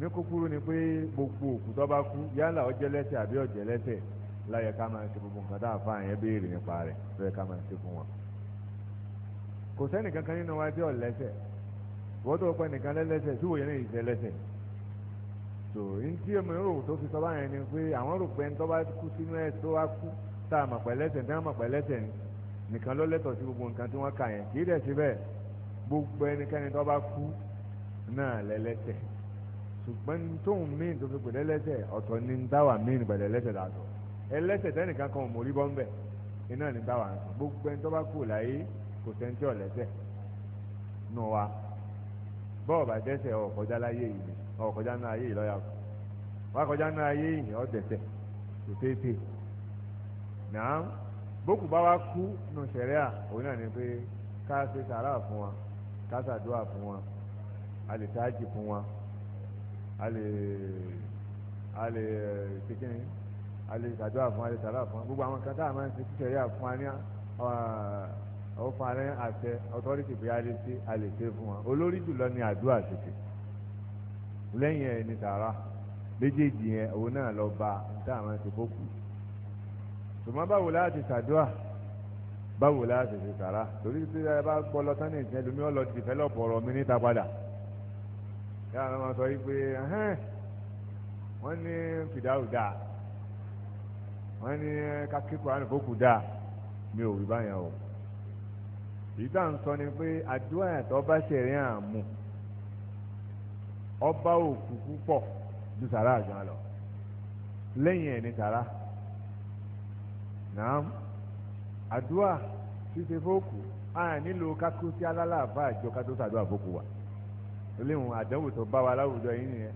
ní kúkúrú ni pé gbogbo òkú tó bá kú yálà ó jẹ́ lẹ́ṣẹ̀ àbí ó jẹ́ lẹ́ṣẹ̀ láyẹ ká máa ṣe gbogbo nǹkan tá a fa àyẹn béèrè nípa rẹ̀ lọ́yẹ ká máa ṣe fún wọn. kò sẹ́ni kankan nínú wa tí ò lẹ́ṣẹ̀ wọ́n tó pẹ́ nìkan lẹ́lẹ́ṣẹ̀ tí wòye ní ìṣẹ́ lẹ́ṣẹ̀ tó ń tí èmi rò tó fi sọ báyẹn ni pé àwọn rò pé ń tọ́ bá kú sínú ẹ̀ tó wá kú tá a mọ̀ pẹ́ lẹ́ṣẹ̀ tí wọ́n náà lẹ́lẹ́ṣẹ̀ ṣùgbọ́n tóun míì tó fi pè lẹ́lẹ́ṣẹ̀ ọ̀tọ̀ ni ń dáwà míì pẹ̀lú ẹlẹ́ṣẹ̀ dàtọ̀ ẹlẹ́ṣẹ̀ tẹ́nìkan kan ò mórí bọ́ ń bẹ̀ iná ni dáwà ń sọ gbogbo ẹni tó bá kù láyé kò sẹ́ńtì ọ̀lẹ́ṣẹ̀ nù wa bọ́ọ̀ bá dẹ́ṣẹ̀ ọ̀kọjá láyé yìí ọ̀kọjá náà ayé yìí lọ́yà wá kọjá náà ayé yìí ọ̀ dẹ́ṣẹ̀ kò tètè náà bókù bá wa kú nù sẹ̀ríà òun náà ni pé ká ṣe sàrà fún wa ká ṣàdúrà fún wa a lè táàjì fún wọn a lè a lè kékeré a lè ṣàdúrà fún a lè sàrà fún gbogbo àwọn kan tá a máa ń ṣe kíkẹrí àfún wa ní ọ fún alẹ́ àtẹ ọtọ́rìtì bí a lè ṣe a wa olórí jùlọ ni àdúrà ṣèṣe lẹ́yìn ẹ̀ ní sàrà méjèèjì yẹn òun náà lọ bá tá a máa ń ṣe fókù ṣùgbọ́n báwo láti ṣàdúrà báwo láti ṣe sàrà torí tí a bá gbọ́ lọ sánà ìṣẹ́ lómi ọ̀ lọ dìfẹ́lọ̀pù ọ̀rọ̀ mi níta padà yàrá wọn sọ wípé wọ́n ní fìdáwù dáa wọ́n ní kakíkọ̀ ànàfọ́kù dáa mi ò rí báyẹn o èyí tá à ń sọ ni pé àdúrà ẹ̀tọ́ bá ṣẹ̀rí àmú ọba òkú púpọ̀ ju sàrà àgbọn lọ lẹ́yìn ẹ̀ ní sàrà náà àdúrà ṣíṣe fóòkù a nílò kákó sí alálàáfà àjọ ká sàdúrà fóòkù wa léwu àdánwò tó bá wa láwùjọ yín nìyẹn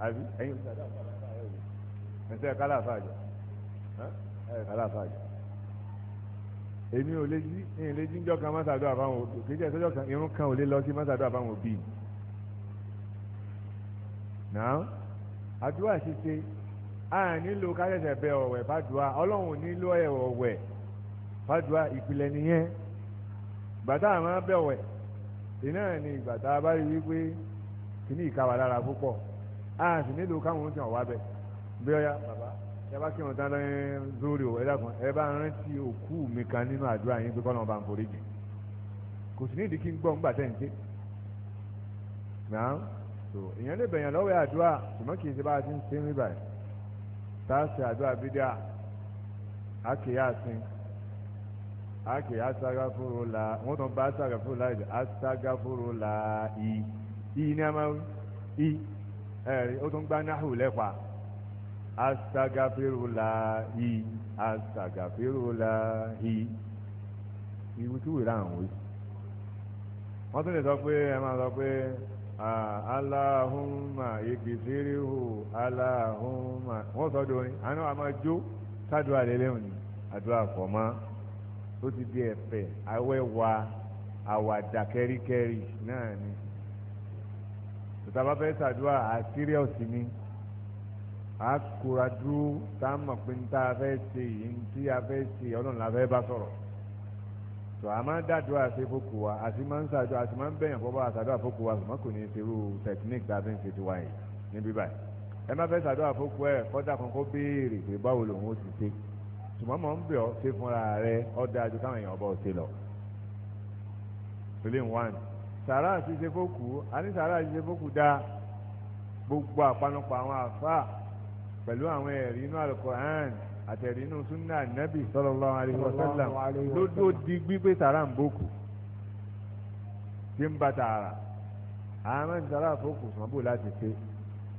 àbí ẹ̀yin ìsàdá àfàlàfà ẹ̀ wò ẹ̀sẹ̀ kálàfà jọ ẹ̀ kálàfà jọ èmi ò lè jí èmi lè jí ń jọ́kan mọ́sàdó àbáwọn òbí kì í jẹ́ sọ́jọ́ kan irun kan ò lè lọ sí mọ́sàdó àbáwọn òbí náà àdúrà ṣíṣe a nílò kárẹ̀sẹ̀ bẹ ọ̀wẹ̀ fàdùà ọlọ́run nílò ẹ̀wọ̀ ọ̀wẹ̀ fàdùà ìpìlẹ̀ nìyẹn gbàtà àmọ́ bẹ̀ ọ̀wẹ̀ iná ni ìgbà tá a bá rí wípé kìíní ìkawà lára púpọ̀ a sì nílò káwọn ti hàn wá bẹ bí ọyá bàbá ẹ bá kí wọn tán lẹ́yìn lórí o ẹ dákun ẹ bá rántí òkú mi kan nínú àdúrà yín pé kọ́nà ọba ń forí jì kò sì nídìí kí n gbọ́ ńgbà tẹ̀ ń so èèyàn lè bẹ̀yàn lọ́wọ́ àdúrà ṣùgbọ́n kì í ṣe bá a ti ń ṣe rí báyìí tá a ṣe àdúrà bídíà á kì í yá àkè asagafurula wọ́n tún bá asagafurula yìí asagafurula i i ní a máa i ẹ̀rí ó tún gbá náhù lẹ́pa asagafurula i asagafurula i ìwú tí wìrà àwọn wí. wọ́n tún lè sọ pé ẹ e máa sọ pé aláhùnmá ìgbìfìrìhù aláhùnmá wọ́n sọ dorin àná àmọ́ jó sádùá lélẹ́wọ̀n ni àdúrà fọ̀ máa ó ti di ẹ̀fẹ̀ awẹ́wà àwàdà kẹ́ríkẹ́rí náà ni tòtàbá fẹ́ ṣàdúrà àṣírí ọ̀sìn ni tá a mọ̀ pé níta a fẹ́ ṣe yìí ntí a fẹ́ ṣe ọlọ́run la bá sọ̀rọ̀ tó a máa dàdúrà ṣe fókù wa a sì máa ń ṣàdúrà a sì máa ń bẹ̀yàn fọ́ bá a ṣàdúrà fókù wa ṣùgbọ́n kò ní í ṣerú technique tá a fi ń ṣe tiwa yìí níbí báyìí ẹ má fẹ́ ṣàdúrà fókù ẹ kọ́dà kan kó béèrè pé báwo lòun ó ti ṣe ṣùgbọ́n mọ̀ ń bẹ̀ ọ́ ṣe fúnra rẹ ọ́ dájú káwọn èèyàn bọ̀ ṣe lọ. Fílíìn one sàrà àti ṣefókù àní sàrà àti ṣefókù dá gbogbo àpanupọ̀ àwọn àfa pẹ̀lú àwọn ẹ̀rí inú Al-Qur'an àtẹ̀rí inú súnà nẹ́bì sallallahu alaihi wasallam lójú ó di gbígbé sàrà ń bòkù tí ń bá tààrà àwọn mẹ́rin sàrà àfókù sàn bò láti ṣe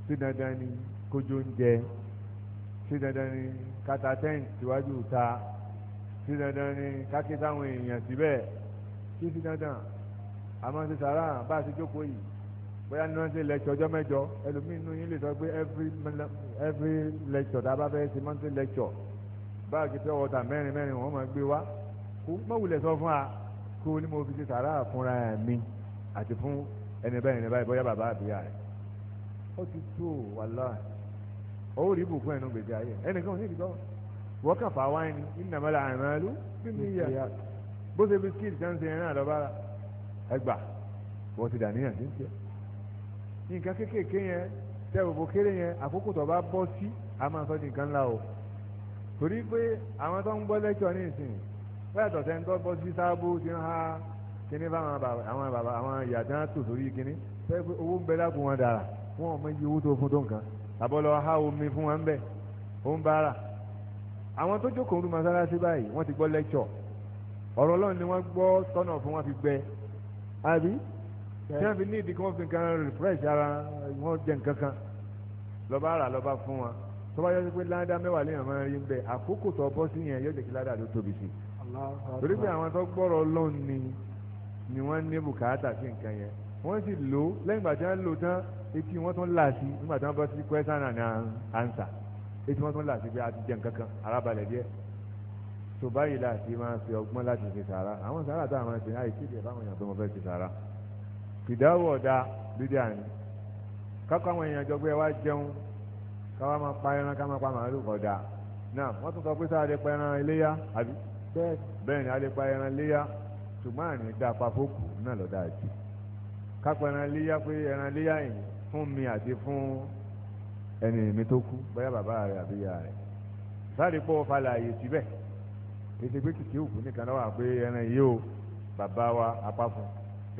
sí dandan ni kójú ń jẹ sí dandan ni kata tẹ́ǹtì síwájú ta sí dandan ni kákí táwọn èèyàn síbẹ̀ kí sí dandan àmọ́ ti sàrà bá a ti jókòó yìí bóyá ní wọ́n ti lẹ́kṣọ̀ ọjọ́ mẹ́jọ ẹlòmíín nínú yín lè sọ pé every every lecture tá a bá fẹ́ ṣe monthly lecture báàgì pé ọ̀tà mẹ́rin mẹ́rin wọ́n máa gbé wá kó mọ̀wulẹ̀ sọ fún wa kó ní mo fi ṣe sàrà fúnra mi àti fún ẹni bẹ́ẹ̀ ni báyìí bóyá bàbá àbíyá rẹ̀ ó ti tó wàláhì ó rí bùkún ẹnu gbèsè ayé ẹnìkan ò ní ìdíkọ́ wọ́n kàn fà wáyé ni ìnàmọ́lá àmàlú bí mi yà bó ṣe bisikíìtì tán ṣe ẹran àlọ́bára ẹgbà wọ́n ti dà níyàn sí ń tiẹ̀ nǹkan kéékèèké yẹn tẹ òbò kéré yẹn àkókò tó bá bọ́ sí a máa sọ di nǹkan ńlá o torí pé àwọn tó ń gbọ́ lẹ́kọ̀ọ́ ní ìsìn bẹ́ẹ̀ tọ̀sẹ̀ ń tọ́ bọ́ sí sáàbù ti ń ha kíní fáwọn bàbá àwọn bàbá àwọn ìyá tí wọ́n tò sórí kíní fẹ́ẹ́ wọn dára wọn ò mọ iye owó àbọ̀lọ́ ha omi fún wa ń bẹ̀ ó ń bára àwọn tó jókòó ní masalasi báyìí wọ́n ti gbọ́ lẹ́kṣọ̀ ọ̀rọ̀ ọlọ́run ni wọ́n gbọ́ tọ́nà fún wọn fi gbẹ àbí tí wọ́n fi ní ìdí kí wọ́n fi nǹkan refresh ara wọn jẹ nǹkan kan lọ́ba ara lọ́ba fún wa tọ́ba yọ sí pé ládá mẹ́wàá lèèyàn máa rí ń bẹ àkókò tó bọ́ sí yẹn yóò jẹ́ kí ládá ló tóbi sí i torí pé àwọn tó gbọ́rọ̀ ọlọ́run ni ni wọ́n ní bùkátà sí nǹkan yẹn wọ́n sì lò ó lẹ́yìn ìgbà tí wọ́n lò tán etí wọ́n tún là sí nígbà tí wọ́n bá sí question and answer etí wọ́n tún là sí pé a ti jẹ nǹkan kan arábalẹ̀ díẹ̀ tó báyìí láti máa fi ọgbọ́n láti fi sàrà àwọn sàrà tá a máa ṣe láì kéde báwọn èèyàn tó mọ fẹ́ fi sàrà fìdáwọ̀ ọ̀dà bídíà ni kákọ́ àwọn èèyàn jọ pé ẹ wá jẹun káwá máa pa ẹran ká máa pa màálù ọ̀dà náà wọ́n tún sọ pé sáà lè pa ẹran iléyà àbí bẹ́ẹ̀ ni a lè pa ẹran iléyà ṣùgbọ́n àní dáa pa fókù náà lọ́dà jù kápẹ́ ẹran léyà pé ẹran léyà yìí fún mi àti fún ẹni mi tó kú bóyá bàbá rẹ àbí ìyá rẹ sáré pọ̀ falẹ̀ àyè síbẹ̀ ètò pé kìkì òkú nìkan náà wà pé ẹran yìí o bàbá wa apá fún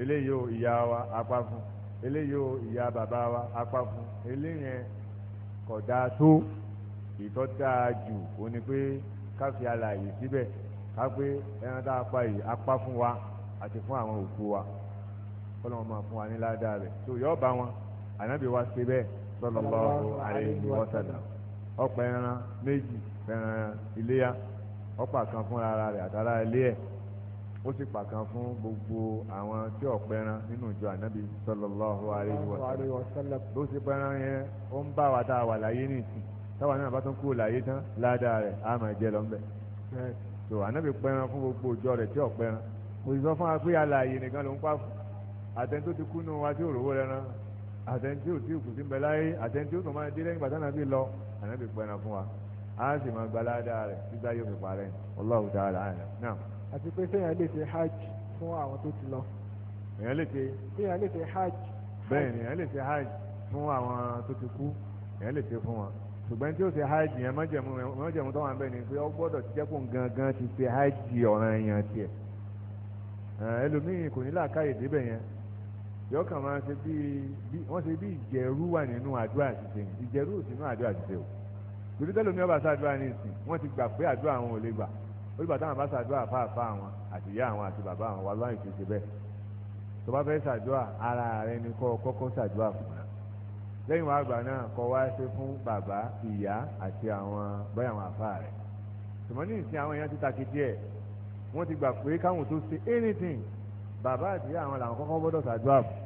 eléyìí o ìyá wa apá fún eléyìí o ìyá bàbá wa apá fún eléyìí kódà tó ìtọ́ dáa jù ó ní pé ká fi alàyè síbẹ̀ ká pé tá a pa yìí apá fún wa àti fún àwọn òkú wa. kọ́lọ́mọ máa fún wa ní ládàá rẹ̀ tó yọ ọba wọn ànábì wa ṣe bẹ́ẹ̀ sallallahu alayhi wa meji ọ̀pọ̀ ẹran méjì ẹran kan fún ara rẹ̀ àtàrà ilé ẹ̀ ó sì fún gbogbo àwọn tí ẹran nínú ìjọ ànábì sallallahu alayhi ẹran yẹn ó ń bá wa tá a wà láyé táwa náà bá tún láyé tán ládàá á máa jẹ gbogbo ìjọ rẹ tí ẹran kò sì sọ fún àtẹni tó ti kú nù wa tí ò rówó lẹ́ran àtẹni tí ò tí ò kù sí mbẹ́lá yé àtẹni tí ó tó máa dé lẹ́yìn bàtà náà bí lọ ànábì pẹ̀ràn fún wa a sì máa gba aládàá rẹ̀ gbígbá yóò fi parẹ́ Allahu ta'ala a'lam náà. àti pé sẹ́yìn lè ṣe hajj fún àwọn tó ti lọ. èèyàn lè ṣe. sẹ́yìn lè ṣe hajj. bẹ́ẹ̀ ni èèyàn lè ṣe hajj fún àwọn tó ti kú èèyàn lè ṣe fún wọn ṣùgbọ́n tí ó ṣe hajj yẹn májẹ̀mú tó wà bẹ́ẹ̀ ni pé ó gbọ́dọ̀ ti jẹ́kùn gangan ti ṣe hajj ọ̀ràn yẹn tiẹ̀ ẹlòmíì kò ní làákàyè débẹ̀ yẹn yọ kàn máa ṣe bí wọ́n ṣe bí ìjẹ̀rú wà nínú àdúrà ṣiṣẹ́ ìjẹ̀rú ò sí nínú àdúrà ṣiṣẹ́ o torí tẹ́lẹ̀ omi ọba ṣàdúrà ní ìsìn wọ́n ti gbà pé àdúrà àwọn ò lè gbà olùgbà táwọn bá ṣàdúrà fáàfáà àwọn àti ìyá àwọn àti bàbá àwọn wà lọ́wọ́ ìṣèṣe bẹ́ẹ̀ tó bá fẹ́ ṣàdúrà ara rẹ ni kọ́ kọ́kọ́ ṣàdúrà fún un lẹ́yìn wàá gbà náà kọ́ wá ṣe fún bàbá ìyá àti àwọn báyà àwọn àfáà rẹ̀ tùmọ̀ ní ìsìn àwọn èèyàn ti takidí ẹ̀ wọ́n ti gbà pé káwọn tó ṣe anything bàbá àti àwọn làwọn kọ́kọ́ gbọ́dọ̀ ṣàdúrà fún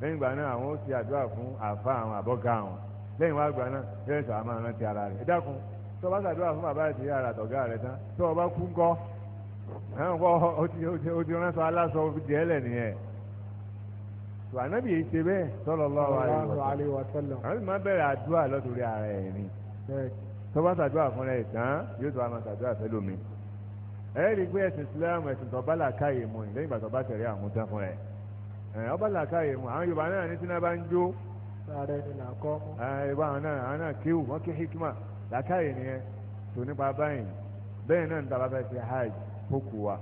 lẹ́yìn ìgbà náà àwọn ó ṣe àdúrà fún àfa àwọn àbọ̀gá àwọn lẹ́yìn wá gbà náà yóò sọ àmọ́ àrántí ara rẹ̀ ẹ dákun tó o bá ṣàdúrà fún bàbá àti ara àtọ̀gá rẹ̀ tán tó o bá kú ńkọ́ o ti ránṣọ aláṣọ díẹ̀ lẹ̀ nìyẹn tó ànábì yìí ṣe bẹ́ẹ̀ sallallahu alaihi wasallam ànábì máa bẹ̀rẹ̀ àdúrà lọ́tòrí ara ẹ̀ ni tó o bá ṣàdúrà fún rẹ̀ tán yóò tó àmọ́ ṣàdúrà fẹ́ lómi. ẹ̀rí pé ẹ̀sìn Islam ẹ̀sìn tó bá làákàyè mu ní lẹ́yìn ìgbà bá tẹ̀lé àwọn tán fún ẹ̀ ẹ̀ ọba làákàyè mu àwọn Yorùbá náà ní tí bá ń jó. sáré ni là kọ́ mú. ẹ àwọn náà àwọn náà kéwù hikima làákàyè nìyẹn tó nípa báyìí bẹ́ẹ̀ náà níta bá fẹ́ ṣe hajj fókù wa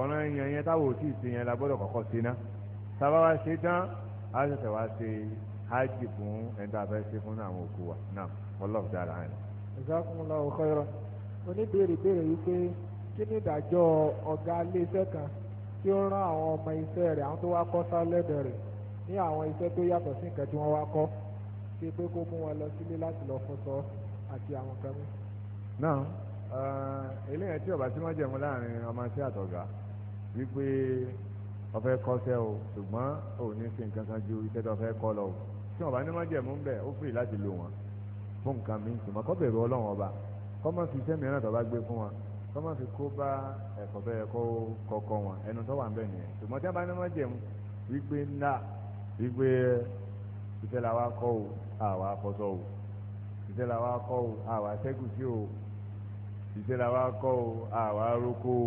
ọ̀nà èèyàn yẹn táwọn ò tí ì ṣe yẹn la gbọ́dọ̀ kọ́kọ́ ṣe ná sábà wá ṣe hajj kí ni ìdájọ́ ọ̀gá iléeṣẹ́ kan tí ó rán àwọn ọmọ iṣẹ́ rẹ̀ àwọn tó wá kọ́ sálẹ́dẹ̀ rẹ̀ ní àwọn iṣẹ́ tó yàtọ̀ sí nǹkan tí wọ́n wá kọ́ ṣe pé kó mú wọn lọ sílé láti lọ fún sọ àti àwọn kan mi. náà eh, eléyàn tí ọba tí wọ́n jẹ̀mú láàrin ọmọ sí àtọ̀gá wípé ọfẹ́ kọ́ṣẹ́ o ṣùgbọ́n ò ní ṣe nǹkan kan ju iṣẹ́ tó fẹ́ kọ́ lọ o tí ọba ní wọ́n jẹ̀mú ń bẹ̀ ó fìrì láti lò wọ́n fún nǹkan mi ṣùgbọ́n kó bẹ̀rù ọlọ́run ọba kó má fi iṣẹ́ mìíràn tó bá gbé fún wọn kọ́mọ̀ fi kó bá ẹ̀kọ́ bẹ́ẹ̀ kó wọn ẹnu tó wà ń bẹ̀ nìyẹn ṣùgbọ́n tí a bá ní jẹ̀mú wípé ńlá wípé iṣẹ́ la kọ́ o àwa afọ́sọ́ o iṣẹ́ la kọ́ o o kọ́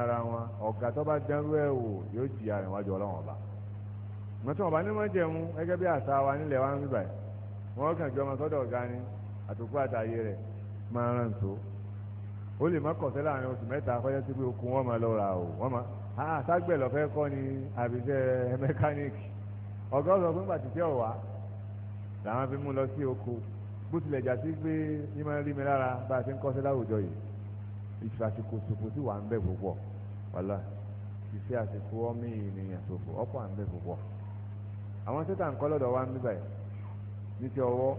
ara wọn ọ̀gá tó bá dánrú ẹ̀ wò yóò ní jẹ̀mú bí àṣà wa nílẹ̀ wa ń wọ́n kàn sọ́dọ̀ ọ̀gá ni àtòkú àtàyè ó lè má kọ̀ọ̀tẹ́ láàrin oṣù mẹ́ta kọjá sí pé okun wọn máa lọ ra o wọn máa ah ságbẹ̀ lọ́fẹ́ kọ́ ni àbíṣẹ́ <laughs> mẹkáníìkì ọ̀gá ọ̀sán fún gbàtìtì ọ̀wá làwọn fi mú lọ sí oko bó tilẹ̀ jà sí pé ní máa rí mi lára bá a ti ń kọ́ṣẹ́ láwùjọ yìí ìfẹ́ àsìkò ṣòfò wà ń bẹ púpọ̀ wàlá ìfẹ́ àsìkò ọmọ ènìyàn ṣòfò ọ̀pọ̀ à ń bẹ púpọ̀ àwọn títà ń kọ́ lọ́dọ̀ wa ń bíbà yìí ní ti ọwọ́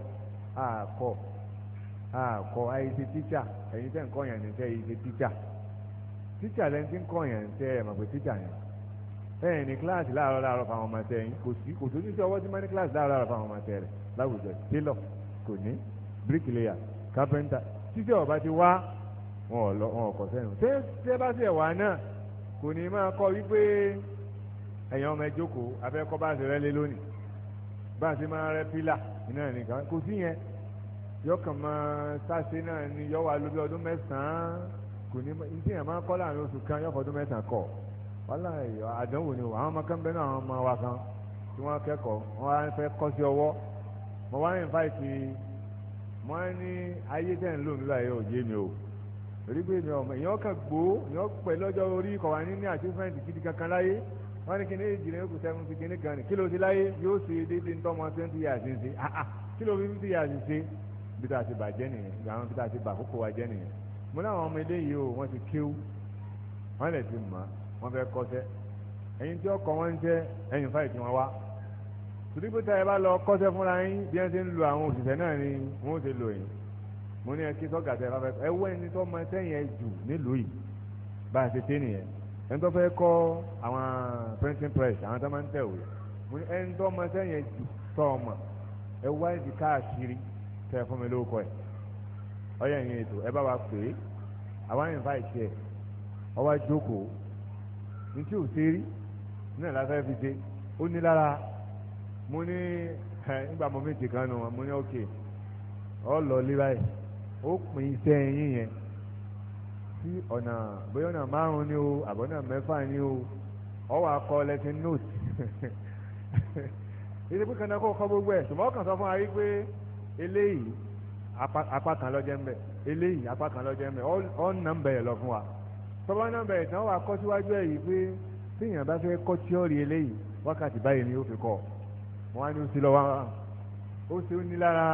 àkọ́ àkọ́ àìsè tíṣà ẹ̀yin tẹ́ ń kọ́ yẹn ní sẹ́ ìṣe tíṣà tíṣà lẹ́ni tí ń kọ́ yẹn ń sẹ́ ẹ̀ mọ̀ pé tíṣà yẹn ẹ̀yìn ní kíláàsì láàárọ̀ láàárọ̀ fáwọn ọmọ ẹsẹ̀ yín kò sí kò tó ní sí ọwọ́ tí máa ní kíláàsì láàárọ̀ láàárọ̀ fáwọn ọmọ ẹsẹ̀ rẹ̀ láwùjọ télọ̀ kò ní bíríkìlẹ̀yà kápẹ́ńtà títí ọ̀bá ti wá wọn ò lọ wọn ò kọ̀ sẹ́nu ṣé ṣé bá ṣe wà náà kò ní máa kọ́ wípé ẹ̀yin ọmọ ẹ abẹ́kọ́ bá ṣe rẹ́ lé lónìí bá ṣe máa rẹ́ pílà iná nìkan kò sí yẹn yọkàn máa sáṣe náà ni yọ wà lóbi ọdún mẹ́sàn-án kò ní ìdí yẹn máa kọ́ láàrin oṣù kan yọkọ̀ ọdún mẹ́sàn-án kọ̀ wàhálà àdánwò ni àwọn ọmọ kan bẹ́ẹ̀ náà àwọn ọmọ wa kan tí wọ́n kẹ́kọ̀ọ́ wọ́n á fẹ́ kọ́ sí ọwọ́ mo wá ní fáìtì mo á ní ayé tẹ̀ ń lò nílò ayé òye mi o torí pé mi ọmọ èèyàn kàn gbó èèyàn pẹ̀ lọ́jọ́ orí kọ̀ wá ní ní achievement gidi kankan láyé wọ́n ní kíní èjì lẹ́yìn kùsẹ́ fún kíní gan ni kí ló ti láyé yóò ṣe déédéé ń tọ́ ọmọ twenty years ń ṣe kí ló fi fifty years ń ṣe bí tá a ti bàjẹ́ nìyẹn ìgbà àwọn bí tá a ti bà àkókò wa jẹ́ nìyẹn mo láwọn ọmọ eléyìí o wọ́n ti kéwú wọ́n lè ti mọ̀ wọ́n fẹ́ kọ́ṣẹ́ ẹ̀yin tí ọkọ̀ wọn ń jẹ́ ẹ̀yin fáyì tí wọ́n wá torí pé tá ẹ bá lọ kọ́ṣẹ́ fúnra yín bí ẹ ti ń lo àwọn òṣìṣẹ́ náà ni wọ́n ti lò yín mo ní ẹ kí sọ́gà tẹ ẹ bá fẹ́ ẹ wọ́ ẹni tó máa sẹ́yìn ẹ jù nílùú yìí bá a ṣe tẹ́ nìyẹn ẹni tó fẹ́ kọ́ àwọn printing press àwọn tó máa ń tẹ̀wé mo ní ẹni tó máa sẹ́yìn ẹ jù tọ́ ọmọ ẹ wá ìdí káàkiri tẹ fún mi lóko ẹ ọyọ ìyẹn ètò ẹ bá wa pè é àwa ń fa ìṣe ẹ ọwọ jókòó ní tí ò ṣe rí ní ẹ̀ lásán fi ṣe ó ní lára mo ní ẹ nígbà mo méje kan nù mo ní òkè ọ lọ lé báyìí ó pín iṣẹ́ yín yẹn sí ọ̀nà bóyá ọ̀nà márùn ni o àbọ̀nà mẹ́fà ni o ọ wà kọ lẹ́sìn nóòtì ìdí pé kankan kọ́ gbogbo ẹ̀ ṣùgbọ́n ọkàn sọ fún wa rí pé. eléyìí apá kan lọ́jẹ́ ń bẹ̀ eléyìí apá kan lọ́jẹ́ ń bẹ̀ ọ́ nọ́mbà yẹn lọ fún wa tọ́ba nọ́mbà yẹn tán wà kọ́ síwájú ẹ̀ yìí pé téèyàn bá fẹ́ kọ́ tíọ́rì eléyìí wákàtí báyìí ni ó fi kọ́ wọn á ní ó ní lára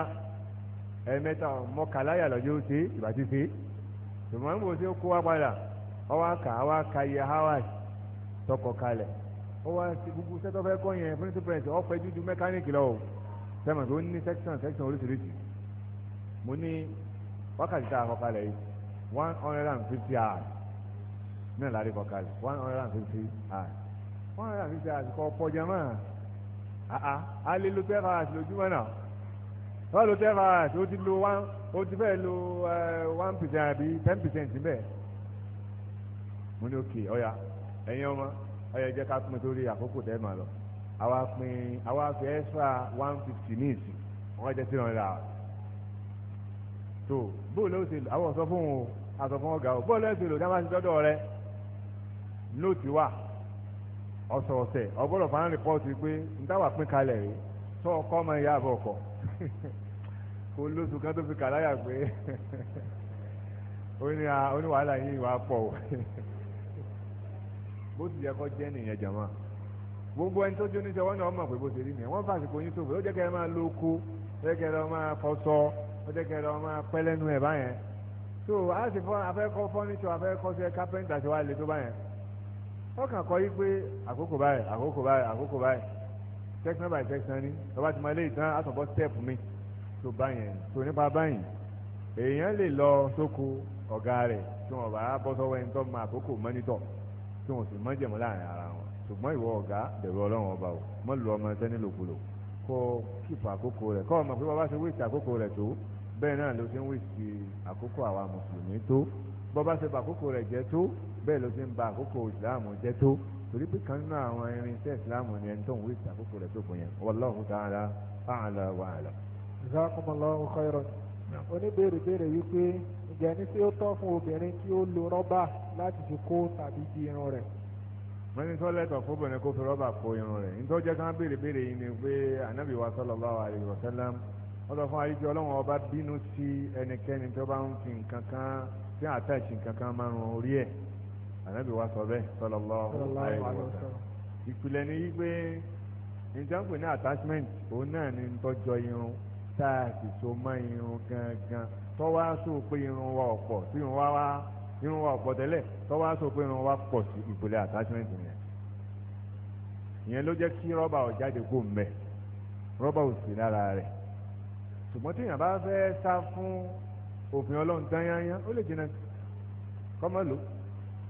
mọ́kàláyà lọ́jọ́ ó ṣe ṣe kó padà ọwọ́ àkà àwọ̀ àkà iye hawaii tọkọ̀ kalẹ̀ gbogbo kọ́ sẹ́mi tó ní section section oríṣiríṣi mo ní wákàtí tá a kọkalẹ̀ yìí one hundred and fifty hours náà láti kọkalẹ̀ one hundred and fifty hours one hundred and fifty hours kọ pọ̀jọ́ mọ́ àá a lè lo twelve hours lójúmọ́ náà wọ́n lo twelve hours ó ti lo one ó ti fẹ́ lo eh, one percent àbí ten percent bẹ́ẹ̀ mo ní òkè ọ̀ya ẹ̀yin ọmọ ọ̀ya jẹ́ ká pín torí àkókò tẹ́ máa lọ. awa pin àwa fi extra one fifty ní wọn jẹ three hundred so bóòlù ló ṣe àwọn sọ fún un àsọ fún ọgá o bóòlù ẹsẹ lò dáhùn àtijọ́ rẹ nóòtù wà ọsọọsẹ ọgbọ́dọ̀ fana rìpọ́ọ̀tì pé n pín sọ ọkọ ọmọ ìyá ọkọ <laughs> lóṣù kan tó fi kà láyà pé <laughs> yìí o <laughs> bó ti yẹ kó nìyẹn gbogbo ẹni tó jó níṣẹ́ wọn náà mọ̀ pé bó ṣe rí nìyẹn wọ́n fàṣìkò yín ṣòfò ó jẹ́ kẹ́ ẹ máa lóko ó jẹ́ kẹ́ ẹ máa fọṣọ ó jẹ́ kẹ́ ẹ máa pẹ́ lẹ́nu ẹ̀ báyẹn so a sì fọ afẹ́kọ́ fọ́níṣọ afẹ́kọ́ sí kápẹ́ńtà ṣe wá lè tó báyẹn ọkàn kọ yí pé àkókò báyìí àkókò báyìí àkókò báyìí section by section ni tọ́ba ti máa lé ìtàn àtọ̀bọ́ step mi tó báyẹn tó nípa báyìí èèyàn lè lọ sóko ọ̀gá rẹ̀ tí wọ́n bá bọ́ sọ́wọ́ ẹni tó máa àkókò mọ́nítọ̀ tí wọ́n sì mọ́jẹ̀mọ́ láàrin ara wọn ṣùgbọ́n ìwọ ọ̀gá bẹ̀rù ọlọ́run ọba o mọ́ lu ọmọ ẹsẹ́ nílòkulò kọ́ kíp àkókò rẹ̀ kọ́ ọmọ pé bàbá ṣe wíìsì àkókò rẹ̀ tó bẹ́ẹ̀ náà ló ti ń wíìsì àkókò àwa mùsùlùmí tó bàbá ṣe bà àkókò rẹ̀ jẹ́ tó bẹ́ẹ̀ ló ti ń ba àkókò ìsìláàmù jẹ́ tó torí pé kan náà àwọn irinṣẹ́ ìsìláàmù ni ẹni tó ń wíìsì àkókò rẹ̀ tó kùn yẹn wallahu ta'ala a'la wa a'la. jazakumullahu wọ́n ní tọ́lẹ́tọ̀ fóbìnrin kó fi rọ́bà po irun rẹ̀ nítorí jẹ́ káwọn béèrè béèrè yìí ni pé ànábì wa sallallahu alaihi wasallam wọ́n sọ fún ayé pé ọlọ́run ọba bínú sí ẹnikẹ́ni tó bá ń fi nǹkan kan tí àtàkì nǹkan kan máa ń orí ẹ̀ ànábì wa sọ bẹ́ẹ̀ sallallahu alaihi wasallam ìpìlẹ̀ ni yí pé nǹkan pè ní attachment òun náà ni tó jọ irun tá a sì so mọ́ irun gangan tó wá sóò irun wa ọ̀pọ̀ tí irun wa wá irun wa ọ̀pọ̀ tẹ́lẹ̀ tọ́wọ́ sọ pé irun wa pọ̀ sí ìpìlẹ̀ attachment yẹn ìyẹn ló jẹ́ kí rọ́bà ò jáde kó mbẹ́ rọ́bà ò sí lára rẹ̀ ṣùgbọ́n tí èèyàn bá fẹ́ sá fún òfin ọlọ́run dányányán ó lè jìnnà kọ́mọ́ lò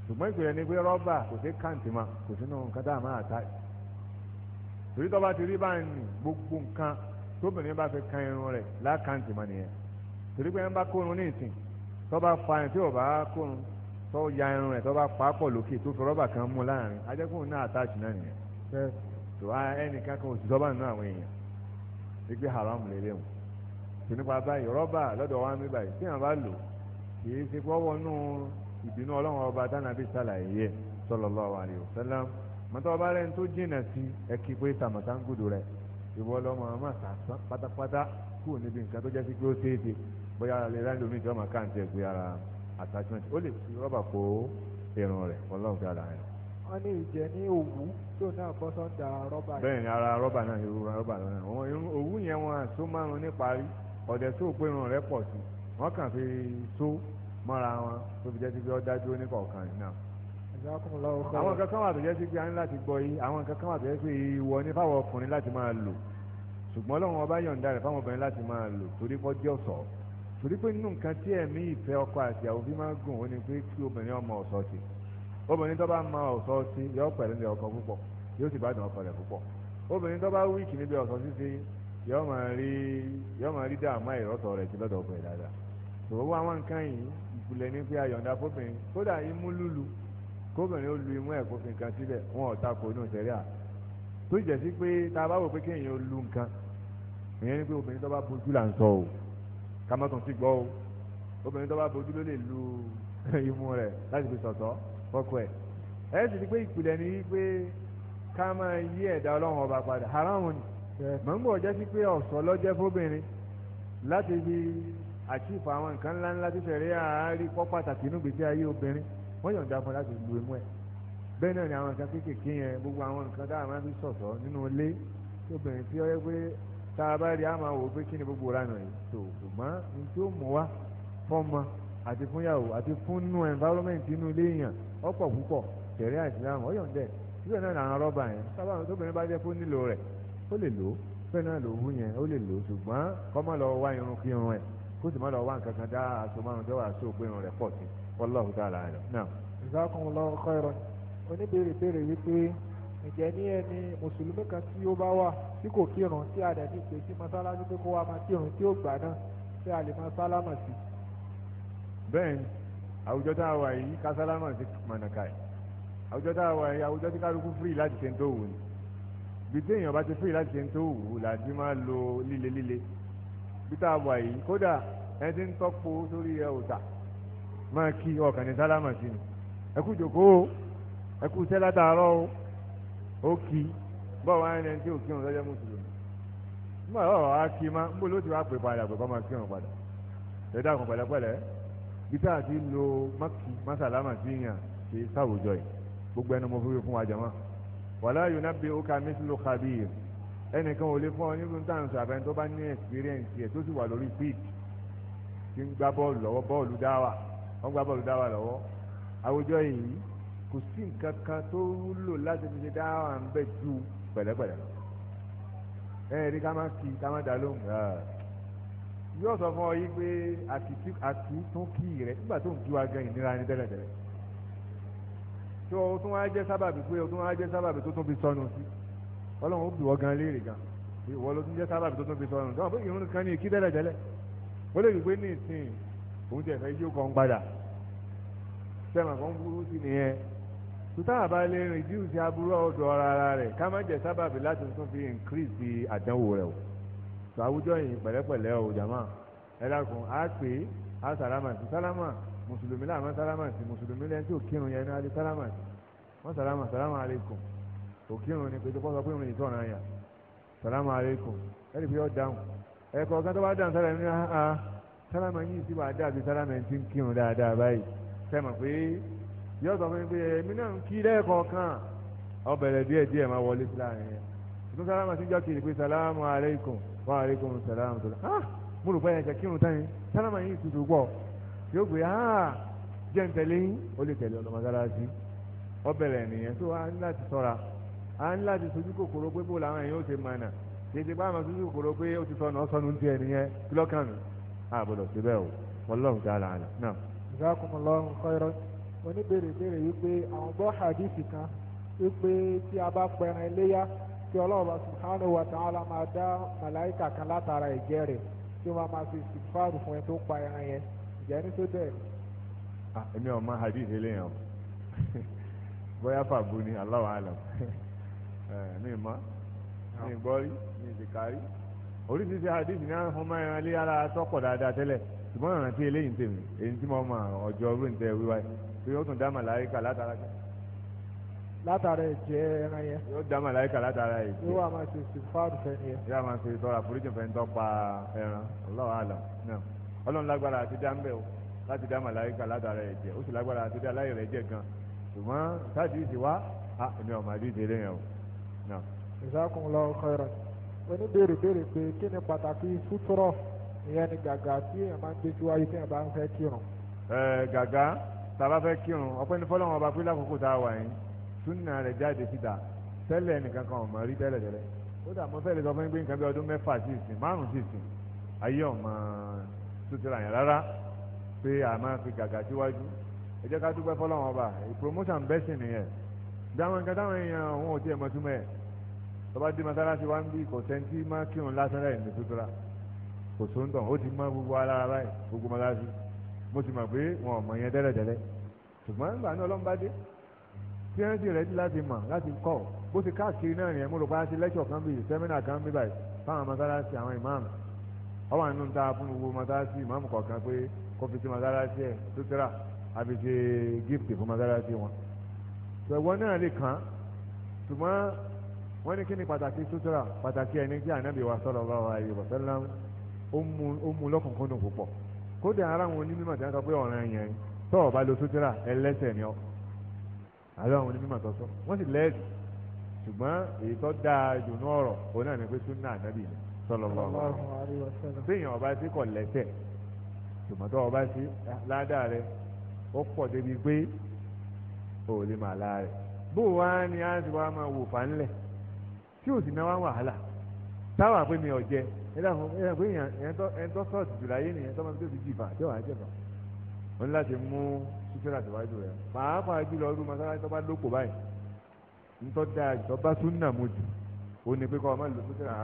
ṣùgbọ́n ìpìlẹ̀ ni pé rọ́bà kò sí kàǹtì ma kò sínú nǹkan tá a máa ta torí tọ́ba ti rí báyìí nì gbogbo nǹkan tóbìnrin bá fẹ́ kan irun rẹ̀ lákàǹtì ma nìyẹn torí pé ẹ ń bá kórun ní ìsìn tó bá fa ẹni tí ò bá kóun tó ya irun rẹ̀ tó bá pa á pọ̀ lókè tó fi rọ́bà kan mú láàrin ajẹ́kùn náà àtàṣì náà nìyẹn fẹ́ tó a ẹnìkan kan òsì sọ́bà nínú àwọn èèyàn gbígbé haram lélẹ̀ wọn tó nípa báyìí rọ́bà lọ́dọ̀ wa ń bí báyìí tí wọn bá lò kì í ṣe pọ́wọ́ nù ìbínú ọlọ́run ọba tánàbí sàlàyé yẹ sallallahu alaihi wasallam mọ́tò ọba rẹ̀ ń tó jìnnà sí ẹ̀kí pé tàmọ̀tà ń gùdù rẹ̀ ìwọ lọ́mọ ọmọ sàásán pátápátá kúrò níbi nǹkan tó jẹ́ sí pé ó ṣeéṣe bóyá ara lè ráńdò mi tí wọ́n máa ká ǹtẹ̀ pé ara attachment ó lè fi rọ́bà kó irun rẹ̀ ọlọ́run fi ara rẹ̀. wọ́n ní ìjẹ́ ní òwú tó náà bọ́ sọ́dà rọ́bà yìí. bẹ́ẹ̀ ni ara rọ́bà náà irú rọ́bà náà òwú yẹn wọn àṣọ márùn-ún níparí ọ̀dẹ̀ tó pé irun rẹ̀ pọ̀ sí wọ́n kàn fi so mọ́ra wọn tó fi jẹ́ sí pé ó dájú oníkọ̀ọ̀kan náà àwọn kankan wà tó jẹ́ sí pé a ní láti gbọ́ yìí àwọn kankan wà tó jẹ́ sí ìwọ ní fáwọn ọkùnrin láti máa lò ṣùgbọ́n ọlọ́run ọba yọ̀ǹda rẹ̀ fáwọn obìnrin láti máa lò torí kọ́ jẹ́ ọ̀sọ́ torí pé nínú nǹkan tí ẹ̀mí ìfẹ́ ọkọ àti àwọn òbí máa ń gùn ó ní pé kí obìnrin ọmọ ọ̀sọ́ ti obìnrin tó bá ma ọ̀sọ́ ti yọ pẹ̀lú ní ọkọ púpọ̀ yóò sì bá dùn ọkọ rẹ̀ púpọ̀ obìnrin tó bá wíìkì níbi ọ̀sọ́ títí yọ máa rí yọ máa rí dààmú àìrọ́tọ̀ rẹ̀ ti lọ́dọ̀ ọkọ rẹ̀ dáadáa tòwó àwọn nǹkan yìí ìpìlẹ̀ ní pé ayọ̀ǹda fóbìnrin kódà imú lulu kóbìnrin ó lu imú ẹ̀ kófin kan síbẹ̀ wọn ò takò inú sẹ́ríà tó jẹ́ sí pé tá bá wò pé kéèyàn lu nǹkan ìyẹn ni pé obìnrin tó bá bojú là ń sọ o ká má tún ti gbọ́ o obìnrin tó bá bojú ló lè lu <laughs> imú rẹ̀ láti fi sọ̀tọ̀ fọ́kọ ẹ̀ ẹ̀ sì ti pé ìpìlẹ̀ ni wípé ká máa yí ẹ̀dá ọlọ́run ọba padà haramu ni mọ̀ ń bọ̀ jẹ́ sí pé ọ̀sọ́ lọ́jẹ́ fóbìnrin láti fi àtìfọ àwọn nǹkan ńláńlá tí fẹ̀rẹ̀ àárí pọ́ pàtàkì inú gbèsè ayé obìnrin wọ́n yọ̀ǹda fún láti lu imú ẹ̀ bẹ́ẹ̀ náà ni àwọn nǹkan kéékèèké yẹn gbogbo àwọn nǹkan dáhà máa fi sọ̀tọ̀ nínú ilé obìnrin tí ó pé tá a bá rí a wò gbogbo ra nà yi. tó ṣùgbọ́n ní tí ó mú wa fọ́mọ àti fúnyàwó àti fúnnú environment inú ilé yẹn ọ̀pọ̀ púpọ̀ tẹ̀rẹ́ àìsílámù ọ̀yọ̀ǹdẹ̀ síbẹ̀ náà làwọn rọ́bà yẹn sábà tóbìnrin bá jẹ́ fún nílò rẹ̀ ó lè lò ó tí kò kírun tí a dẹ̀ ti pè sí mọ́sálásí pé kó wá máa kírun tí ó gbà náà tí a lè máa sálámà sí. bẹ́ẹ̀ ni àwùjọ tá a wà yìí ká sálámà sí mọ̀nàkà yìí àwùjọ tá a wà yìí àwùjọ tí kálukú fírì láti ṣe ń tó wù ni bí téèyàn bá ti fírì láti ṣe ń tó wù láti máa lo líle líle bí tá a wà yìí kódà ẹni tí ń tọ́po sórí ẹ òòtà máa kí ọkàn ní sálámà sí ni ẹ kú jòkó ẹ kú sẹ́lá tààrọ́ ó kí i bọ́ọ̀ wá ẹni tí ò kírun lọ́jọ́ mùsùlùmí nígbà tó ọ̀rọ̀ á kí má ń bó ló ti wá pè padà pé kọ́ máa kírun padà ẹ̀dá kan pẹ̀lẹ́pẹ̀lẹ́ bí táà ti lo mákì másàlámà sí yàn ṣe sáwùjọ yìí gbogbo ẹnu mo fi fún wa jàmá wàlá yunabbi uka mislu khabir ẹnìkan ò lè fún ọ nínú táǹsì àbẹ́ni tó bá ní experience ẹ̀ tó sì wà lórí pitch ti ń gbá bọ́ọ̀lù lọ́wọ́ bọ́ọ̀lù dáwà wọ́n gbá bọ́ọ̀lù dáwà lọ́wọ́ àwùjọ yìí kò sí nǹkan kan tó wúlò láti fi ṣe dáwà ń bẹ̀ ju pẹ̀lẹ́pẹ̀lẹ́ ẹ ní ká má kí ká má dá lóhùn yóò sọ fún ọ yí pé àti tún kí rẹ nígbà tó ń kí wa gan ìnira ni tẹ́lẹ̀tẹ́lẹ̀ tó o tún wá jẹ́ sábàbí pé o tún wá jẹ́ sábàbí tó tún fi sọnù sí ọlọ́run ó bì wọ́ gan léèrè gan ìwọ ló tún jẹ́ sábàbí tó tún fi sọnù dáwọn pé ìrún kan ní kí tẹ́lẹ̀tẹ́lẹ̀ ó lè rí pé ní ìsìn òun tẹ̀ fẹ́ yí ó kàn ń padà sẹ́wọ̀n kan burú sí nìyẹn sùtàn àbá reduce aburú ọ̀dọ̀ ara rẹ̀ ká má jẹ́ sábàbí láti tún fi increase di àdánwò rẹ̀ o tó àwùjọ yìí pẹ̀lẹ́pẹ̀lẹ́ o jàmá ẹ dákun á pè é á sàlámà sí sálámà mùsùlùmí làmá sálámà sí mùsùlùmí lẹ́yìn tí ò yẹn ní alẹ́ sálámà sí wọ́n sàlámà sàlámà aleikum ò ni pété pọ́sọ pé òun yìí tọ̀nà yà sàlámà aleikum ẹ lè fi ọ́ dáhùn ẹ kọ́ ọ̀gá tó bá dáhùn sálámà ní sálámà yìí sì wà dáàbí sálámà ẹ̀ ti ń kírun dáadáa báyìí yóò sọ fún mi pé èmi náà ń kí lẹ́ẹ̀kọ̀ọ̀kan ọbẹ̀rẹ̀ díẹ̀ díẹ̀ máa wọlé sí láàrin yẹn ṣùgbọ́n sálámà sí jọ́ kiri pé sálámù aleikum wa aleikum sálámù tó lọ ah mo rò pé ẹ̀jẹ̀ kírun tán yín sálámà yín tutù pọ̀ yóò gbé ah jẹ́ ń tẹ̀lé yín ó lè tẹ̀lé ọ̀nà mọ́sálásí ọbẹ̀rẹ̀ nìyẹn tó a ń láti sọ́ra a ń láti sojú kòkòrò pé bó làwọn èèyàn ó ti mọ̀ tètè bá àwọn sojú kòkòrò pé ó ti sọnù ọ̀sọ́nù ń tiẹ̀ nìyẹn àbọ̀dọ̀ síbẹ̀ o wọ́n lọ́run oníbèrèbèrè wípé àwọn gbọ́ hadith kan wípé tí a bá pẹran iléyà tí ọlọ́run subhanahu wa ta'ala máa dá màláìkà kan látara ẹ̀jẹ̀ rẹ̀ tí wọ́n máa fi sìfáàrù fún ẹ tó pa ẹran yẹn ìjẹ́ ní tó bẹ́ẹ̀. èmi ò mọ hadith eléyàn bóyá fàbù ni Allahu alam mi mọ mi gbọ́ rí mi sì kárí oríṣiríṣi hadith ní àwọn ọmọ ẹran iléyà lára tọ́pọ̀ dáadáa tẹ́lẹ̀ ṣùgbọ́n ìrántí eléyìí ń tèmi èyí tí mo mọ ọjọ́ orí ń tẹ wíwáyé pé ó tún dá màláíkà látara jẹ. látara ẹ̀jẹ̀ ẹran yẹn. yóò dá màláíkà látara ẹ̀jẹ̀. yóò wá máa ṣe sìfáàrù fẹ́ni yẹn. yóò máa ṣe tọrọ àforíjì fẹ́ni tó pa ẹran Allahu alam náà ọlọ́run lágbára àti dá ń bẹ̀ o láti dá màláíkà látara ẹ̀jẹ̀ ó sì lágbára àti dá láì rẹ̀ jẹ̀ gan ṣùgbọ́n sáàdì ìsì wá a èmi ọ̀ màdí ìdílé yẹn o náà. Jazakumullahu khairan oníbèrè béèrè pé kí ni pàtàkì sútúrọ̀ ìyẹn ni gàgà tí èèyàn máa ń gbé síwájú tí èèyàn bá ń fẹ́ kírun. ẹ gàgà tàbá fẹ́ kírun ọpẹ́ ní fọlọ́wọn ọba pé lákòókò tá a wà yín súnà rẹ̀ jáde síta tẹ́lẹ̀ nìkan kan ọ̀mọ̀ rí tẹ́lẹ̀ tẹ́lẹ̀ ó dà mọ́ fẹ́lẹ̀ sọ fún mi pé nǹkan bí ọdún mẹ́fà sí ìsìn márùn sí ìsìn ayé ọ̀mọ̀ sutura yẹn rárá pé a máa fi gàgà síwájú ẹ jẹ́ ká dúpẹ́ fọlọ́wọn ọba promotion bẹ́sìn nìyẹn dáwọn nǹkan táwọn èèyàn wọn ò tiẹ̀ mọ̀ túmọ̀ ẹ̀ tọ́ba dé masalasi wa ń bí kò sẹ́ńtì má kírun lásán rẹ̀ ní sutura kò sóńtàn ó ti mọ gbogbo alára báyìí gbogbo masalasi mo sì mọ̀ pé wọn ò mọ̀ yẹn tẹ́lẹ̀tẹ́lẹ̀ ṣùgbọ́n nígbà náà ọlọ́run bá dé tí wọ́n ti rẹ̀dí láti mọ̀ láti kọ́ bó ti káàkiri náà nìyẹn mo rò pé a ti lẹ́kṣọ̀ kan bíi sẹ́mínà kan bíi báyìí fáwọn mọ́sálásí àwọn ìmáàmù ọwọ́ àánú ń ta fún gbogbo mọ́sálásí ìmáàmù kọ̀ọ̀kan pé kó fi ti mọ́sálásí ẹ̀ tó tẹ́ra àbí ṣe gift fún mọ́sálásí wọn. ṣùgbọ́n náà lè kàn án ṣùgbọ́n wọ́n ní kí ni pàtàkì sutura pàtàkì ẹni kí ànábì wa sallallahu alaihi wasallam ó mú lọ́kùnkúndùn púpọ̀ kódà ara wọn onímọ̀ tí wọ́n sọ pé ọ̀ràn yẹn tọ́ ọ̀bá lo sutura ni ọ́ àlọ́ àwọn onímọ̀ sọ wọ́n sì lẹ́ẹ̀dì ṣùgbọ́n èyí dáa jù ní òun náà ni pé súnà ọba sí kọ ọba sí ládàá rẹ ó débi pé lè bó wá ni ti wá máa wò tí ò sì ẹ̀dá fún ẹ̀dá fún ẹ̀yàn tó sọ̀tì jù láyé nìyẹn tó máa tó fi jìfà tí wàá jẹ̀fà ó ní láti mú sutura tìwájú rẹ̀ pàápàá jùlọ ọdún masalasi tó bá lóko báyìí ntọ́ da ìtọ́ bá súnà mu jù ó ní pé kọ́ ọ má lo sutura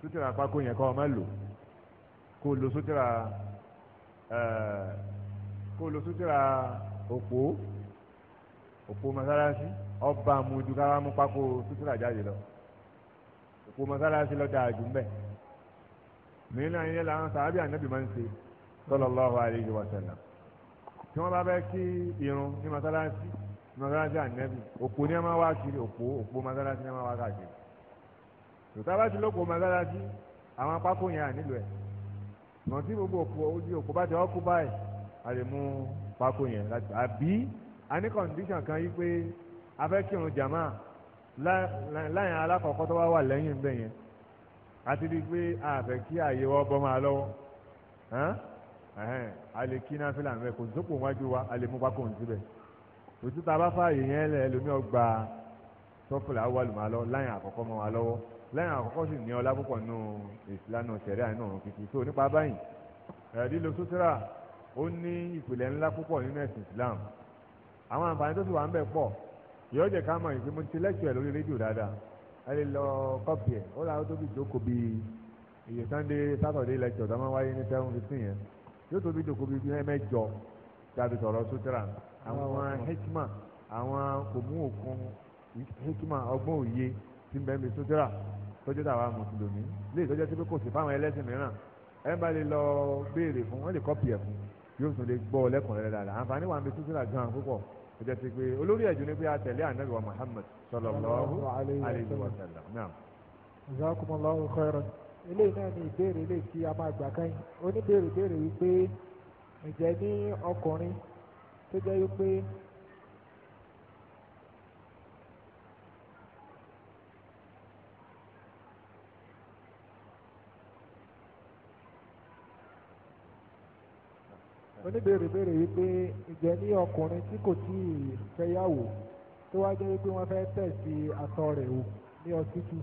sutura pákó yẹn kọ́ ọ má lo kó o lo sutura kó o lo sutura òpó òpó masalasi ọba mu ju ká wá mú pákó sutura jáde lọ òpó masalasi lọ dáa jù mbẹ́ mìíràn yẹn làwọn sàábì ànábì máa ń ṣe sallallahu alayhi wa sallam tí wọ́n bá bẹ́ kí irun ní masalasi masalasi ànábì òpó ní a máa wá kiri òpó òpó masalasi ní a máa wá káàkiri tòtábà ti lóko masalasi àwọn pákó yẹn ànílò ẹ̀ mọ̀ tí gbogbo òpó ojú òpó bá ti ọkú báyìí a lè mú pákó yẹn láti àbí a ní kọ̀ǹdíṣàn kan yí pé a fẹ́ kírun jàmáà láyìn alákọ̀ọ́kọ́ tó wá wà lẹ́yìn bẹ́ẹ̀ yẹn àti di pé àfẹ́ kí àyè wọ́n bọ́ máa lọ́wọ́ a lè kí náà fílà mẹ́ kò sókò wájú wa a lè mú pákó síbẹ̀ òtútù abáfáàyè yẹn lẹ̀ lómi ọgbà sọ́fùlà wà lùmọ́ lọ láyìn àkọ́kọ́ mọ́ wa lọ́wọ́ láyìn àkọ́kọ́ sì ní ọlá púpọ̀ nù ìsìlánà ṣẹ̀ríà àìnà ọ̀run kìkì tó nípa báyìí lílo sutura ó ní ìpìlẹ̀ ńlá púpọ̀ nínú ẹ̀sìn Islam àwọn àǹfààní tó sì wà ń bẹ̀ pọ̀ yóò jẹ́ ká mọ̀ ìpè ti lẹ́kìọ̀ lórí rédíò dáadáa ẹni lọ kọ́pì ẹ̀ ó làwọn tóbi jókòó bíi iye sunday saturday lecture tó máa wáyé ní seven fifteen yẹn yóò tóbi jókòó bíi bíi mẹ́jọ tàbí sọ̀rọ̀ sutra àwọn hekima àwọn kò mú òkun hekima ọgbọ́n òye tí ń bẹ́ẹ̀ mi sutra tọ́jú tàwa mùsùlùmí léyìí tọ́jú tí kò sí fáwọn ẹlẹ́sìn mìíràn ẹ bá lè lọ béèrè fún wọ́n lè kọ́pì ẹ̀ fún yóò tún lè gbọ́ lẹ́kùnrin rẹ̀ dáadáa àǹfààní wà ń bẹ sutra gan-an ìjẹ́ ti pé olórí ẹ̀jú ni pé a tẹ̀lé ànábì wa Muhammad sallallahu alayhi wa sallam naam. jazakumullahu khairan eléyìí náà ni ìbéèrè lè ti a máa gbà oníbèrè béèrè wípé ǹjẹ́ ní ọkùnrin tó jẹ́ wípé oníbèrè béèrè wípé ìjẹ́ ní ọkùnrin tí kò tí ì fẹ́yàwó tó wá jẹ́ wípé wọ́n fẹ́ tẹ̀sí àtọ̀ rẹ̀ wò ní ọsítù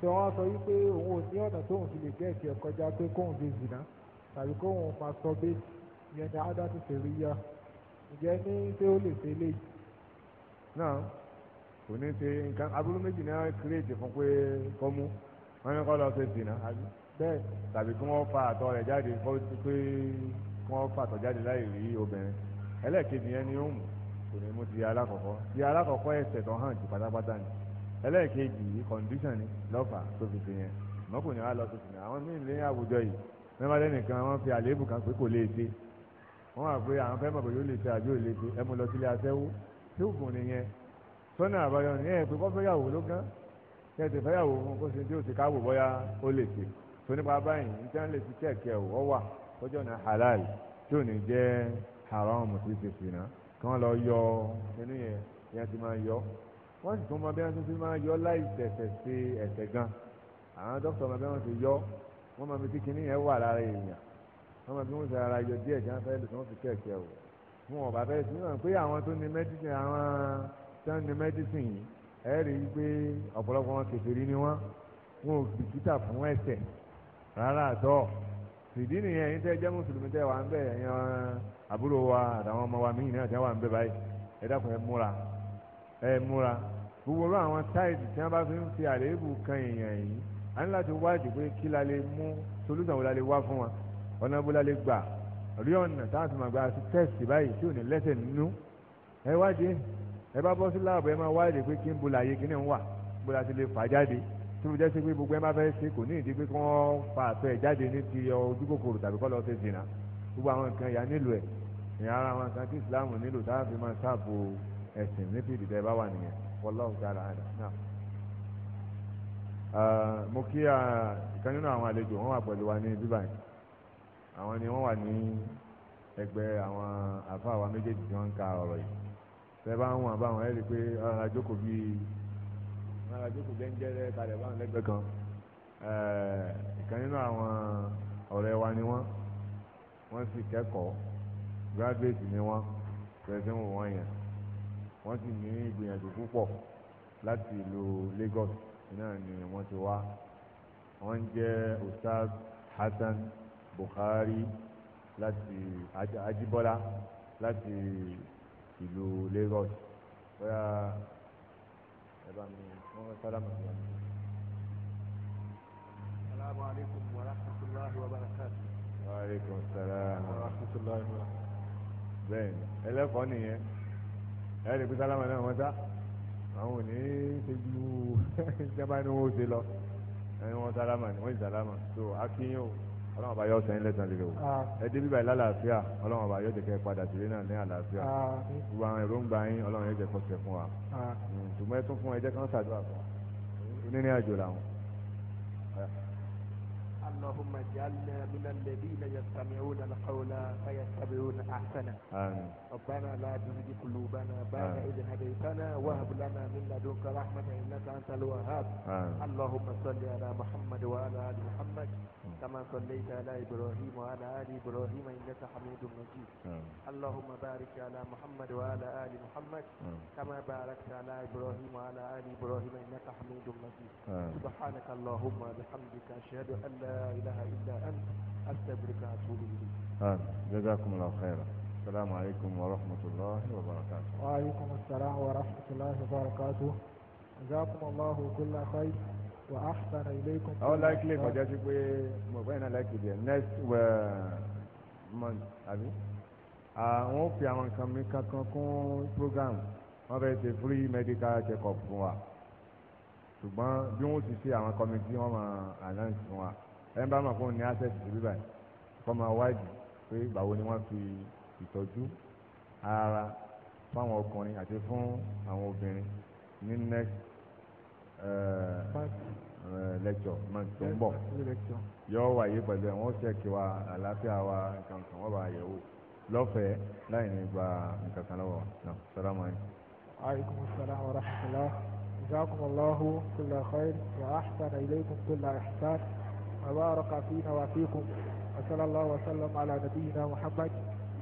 tí wọ́n sọ wípé òun ò ní ọ̀nà tóun fi lè gẹ̀ẹ́sì ẹ̀ kọjá pé kóun fi zìnà tàbí kóun máa sọ bẹ́ẹ̀ ìyẹn ni ádá ti fèrè yá ìjẹ́ ní ṣé ó lè ṣe léyìí. náà kò ní ṣe nǹkan aburú méjì náà kírèjì fún pé kọ́ mú wọ́n ní kọ́ lọ́ọ́ ṣe zìnà tàbí kí wọ́n fa àtọ̀ rẹ̀ jáde kó pé wọ́n fàtọ̀ jáde láì rí obìnrin ẹlẹ́ẹ̀kejì yẹn ni ó mú kò ní mú ti alákọ̀ọ́kọ́ ti alákọ̀ọ́kọ́ ẹsẹ̀ tó hàn jù pátápátá ni ẹlẹ́ẹ̀kejì yìí condition ni lọ́fà tó fi fi yẹn mọ́ kò ní wá lọ tuntun àwọn míì ní àwùjọ yìí mẹ́mọ́lẹ́ nìkan wọ́n fi àléébù kan pé kò lè ṣe wọ́n wà pé àwọn fẹ́ẹ́ mọ̀ pé yóò lè ṣe àbí ò lè ṣe ẹ mú lọ sílé aṣẹ́wó tí òògùn nìyẹn sọ́nà àbáyọ ní ẹ̀ pé kọ́ fẹ́yàwó ló gán kẹ́ ẹ ti fẹ́yàwó fún kó ṣe tí ó ti káwò bọ́yá ó lè ṣe tó nípa báyìí ní tí wọ́n lè fi kẹ́ẹ̀kẹ́ ọ̀ wà kọjọ́ ọ̀nà halal tí ò ní jẹ́ haram tí ti fi náà kí wọ́n lọ yọ inú yẹn bí wọ́n ti máa yọ wọ́n sì tún mọ bí wọ́n ti máa yọ láì tẹ̀sẹ̀ sí ẹ̀sẹ̀ gan àwọn dókítà ọmọ bí wọ́n ti yọ wọ́n máa fi kí kíní yẹn wà lára èèyàn wọ́n máa fi wọ́n ti ara yọ díẹ̀ tí wọ́n fẹ́ lò tí wọ́n fi kẹ̀kẹ́ o fún ọ̀bà fẹ́ sí wọn pé àwọn tó ní mẹ́dísìn àwọn tó ní mẹ́dísìn yìí ẹ rí i pé ọ̀pọ̀lọpọ̀ wọn kèfèrí ni wọ́n wọn ò bìkítà fún ẹ̀sẹ̀ rárá àtọ́ ìdí nìyẹn yín tẹ́ jẹ́ mùsùlùmí tẹ́ wà ń bẹ̀ ẹ̀yin àbúrò wa àtàwọn ọmọ wa míì náà tẹ́ wà ń bẹ̀ báyìí ẹ dákun ẹ múra ẹ múra gbogbo ọ̀rọ̀ àwọn táìtì tí wọ́n bá fi ń fi àléébù kan èèyàn yìí a ní láti wádìí pé kí la lè mú solúsàn wo la lè wá fún wa ọ̀nà bó la lè gbà rí ọ̀nà táwọn ti máa gba sí tẹ́sì báyìí tí ò ní lẹ́sẹ̀ nínú ẹ wádìí ẹ bá bọ́ sí láàbù ẹ máa wádìí pé kí ń bo tí mo jẹ́ sí pé gbogbo ẹ máa fẹ́ ṣe kò ní ìdí pé kí wọ́n fa àtọ̀ ẹ̀ jáde ní ti ojú kòkòrò tàbí kọ́ lọ ṣe dìnnà gbogbo àwọn nǹkan ìyá nílò ẹ̀ ìyá ara àwọn nǹkan tí Islam nílò táwọn fi máa ṣàbò ẹ̀sìn níbi ìdìbò ẹ̀ bá wà nìyẹn wallahu ta'ala àdá náà. mo kí ìkan nínú àwọn àlejò wọn wà pẹ̀lú wa ní bíbáyìí àwọn ni wọ́n wà ní ẹgbẹ́ àwọn àfáà wa méjèèjì tí wọ́n ń ka ọ̀rọ̀ yìí máa jókòó gẹ́ńgẹ́rẹ́ kalẹ̀ báwọn lẹ́gbẹ̀ẹ́ kan eh, ìkan nínú àwọn ọ̀rẹ́ wa ni wọ́n wọ́n sì kẹ́kọ̀ọ́ graduate ni wọ́n pẹ̀sẹ̀ wò wọ́n yẹn wọ́n sì ní ìgbìyànjú púpọ̀ láti ìlú Lagos náà ni wọ́n ti wá wọ́n jẹ́ Ustaz Hassan Bukhari láti Ajibola láti ìlú Lagos bóyá ẹ bá mi. السلام عليكم ورحمة الله وبركاته وعليكم السلام ورحمة الله وبركاته bẹ́ẹ̀ ni ẹlẹ́kọ̀ọ́ nìyẹn ẹ̀rí pé sálámà náà wọ́n sá àwọn ò ní ṣe ju ìjọba <laughs> ni wọ́n ṣe lọ ẹ̀rí wọn sálámà ni wọ́n so akínyìn ọlọ́run ọba yọ ọsàn yín lẹ́sàn lílo ẹ dé bíbá ìlàlàáfíà ọlọ́run ọba yọ jẹ́ padà sílé náà ní àlàáfíà gbogbo àwọn èròǹgbà yín ọlọ́run yóò jẹ́ kó ṣẹ fún wa hmm, ṣùgbọ́n ẹ tún fún ẹ jẹ́ ṣàdúrà fún wa onírìn àjò làwọn. اللهم اجعلنا من الذين يستمعون القول فيتبعون احسنه ربنا لا تزغ قلوبنا بعد اذ هديتنا وهب لنا من لدنك رحمه انك انت الوهاب اللهم صل على محمد وعلى ال محمد كما صليت على إبراهيم وعلى آل إبراهيم إنك حميد مجيد نعم. اللهم بارك على محمد وعلى آل محمد نعم. كما باركت على إبراهيم وعلى آل إبراهيم إنك حميد مجيد نعم. سبحانك اللهم وبحمدك أشهد أن لا إله إلا أنت أستبرك وأتوب إليك جزاكم الله خيرا السلام عليكم ورحمة الله وبركاته وعليكم السلام ورحمة الله وبركاته جزاكم الله كل خير wà á sara ilé kan. ọ láìkílẹ̀ kọjá sí pé mo fẹ́ iná láìkílẹ̀ díẹ̀ next uh, month àbí àwọn ò fi àwọn nǹkan mi kankan kún program wọ́n fẹ́ ṣe free medical check up fún wa ṣùgbọ́n bí wọ́n ti ṣe àwọn committee wọ́n máa announce fún wa ẹ̀ ń bá máa fún ní access sí bíbá yìí kọ́ máa wáìdì pé ìgbàwo ni wọ́n fi ìtọ́jú ara fáwọn ọkùnrin àti fún àwọn obìnrin ní next lẹ́kṣọ̀ máa tó ń bọ̀ yọ wáyé pẹ̀lú ẹ̀ wọ́n ṣẹ̀kì wa àlàáfíà wa kankan wọ́n bá yẹ̀wò lọ́fẹ̀ẹ́ láì ní gba nǹkan kan lọ́wọ́ náà sọ́dọ̀ mọ́ aleykum salaam wa rahmatulah jazakum allahu kulla khair wa ahsan ilaykum kulla ihsan wa baraka fina wa fikum wa sallallahu wa sallam ala nabiyyina muhammad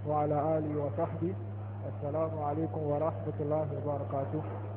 wa ala alihi wa sahbihi assalamu alaykum wa rahmatullahi wa barakatuh.